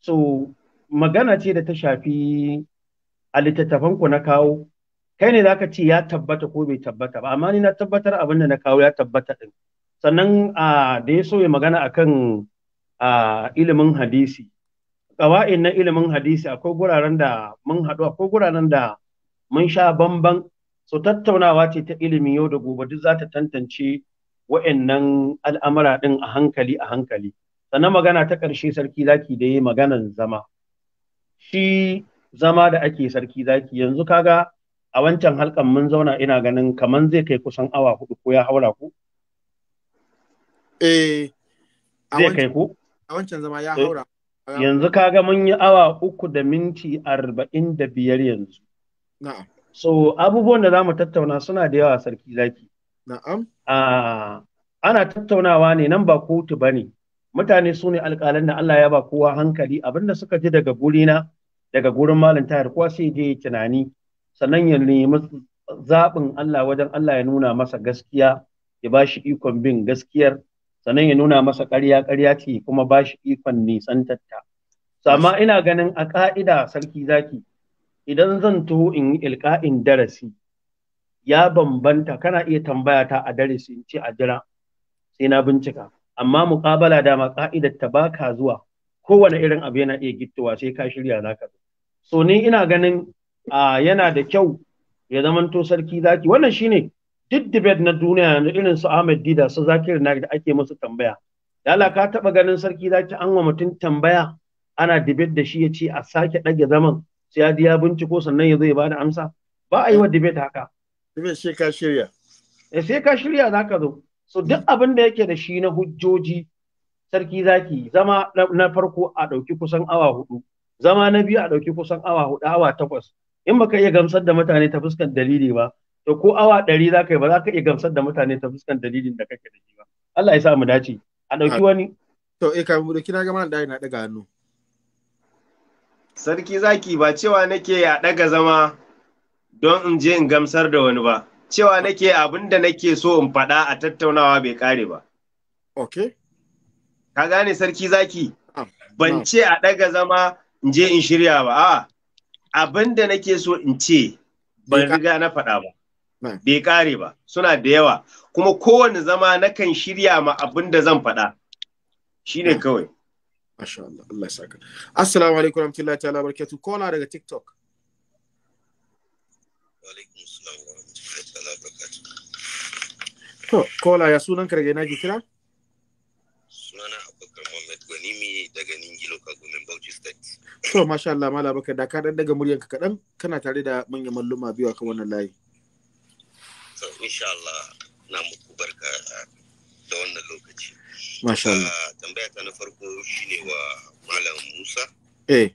so magana ce da ta shafi a littattafanku na kawo kai ne zaka ce ya tabbata ko bai tabbata ba amma ni na tabbatar abin da na kawo ya tabbata din sannan da ya so ya magana akan ilimin hadisi ƙawa'in na ilimin hadisi akwai guraren da mun haɗu akwai guraren da mun sha bamban so tattaunawa ce ta ilimi yau da gobe duk za ta tantance wa'annan al'amura ɗin a hankali a hankali sannan magana ta ƙarshe sarki zaki da yi maganan zama shi zama da ake sarki zaki yanzu kaga a wancan halkan mun zauna ina ganin kaman zai kai kusan awa hudu ko ya haura ku eh zai kai ku a wancan zama ya eh, haura yanzu kaga mun yi awa uku da minti arba'in da biyar yanzu na'am So abubuwan da za mu tattauna suna da yawa sarki zaki. Na'am. Uh, ana tattaunawa ne nan ba kotu ba ne. Mutane su ne alƙalan da Allah ya ba kowa hankali abin da suka ji daga gurina daga gurin malam tayar kowa sai je tunani sannan ya nemi zaɓin Allah wajen Allah ya nuna masa gaskiya ya ba shi ikon bin gaskiyar sannan ya nuna masa ƙarya ƙarya ce kuma ba shi ikon nisan tatta. Sama ina ganin a ƙa'ida sarki zaki idan zan taho in yi ilka'in darasi ya bambanta kana iya tambaya ta a darasi in ce a jira sai na bincika amma muƙabala dama ka'idar ta baka zuwa kowane irin abu yana iya gittowa sai ka shirya za ka so ni ina ganin yana da kyau ya zamanto sarki zaki wannan shine duk debate na duniya da irin su Ahmed Dida su Zakir Naik da ake musu tambaya Lala ka taɓa ganin sarki zaki an wa mutum tambaya ana dibet da shi ya ce a sake ɗage zaman sai ya diya binciko sannan ya ya bada amsa ba a yi wa hmm. debate haka debate sai ka shirya eh sai ka shirya ka zo so duk hmm. abin da yake da shi na hujjoji sarki zaki zama na farko a ɗauki kusan awa hudu zama na biyu a ɗauki kusan awa hudu awa takwas in baka iya gamsar da mutane ta fuskan dalili ba to ko awa ɗari za ka yi ba za ka iya gamsar da mutane ta fuskan dalilin da kake da shi ba Allah ya sa mu dace a ɗauki wani to eh kafin mu dauki na gama da na ɗaga hannu Sarki zaki ba cewa nake a ɗaga zama don in je in gamsar da wani ba, cewa nake abin da nake so in faɗa a tattaunawa bai ƙare ba. Ok. Ka gane sarki zaki? Ah, ban ce a ɗaga zama in je in shirya ba, a abin da nake so in ce ban riga na faɗa ba. Bai ƙare ba, suna da yawa, kuma kowane zama nakan shirya ma abin da zan faɗa. Shi ne kawai. Masha Allah, Allah ya saka. Assalamu alaikum warahmatullahi ta'ala barakatuh. Kola daga TikTok. Wa alaikum assalam warahmatullahi ta'ala barakatuh. To, kola ya sunan ka na ke kira? Sunana Abubakar Muhammad Gwanimi daga Ningi Local Government Bauchi State. To, masha Allah, Mala Abubakar, da ka dan daga muryanka kaɗan kana tare da manyan malluma biyu akan wannan layi. To, insha Allah, na muku barka da wannan Masha Allah. Ah, tambaya ta na farko shine wa Malam Musa. Eh.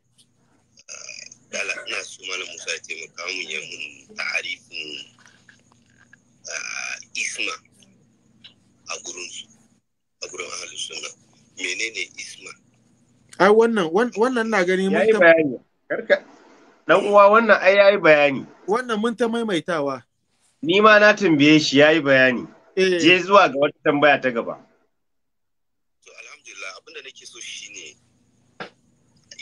Ah, dala ina so Malam Musa ya taimaka mun ya mun ta'arifin ah, isma a gurin su a gurin ahlus sunna. Menene isma? Ai wannan wannan na gani mun ta bayani. Karka dan uwa wannan ai yayi bayani. Wannan mun ta maimaitawa. Ni ma na tambaye shi yayi bayani. Eh. Je zuwa ga wata tambaya ta gaba. abin da nake so shine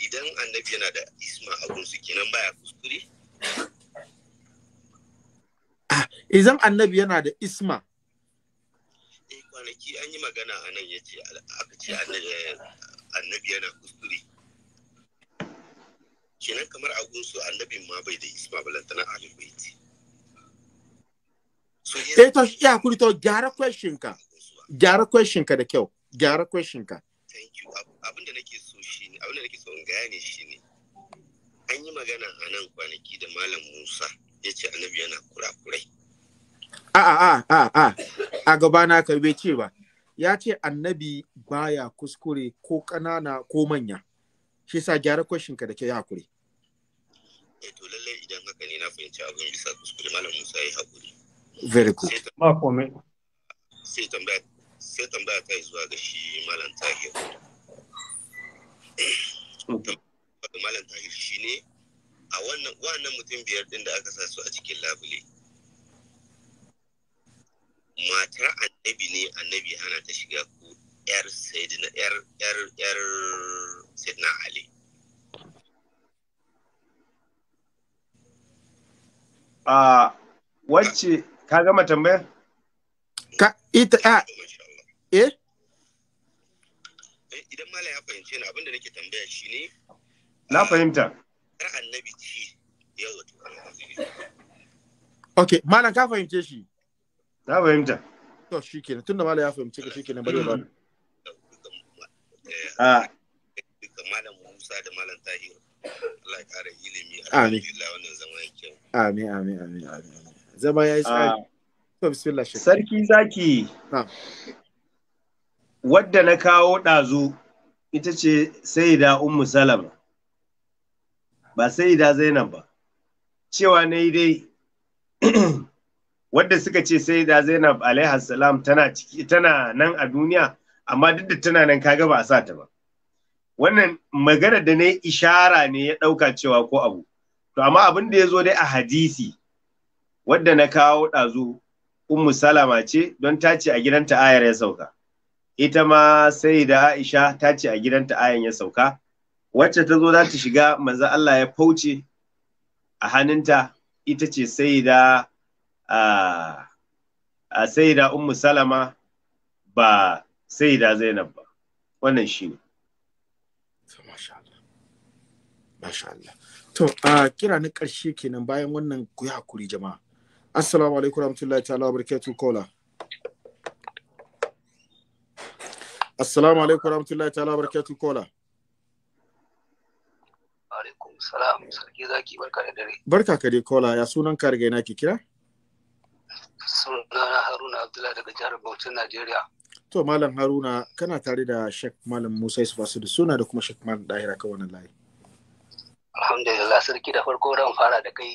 idan annabi yana da isma a gunsu kenan baya kuskure ah, idan annabi yana da isma eh kwanaki an yi magana a nan yace aka ce eh, annabi yana kuskure kenan kamar a gunsu annabi ma bai da isma balantana ahlul baiti eh to ya kuri to gyara question ka gyara question ka da kyau gyara question ka thank you abin da nake so shi ne abin da nake so in gane shi ne an yi magana a nan kwanaki da malam musa ya ce annabi yana kurakurai a a a a a a gabana ka bai ce ba ya ce annabi baya kuskure ko ƙanana ko manya shi sa gyara kwashin ka da ke hakuri eh to lallai idan haka ne na fahimci abin bisa kuskure malam musa ya hakuri very good ma komai sai tambaya sai tambaya ta zuwa ga shi malam tahir malam tahir shi ne a wannan mutum biyar din da aka sa su a cikin labule matar annabi ne annabi hana ta shiga ku yar saidina ali a wacce ka gama tambayar ka ita a. Eh? eh idan mala ya fahimce ni abinda nake tambaya shi ne na fahimta kar annabi yau ok malam ka fahimce shi na fahimta to shi ya fahimce ka shi bari ba eh, a ah. malam Musa da malam Tahir Allah ya ilimi amin amin amin amin zama yayi tsari ah. bismillah sarki zaki na'am wadda na kawo ɗazu ita ce saida ummu salama ba saida zainab ba cewa na yi dai [CLEARS THROAT] wadda suka ce saida zainab alaihassalam tana ciki tana nan a duniya amma duk da tana nan kaga ba a sa ta ba wannan magana da na ishara ne ya ɗauka cewa ko abu to amma abin da ya zo dai a hadisi wadda na kawo ɗazu ummu salama ce don ta ce a gidanta ayar ya sauka ita ma sai da Aisha ta ce a gidanta ayan ya sauka wacce ta zo za ta shiga manzo Allah ya fauce a hannunta ita ce sai da a sai da ummu salama ba sai da zainab ba wannan shi ne masha Allah to a kira na ƙarshe kenan bayan wannan ku yi hakuri jama'a assalamu alaikum warahmatullahi ta'ala wa barakatuh kola Assalamu alaikum warahmatullahi ta'ala barakatuh kola. Alaikum salam sarki zaki barka da dare. Barka ka dai kola ya sunan ka rigaina ke kira? Sunana Haruna Abdullahi daga jihar Bauchi Najeriya. To malam Haruna kana tare da Sheikh Malam Musa Isfasu da suna da kuma Sheikh Malam Dahira ka wannan layi. Alhamdulillah sarki da farko ran fara da kai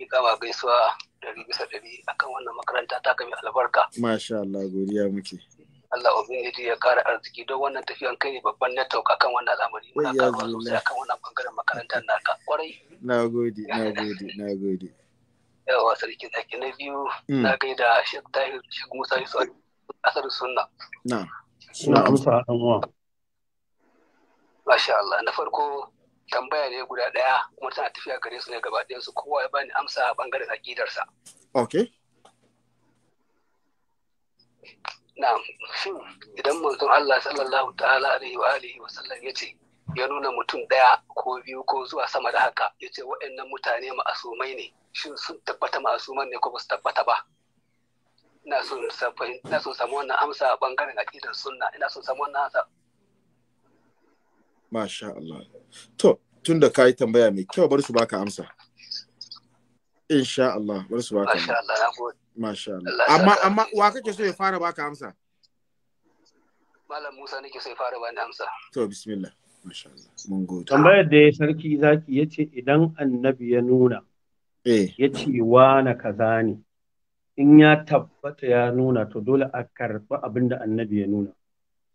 ki kama gaisuwa dari bisa dari akan wannan makaranta ta kami albarka. Masha Allah godiya muke. Allah ubangiji ya kara arziki don wannan tafiyan kai ne babban network akan wannan al'amari muna karuwa sosai akan wannan bangaren makarantar naka kwarai na gode na gode na gode yawa sarki zaki na biyu mm. na gaida shek tahir shek musa yusuf asar sunna na suna amsa al'amura masha Allah na farko tambaya ne guda daya kuma tana tafiya gare su ne gaba su kowa ya bani amsa a bangaren akidarsa okay na'am idan manzon Allah sallallahu ta'ala alaihi wa alihi wa sallam yace ya nuna mutum daya ko biyu ko zuwa sama da haka yace waɗannan mutane ma'asumai ne shin sun tabbata ma'asuman ne ko ba su tabbata ba ina so ina son samu wannan amsa a bangaren aqidar sunna ina son samu wannan amsa masha Allah to tunda yi tambaya mai kyau bar su baka amsa Insha Allah, bari su baka. Masha Allah, Masha Allah. Amma amma wa kake so ya fara baka amsa? Malam Musa nake so ya fara bani amsa. To bismillah. Masha Allah. Mun gode. Tambayar da ya sarki zaki yace idan annabi ya nuna. Eh. Yace wa na kaza ne. In ya tabbata ya nuna to dole a karɓi abin da annabi ya nuna.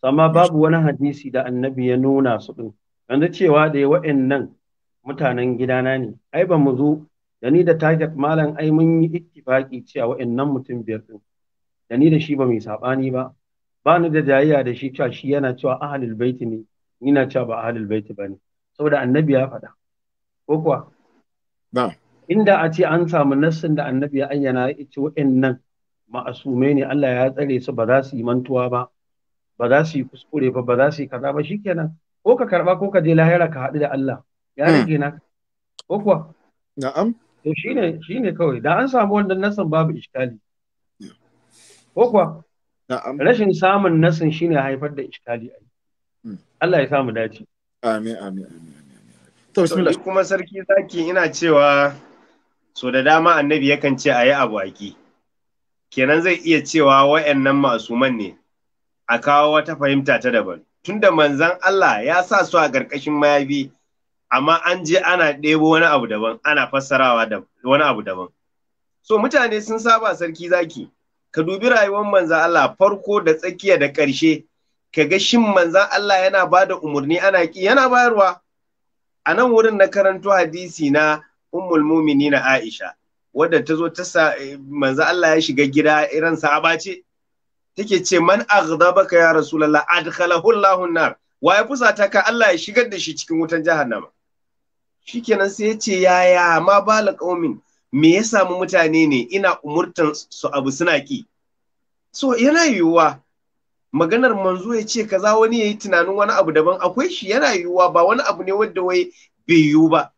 Amma babu wani hadisi da annabi ya nuna su ɗin. Yanzu cewa da ya wa'annan mutanen gidana ne, ai ba mu zo da ni da target malam ai mun yi ittifaki cewa wa'annan mutum biyar din da ni da shi ba mai sabani ba ba ni da jayayya da shi cewa shi yana cewa ahlul baiti ne ni na cewa ba ahlul baiti bane saboda annabi ya faɗa ko kuwa na inda a ce an samu nassin da annabi ya ayyana ya ce wa'annan ma'asume ne Allah ya tsare su ba za su yi mantuwa ba ba za su yi kuskure ba ba za su yi kaza ba shikenan ko ka karba ko ka je lahira ka haɗu da Allah ya hmm. rage naka ko kuwa na'am to shine shine kawai da an samu wannan nasin babu iskali ko kuwa rashin samun nasin shine haifar da iskali hmm. Allah ya samu dace amin amin amin to bismillah kuma sarki zaki ina cewa so da dama annabi yakan ce ayi abu aki kenan zai iya cewa wa'annan masuman ne a kawo wata fahimta ta daban tunda Manzon Allah ya sa su a ƙarƙashin mayabi amma an je ana ɗebo wani abu daban ana fassarawa da wani abu daban so mutane sun saba sarki zaki ka dubi rayuwar manzan Allah farko da tsakiya da ƙarshe ka ga shin manzan Allah yana ba da umarni ana ki yana bayarwa a nan wurin na karanto hadisi na ummul na Aisha wadda ta zo ta manzan Allah ya shiga gida irin sahaba ce take ce man aghdabaka ya rasulullah adkhalahu Allahun nar wa ya fusata ka Allah ya shigar da shi cikin wutan jahannama shikenan sai ya ce yaya ma bala kaumin me ya samu mutane ne ina umurtan su abu suna ki so yana yiwuwa maganar manzo ya ce kaza wani ya yi tunanin wani abu daban akwai shi yana yiwuwa ba wani abu ne wadda wai bai yiwu ba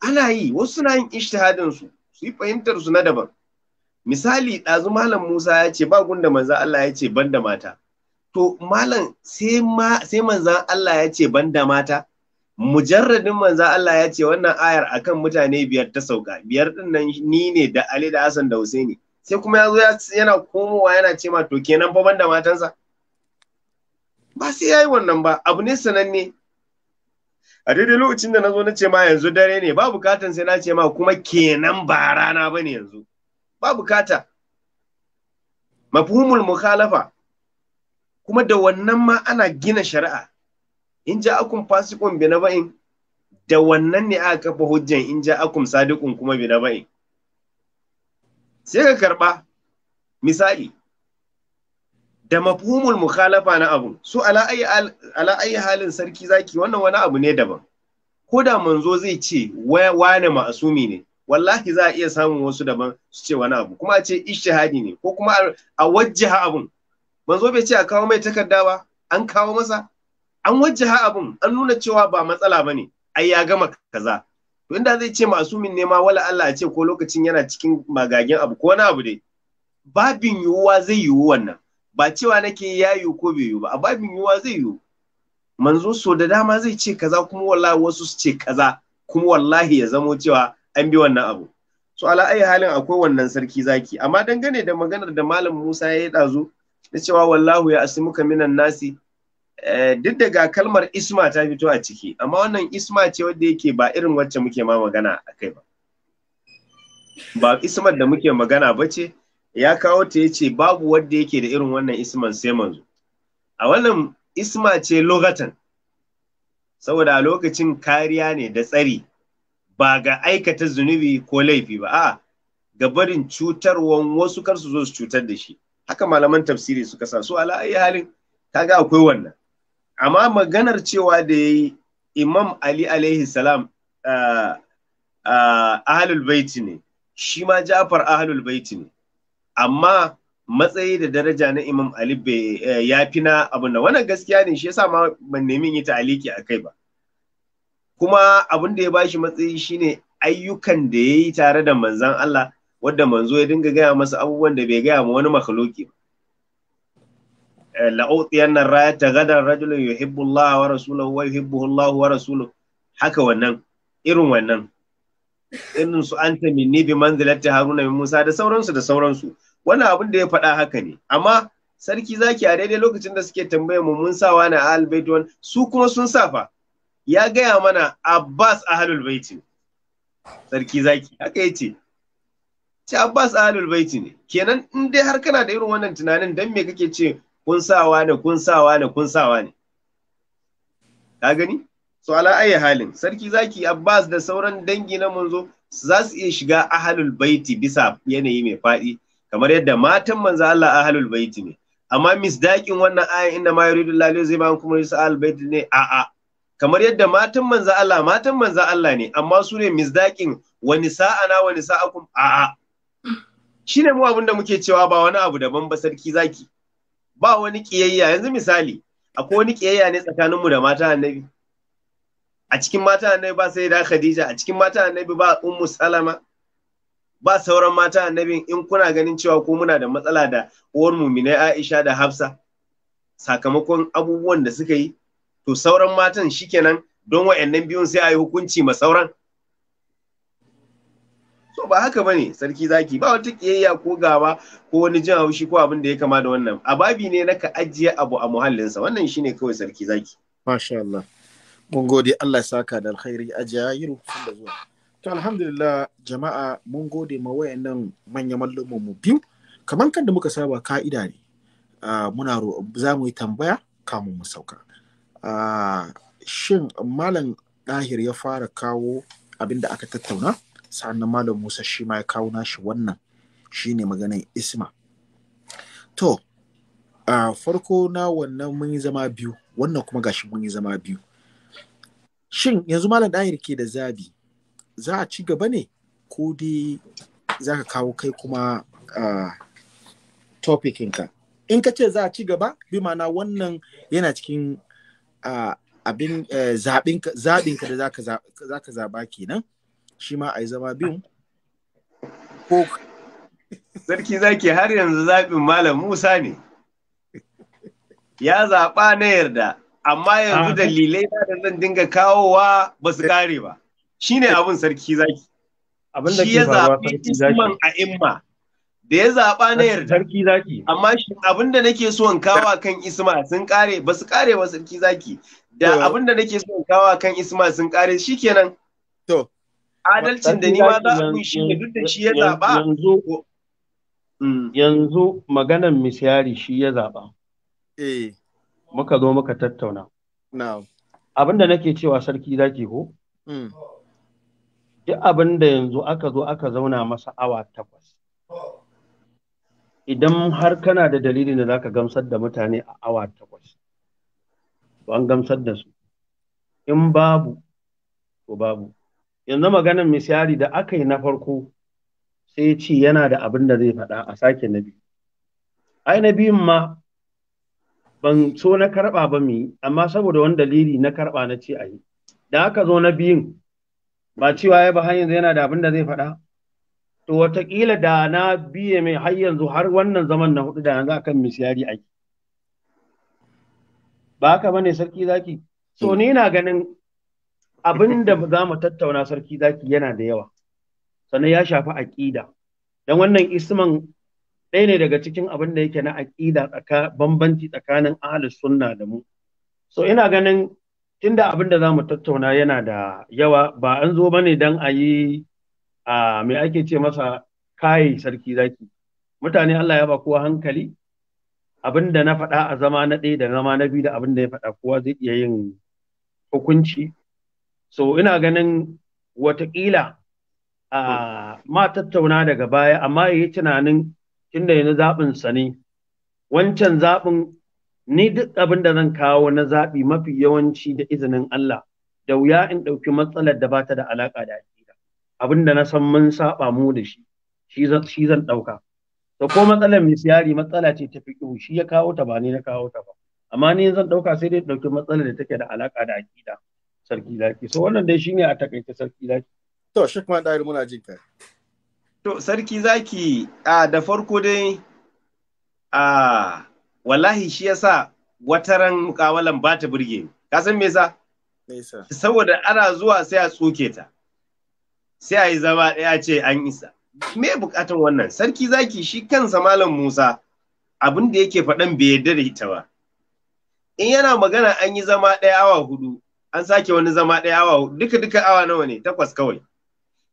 ana yi wasu suna yin ishtihadin su su yi fahimtar su na daban misali ɗazu malam Musa ya ce ba gunda manzo Allah ya ce banda mata to malam sai ma manzan Allah ya ce banda mata mujarradin manzo Allah ya ce wannan ayar akan mutane biyar ta sauka biyar din nan ni ne da Ali da Hassan da Husaini sai kuma ya zo yana komowa yana ce ma to kenan fa banda matansa ba sai yayi wannan ba abu ne sananne a daidai lokacin da na zo na ce ma yanzu dare ne ba bukatan sai na ce ma kuma kenan ba rana ba ne yanzu ba bukata mafhumul mukhalafa kuma da wannan ma ana gina shari'a in ja akun fasiqun bi naba'in da wannan ne aka kafa hujjan in ja akum sadiqun kuma bi naba'in sai ka karba misali da mafhumul mukhalafa na abu su ala ayi halin sarki zaki wannan wani abu ne daban ko da manzo zai ce wane ma'asumi ne wallahi za a iya samun wasu daban su ce wani abu kuma a ce ishtihadi ne ko kuma a wajjaha abun manzo bai ce a kawo mai takarda ba an kawo masa an ha abun an nuna cewa ba matsala ba ne ai ya gama kaza to inda zai ce masu ne nema wala Allah ya ce ko lokacin yana cikin magagen abu ko wani abu dai babin yiwuwa zai yiwu wannan ba cewa nake ya yiwu ko bai yiwu ba a babin yiwuwa zai yiwu manzo so da dama zai ce kaza kuma wallahi wasu su ce kaza kuma wallahi ya zamo cewa an bi wannan abu so ala ai halin akwai wannan sarki zaki amma dangane da maganar da malam Musa ya yi dazu na cewa wallahu ya asimuka minan nasi Eh, duk daga kalmar isma ta fito a ciki amma wannan isma ce wadda yake ba irin wacce muke ma magana a kai ba ba ismar da muke magana ba ce ya kawo ta yace babu wadda yake da irin wannan isman sai manzo a wannan isma ce logatan saboda a lokacin kariya ne da tsari ba ga aikata zunubi ko laifi ba a ga barin cutarwan wasu kar su zo su cutar da shi haka malaman tafsiri suka sa su ala halin kaga akwai wannan amma maganar cewa da ya yi imam ali alaihi salam ahalul baiti ne shi ma ja'far ahalul baiti ne amma matsayi da daraja na imam ali eh, ya fi na abin da wannan gaskiya ne shi yasa ma ban nemi yi ta'aliki a kai ba kuma abin da ya bashi matsayi shine ayyukan da ya yi tare da manzan Allah wadda manzo ya dinga gaya masa abubuwan da bai gaya ma wani makhluki ba la'utiyan nan raya ta gadar rajulun yuhibbu Allah wa rasuluhu wa yuhibbuhu Allah wa rasuluhu haka wannan irin wannan irin su anta ni bi manzilati haruna min musa da sauransu da sauransu wannan abin da ya faɗa haka ne amma sarki zaki a daidai lokacin da suke tambayar mu mun sawa na ahlul bait su kuma sun safa ya gaya mana abbas ahlul bait sarki zaki haka yace ce abbas ahlul bait ne kenan in dai har kana da irin wannan tunanin dan me kake ce kun sawa ne kun sawa ne kun sawa ne ka gani so ala ayi halin sarki zaki abbas da sauran dangi na manzo za su iya shiga ahalul baiti bisa yanayi mai faɗi kamar yadda matan manzo Allah ahalul baiti ne amma misdaƙin wannan ayan inda ma yuridu lalai zai bayan kuma yusa ahalul baiti ne a'a kamar yadda matan manzo Allah matan manzo Allah ne amma su ne misdaƙin wani sa'a na wani sa'a sa'akum a'a shine mu abin da muke cewa ba wani abu daban ba sarki zaki ba wani kiyayya yanzu misali akwai wani kiyayya ne tsakaninmu da mata annabi a cikin mata annabi ba sai da khadija a cikin mata annabi ba ummu salama ba sauran mata annabi in kuna ganin cewa ko muna da matsala da uwar muminai aisha da hafsa sakamakon abubuwan da suka yi to sauran matan shikenan don wa'annan biyun sai a yi hukunci ma sauran to ba haka bane sarki zaki ba wata kiyayya ko gaba ko wani jin haushi ko abin da ya kama da wannan a babi ne na ka ajiye abu a muhallinsa wannan shine kawai sarki zaki masha Allah mun gode Allah saka da alkhairi ajayiru tun da zuwa to alhamdulillah jama'a mun gode ma wayannan manyan mallumin mu biyu kamar kan da muka saba ka'ida ne ah, muna za mu yi tambaya kamun mu sauka ah, shin malam ɗahir ya fara kawo abin da aka tattauna sannan malam musa shi ma ya kawo nashi wannan shine maganan isma to a farko na wannan mun yi zama biyu wannan kuma gashi mun yi zama biyu shin yanzu malam dahir ke da zabi za a ci gaba ne ko dai za ka kawo kai kuma uh, in ka ce za a ci gaba bi mana wannan yana cikin uh, abin eh, zaɓinka da za ka zaɓa kenan shi ma a yi zama biyun ko sarki zaki har yanzu zaɓin malam musa ne ya zaɓa na yarda amma yanzu ah. dalilai na da zan dinga kawowa ba su kare ba Shi ne abin sarki zaki abin da ke faruwa sarki zaki a imma da ya zaɓa na yarda sarki zaki amma shi abin da nake so in kawa kan isma sun kare ba su kare ba sarki zaki da abin da nake so in kawa kan isma sun kare shikenan to adalcin da ni ma za a kunshi ne duk da shi ya zaɓa. Yanzu mm. yanzu maganan misiyari shi ya zaɓa. Eh. Muka zo muka tattauna. Na'am. Abin da nake cewa sarki zaki ko? Mm. Duk abin da yanzu aka zo aka zauna masa awa takwas. Idan har kana da dalilin da zaka gamsar da mutane a awa takwas, to an gamsar da su. In babu, to babu. yanzu maganin misali da aka yi na farko sai ya ce yana da abin da zai faɗa a sake na biyu ai na biyun ma ban so na karɓa ba mu yi amma saboda wani dalili na karɓa na ce a yi da aka zo na biyun ba cewa ya ba hanyar yana da abin da zai faɗa to watakila da na biye mai har yanzu har wannan zaman na hudu da yanzu akan misiyari yi ba haka bane sarki zaki so ni na ganin abin da [LAUGHS] za mu tattauna sarki zaki yana da yawa sannan ya shafi aƙida don wannan isman ɗaya ne daga cikin abin da yake na aƙida bambanci tsakanin ahlus sunna da mu so ina ganin tunda abin da za mu tattauna yana da yawa ba an zo ba ne don a yi a me ake ce masa kayi sarki zaki mutane Allah ya ba kowa hankali abin da na faɗa a zama na ɗaya da zama na biyu da abin da ya faɗa kowa zai iya yin hukunci so ina ganin watakila uh, hmm. ma tattauna daga baya amma yi tunanin tunda yanzu zaɓin sa ne wancan zaɓin ni duk abin da zan kawo na zaɓi mafi yawanci da izinin Allah da wuya in ɗauki matsalar da bata da alaƙa da aƙida abin da na san mun saɓa mu da shi shi zan ɗauka to ko matsalar siyari matsala ce ta fiƙihu shi ya kawo ta ba ni na kawo ta ba amma ni zan ɗauka sai dai ɗauki matsalar da take da alaƙa da aƙida sarki zaki so wannan dai shine a takaice sarki zaki to shi kuma da muna jin ka to sarki zaki a da farko dai a wallahi shi yasa wataran mukawalan ba ta burge ka san me yasa saboda ana zuwa sai a tsoke ta sai a yi zama ɗaya ce an isa me bukatan wannan sarki zaki shi kansa malam musa abin da yake faɗan bai yarda da ita ba in yana magana an yi zama ɗaya awa hudu an sake wani zama ɗaya awa duka duka awa nawa ne takwas kawai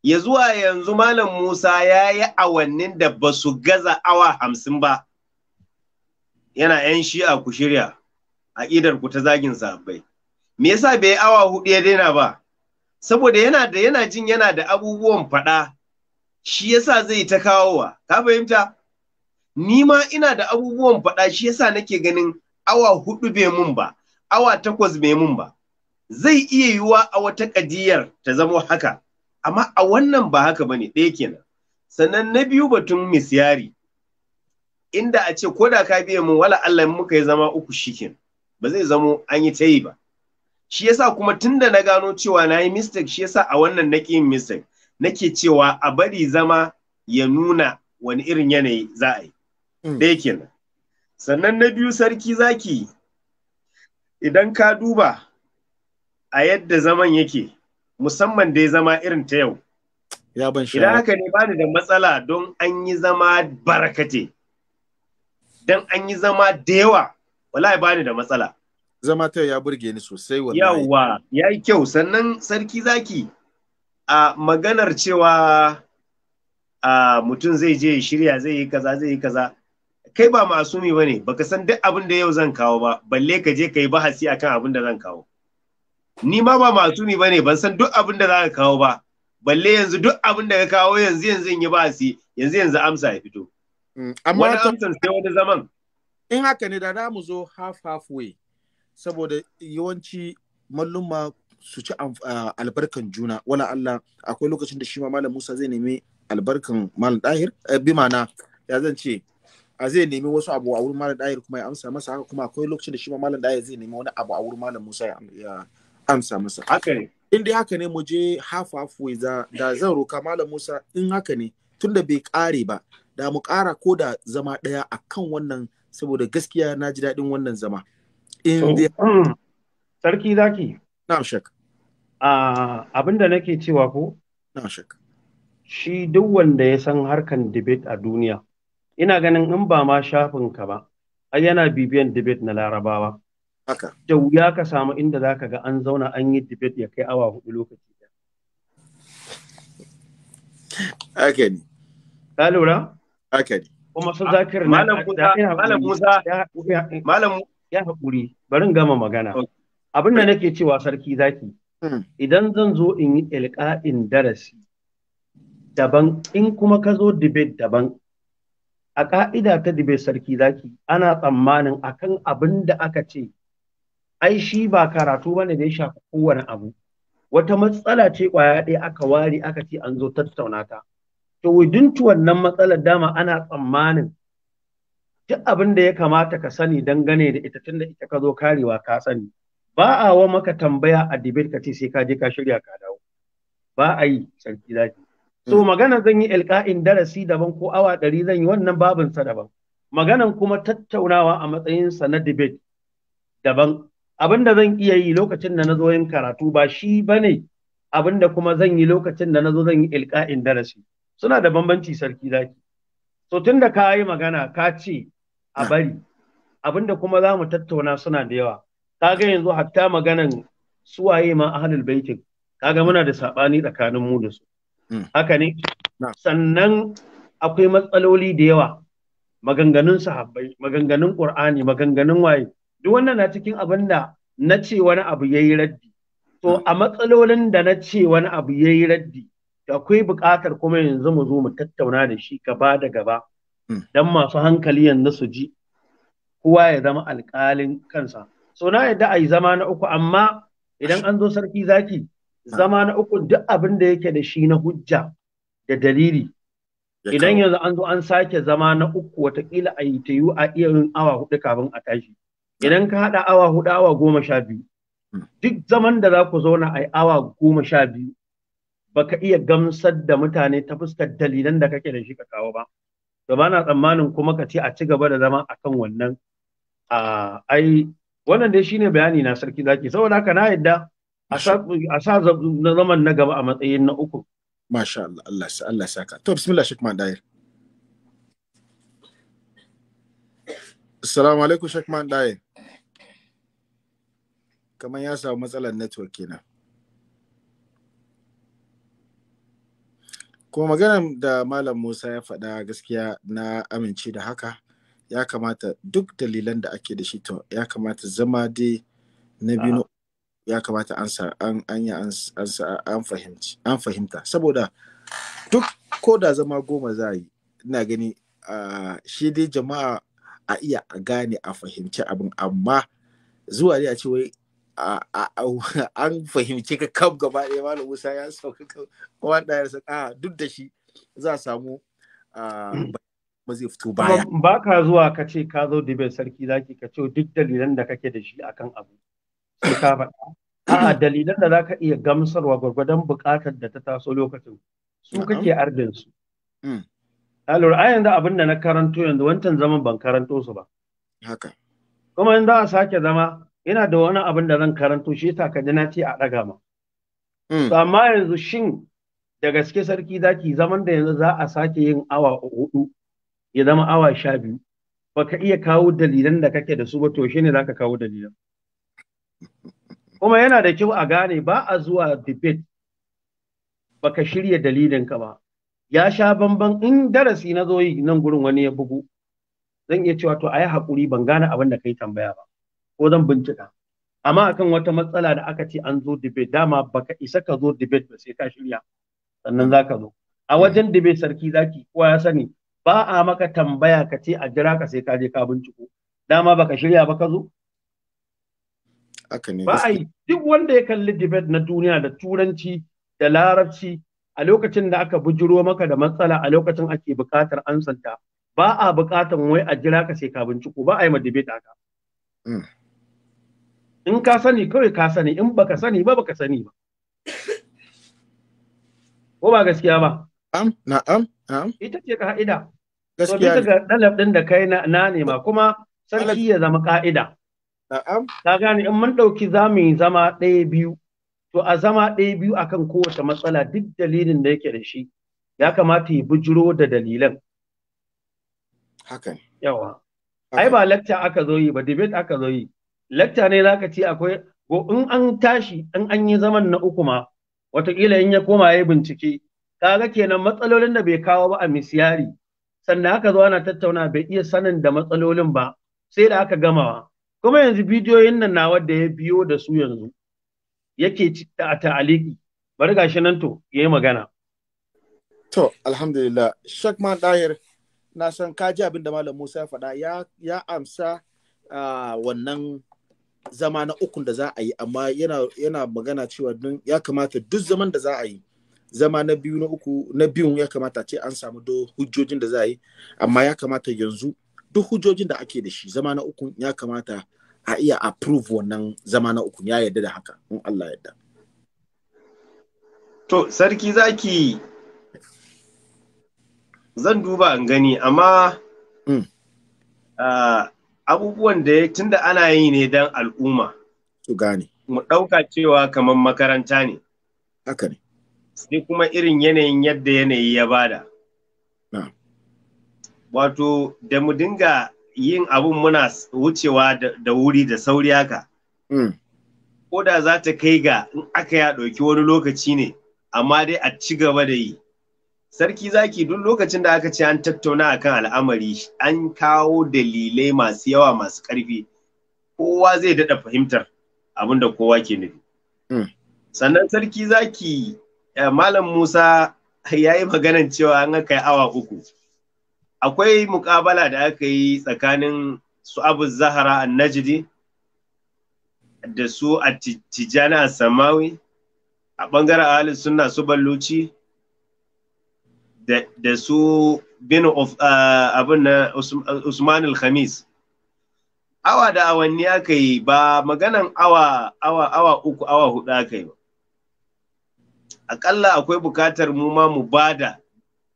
ya zuwa yanzu malam Musa ya yi awannin da ba su gaza awa hamsin ba yana ‘yan shi'a ku shirya a idar ku ta zagin sahabbai me yasa bai awa hudu ya daina ba saboda yana da yana jin yana da abubuwan faɗa shi yasa zai ta kawowa ka fahimta ni ma ina da abubuwan faɗa shi yasa nake ganin awa hudu bai mun ba awa takwas bai mun ba zai iya yiwuwa a wata kadiyar ta zama haka amma a wannan ba haka bane ɗaya kenan sannan na biyu batun misyari inda a ce koda ka biya mu wala Allah muka yi zama uku shikin ba zai zamo an yi ta ba shi yasa kuma tunda na gano cewa na yi mistake shi yasa a wannan na yin mistake nake cewa a bari zama ya nuna wani irin yanayi za a yi hmm. ɗaya kenan sannan na biyu sarki zaki idan ka duba a yadda zaman yake musamman dai zama irin ta yau ya ban idan haka ne bani da matsala don an yi zama barakate don an yi zama da yawa wallahi bani da matsala zama ta ya burge ni sosai wallahi yawa yi kyau sannan sarki zaki a maganar cewa a mutum zai je shirya zai yi kaza zai yi kaza kai ba masumi bane baka san duk abin da yau zan kawo ba balle ka je ka yi bahasi akan abin da zan kawo ni ma ba masu ba ne ban san duk abin da za ka kawo ba balle yanzu duk abin da ka kawo yanzu yanzu in yi ba si yanzu yanzu amsa ya fito mm, amma wani amsan sai wani zaman in haka ne da za mu zo half way saboda yawanci malluma su ci albarkan juna wala Allah akwai lokacin da shi ma malam Musa zai nemi albarkan malam Dahir eh, bi mana ya zan ce a zai nemi wasu abu a wurin malam Dahir kuma ya amsa masa haka kuma akwai lokacin da shi ma malam Dahir zai nemi wani abu a wurin malam Musa ya amsa masa haka in dai haka ne mu je half way za da zan roka malam Musa in haka ne tunda bai kare ba da mu kara ko da zama daya kan wannan saboda gaskiya na ji daɗin wannan zama in dai hmm, sarki zaki Na shak uh, abinda nake cewa ko Na shak shi duk wanda ya san harkan debate a duniya ina ganin in ba ma shafin ka ba ai yana bibiyan debate na larabawa da wuya ka samu inda za ka ga an zauna an yi debate ya kai awa hudu lokaci ɗaya. Ake Ka lura? Ake Kuma su zakir na Malam Musa ya haƙuri barin gama magana. Abin da nake cewa sarki zaki. Hmm. Idan zan zo in yi ilka'in darasi daban in kuma ka zo debate daban a ƙa'ida ta debate sarki zaki ana tsammanin akan abin da aka ce ai shi ba karatu bane da ya shafi kowane abu wata matsala ce kwaya ɗaya aka ware aka ce an zo tattauna ta to wudintu wannan matsalar dama ana tsammanin duk abin da ya kamata ka sani dangane da ita tunda ita ka zo karewa ka sani ba a wa maka tambaya a debate ka ce sai ka je ka shirya ka dawo ba a yi sarki zaki so hmm. magana zan yi ilka'in darasi daban ko awa ɗari zan yi wannan babin sa daban maganan kuma tattaunawa a matsayin sa na debate daban abin da zan iya yi lokacin da na zo yin karatu ba shi ba ne abin da kuma zan yi lokacin da na zo zan yi ilka'in darasi suna da bambanci sarki zaki so tun da ka yi magana ka ce a bari abin da kuma za mu tattauna suna da yawa ka ga yanzu hatta maganan su waye ma ahlul baitin ga muna da saɓani tsakanin mu da su mm. haka ne sannan akwai matsaloli da yawa maganganun sahabbai maganganun qur'ani maganganun waye duk wannan na cikin abin da na ce wani abu ya yi raddi to a matsalolin da na ce wani abu ya yi raddi akwai buƙatar kuma yanzu mu zo mu tattauna da shi gaba da gaba hmm. don masu hankali yanzu su ji kowa ya zama alƙalin kansa so na yadda a yi zama na uku amma idan an zo sarki zaki hmm. zama na uku duk abin da yake da shi na hujja da dalili idan yanzu an zo an sake zama na uku watakila a yi ta yiwu a iya yin awa huɗu kafin a tashi idan ka haɗa awa hudu awa goma sha biyu hmm. duk zaman da za ku zauna a awa goma sha biyu baka iya gamsar da mutane ta fuskar dalilan da kake da shi ka kawo ba to ba na tsammanin kuma ka ce a ci gaba da zama akan wannan a ai wannan dai shine bayani na sarki zaki saboda haka na yadda a sa zaman na gaba a matsayin na uku masha Allah Allah sa Allah saka to bismillah Sheikh Mandair Assalamu alaikum Sheikh Mandair kamar ya samu matsalar network kenan kuma maganar da malam musa ya faɗa gaskiya na amince da haka ya kamata duk dalilan da ake da shi to ya kamata zama dai na biyu ya kamata an an an fahimci an fahimta saboda duk ko da zama goma za yi ina gani shi dai jama'a a iya gane a fahimci abin amma zuwa dai a ce wai [LAUGHS] an fahimci ka kam gaba ɗaya malam musa ya sauka kuma da yarsa a ah, duk da shi za a samu mm. ba zai fito baya ba ka zuwa ka ce ka zo dibe sarki zaki ka ce duk dalilan da kake da shi akan abu sai ka faɗa a dalilan da zaka iya gamsarwa gwargwadon buƙatar da ta taso lokacin su kake ardin su mm. lura a yanzu abin da na karanto yanzu wancan zaman ban karanto su ba haka kuma in za a sake zama Yana da wani abin da zan karanto shi yasa ka na ce a ɗaga ma. Mm. Amma yanzu shin da gaske sarki zaki zaman da yanzu za a sake yin awa hudu ya zama awa sha biyu baka iya kawo dalilan da kake da su ba to za ka kawo dalilan. [LAUGHS] Kuma yana da kyau a gane ba a zuwa debate baka shirya dalilin ka ba. Ya sha bamban in darasi na zo yi nan gurin wani ya bugu zan iya cewa to a yi hakuri ban gane abin da kai tambaya ba. ko zan bincika amma akan wata matsala da aka ce an zo debate dama baka isa ka zo debate ba sai ka shirya sannan zaka zo a wajen debate sarki zaki kowa ya sani ba a maka tambaya ka ce a jira ka sai ka je ka binciko dama baka shirya ba ka zo ba a yi duk wanda ya kalli debate na duniya da turanci da larabci a lokacin da aka bujiro maka da matsala a lokacin ake buƙatar ansanta ba a buƙatar wai a jira ka sai ka binciko ba a yi ma debate haka mm. in ka sani kawai ka sani in baka sani ba baka sani ba [LAUGHS] ko ba gaskiya ba am na'am na'am ita ce ka'ida gaskiya ga dalab din da kai na ne ma kuma sarki ya zama ka'ida na'am ka gane in mun dauki zamu yi zama ɗaya biyu to a zama ɗaya biyu akan kowace matsala duk dalilin da yake da shi ya kamata ya bujiro da dalilan hakan yawa ai ba lecture aka zo yi ba debate aka zo yi lakta ne naka ce akwai ko in an tashi in an yi zaman na uku ma wataƙila in ya koma ya bincike kaga kenan matsalolin da bai kawo ba a misiyari sannan aka zo ana tattauna bai iya sanin da matsalolin ba sai da aka gamawa kuma yanzu bidiyoyin nan na wadda ya biyo da su yanzu yake a ta'aliki bari gashi nan to yayi magana to alhamdulillah shak man na san kaji ji abin da malam Musa ya faɗa ya amsa ah, wannan zama na ukun da za a yi amma yana, magana cewa don ya kamata duk zaman da za a yi zama na biyu na uku na biyun ya kamata ce an samu do hujjojin da za a yi amma ya kamata yanzu duk hujjojin da ake da shi zama na ukun ya kamata a iya approve wannan zama na ukun ya yarda da haka in Allah yarda to sarki zaki zan duba in gani amma mm. uh, abubuwan da da ana yi ne don al'umma su gane mu ɗauka cewa kamar makaranta ne haka ne sai kuma irin yanayin yadda yanayi ya bada wato da mu dinga yin abun muna wucewa da wuri da sauri haka mm. ko da za ta kai ga in aka ya ɗauki wani lokaci ne amma dai a ci gaba da yi sarki zaki duk lokacin da aka ce an tattauna akan al'amari an kawo dalilai masu yawa masu ƙarfi kowa zai daɗa fahimtar abin da kowa ke nufi hmm. sannan sarki zaki eh, malam musa ya yi maganan cewa an aka yi awa uku akwai mukabala da aka yi tsakanin su abu zahara annajidi da su a tijjani a samawi a ɓangaren ahalin sunna su balluci da su bin abin na Usman al-Khamis. Awa da awanni aka yi ba maganan awa, uku awa hudu aka yi ba. akalla akwai bukatar mu ma mu bada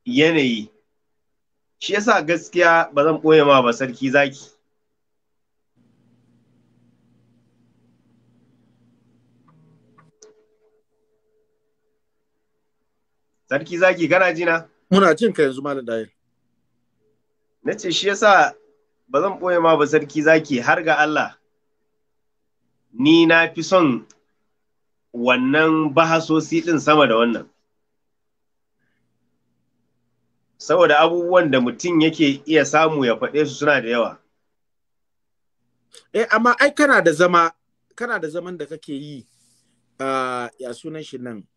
yanayi. Shi yasa gaskiya ba zan ɓoye ma ba sarki zaki. Sarki zaki kana jina? Muna jin ka yanzu Malam Dahir. Na ce shi yasa ba zan ɓoye ma ba sarki zaki har ga Allah. Ni na fi son wannan bahasosi ɗin sama da wannan. Saboda abubuwan da mutum yake iya samu ya faɗe su suna da yawa. Eh, amma ai kana da zama, kana da zaman da kake yi, uh, ya sunan shi nan.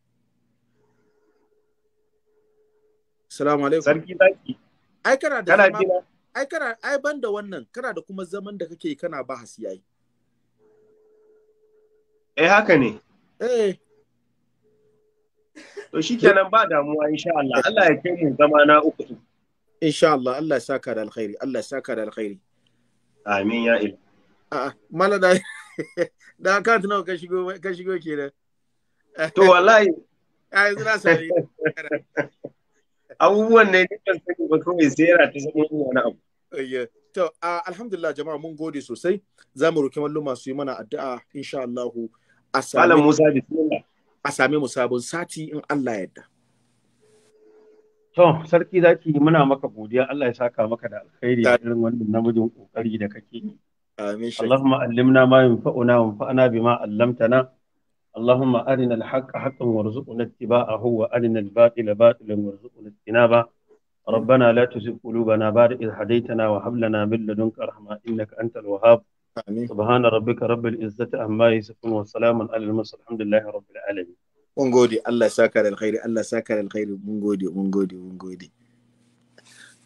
Salamu alaikum. Sarki zaki. Ai kana da kana ai kana ai ban da wannan kana da kuma zaman da kake kana ba hasi yayi. Eh haka ne. Eh. To shikenan ba damuwa insha Allah. Allah ya kai mu zama na uku. Insha Allah Allah ya saka da alkhairi. Allah ya saka da alkhairi. Amin ya ilahi. A'a, mala da [LAUGHS] da account nawa ka shigo ka shigo kenan. To wallahi. [LAUGHS] Ai zira sai. [LAUGHS] abubuwan ne ni kan sani ba kawai sai ta zama wani abu to alhamdulillah jama'a mun gode sosai za mu roki malluma su yi mana addu'a insha Allah a sami mu sabon sati in Allah yadda To, sarki zaki muna maka godiya Allah ya saka maka da alkhairi a irin wannan namijin kokari da kake yi. Amin. Allahumma allimna ma yanfa'una wa anfa'na bima allamtana. اللهم أرنا الحق حقا وارزقنا اتباعه وأرنا الباطل باطلا وارزقنا اجتنابه ربنا لا تزغ قلوبنا بعد إذ هديتنا وهب لنا من لدنك رحمة إنك أنت الوهاب آمين. سبحان ربك رب العزة عما يصفون وسلام على المرسلين الحمد لله رب العالمين mun gode Allah saka da alkhairi Allah saka da alkhairi mun gode mun gode mun gode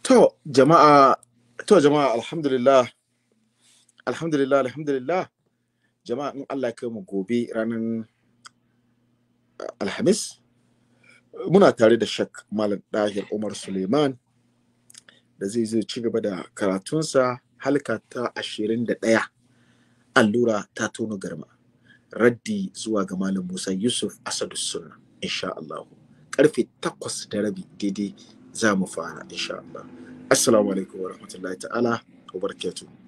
to jama'a to jama'a alhamdulillah alhamdulillah alhamdulillah jama'a in Allah kai mu gobe ranar alhamis muna tare da shak malam dahir umar suleiman da zai zai ci gaba da karatunsa halka ta ashirin da ɗaya allura ta tono garma raddi zuwa ga malam musa yusuf asadu sunna insha Allah karfe takwas da rabi daidai za mu fara insha Allah assalamu alaikum wa rahmatullahi ta'ala wa barakatuh